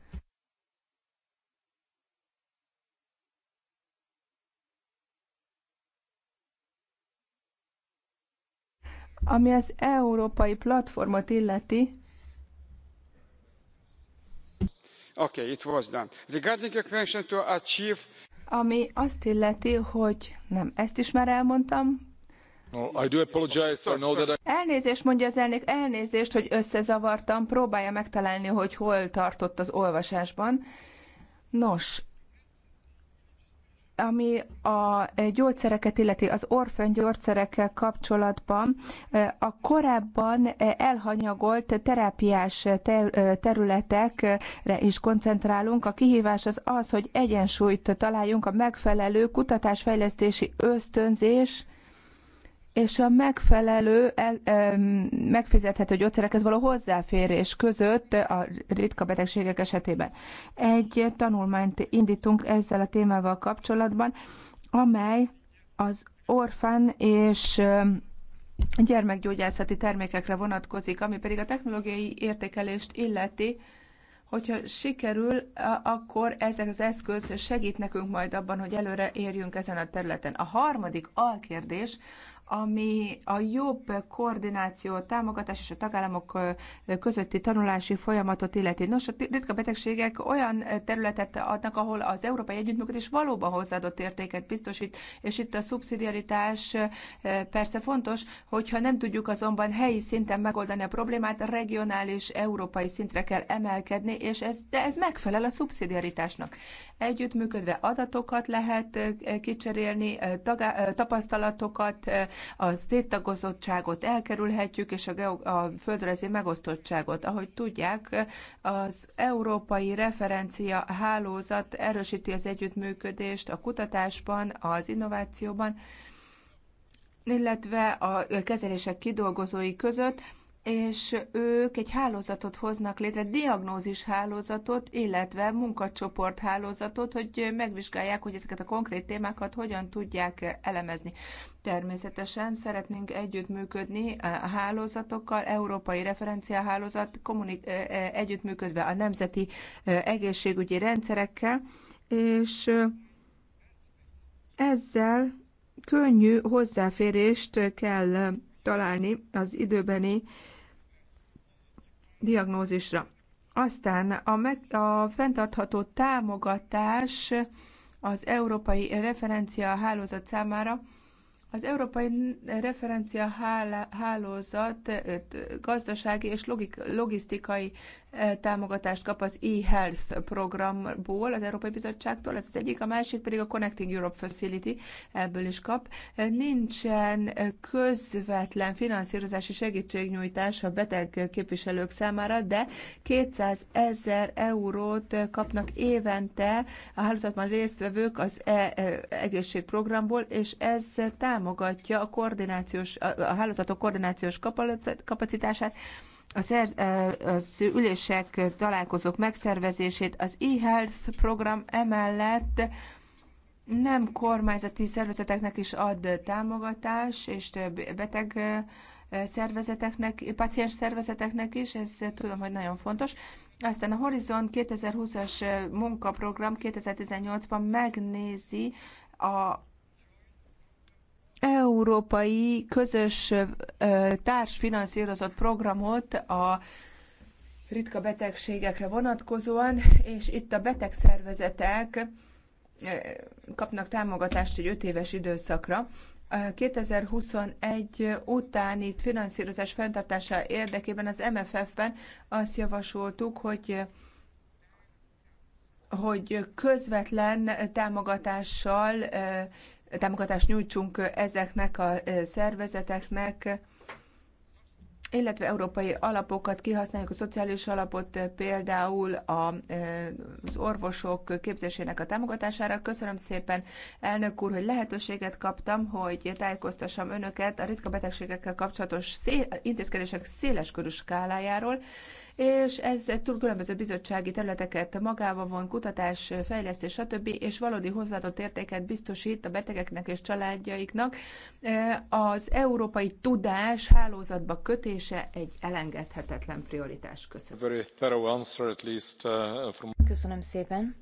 Ami az európai platformot illeti, Okay, it was done. Regarding your question to achieve... Ami azt illeti, hogy nem ezt is már elmondtam, No, I do apologize. I know that I... Elnézést mondja az elnök, elnézést, hogy összezavartam, próbálja megtalálni, hogy hol tartott az olvasásban. Nos, ami a eh, gyógyszereket illeti, az orfön gyógyszerekkel kapcsolatban eh, a korábban eh, elhanyagolt terápiás területekre is koncentrálunk. A kihívás az az, hogy egyensúlyt találjunk a megfelelő kutatásfejlesztési ösztönzés és a megfelelő, el, megfizethető gyógyszerekhez való hozzáférés között a ritka betegségek esetében. Egy tanulmányt indítunk ezzel a témával kapcsolatban, amely az orfán és gyermekgyógyászati termékekre vonatkozik, ami pedig a technológiai értékelést illeti, hogyha sikerül, akkor ezek az eszköz segít nekünk majd abban, hogy előre érjünk ezen a területen. A harmadik alkérdés ami a jobb koordináció, támogatás és a tagállamok közötti tanulási folyamatot illeti. Nos, a ritka betegségek olyan területet adnak, ahol az európai együttműködés valóban hozzáadott értéket biztosít, és itt a szubszidiaritás persze fontos, hogyha nem tudjuk azonban helyi szinten megoldani a problémát, regionális, európai szintre kell emelkedni, és ez, de ez megfelel a szubszidiaritásnak. Együttműködve adatokat lehet kicserélni, tapasztalatokat, a széttagozottságot elkerülhetjük, és a, geog- a földrajzi megosztottságot. Ahogy tudják, az európai referencia hálózat erősíti az együttműködést a kutatásban, az innovációban, illetve a kezelések kidolgozói között, és ők egy hálózatot hoznak létre, diagnózis hálózatot, illetve munkacsoport hálózatot, hogy megvizsgálják, hogy ezeket a konkrét témákat hogyan tudják elemezni. Természetesen szeretnénk együttműködni a hálózatokkal, Európai Referenciahálózat kommunik- e- e- együttműködve a nemzeti e- egészségügyi rendszerekkel, és ezzel könnyű hozzáférést kell találni az időbeni diagnózisra. Aztán a, meg, a fenntartható támogatás az Európai Referencia Hálózat számára. Az Európai Referencia Hálózat gazdasági és logisztikai támogatást kap az e-health programból az Európai Bizottságtól, ez az egyik, a másik pedig a Connecting Europe Facility, ebből is kap. Nincsen közvetlen finanszírozási segítségnyújtás a beteg képviselők számára, de 200 ezer eurót kapnak évente a hálózatban résztvevők az e, e egészségprogramból, és ez támogatja a, koordinációs, a hálózatok koordinációs kapacitását, az ülések, találkozók megszervezését, az e-health program emellett nem kormányzati szervezeteknek is ad támogatás, és beteg szervezeteknek, paciens szervezeteknek is, ez tudom, hogy nagyon fontos. Aztán a Horizon 2020-as munkaprogram 2018-ban megnézi a európai közös társfinanszírozott programot a ritka betegségekre vonatkozóan, és itt a betegszervezetek kapnak támogatást egy öt éves időszakra. 2021 utáni finanszírozás fenntartása érdekében az MFF-ben azt javasoltuk, hogy hogy közvetlen támogatással támogatást nyújtsunk ezeknek a szervezeteknek, illetve európai alapokat kihasználjuk, a szociális alapot például az orvosok képzésének a támogatására. Köszönöm szépen, elnök úr, hogy lehetőséget kaptam, hogy tájékoztassam önöket a ritka betegségekkel kapcsolatos szél, intézkedések széles körű skálájáról és ez túl különböző bizottsági területeket magába von, kutatás, fejlesztés, stb., és valódi hozzáadott értéket biztosít a betegeknek és családjaiknak. E, az európai tudás hálózatba kötése egy elengedhetetlen prioritás. Köszönöm. Uh, Köszönöm szépen.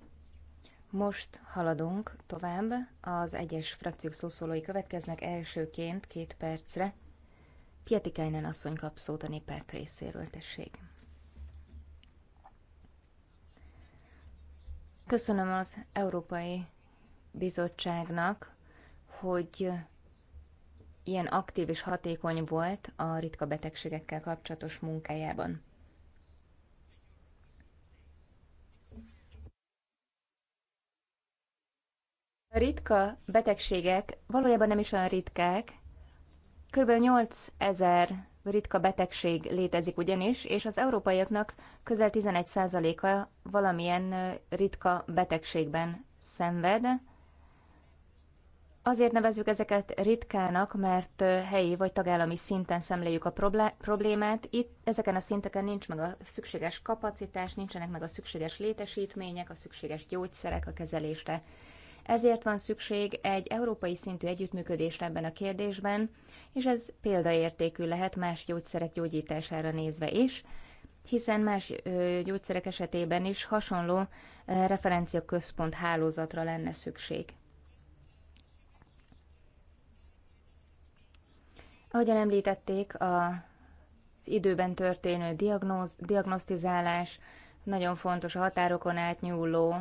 Most haladunk tovább, az egyes frakciók szószólói következnek elsőként két percre. Pietikainen asszony kap szót a néppárt részéről, tessék. Köszönöm az Európai Bizottságnak, hogy ilyen aktív és hatékony volt a ritka betegségekkel kapcsolatos munkájában. A ritka betegségek valójában nem is olyan ritkák. Kb. 8000 ritka betegség létezik ugyanis, és az európaiaknak közel 11%-a valamilyen ritka betegségben szenved. Azért nevezzük ezeket ritkának, mert helyi vagy tagállami szinten szemléljük a problémát. Itt ezeken a szinteken nincs meg a szükséges kapacitás, nincsenek meg a szükséges létesítmények, a szükséges gyógyszerek a kezelésre. Ezért van szükség egy európai szintű együttműködésre ebben a kérdésben, és ez példaértékű lehet más gyógyszerek gyógyítására nézve is, hiszen más gyógyszerek esetében is hasonló referencia központ hálózatra lenne szükség. Ahogyan említették, az időben történő diagnosztizálás, nagyon fontos a határokon átnyúló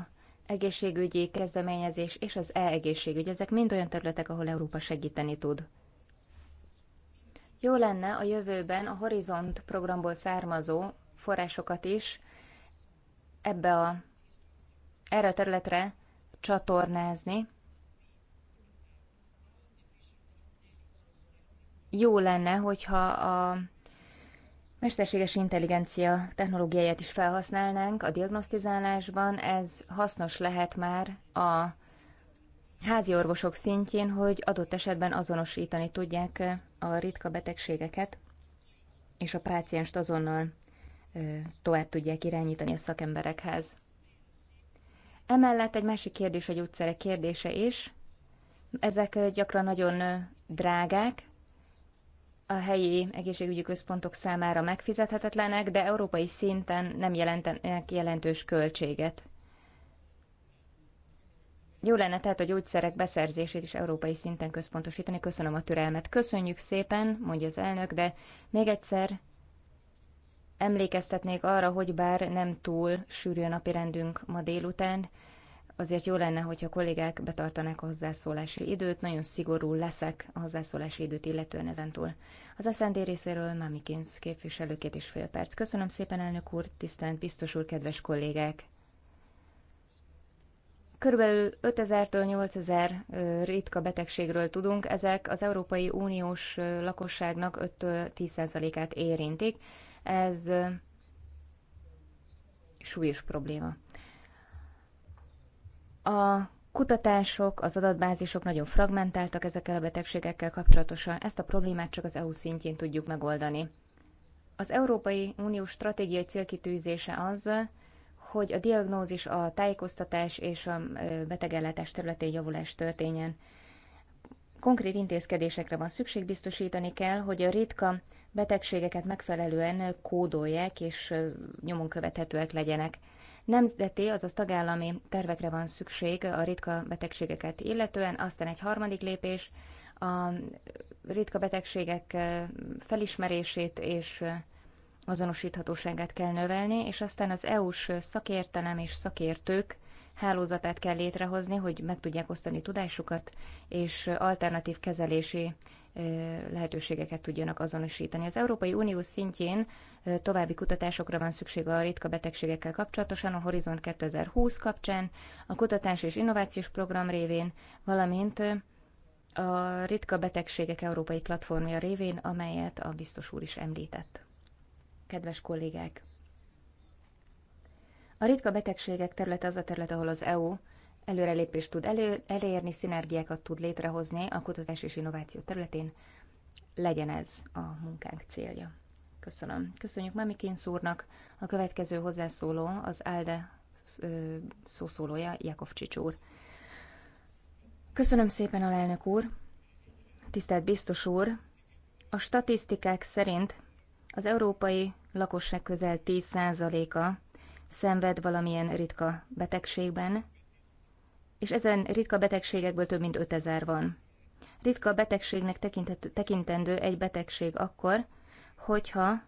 egészségügyi kezdeményezés és az e-egészségügy, ezek mind olyan területek, ahol Európa segíteni tud. Jó lenne a jövőben a Horizont programból származó forrásokat is ebbe a, erre a területre csatornázni. Jó lenne, hogyha a mesterséges intelligencia technológiáját is felhasználnánk a diagnosztizálásban, ez hasznos lehet már a házi orvosok szintjén, hogy adott esetben azonosítani tudják a ritka betegségeket, és a pácienst azonnal tovább tudják irányítani a szakemberekhez. Emellett egy másik kérdés a gyógyszerek kérdése is. Ezek gyakran nagyon drágák, a helyi egészségügyi központok számára megfizethetetlenek, de európai szinten nem jelentenek jelentős költséget. Jó lenne tehát a gyógyszerek beszerzését is európai szinten központosítani. Köszönöm a türelmet. Köszönjük szépen, mondja az elnök, de még egyszer emlékeztetnék arra, hogy bár nem túl sűrű a napirendünk ma délután, azért jó lenne, hogyha a kollégák betartanak a hozzászólási időt, nagyon szigorú leszek a hozzászólási időt illetően ezentúl. Az SZND részéről Kinsz képviselő két és fél perc. Köszönöm szépen, elnök úr, tisztelt biztos úr, kedves kollégák! Körülbelül 5000-től 8000 ritka betegségről tudunk, ezek az Európai Uniós lakosságnak 5-10%-át érintik. Ez súlyos probléma. A kutatások, az adatbázisok nagyon fragmentáltak ezekkel a betegségekkel kapcsolatosan, ezt a problémát csak az EU szintjén tudjuk megoldani. Az Európai Unió stratégiai célkitűzése az, hogy a diagnózis, a tájékoztatás és a betegellátás területén javulás történjen. Konkrét intézkedésekre van szükség, biztosítani kell, hogy a ritka betegségeket megfelelően kódolják és nyomon követhetőek legyenek. Nemzeti, azaz tagállami tervekre van szükség a ritka betegségeket illetően, aztán egy harmadik lépés a ritka betegségek felismerését és azonosíthatóságát kell növelni, és aztán az EU-s szakértelem és szakértők hálózatát kell létrehozni, hogy meg tudják osztani tudásukat, és alternatív kezelési lehetőségeket tudjanak azonosítani. Az Európai Unió szintjén további kutatásokra van szükség a ritka betegségekkel kapcsolatosan, a Horizont 2020 kapcsán, a kutatás és innovációs program révén, valamint a ritka betegségek európai platformja révén, amelyet a biztos úr is említett. Kedves kollégák! A ritka betegségek területe az a terület, ahol az EU előrelépést tud elő, elérni, szinergiákat tud létrehozni a kutatás és innováció területén. Legyen ez a munkánk célja. Köszönöm. Köszönjük Mamikin szúrnak. A következő hozzászóló az ALDE szószólója, Jakovcsics úr. Köszönöm szépen, alelnök úr. Tisztelt biztos úr, a statisztikák szerint az európai lakosság közel 10%-a szenved valamilyen ritka betegségben, és ezen ritka betegségekből több mint 5000 van. Ritka betegségnek tekintendő egy betegség akkor, hogyha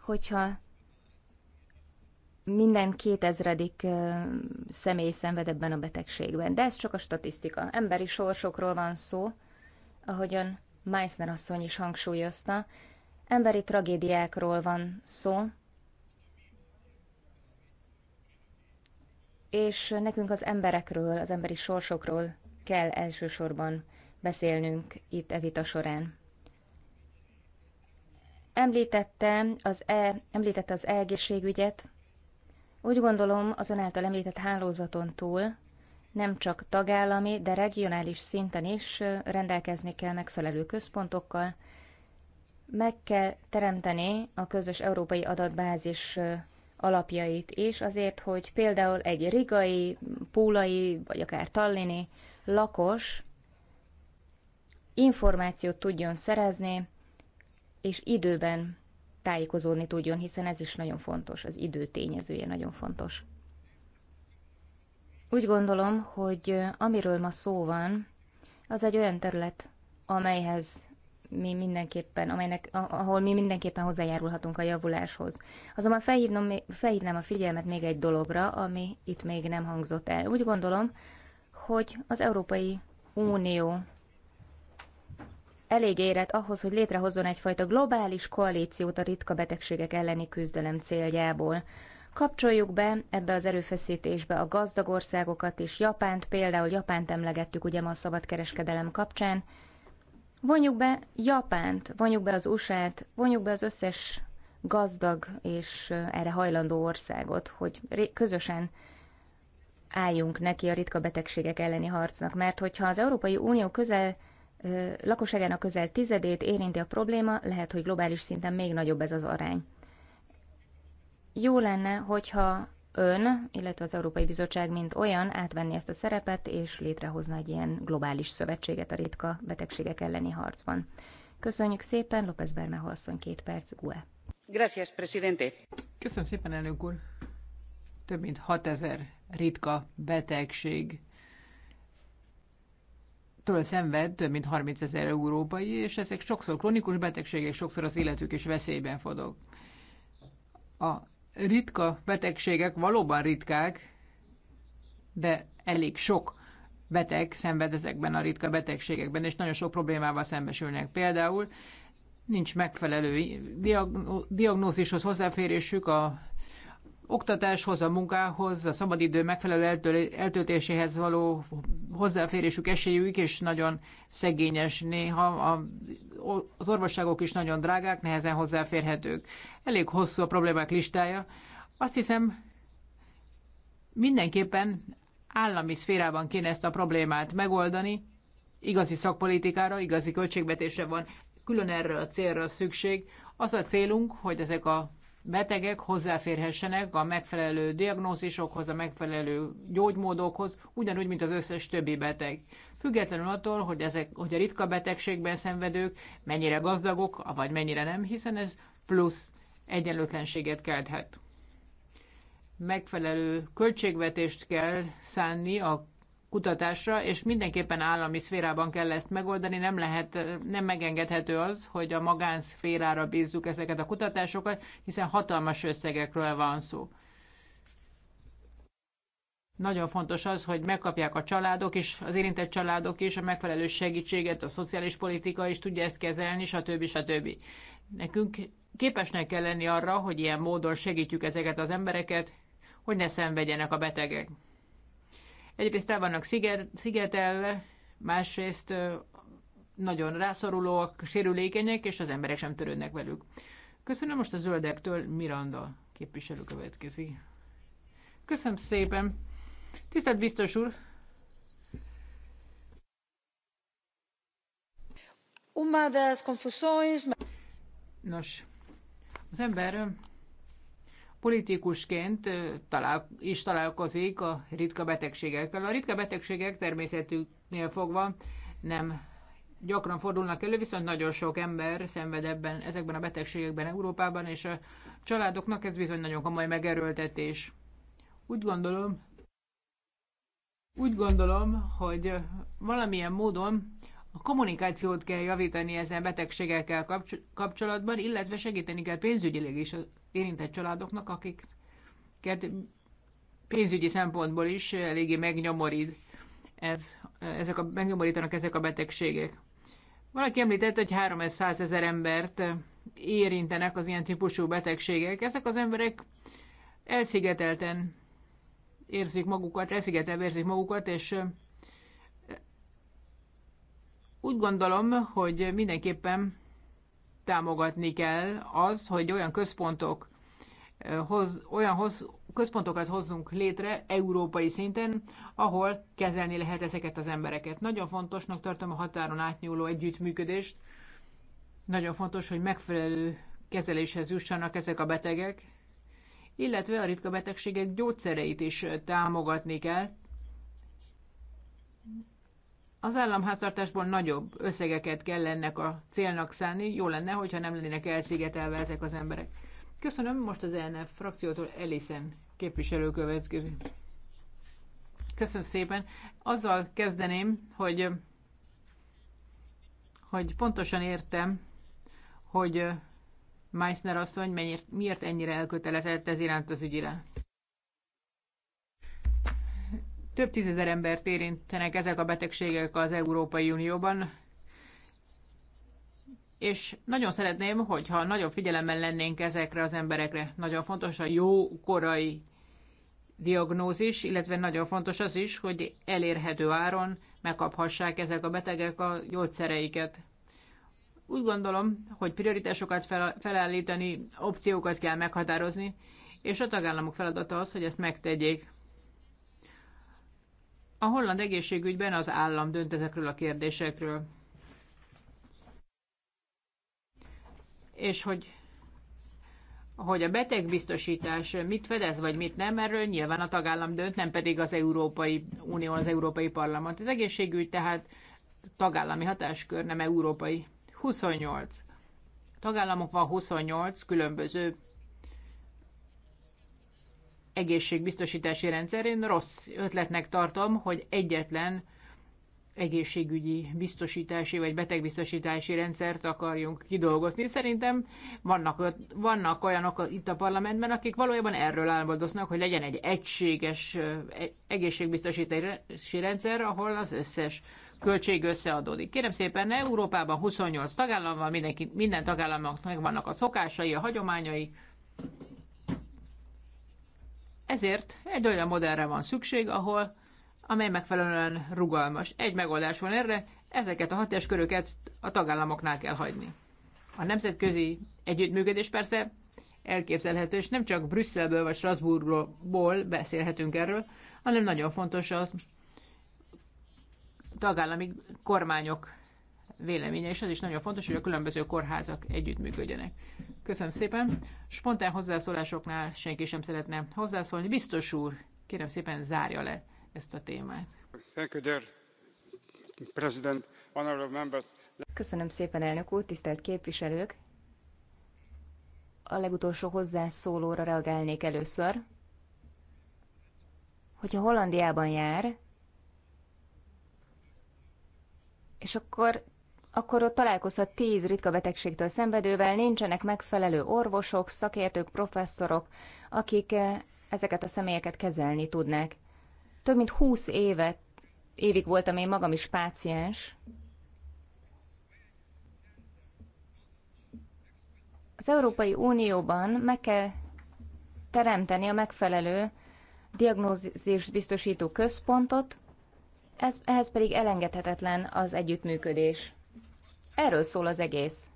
hogyha minden kétezredik személy szenved ebben a betegségben. De ez csak a statisztika. Emberi sorsokról van szó, ahogyan Meissner asszony is hangsúlyozta. Emberi tragédiákról van szó, és nekünk az emberekről, az emberi sorsokról kell elsősorban beszélnünk itt e vita során. Említette az, e, említette az egészségügyet. Úgy gondolom, azon által említett hálózaton túl nem csak tagállami, de regionális szinten is rendelkezni kell megfelelő központokkal, meg kell teremteni a közös európai adatbázis alapjait is, azért, hogy például egy rigai, púlai, vagy akár tallini lakos információt tudjon szerezni, és időben tájékozódni tudjon, hiszen ez is nagyon fontos, az idő tényezője nagyon fontos. Úgy gondolom, hogy amiről ma szó van, az egy olyan terület, amelyhez mi mindenképpen, amelynek, ahol mi mindenképpen hozzájárulhatunk a javuláshoz. Azonban felhívnám a figyelmet még egy dologra, ami itt még nem hangzott el. Úgy gondolom, hogy az Európai Unió elég érett ahhoz, hogy létrehozzon egyfajta globális koalíciót a ritka betegségek elleni küzdelem céljából. Kapcsoljuk be ebbe az erőfeszítésbe a gazdag országokat és Japánt, például Japánt emlegettük ugye ma a szabadkereskedelem kapcsán. Vonjuk be Japánt, vonjuk be az USA-t, vonjuk be az összes gazdag és erre hajlandó országot, hogy közösen álljunk neki a ritka betegségek elleni harcnak, mert hogyha az Európai Unió közel lakosságának közel tizedét érinti a probléma, lehet, hogy globális szinten még nagyobb ez az arány. Jó lenne, hogyha ön, illetve az Európai Bizottság, mint olyan átvenni ezt a szerepet, és létrehozna egy ilyen globális szövetséget a ritka betegségek elleni harcban. Köszönjük szépen, López Bermeho asszony két perc, GUE. Gracias, presidente. Köszönöm szépen, elnök úr több mint 6000 ritka betegség től szenved több mint 30 ezer európai, és ezek sokszor kronikus betegségek, sokszor az életük is veszélyben fodog. A ritka betegségek valóban ritkák, de elég sok beteg szenved ezekben a ritka betegségekben, és nagyon sok problémával szembesülnek. Például nincs megfelelő diagnózishoz hozzáférésük, a oktatáshoz, a munkához, a szabadidő megfelelő eltöltéséhez való hozzáférésük, esélyük és nagyon szegényes néha. A, az orvosságok is nagyon drágák, nehezen hozzáférhetők. Elég hosszú a problémák listája. Azt hiszem, mindenképpen állami szférában kéne ezt a problémát megoldani, igazi szakpolitikára, igazi költségvetésre van külön erre a célra szükség. Az a célunk, hogy ezek a betegek hozzáférhessenek a megfelelő diagnózisokhoz, a megfelelő gyógymódokhoz, ugyanúgy, mint az összes többi beteg. Függetlenül attól, hogy, ezek, hogy a ritka betegségben szenvedők mennyire gazdagok, vagy mennyire nem, hiszen ez plusz egyenlőtlenséget kelthet megfelelő költségvetést kell szánni a kutatásra, és mindenképpen állami szférában kell ezt megoldani, nem lehet, nem megengedhető az, hogy a magánszférára bízzuk ezeket a kutatásokat, hiszen hatalmas összegekről van szó. Nagyon fontos az, hogy megkapják a családok és az érintett családok is a megfelelő segítséget, a szociális politika is tudja ezt kezelni, stb. stb. Nekünk képesnek kell lenni arra, hogy ilyen módon segítjük ezeket az embereket, hogy ne szenvedjenek a betegek. Egyrészt el vannak sziget, szigetelve, másrészt nagyon rászorulóak, sérülékenyek, és az emberek sem törődnek velük. Köszönöm most a zöldektől Miranda képviselő következik. Köszönöm szépen. Tisztelt biztos úr, Nos, az ember politikusként talál, is találkozik a ritka betegségekkel. A ritka betegségek természetüknél fogva nem gyakran fordulnak elő, viszont nagyon sok ember szenved ebben, ezekben a betegségekben Európában, és a családoknak ez bizony nagyon komoly megerőltetés. Úgy gondolom, úgy gondolom, hogy valamilyen módon a kommunikációt kell javítani ezen betegségekkel kapcsolatban, illetve segíteni kell pénzügyileg is érintett családoknak, akiket pénzügyi szempontból is eléggé megnyomorít ez, ezek a, megnyomorítanak ezek a betegségek. Valaki említett, hogy 300 ezer embert érintenek az ilyen típusú betegségek. Ezek az emberek elszigetelten érzik magukat, elszigetelve érzik magukat, és úgy gondolom, hogy mindenképpen támogatni kell az, hogy olyan központok hoz, olyan hoz, központokat hozzunk létre európai szinten, ahol kezelni lehet ezeket az embereket. Nagyon fontosnak tartom a határon átnyúló együttműködést. Nagyon fontos, hogy megfelelő kezeléshez jussanak ezek a betegek, illetve a ritka betegségek gyógyszereit is támogatni kell. Az államháztartásból nagyobb összegeket kell ennek a célnak szánni. Jó lenne, hogyha nem lennének elszigetelve ezek az emberek. Köszönöm, most az ELNF frakciótól Elisen képviselő következik. Köszönöm szépen. Azzal kezdeném, hogy, hogy pontosan értem, hogy Meissner asszony miért ennyire elkötelezett ez iránt az ügy több tízezer embert érintenek ezek a betegségek az Európai Unióban, és nagyon szeretném, hogyha nagyon figyelemmel lennénk ezekre az emberekre. Nagyon fontos a jó korai diagnózis, illetve nagyon fontos az is, hogy elérhető áron megkaphassák ezek a betegek a gyógyszereiket. Úgy gondolom, hogy prioritásokat fel, felállítani, opciókat kell meghatározni, és a tagállamok feladata az, hogy ezt megtegyék. A holland egészségügyben az állam dönt ezekről a kérdésekről. És hogy, hogy a betegbiztosítás mit fedez, vagy mit nem, erről nyilván a tagállam dönt, nem pedig az Európai Unió, az Európai Parlament. Az egészségügy tehát tagállami hatáskör, nem európai. 28. Tagállamok van 28 különböző egészségbiztosítási rendszer. Én rossz ötletnek tartom, hogy egyetlen egészségügyi biztosítási vagy betegbiztosítási rendszert akarjunk kidolgozni. Szerintem vannak, vannak olyanok itt a parlamentben, akik valójában erről álmodoznak, hogy legyen egy egységes e, egészségbiztosítási rendszer, ahol az összes költség összeadódik. Kérem szépen, Európában 28 tagállam van, mindenki, minden tagállamnak vannak a szokásai, a hagyományai, ezért egy olyan modellre van szükség, ahol amely megfelelően rugalmas. Egy megoldás van erre, ezeket a hatásköröket a tagállamoknál kell hagyni. A nemzetközi együttműködés persze elképzelhető, és nem csak Brüsszelből vagy Strasbourgból beszélhetünk erről, hanem nagyon fontos a tagállami kormányok véleménye, és az is nagyon fontos, hogy a különböző kórházak együttműködjenek. Köszönöm szépen. Spontán hozzászólásoknál senki sem szeretne hozzászólni. Biztos úr, kérem szépen zárja le ezt a témát. Thank you, dear President, honorable members. Köszönöm szépen, elnök úr, tisztelt képviselők. A legutolsó hozzászólóra reagálnék először. Hogyha Hollandiában jár, és akkor akkor ott találkozhat tíz ritka betegségtől szenvedővel, nincsenek megfelelő orvosok, szakértők, professzorok, akik eh, ezeket a személyeket kezelni tudnák. Több mint húsz évet, évig voltam én magam is páciens. Az Európai Unióban meg kell teremteni a megfelelő diagnózist biztosító központot, ez, ehhez pedig elengedhetetlen az együttműködés. Erről szól az egész.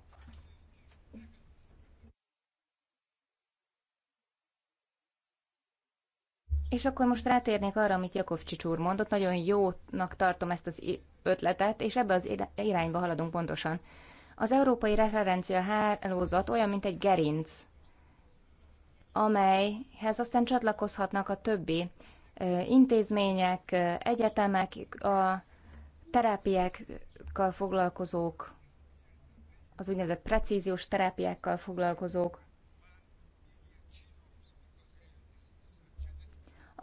És akkor most rátérnék arra, amit Jakovcsics úr mondott. Nagyon jónak tartom ezt az ötletet, és ebbe az irányba haladunk pontosan. Az európai referencia hálózat olyan, mint egy gerinc, amelyhez aztán csatlakozhatnak a többi intézmények, egyetemek, a terápiákkal foglalkozók, az úgynevezett precíziós terápiákkal foglalkozók,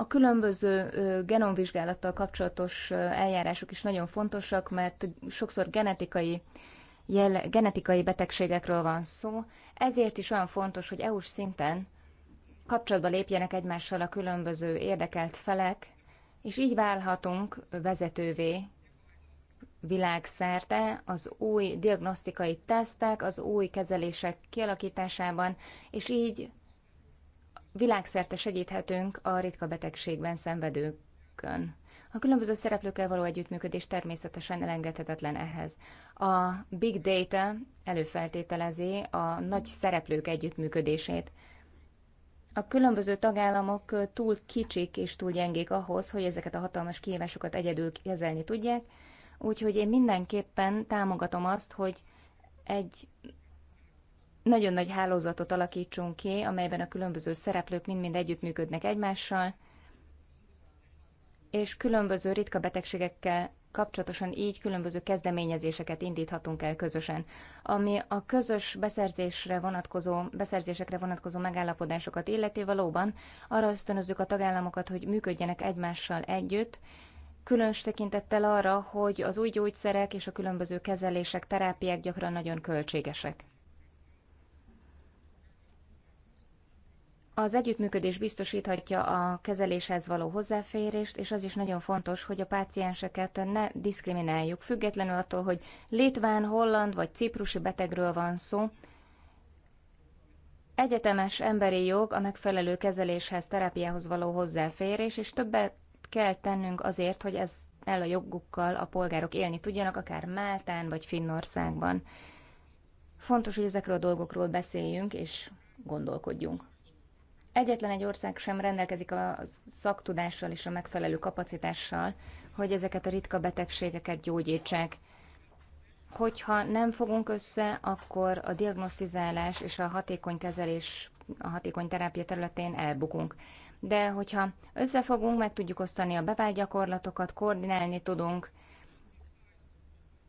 A különböző genomvizsgálattal kapcsolatos eljárások is nagyon fontosak, mert sokszor genetikai, jelle, genetikai betegségekről van szó, ezért is olyan fontos, hogy EU-s szinten kapcsolatba lépjenek egymással a különböző érdekelt felek, és így válhatunk vezetővé világszerte az új diagnosztikai tesztek, az új kezelések kialakításában, és így világszerte segíthetünk a ritka betegségben szenvedőkön. A különböző szereplőkkel való együttműködés természetesen elengedhetetlen ehhez. A big data előfeltételezi a nagy szereplők együttműködését. A különböző tagállamok túl kicsik és túl gyengék ahhoz, hogy ezeket a hatalmas kihívásokat egyedül kezelni tudják, Úgyhogy én mindenképpen támogatom azt, hogy egy nagyon nagy hálózatot alakítsunk ki, amelyben a különböző szereplők mind-mind együttműködnek egymással, és különböző ritka betegségekkel kapcsolatosan így különböző kezdeményezéseket indíthatunk el közösen. Ami a közös beszerzésre vonatkozó, beszerzésekre vonatkozó megállapodásokat illeti, valóban arra ösztönözzük a tagállamokat, hogy működjenek egymással együtt, különös tekintettel arra, hogy az új gyógyszerek és a különböző kezelések, terápiák gyakran nagyon költségesek. Az együttműködés biztosíthatja a kezeléshez való hozzáférést, és az is nagyon fontos, hogy a pácienseket ne diszkrimináljuk, függetlenül attól, hogy litván, holland vagy ciprusi betegről van szó. Egyetemes emberi jog a megfelelő kezeléshez, terápiához való hozzáférés, és többet kell tennünk azért, hogy ez el a jogukkal a polgárok élni tudjanak, akár Máltán vagy Finnországban. Fontos, hogy ezekről a dolgokról beszéljünk és gondolkodjunk. Egyetlen egy ország sem rendelkezik a szaktudással és a megfelelő kapacitással, hogy ezeket a ritka betegségeket gyógyítsák. Hogyha nem fogunk össze, akkor a diagnosztizálás és a hatékony kezelés, a hatékony terápia területén elbukunk de hogyha összefogunk, meg tudjuk osztani a bevált gyakorlatokat, koordinálni tudunk,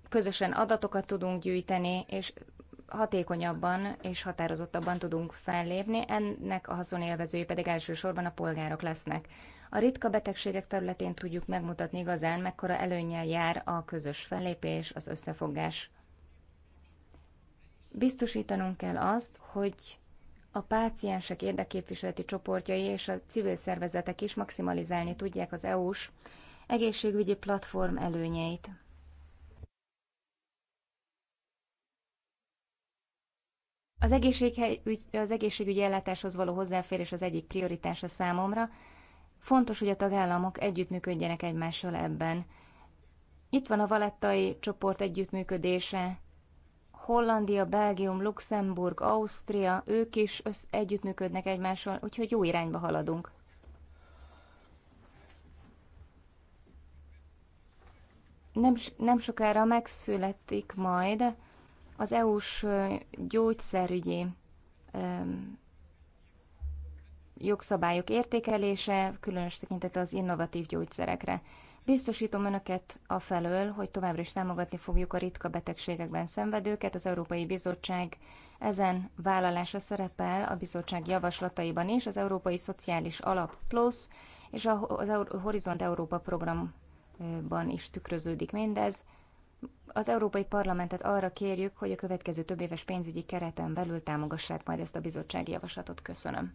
közösen adatokat tudunk gyűjteni, és hatékonyabban és határozottabban tudunk fellépni, ennek a haszonélvezői pedig elsősorban a polgárok lesznek. A ritka betegségek területén tudjuk megmutatni igazán, mekkora előnyel jár a közös fellépés, az összefogás. Biztosítanunk kell azt, hogy a páciensek érdekképviseleti csoportjai és a civil szervezetek is maximalizálni tudják az EU-s egészségügyi platform előnyeit. Az, egészségügy, az egészségügyi ellátáshoz való hozzáférés az egyik prioritása számomra. Fontos, hogy a tagállamok együttműködjenek egymással ebben. Itt van a valettai csoport együttműködése, Hollandia, Belgium, Luxemburg, Ausztria, ők is össz- együttműködnek egymással, úgyhogy jó irányba haladunk. Nem, nem sokára megszületik majd az EU-s gyógyszerügyi jogszabályok értékelése, különös tekintet az innovatív gyógyszerekre. Biztosítom önöket a felől, hogy továbbra is támogatni fogjuk a ritka betegségekben szenvedőket. Az Európai Bizottság ezen vállalása szerepel a bizottság javaslataiban is, az Európai Szociális Alap Plus és a Horizont Európa programban is tükröződik mindez. Az Európai Parlamentet arra kérjük, hogy a következő több éves pénzügyi kereten belül támogassák majd ezt a bizottsági javaslatot. Köszönöm.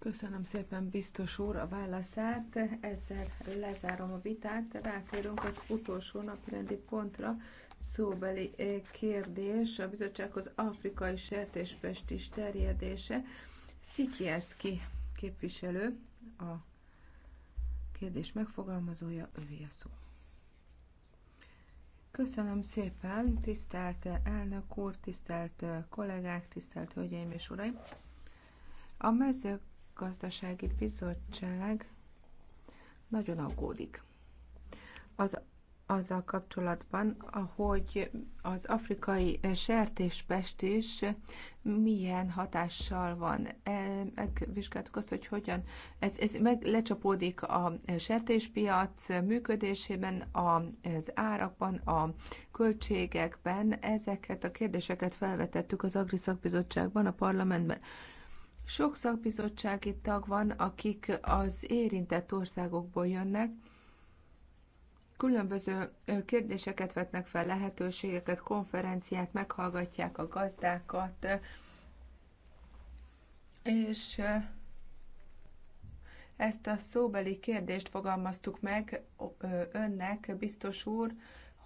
Köszönöm szépen, biztos úr, a válaszát. Ezzel lezárom a vitát. Rátérünk az utolsó napirendi pontra. Szóbeli eh, kérdés a bizottsághoz afrikai sertéspest is terjedése. Szikierszki képviselő, a kérdés megfogalmazója, övé a szó. Köszönöm szépen, tisztelt elnök úr, tisztelt eh, kollégák, tisztelt hölgyeim és uraim! A mezők gazdasági bizottság nagyon aggódik. Az azzal kapcsolatban, hogy az afrikai sertéspestés milyen hatással van. E, megvizsgáltuk azt, hogy hogyan ez, ez meg lecsapódik a sertéspiac működésében, az árakban, a költségekben. Ezeket a kérdéseket felvetettük az Agriszakbizottságban, a parlamentben. Sok szakbizottsági tag van, akik az érintett országokból jönnek, különböző kérdéseket vetnek fel, lehetőségeket, konferenciát, meghallgatják a gazdákat, és ezt a szóbeli kérdést fogalmaztuk meg önnek, biztos úr,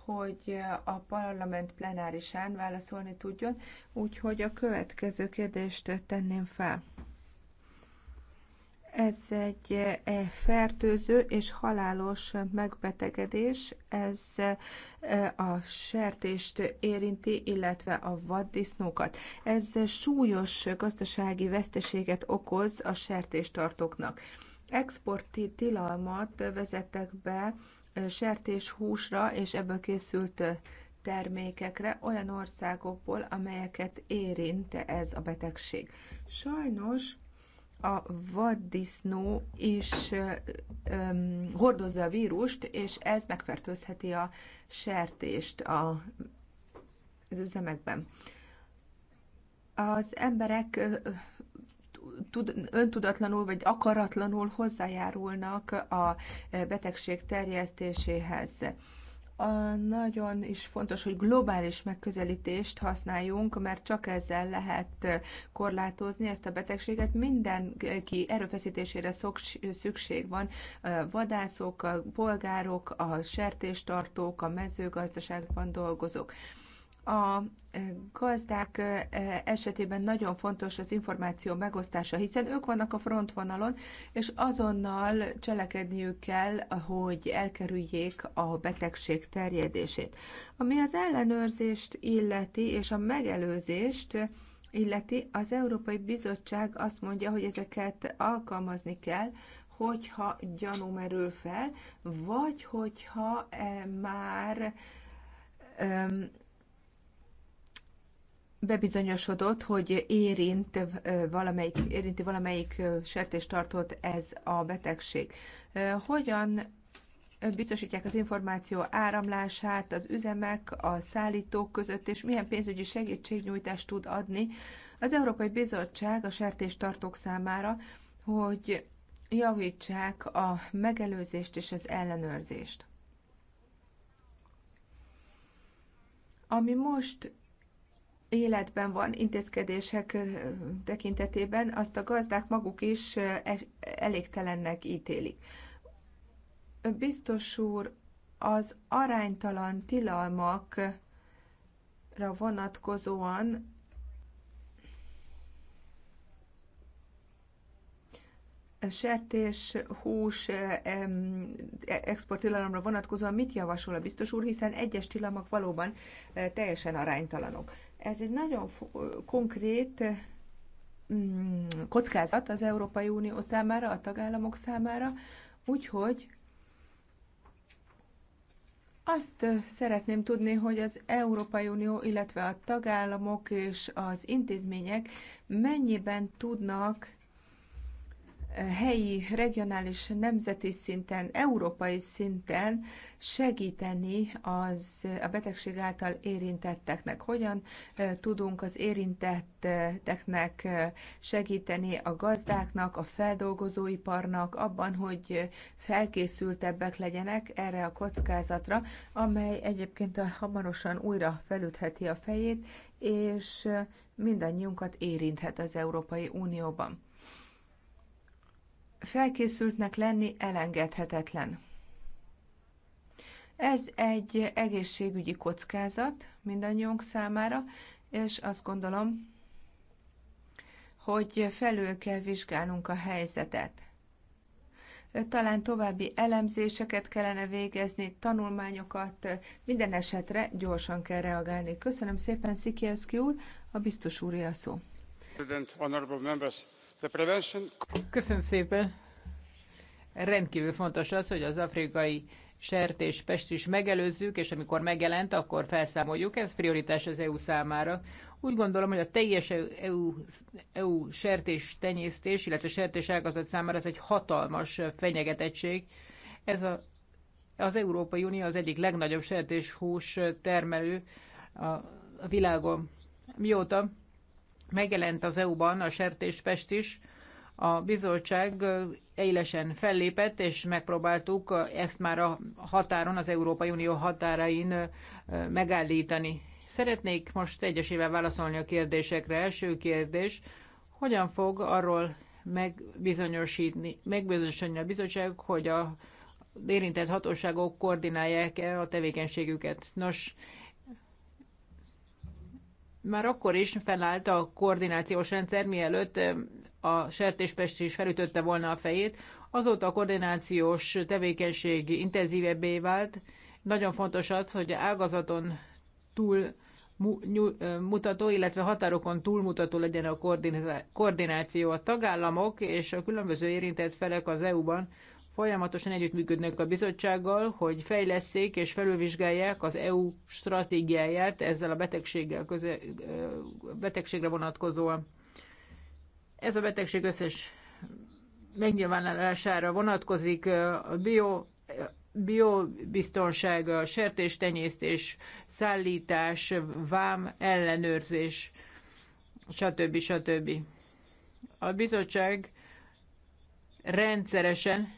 hogy a parlament plenárisán válaszolni tudjon, úgyhogy a következő kérdést tenném fel. Ez egy e, fertőző és halálos megbetegedés, ez e, a sertést érinti, illetve a vaddisznókat. Ez súlyos gazdasági veszteséget okoz a sertéstartóknak. Exporti tilalmat vezettek be sertéshúsra és ebből készült termékekre olyan országokból, amelyeket érint ez a betegség. Sajnos a vaddisznó is hordozza a vírust, és ez megfertőzheti a sertést a, az üzemekben. Az emberek öntudatlanul vagy akaratlanul hozzájárulnak a betegség terjesztéséhez. A nagyon is fontos, hogy globális megközelítést használjunk, mert csak ezzel lehet korlátozni ezt a betegséget. Mindenki erőfeszítésére szükség van, a vadászok, a polgárok, a sertéstartók, a mezőgazdaságban dolgozók a e, gazdák e, esetében nagyon fontos az információ megosztása, hiszen ők vannak a frontvonalon, és azonnal cselekedniük kell, hogy elkerüljék a betegség terjedését. Ami az ellenőrzést illeti, és a megelőzést, illeti az Európai Bizottság azt mondja, hogy ezeket alkalmazni kell, hogyha gyanú merül fel, vagy hogyha e, már bebizonyosodott, hogy érint valamelyik, érinti valamelyik sertéstartót ez a betegség. Hogyan biztosítják az információ áramlását az üzemek, a szállítók között, és milyen pénzügyi segítségnyújtást tud adni az Európai Bizottság a sertéstartók számára, hogy javítsák a megelőzést és az ellenőrzést. Ami most életben van intézkedések tekintetében, azt a gazdák maguk is e, elégtelennek ítélik. Biztos úr, az aránytalan tilalmakra vonatkozóan sertés, hús e, exporttilalomra vonatkozóan mit javasol a biztos úr, hiszen egyes tilalmak valóban teljesen aránytalanok. Ez egy nagyon konkrét mm, kockázat az Európai Unió számára, a tagállamok számára, úgyhogy azt szeretném tudni, hogy az Európai Unió, illetve a tagállamok és az intézmények mennyiben tudnak helyi, regionális, nemzeti szinten, európai szinten segíteni az a betegség által érintetteknek. Hogyan tudunk az érintetteknek segíteni a gazdáknak, a feldolgozóiparnak abban, hogy felkészültebbek legyenek erre a kockázatra, amely egyébként a hamarosan újra felütheti a fejét, és mindannyiunkat érinthet az Európai Unióban felkészültnek lenni elengedhetetlen. Ez egy egészségügyi kockázat mindannyiunk számára, és azt gondolom, hogy felül kell vizsgálnunk a helyzetet. Talán további elemzéseket kellene végezni, tanulmányokat, minden esetre gyorsan kell reagálni. Köszönöm szépen, Szikielszki úr, a biztos úr a szó. President, Köszönöm szépen. Rendkívül fontos az, hogy az afrikai sertés pest is megelőzzük, és amikor megjelent, akkor felszámoljuk. Ez prioritás az EU számára. Úgy gondolom, hogy a teljes EU, EU e sertés tenyésztés, illetve sertés ágazat számára ez egy hatalmas fenyegetettség. Ez a, az Európai Unió az egyik legnagyobb sertéshús termelő a, a világon. Mióta megjelent az EU-ban a sertéspest is, a bizottság élesen fellépett, és megpróbáltuk ezt már a határon, az Európai Unió határain megállítani. Szeretnék most egyesével válaszolni a kérdésekre. Első kérdés, hogyan fog arról megbizonyosítani, megbizonyosítani a bizottság, hogy a érintett hatóságok koordinálják-e a tevékenységüket. Nos, már akkor is felállt a koordinációs rendszer, mielőtt a sertéspest is felütötte volna a fejét. Azóta a koordinációs tevékenység intenzívebbé vált. Nagyon fontos az, hogy ágazaton túl mutató, illetve határokon túlmutató legyen a koordináció. A tagállamok és a különböző érintett felek az EU-ban folyamatosan együttműködnek a bizottsággal, hogy fejleszék és felülvizsgálják az EU stratégiáját ezzel a betegséggel köze, betegségre vonatkozóan. Ez a betegség összes megnyilvánulására vonatkozik a bio, biobiztonság, a sertéstenyésztés, szállítás, vám, ellenőrzés, stb. stb. A bizottság rendszeresen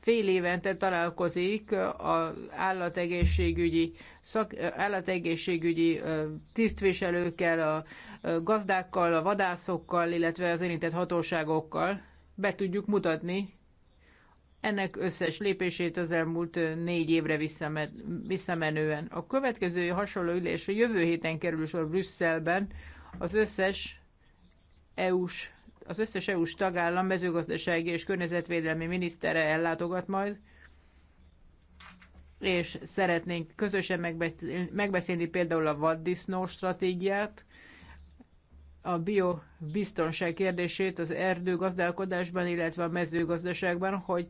fél évente találkozik az állategészségügyi, szak, állategészségügyi tisztviselőkkel, a gazdákkal, a vadászokkal, illetve az érintett hatóságokkal. Be tudjuk mutatni ennek összes lépését az elmúlt négy évre visszamenően. A következő hasonló ülés a jövő héten kerül sor Brüsszelben az összes EU-s az összes EU-s tagállam mezőgazdasági és környezetvédelmi minisztere ellátogat majd, és szeretnénk közösen megbeszélni például a vaddisznó stratégiát, a biobiztonság kérdését az erdőgazdálkodásban, illetve a mezőgazdaságban, hogy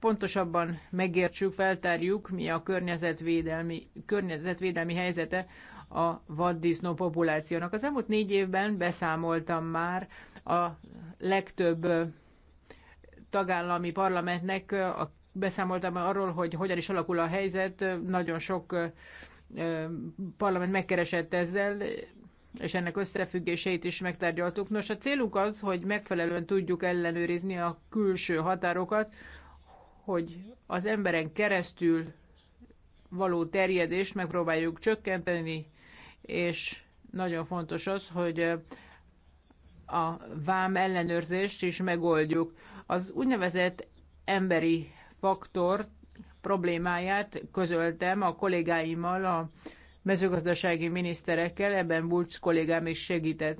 pontosabban megértsük, feltárjuk, mi a környezetvédelmi, környezetvédelmi helyzete a vaddisznó populációnak. Az elmúlt négy évben beszámoltam már a legtöbb tagállami parlamentnek a beszámoltam arról, hogy hogyan is alakul a helyzet. Nagyon sok parlament megkeresett ezzel, és ennek összefüggéseit is megtárgyaltuk. Nos, a célunk az, hogy megfelelően tudjuk ellenőrizni a külső határokat, hogy az emberen keresztül való terjedést megpróbáljuk csökkenteni, és nagyon fontos az, hogy a vám ellenőrzést is megoldjuk. Az úgynevezett emberi faktor problémáját közöltem a kollégáimmal, a mezőgazdasági miniszterekkel, ebben Bulcs kollégám is segített.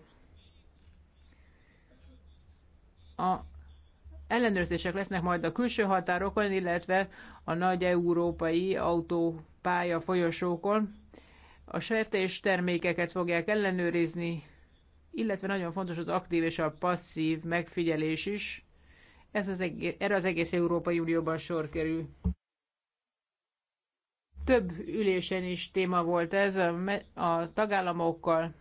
A ellenőrzések lesznek majd a külső határokon, illetve a nagy európai autópálya folyosókon. A sertés termékeket fogják ellenőrizni, illetve nagyon fontos az aktív és a passzív megfigyelés is. Ez az egész, erre az egész Európai Unióban sor kerül. Több ülésen is téma volt ez a, a tagállamokkal,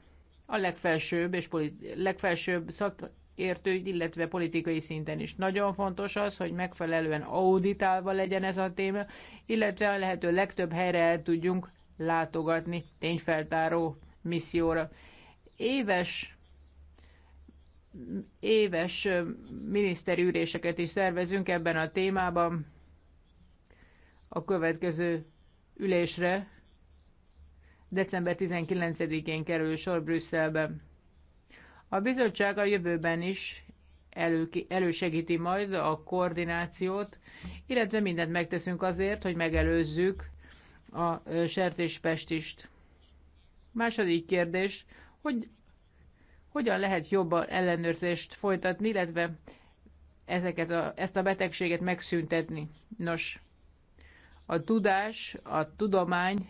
a legfelsőbb és politi- legfelsőbb szakértő, illetve politikai szinten is. Nagyon fontos az, hogy megfelelően auditálva legyen ez a téma, illetve a lehető legtöbb helyre el tudjunk látogatni tényfeltáró misszióra. Éves éves üléseket is szervezünk ebben a témában a következő ülésre december 19-én kerül sor Brüsszelbe. A bizottság a jövőben is elő, elősegíti majd a koordinációt, illetve mindent megteszünk azért, hogy megelőzzük a sertéspestist. Második kérdés, hogy hogyan lehet jobban ellenőrzést folytatni, illetve ezeket a, ezt a betegséget megszüntetni? Nos, a tudás, a tudomány,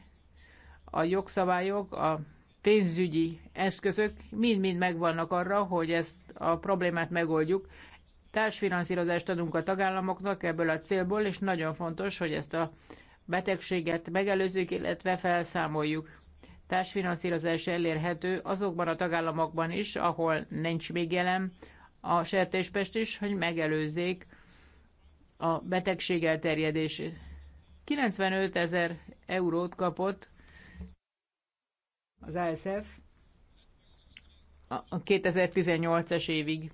a jogszabályok, a pénzügyi eszközök mind-mind megvannak arra, hogy ezt a problémát megoldjuk. Társfinanszírozást adunk a tagállamoknak ebből a célból, és nagyon fontos, hogy ezt a betegséget megelőzzük, illetve felszámoljuk társfinanszírozás elérhető azokban a tagállamokban is, ahol nincs még jelen a sertéspest is, hogy megelőzzék a betegség elterjedését. 95 ezer eurót kapott az ASF a 2018 es évig.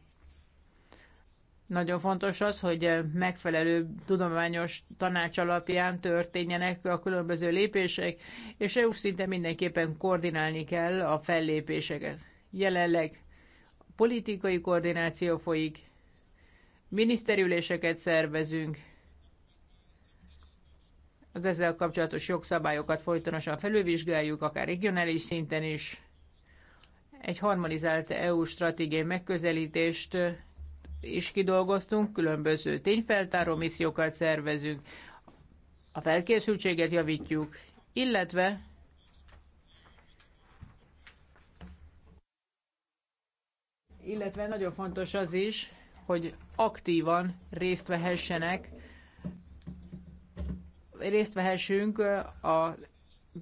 Nagyon fontos az, hogy megfelelő tudományos tanács alapján történjenek a különböző lépések, és EU szinte mindenképpen koordinálni kell a fellépéseket. Jelenleg politikai koordináció folyik, miniszterüléseket szervezünk, az ezzel kapcsolatos jogszabályokat folytonosan felülvizsgáljuk, akár regionális szinten is. Egy harmonizált EU stratégiai megközelítést is kidolgoztunk, különböző tényfeltáró missziókat szervezünk, a felkészültséget javítjuk, illetve illetve nagyon fontos az is, hogy aktívan részt vehessenek, részt vehessünk a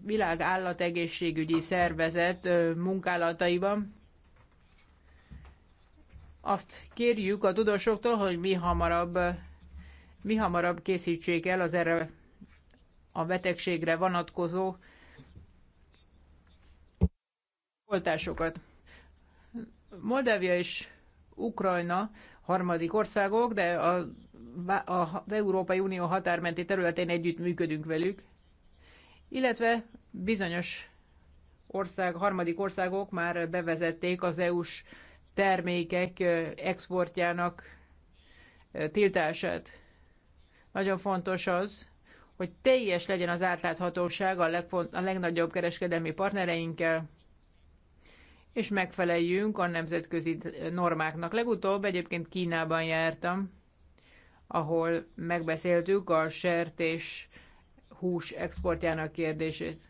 világ állategészségügyi szervezet munkálataiban. Azt kérjük a tudósoktól, hogy mi hamarabb, mi hamarabb készítsék el az erre a betegségre vonatkozó oltásokat. Moldávia és Ukrajna harmadik országok, de a, a, az Európai Unió határmenti területén együtt működünk velük, illetve bizonyos ország, harmadik országok már bevezették az EU-s termékek exportjának tiltását. Nagyon fontos az, hogy teljes legyen az átláthatóság a, legfont, a legnagyobb kereskedelmi partnereinkkel, és megfeleljünk a nemzetközi normáknak. Legutóbb egyébként Kínában jártam, ahol megbeszéltük a sertés hús exportjának kérdését.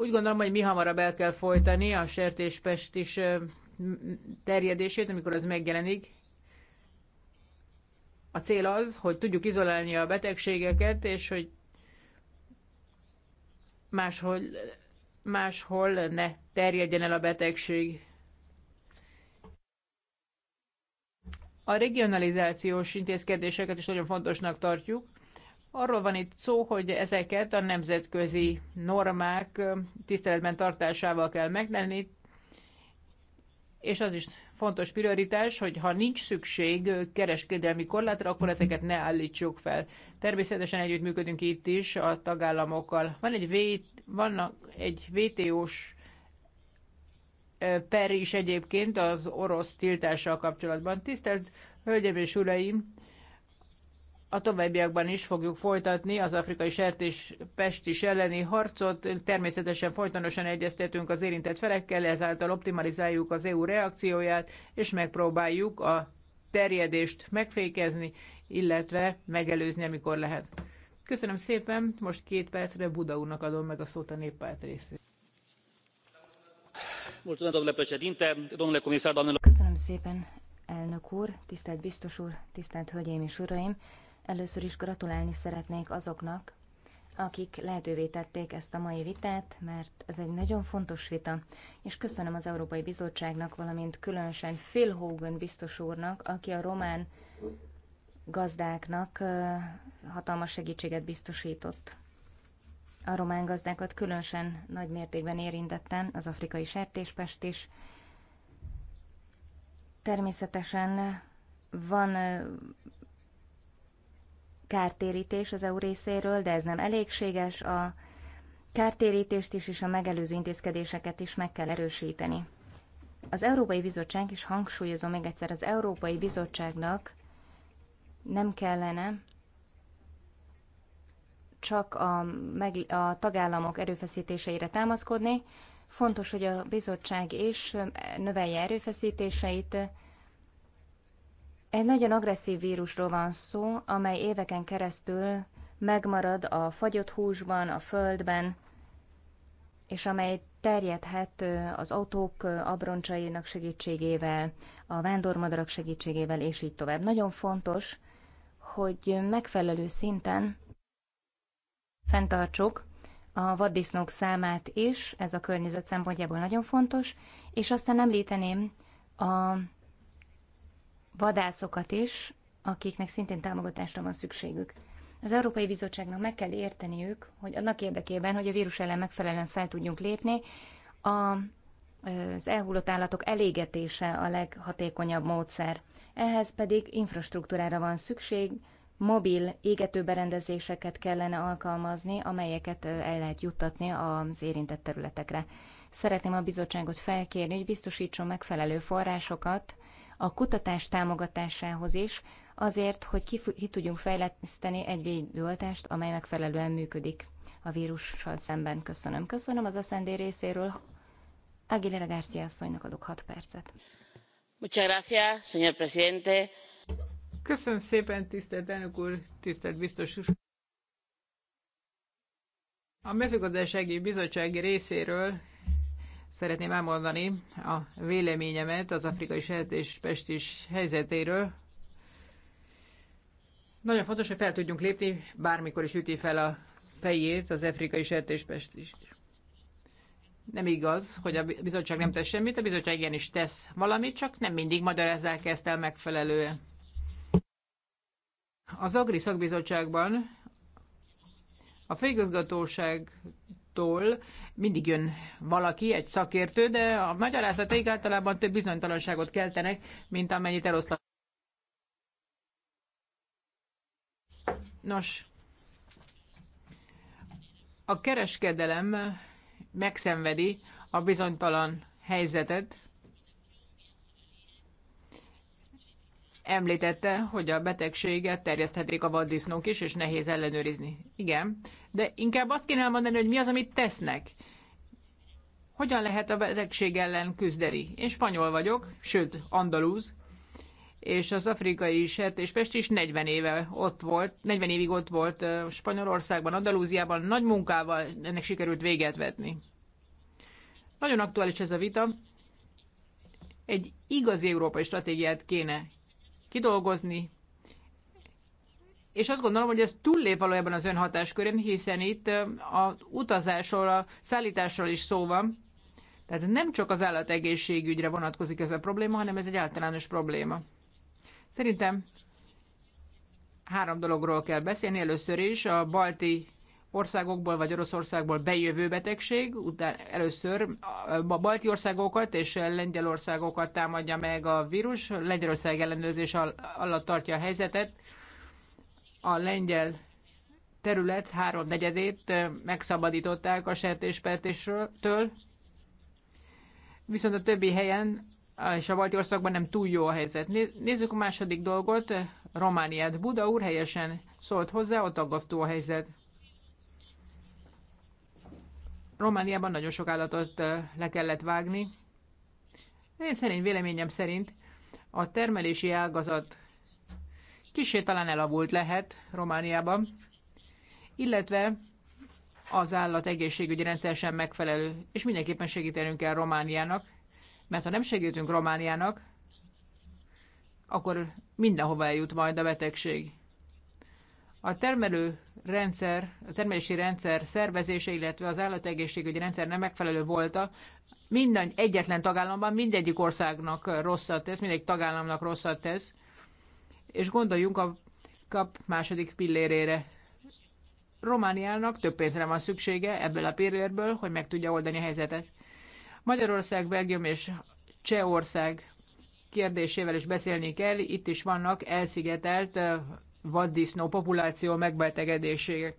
Úgy gondolom, hogy mi hamarabb el kell folytani a sertéspest is terjedését, amikor ez megjelenik. A cél az, hogy tudjuk izolálni a betegségeket, és hogy máshol, máshol ne terjedjen el a betegség. A regionalizációs intézkedéseket is nagyon fontosnak tartjuk. Arról van itt szó, hogy ezeket a nemzetközi normák tiszteletben tartásával kell megtenni, és az is fontos prioritás, hogy ha nincs szükség kereskedelmi korlátra, akkor ezeket ne állítsuk fel. Természetesen együttműködünk itt is a tagállamokkal. Van egy, van egy VTO-s per is egyébként az orosz tiltással kapcsolatban. Tisztelt Hölgyeim és Uraim! a továbbiakban is fogjuk folytatni az afrikai sertés pestis elleni harcot. Természetesen folytonosan egyeztetünk az érintett felekkel, ezáltal optimalizáljuk az EU reakcióját, és megpróbáljuk a terjedést megfékezni, illetve megelőzni, amikor lehet. Köszönöm szépen, most két percre Buda úrnak adom meg a szót a néppárt részét. Köszönöm szépen, elnök úr, tisztelt biztos úr, tisztelt hölgyeim és uraim! Először is gratulálni szeretnék azoknak, akik lehetővé tették ezt a mai vitát, mert ez egy nagyon fontos vita, és köszönöm az Európai Bizottságnak, valamint különösen Phil Hogan biztos úrnak, aki a román gazdáknak hatalmas segítséget biztosított. A román gazdákat különösen nagy mértékben érintettem, az afrikai sertéspest is. Természetesen van kártérítés az EU részéről, de ez nem elégséges, a kártérítést is és a megelőző intézkedéseket is meg kell erősíteni. Az Európai Bizottság, is hangsúlyozom még egyszer, az Európai Bizottságnak nem kellene csak a, meg, a tagállamok erőfeszítéseire támaszkodni, fontos, hogy a bizottság is növelje erőfeszítéseit, egy nagyon agresszív vírusról van szó, amely éveken keresztül megmarad a fagyott húsban, a földben, és amely terjedhet az autók abroncsainak segítségével, a vándormadarak segítségével, és így tovább. Nagyon fontos, hogy megfelelő szinten fenntartsuk a vaddisznók számát is, ez a környezet szempontjából nagyon fontos, és aztán említeném a vadászokat is, akiknek szintén támogatásra van szükségük. Az Európai Bizottságnak meg kell érteniük, hogy annak érdekében, hogy a vírus ellen megfelelően fel tudjunk lépni, a, az elhullott állatok elégetése a leghatékonyabb módszer. Ehhez pedig infrastruktúrára van szükség, mobil égetőberendezéseket kellene alkalmazni, amelyeket el lehet juttatni az érintett területekre. Szeretném a bizottságot felkérni, hogy biztosítson megfelelő forrásokat a kutatás támogatásához is, azért, hogy ki, ki tudjunk fejleszteni egy védőoltást, amely megfelelően működik a vírussal szemben. Köszönöm. Köszönöm az SZND részéről. Aguilera García asszonynak adok 6 percet. Muchas gracias, señor presidente. Köszönöm szépen, tisztelt elnök úr, tisztelt biztos úr. A mezőgazdasági bizottság részéről Szeretném elmondani a véleményemet az afrikai pestis helyzetéről. Nagyon fontos, hogy fel tudjunk lépni, bármikor is üti fel a fejét az afrikai pestis. Nem igaz, hogy a bizottság nem tesz semmit, a bizottság igenis tesz valamit, csak nem mindig magyarázzák ezt el megfelelően. Az Agri szakbizottságban a főigazgatóságtól mindig jön valaki, egy szakértő, de a magyarázataik általában több bizonytalanságot keltenek, mint amennyit eloszlat. Nos, a kereskedelem megszenvedi a bizonytalan helyzetet, Említette, hogy a betegséget terjeszthetik a vaddisznók is, és nehéz ellenőrizni. Igen, de inkább azt kéne elmondani, hogy mi az, amit tesznek. Hogyan lehet a betegség ellen küzdeni? Én spanyol vagyok, sőt, andalúz, és az afrikai sertéspest is 40 éve ott volt, 40 évig ott volt Spanyolországban, Andalúziában, nagy munkával ennek sikerült véget vetni. Nagyon aktuális ez a vita. Egy igazi európai stratégiát kéne kidolgozni. És azt gondolom, hogy ez túllép valójában az ön hatáskörén, hiszen itt az utazásról, a szállításról is szó van. Tehát nem csak az állategészségügyre vonatkozik ez a probléma, hanem ez egy általános probléma. Szerintem három dologról kell beszélni. Először is a balti országokból vagy Oroszországból bejövő betegség, után először a balti országokat és Lengyelországokat támadja meg a vírus. Lengyelország ellenőrzés alatt tartja a helyzetet. A lengyel terület háromnegyedét megszabadították a sertéspertéstől, viszont a többi helyen és a balti országban nem túl jó a helyzet. Nézzük a második dolgot, Romániát. Buda úr helyesen szólt hozzá, ott aggasztó a helyzet. Romániában nagyon sok állatot le kellett vágni. Én szerint, véleményem szerint a termelési ágazat kicsit talán elavult lehet Romániában, illetve az állat egészségügyi rendszer sem megfelelő, és mindenképpen segítenünk kell Romániának, mert ha nem segítünk Romániának, akkor mindenhova eljut majd a betegség. A termelő rendszer, a termelési rendszer szervezése, illetve az állategészségügyi rendszer nem megfelelő volt a minden egyetlen tagállamban mindegyik országnak rosszat tesz, mindegyik tagállamnak rosszat tesz, és gondoljunk a kap második pillérére. Romániának több pénzre van szüksége ebből a pillérből, hogy meg tudja oldani a helyzetet. Magyarország, Belgium és Csehország kérdésével is beszélni kell. Itt is vannak elszigetelt vaddisznó populáció megbetegedésének.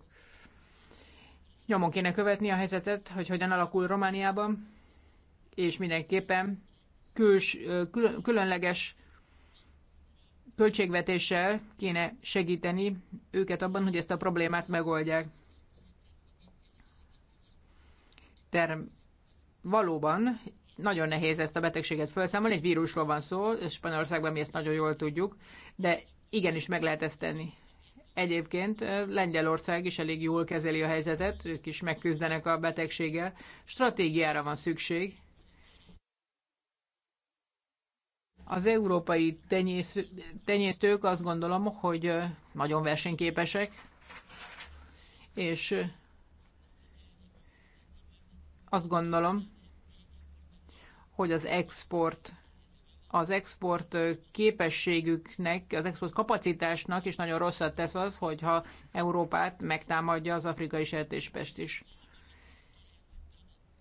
Nyomon kéne követni a helyzetet, hogy hogyan alakul Romániában, és mindenképpen küls, különleges költségvetéssel kéne segíteni őket abban, hogy ezt a problémát megoldják. Term valóban nagyon nehéz ezt a betegséget felszámolni, egy vírusról van szó, Spanyolországban mi ezt nagyon jól tudjuk, de igenis meg lehet ezt tenni. Egyébként Lengyelország is elég jól kezeli a helyzetet, ők is megküzdenek a betegséggel. Stratégiára van szükség. Az európai tenyész, tenyésztők azt gondolom, hogy nagyon versenyképesek, és azt gondolom, hogy az export az export képességüknek, az export kapacitásnak is nagyon rosszat tesz az, hogyha Európát megtámadja az afrikai sertéspest is.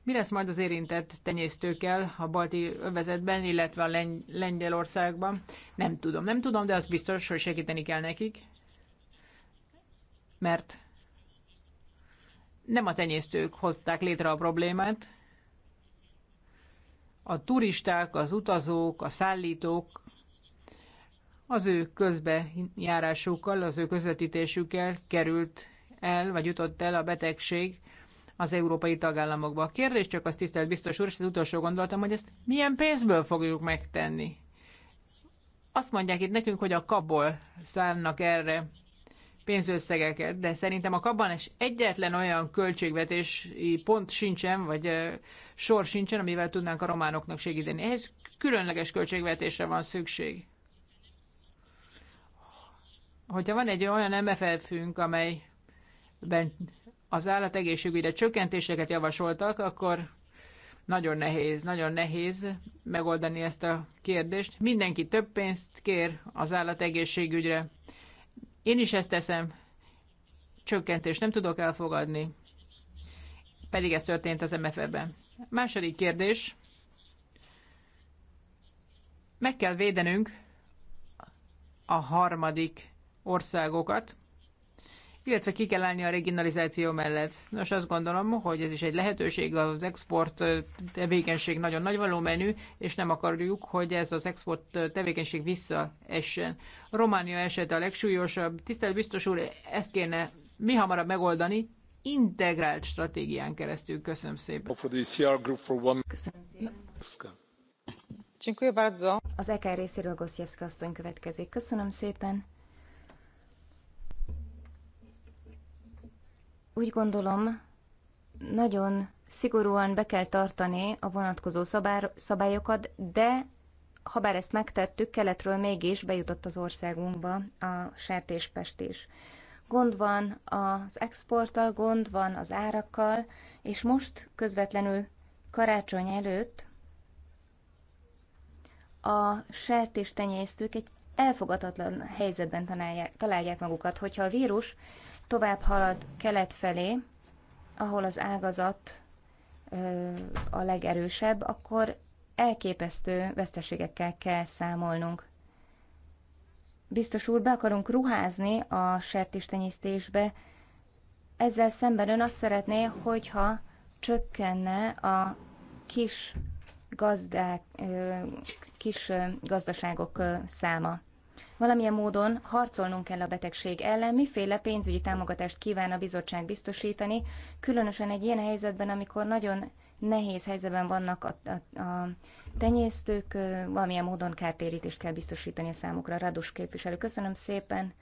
Mi lesz majd az érintett tenyésztőkkel a balti övezetben, illetve a Lengy- Lengyelországban? Nem tudom, nem tudom, de az biztos, hogy segíteni kell nekik, mert nem a tenyésztők hozták létre a problémát, a turisták, az utazók, a szállítók az ő közbejárásukkal, az ő közvetítésükkel került el, vagy jutott el a betegség az európai tagállamokba. A kérdés csak az tisztelt biztos úr, és az utolsó gondoltam, hogy ezt milyen pénzből fogjuk megtenni. Azt mondják itt nekünk, hogy a kabol szállnak erre pénzösszegeket, de szerintem a kapban is egyetlen olyan költségvetési pont sincsen, vagy sor sincsen, amivel tudnánk a románoknak segíteni. Ehhez különleges költségvetésre van szükség. Hogyha van egy olyan MFF-ünk, amelyben az állategészségügyre csökkentéseket javasoltak, akkor nagyon nehéz, nagyon nehéz megoldani ezt a kérdést. Mindenki több pénzt kér az állategészségügyre. Én is ezt teszem, csökkentést nem tudok elfogadni, pedig ez történt az MFF-ben. Második kérdés. Meg kell védenünk a harmadik országokat, illetve ki kell állni a regionalizáció mellett. Nos, azt gondolom, hogy ez is egy lehetőség, az export tevékenység nagyon nagy való menü, és nem akarjuk, hogy ez az export tevékenység visszaessen. Románia esete a legsúlyosabb. Tisztelt biztos úr, ezt kéne mi hamarabb megoldani, integrált stratégián keresztül. Köszönöm szépen. Köszönöm szépen. Az EKR e részéről Goszjevszka asszony következik. Köszönöm szépen. Úgy gondolom, nagyon szigorúan be kell tartani a vonatkozó szabályokat, de ha bár ezt megtettük, keletről mégis bejutott az országunkba a sertéspest is. Gond van az exporttal, gond van az árakkal, és most közvetlenül karácsony előtt a sertéstenyésztők egy elfogadhatatlan helyzetben találják, találják magukat, hogyha a vírus tovább halad kelet felé, ahol az ágazat ö, a legerősebb, akkor elképesztő veszteségekkel kell számolnunk. Biztos úr, be akarunk ruházni a sertéstenyésztésbe. Ezzel szemben ön azt szeretné, hogyha csökkenne a kis gazdák, kis gazdaságok száma. Valamilyen módon harcolnunk kell a betegség ellen, miféle pénzügyi támogatást kíván a bizottság biztosítani, különösen egy ilyen helyzetben, amikor nagyon nehéz helyzetben vannak a, a, a tenyésztők, valamilyen módon kártérítést kell biztosítani a számukra. Radus képviselő, köszönöm szépen.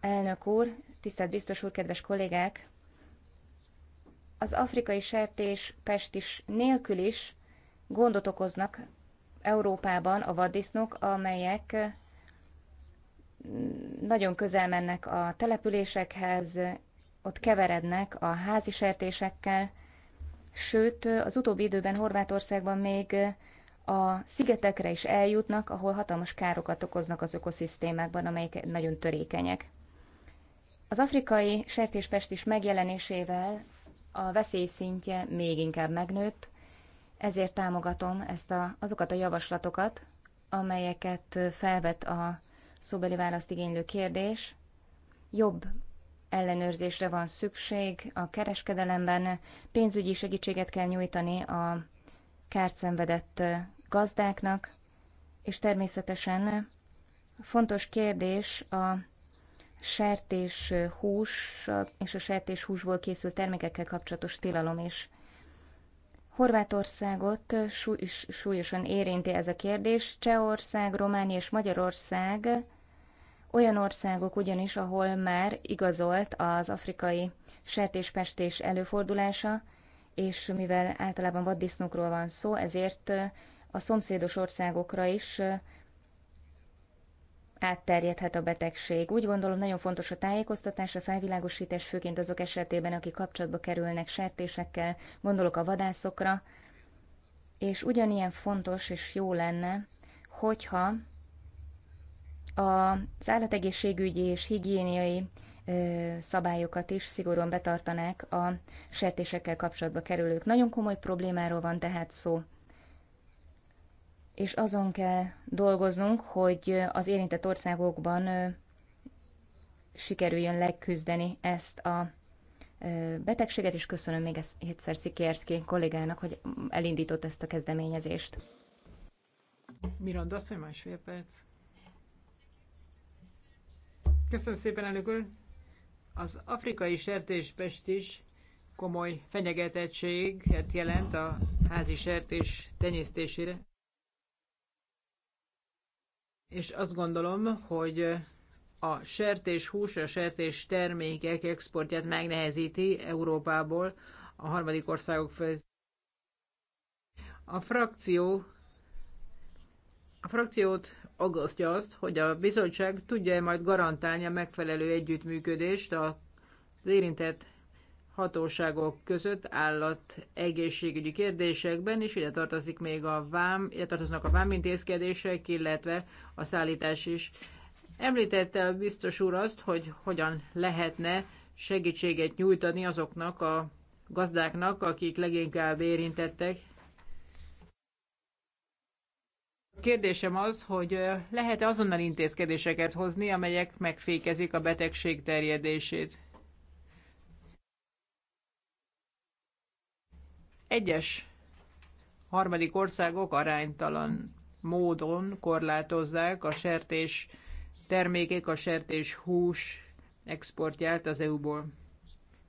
Elnök úr, tisztelt biztos úr, kedves kollégák! Az afrikai sertés, pestis nélkül is gondot okoznak Európában a vaddisznók, amelyek nagyon közel mennek a településekhez, ott keverednek a házi sertésekkel, sőt, az utóbbi időben Horvátországban még a szigetekre is eljutnak, ahol hatalmas károkat okoznak az ökoszisztémákban, amelyek nagyon törékenyek. Az afrikai sertéspest is megjelenésével a veszély szintje még inkább megnőtt, ezért támogatom ezt a, azokat a javaslatokat, amelyeket felvet a szóbeli választ igénylő kérdés. Jobb ellenőrzésre van szükség a kereskedelemben, pénzügyi segítséget kell nyújtani a kárt szenvedett gazdáknak, és természetesen fontos kérdés a sertés hús és a sertés húsból készült termékekkel kapcsolatos tilalom is. Horvátországot súly, súlyosan érinti ez a kérdés. Csehország, Románia és Magyarország olyan országok ugyanis, ahol már igazolt az afrikai sertéspestés előfordulása, és mivel általában vaddisznókról van szó, ezért a szomszédos országokra is átterjedhet a betegség. Úgy gondolom, nagyon fontos a tájékoztatás, a felvilágosítás, főként azok esetében, akik kapcsolatba kerülnek sertésekkel, gondolok a vadászokra, és ugyanilyen fontos és jó lenne, hogyha az állategészségügyi és higiéniai szabályokat is szigorúan betartanák a sertésekkel kapcsolatba kerülők. Nagyon komoly problémáról van tehát szó. És azon kell dolgoznunk, hogy az érintett országokban sikerüljön leküzdeni ezt a betegséget, és köszönöm még egyszer Szikierszki kollégának, hogy elindított ezt a kezdeményezést. Miranda, másfél perc. Köszönöm szépen, elnök úr. Az afrikai sertéspest is komoly fenyegetettséget jelent a házi sertés tenyésztésére. És azt gondolom, hogy a sertés hús, a sertés termékek exportját megnehezíti Európából a harmadik országok felé. A frakció a frakciót aggasztja azt, hogy a bizottság tudja-e majd garantálni a megfelelő együttműködést az érintett hatóságok között állat egészségügyi kérdésekben, és ide tartozik még a vám, ide tartoznak a vámintézkedések, illetve a szállítás is. Említette a biztos úr azt, hogy hogyan lehetne segítséget nyújtani azoknak a gazdáknak, akik leginkább érintettek, Kérdésem az, hogy lehet-e azonnal intézkedéseket hozni, amelyek megfékezik a betegség terjedését? Egyes harmadik országok aránytalan módon korlátozzák a sertés termékek, a sertés hús exportját az EU-ból.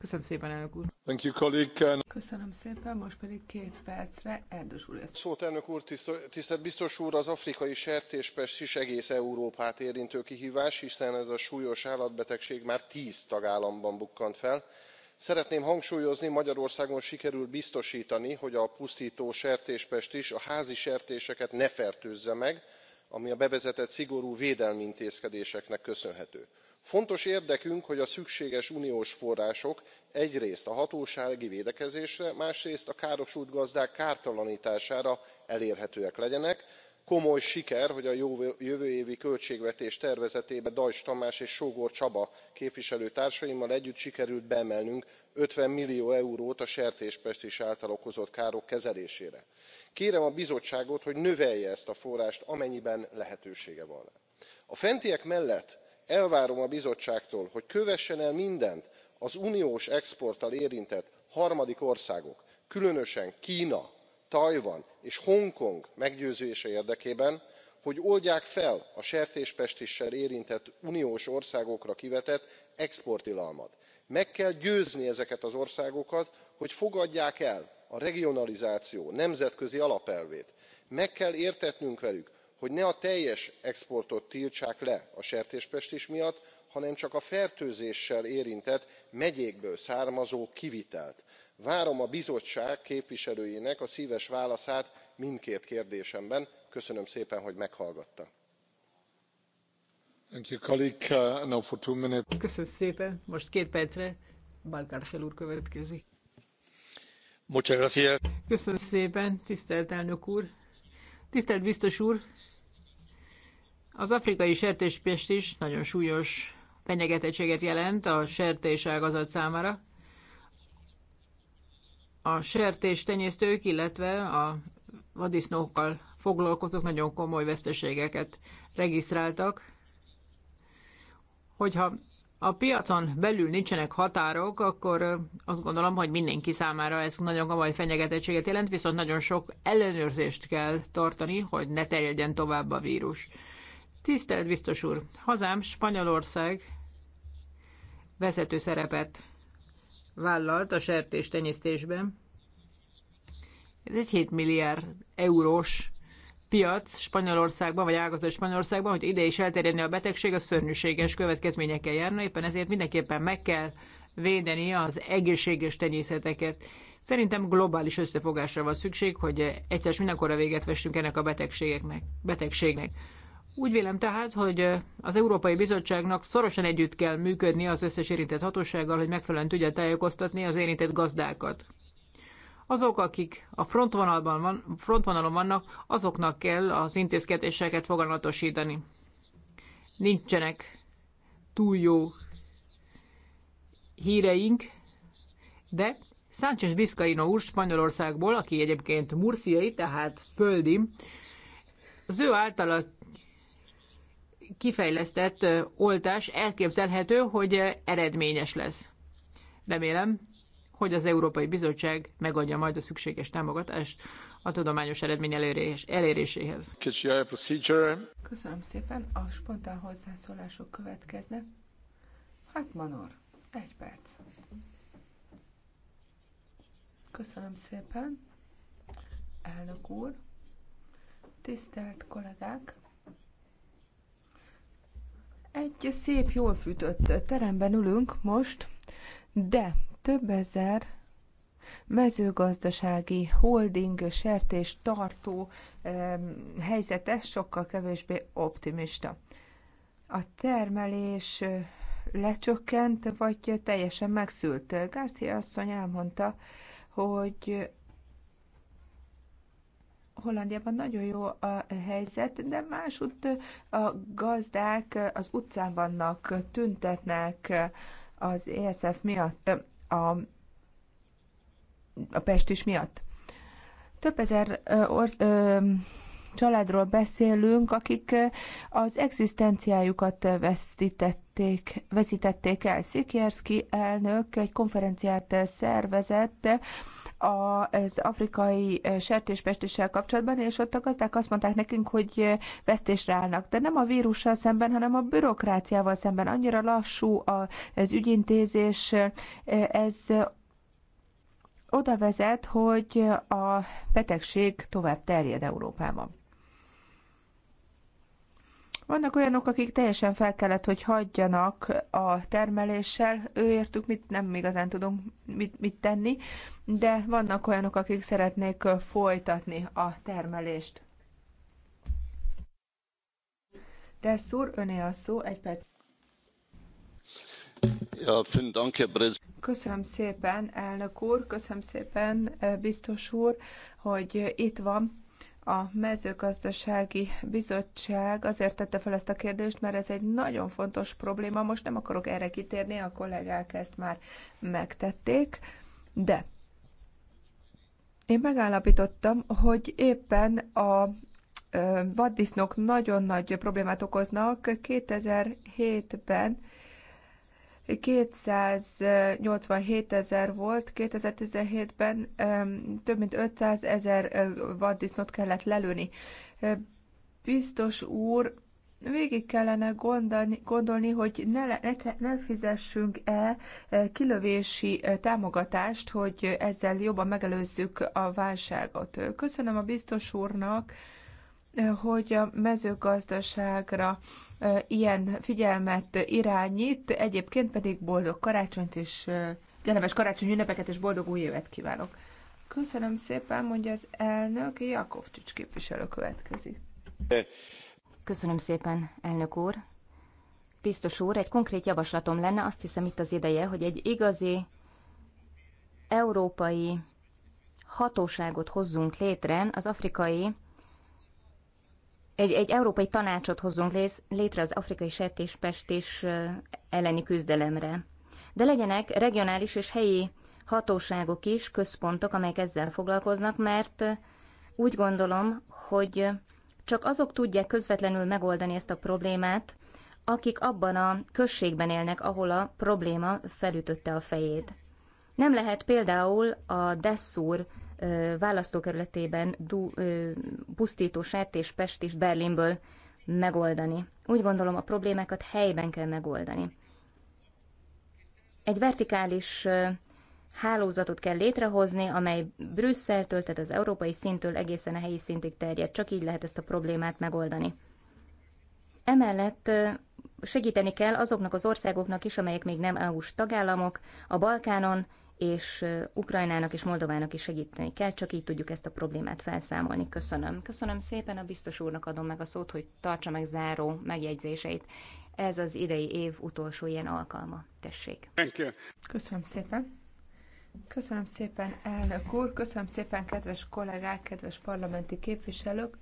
Köszönöm szépen, elnök úr. Thank you, colleague. Köszönöm szépen, most pedig két percre Erdős úr. Szót, elnök úr, tisztelt biztos úr, az afrikai sertéspest is egész Európát érintő kihívás, hiszen ez a súlyos állatbetegség már tíz tagállamban bukkant fel. Szeretném hangsúlyozni, Magyarországon sikerül biztosítani, hogy a pusztító sertéspest is a házi sertéseket ne fertőzze meg, ami a bevezetett szigorú védelmi intézkedéseknek köszönhető fontos érdekünk hogy a szükséges uniós források egyrészt a hatósági védekezésre másrészt a károsult gazdák kártalantására elérhetőek legyenek. komoly siker hogy a jövő évi költségvetés tervezetébe deutsch tamás és sógor csaba képviselőtársaimmal együtt sikerült beemelnünk fifty millió eurót a sertéspestis által okozott károk kezelésére. kérem a bizottságot hogy növelje ezt a forrást amennyiben lehetősége van rá. a fentiek mellett elvárom a bizottságtól hogy kövessen el mindent az uniós exporttal érintett harmadik országok különösen kna tajvan és hongkong meggyőzése érdekében hogy oldják fel a sertéspestissel érintett uniós országokra kivetett exporttilalmat. meg kell győzni ezeket az országokat hogy fogadják el a regionalizáció nemzetközi alapelvét. meg kell értetnünk velük hogy ne a teljes exportot tiltsák le a sertéspestis miatt hanem csak a fertőzéssel érintett megyékből származó kivitelt. várom a bizottság képviselőinek a szves válaszát mindkét kérdésemben. köszönöm szépen hogy meghallgattak. Uh, köszönöm szépen. most két percre Köszönöm szépen, tisztelt elnök úr! Tisztelt biztos úr, az afrikai sertéspest is nagyon súlyos fenyegetettséget jelent a sertés ágazat számára. A sertés tenyésztők, illetve a vadisznókkal foglalkozók nagyon komoly veszteségeket regisztráltak. Hogyha a piacon belül nincsenek határok, akkor azt gondolom, hogy mindenki számára ez nagyon komoly fenyegetettséget jelent, viszont nagyon sok ellenőrzést kell tartani, hogy ne terjedjen tovább a vírus. Tisztelt biztos úr, hazám Spanyolország vezető szerepet vállalt a tenyésztésben. Ez egy 7 milliárd eurós piac Spanyolországban, vagy ágazat Spanyolországban, hogy ide is elterjedni a betegség, a szörnyűséges következményekkel járna, éppen ezért mindenképpen meg kell védeni az egészséges tenyészeteket. Szerintem globális összefogásra van szükség, hogy egyszer mindenkorra véget vessünk ennek a betegségeknek, betegségnek. Úgy vélem tehát, hogy az Európai Bizottságnak szorosan együtt kell működni az összes érintett hatósággal, hogy megfelelően tudja tájékoztatni az érintett gazdákat. Azok, akik a frontvonalban van, frontvonalon vannak, azoknak kell az intézkedéseket foganatosítani. Nincsenek túl jó híreink, de Sánchez Vizcaino úr Spanyolországból, aki egyébként murciai, tehát földi, az ő általa kifejlesztett oltás elképzelhető, hogy eredményes lesz. Remélem, hogy az Európai Bizottság megadja majd a szükséges támogatást a tudományos eredmény elérés, eléréséhez. Köszönöm szépen. A spontán hozzászólások következnek. Hát Manor, egy perc. Köszönöm szépen. Elnök úr, tisztelt kollégák, egy szép, jól fűtött teremben ülünk most, de több ezer mezőgazdasági holding, sertés tartó helyzete sokkal kevésbé optimista. A termelés lecsökkent, vagy teljesen megszült. Garcia asszony elmondta, hogy Hollandiában nagyon jó a helyzet, de másutt a gazdák az utcán vannak, tüntetnek az ESF miatt, a, a is miatt. Több ezer orsz, ö, családról beszélünk, akik eh, az egzisztenciájukat vesztítették, veszítették el. Szikierszki elnök egy konferenciát eh, szervezett eh, az afrikai sertéspestéssel kapcsolatban, és ott a gazdák azt mondták nekünk, hogy vesztésre állnak. De nem a vírussal szemben, hanem a bürokráciával szemben. Annyira lassú az ügyintézés, ez oda vezet, hogy a betegség tovább terjed Európában. Vannak olyanok, akik teljesen fel kellett, hogy hagyjanak a termeléssel, őértük, mit nem igazán tudunk mit, mit tenni, de vannak olyanok, akik szeretnék folytatni a termelést. De szúr, öné a szó, egy perc. Köszönöm szépen, elnök úr, köszönöm szépen, eh, biztos úr, hogy itt van a mezőgazdasági bizottság azért tette fel ezt a kérdést, mert ez egy nagyon fontos probléma. Most nem akarok erre kitérni, a kollégák ezt már megtették, de én megállapítottam, hogy éppen a vaddisznók nagyon nagy problémát okoznak. 2007-ben 287 ezer volt 2017-ben, több mint 500 ezer vaddisznót kellett lelőni. Biztos úr, végig kellene gondolni, gondolni hogy ne, ne, ne fizessünk-e kilövési támogatást, hogy ezzel jobban megelőzzük a válságot. Köszönöm a biztos úrnak, hogy a mezőgazdaságra ilyen figyelmet irányít, egyébként pedig boldog karácsonyt és kellemes karácsony ünnepeket és boldog új évet kívánok. Köszönöm szépen, mondja az elnök, Jakovcsics képviselő következik. Köszönöm szépen, elnök úr. Biztos úr, egy konkrét javaslatom lenne, azt hiszem itt az ideje, hogy egy igazi európai hatóságot hozzunk létre az afrikai egy, egy európai tanácsot hozzunk létre az afrikai sertéspestés elleni küzdelemre. De legyenek regionális és helyi hatóságok is, központok, amelyek ezzel foglalkoznak, mert úgy gondolom, hogy csak azok tudják közvetlenül megoldani ezt a problémát, akik abban a községben élnek, ahol a probléma felütötte a fejét. Nem lehet például a Dessur választókerületében du, pusztító Pest és Berlinből megoldani. Úgy gondolom, a problémákat helyben kell megoldani. Egy vertikális hálózatot kell létrehozni, amely Brüsszeltől, tehát az európai szintől egészen a helyi szintig terjed. Csak így lehet ezt a problémát megoldani. Emellett segíteni kell azoknak az országoknak is, amelyek még nem EU-s tagállamok, a Balkánon, és Ukrajnának és Moldovának is segíteni kell, csak így tudjuk ezt a problémát felszámolni. Köszönöm. Köszönöm szépen, a biztos úrnak adom meg a szót, hogy tartsa meg záró megjegyzéseit. Ez az idei év utolsó ilyen alkalma. Tessék. Köszönöm szépen. Köszönöm szépen, elnök úr, köszönöm szépen, kedves kollégák, kedves parlamenti képviselők.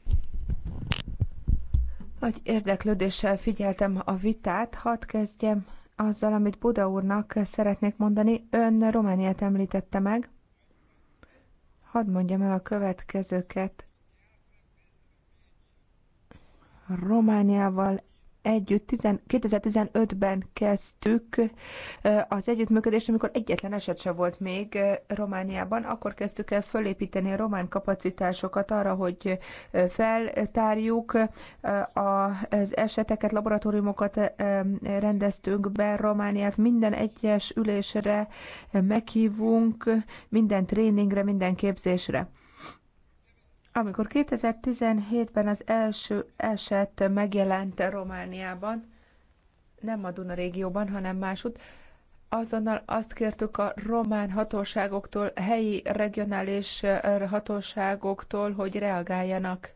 Nagy érdeklődéssel figyeltem a vitát, hadd kezdjem azzal, amit Buda úrnak szeretnék mondani. Ön Romániát említette meg. Hadd mondjam el a következőket. Romániával együtt 2015-ben kezdtük az együttműködést, amikor egyetlen eset sem volt még Romániában. Akkor kezdtük el fölépíteni a román kapacitásokat arra, hogy feltárjuk az eseteket, laboratóriumokat rendeztünk be Romániát. Minden egyes ülésre meghívunk, minden tréningre, minden képzésre. Amikor 2017-ben az első eset megjelent Romániában, nem a Duna régióban, hanem másút, azonnal azt kértük a román hatóságoktól, helyi regionális hatóságoktól, hogy reagáljanak.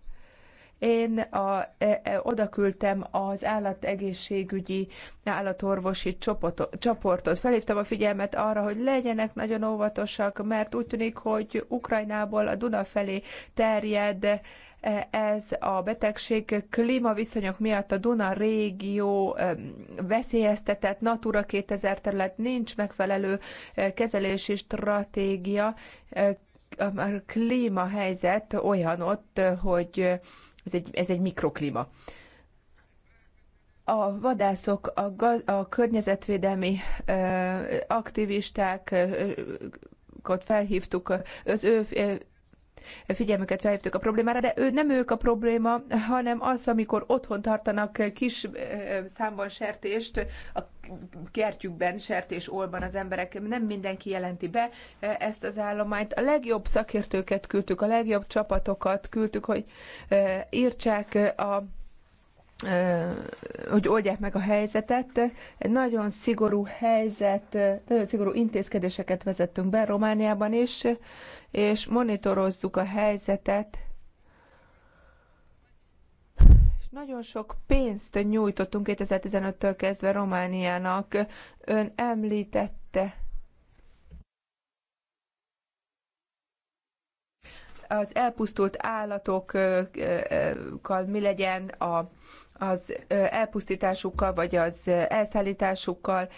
Én a, e, e, oda küldtem az állategészségügyi állatorvosi csoportot, csoportot. Felhívtam a figyelmet arra, hogy legyenek nagyon óvatosak, mert úgy tűnik, hogy Ukrajnából a Duna felé terjed e, ez a betegség klímaviszonyok miatt a Duna régió e, veszélyeztetett, Natura 2000 terület nincs megfelelő e, kezelési stratégia, a klímahelyzet olyan ott, hogy ez egy, ez egy mikroklíma. A vadászok, a, gaz, a környezetvédelmi ö, aktivisták, ö, felhívtuk, az ő figyelmüket felhívtuk a problémára, de ő, nem ők a probléma, hanem az, amikor otthon tartanak kis számban sertést, a kertjükben, olban az emberek, nem mindenki jelenti be ezt az állományt. A legjobb szakértőket küldtük, a legjobb csapatokat küldtük, hogy írtsák a hogy oldják meg a helyzetet. Egy nagyon szigorú helyzet, nagyon szigorú intézkedéseket vezettünk be Romániában is, és monitorozzuk a helyzetet. És nagyon sok pénzt nyújtottunk 2015-től kezdve Romániának. Ön említette az elpusztult állatokkal mi legyen a az elpusztításukkal, vagy az elszállításukkal.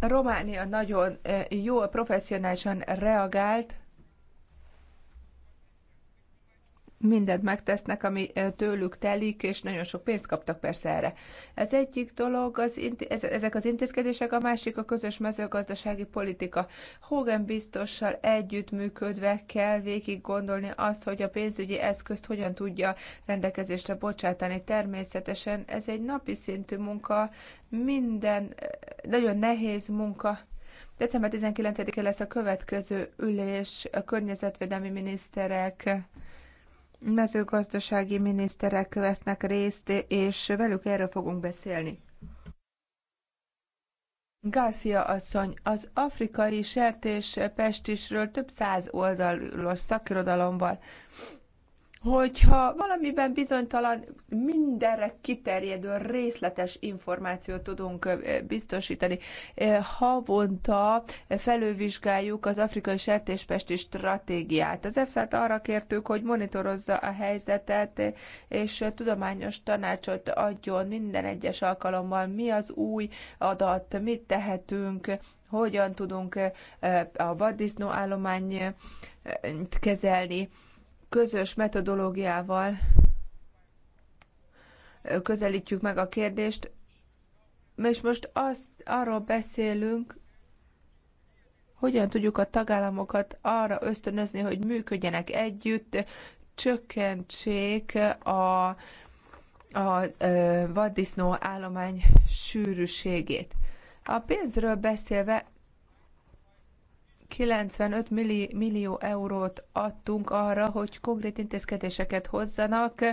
Románia nagyon jól, professzionálisan reagált mindent megtesznek, ami tőlük telik, és nagyon sok pénzt kaptak persze erre. Ez egyik dolog, az, ezek az intézkedések, a másik a közös mezőgazdasági politika. Hogan biztossal együttműködve kell végig gondolni azt, hogy a pénzügyi eszközt hogyan tudja rendelkezésre bocsátani. Természetesen ez egy napi szintű munka, minden nagyon nehéz munka, December 19 e lesz a következő ülés, a környezetvédelmi miniszterek mezőgazdasági miniszterek vesznek részt, és velük erről fogunk beszélni. Gászia asszony, az afrikai pestisről több száz oldalos szakirodalomban hogyha valamiben bizonytalan, mindenre kiterjedő részletes információt tudunk biztosítani. Havonta felővizsgáljuk az afrikai sertéspesti stratégiát. Az EFSA-t arra kértük, hogy monitorozza a helyzetet, és tudományos tanácsot adjon minden egyes alkalommal, mi az új adat, mit tehetünk, hogyan tudunk a vaddisznó állományt kezelni közös metodológiával közelítjük meg a kérdést, és most azt, arról beszélünk, hogyan tudjuk a tagállamokat arra ösztönözni, hogy működjenek együtt, csökkentsék a, a vaddisznó állomány sűrűségét. A pénzről beszélve 95 millió eurót adtunk arra, hogy konkrét intézkedéseket hozzanak,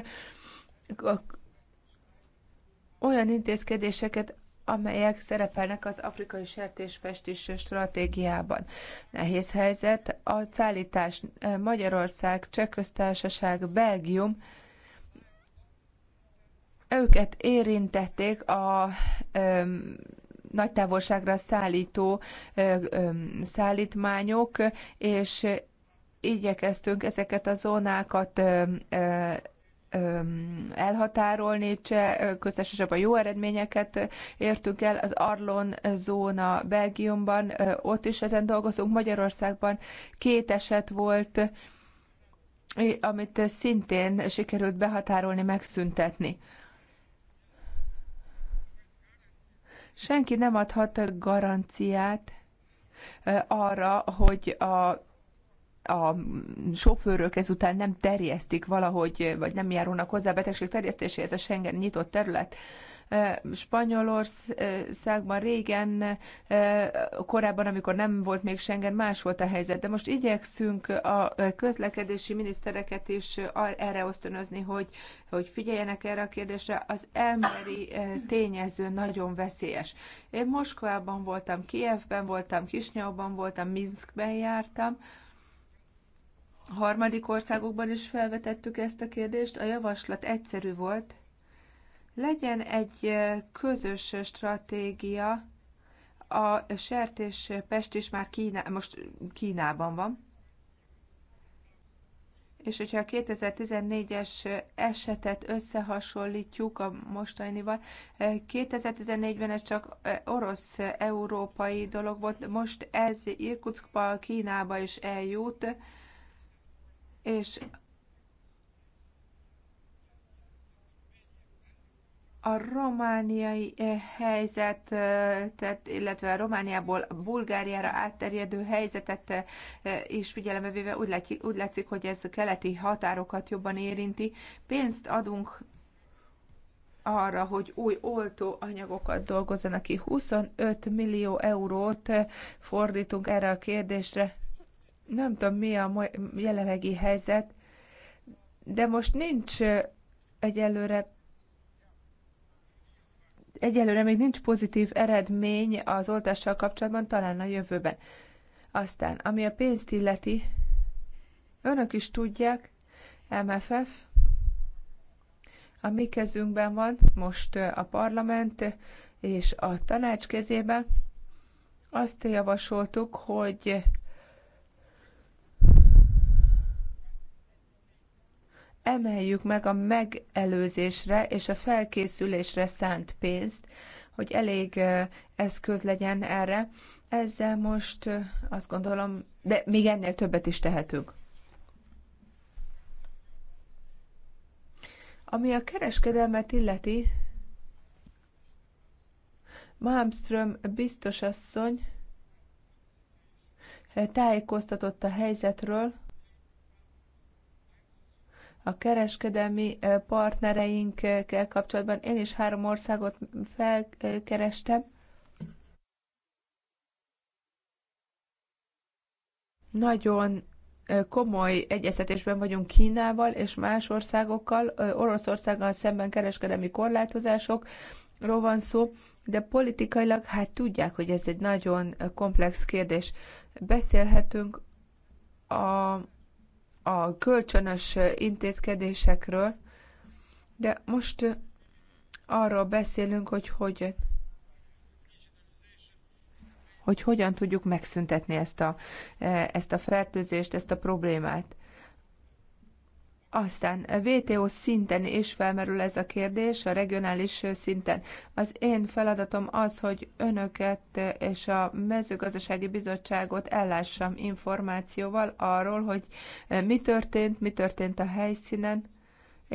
olyan intézkedéseket, amelyek szerepelnek az afrikai sertéspestis stratégiában. Nehéz helyzet a szállítás eh, Magyarország, Csehköztársaság, Belgium, őket érintették a nagy távolságra szállító szállítmányok, és igyekeztünk ezeket a zónákat elhatárolni, köztesesebb a jó eredményeket értünk el, az Arlon zóna Belgiumban, ott is ezen dolgozunk, Magyarországban két eset volt, amit szintén sikerült behatárolni, megszüntetni. Senki nem adhat garanciát arra, hogy a a sofőrök ezután nem terjesztik valahogy, vagy nem járulnak hozzá a betegség terjesztéséhez a Schengen nyitott terület. Spanyolországban régen, korábban, amikor nem volt még Schengen, más volt a helyzet, de most igyekszünk a közlekedési minisztereket is erre ösztönözni, hogy, hogy figyeljenek erre a kérdésre. Az emberi tényező nagyon veszélyes. Én Moszkvában voltam, Kievben voltam, Kisnyauban voltam, Minskben jártam, harmadik országokban is felvetettük ezt a kérdést. A javaslat egyszerű volt, legyen egy közös stratégia, a Pest is már Kína, most Kínában van. És hogyha a 2014-es esetet összehasonlítjuk a mostanival, 2014-ben ez csak orosz-európai dolog volt, most ez Irkutskba, Kínába is eljut, és a romániai eh, helyzetet, illetve a Romániából Bulgáriára átterjedő helyzetet eh, is figyelembe véve úgy, látjuk, úgy látszik, hogy ez a keleti határokat jobban érinti. Pénzt adunk arra, hogy új oltóanyagokat dolgozzanak ki. 25 millió eurót eh, fordítunk erre a kérdésre. Nem tudom, mi a jelenlegi helyzet, de most nincs egyelőre egyelőre még nincs pozitív eredmény az oltással kapcsolatban, talán a jövőben. Aztán, ami a pénzt illeti, önök is tudják, MFF, a mi kezünkben van, most a parlament és a tanács kezében. Azt javasoltuk, hogy emeljük meg a megelőzésre és a felkészülésre szánt pénzt, hogy elég eszköz legyen erre. Ezzel most azt gondolom, de még ennél többet is tehetünk. Ami a kereskedelmet illeti, Malmström biztosasszony tájékoztatott a helyzetről, a kereskedelmi partnereinkkel kapcsolatban. Én is három országot felkerestem. Nagyon komoly egyeztetésben vagyunk Kínával és más országokkal, Oroszországgal szemben kereskedelmi korlátozásokról van szó, de politikailag hát tudják, hogy ez egy nagyon komplex kérdés. Beszélhetünk a a kölcsönös intézkedésekről, de most arról beszélünk, hogy hogy hogy hogyan tudjuk megszüntetni ezt a, e, ezt a fertőzést, ezt a problémát. Aztán WTO szinten is felmerül ez a kérdés, a regionális szinten. Az én feladatom az, hogy önöket és a mezőgazdasági bizottságot ellássam információval arról, hogy mi történt, mi történt a helyszínen,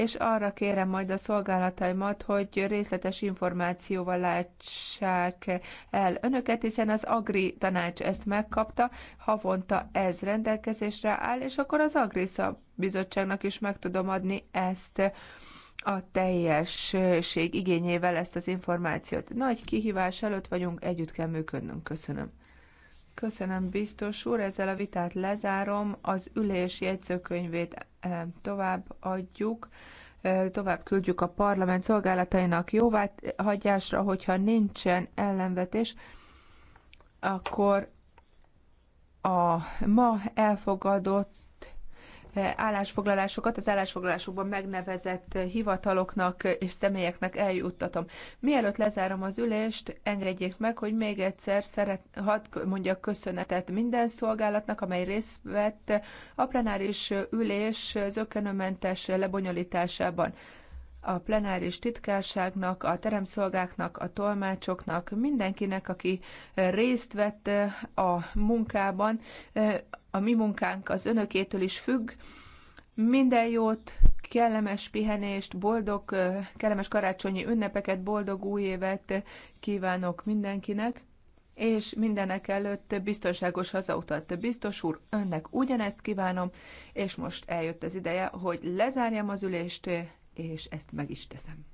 és arra kérem majd a szolgálataimat, hogy részletes információval látsák el önöket, hiszen az Agri tanács ezt megkapta, havonta ez rendelkezésre áll, és akkor az Agri bizottságnak is meg tudom adni ezt a teljesség igényével ezt az információt. Nagy kihívás előtt vagyunk, együtt kell működnünk. Köszönöm. Köszönöm, biztos úr. Ezzel a vitát lezárom. Az ülés jegyzőkönyvét eh, tovább adjuk, eh, tovább küldjük a parlament szolgálatainak jóváhagyásra, hogyha nincsen ellenvetés, akkor a ma elfogadott állásfoglalásokat az állásfoglalásokban megnevezett hivataloknak és személyeknek eljuttatom. Mielőtt lezárom az ülést, engedjék meg, hogy még egyszer szeret, hadd mondjak köszönetet minden szolgálatnak, amely részt vett a plenáris ülés zökkenőmentes lebonyolításában a plenáris titkárságnak, a teremszolgáknak, a tolmácsoknak, mindenkinek, aki részt vett a munkában. A mi munkánk az önökétől is függ. Minden jót, kellemes pihenést, boldog, kellemes karácsonyi ünnepeket, boldog új évet kívánok mindenkinek, és mindenek előtt biztonságos hazautat. Biztos úr, önnek ugyanezt kívánom, és most eljött az ideje, hogy lezárjam az ülést, és ezt meg is teszem.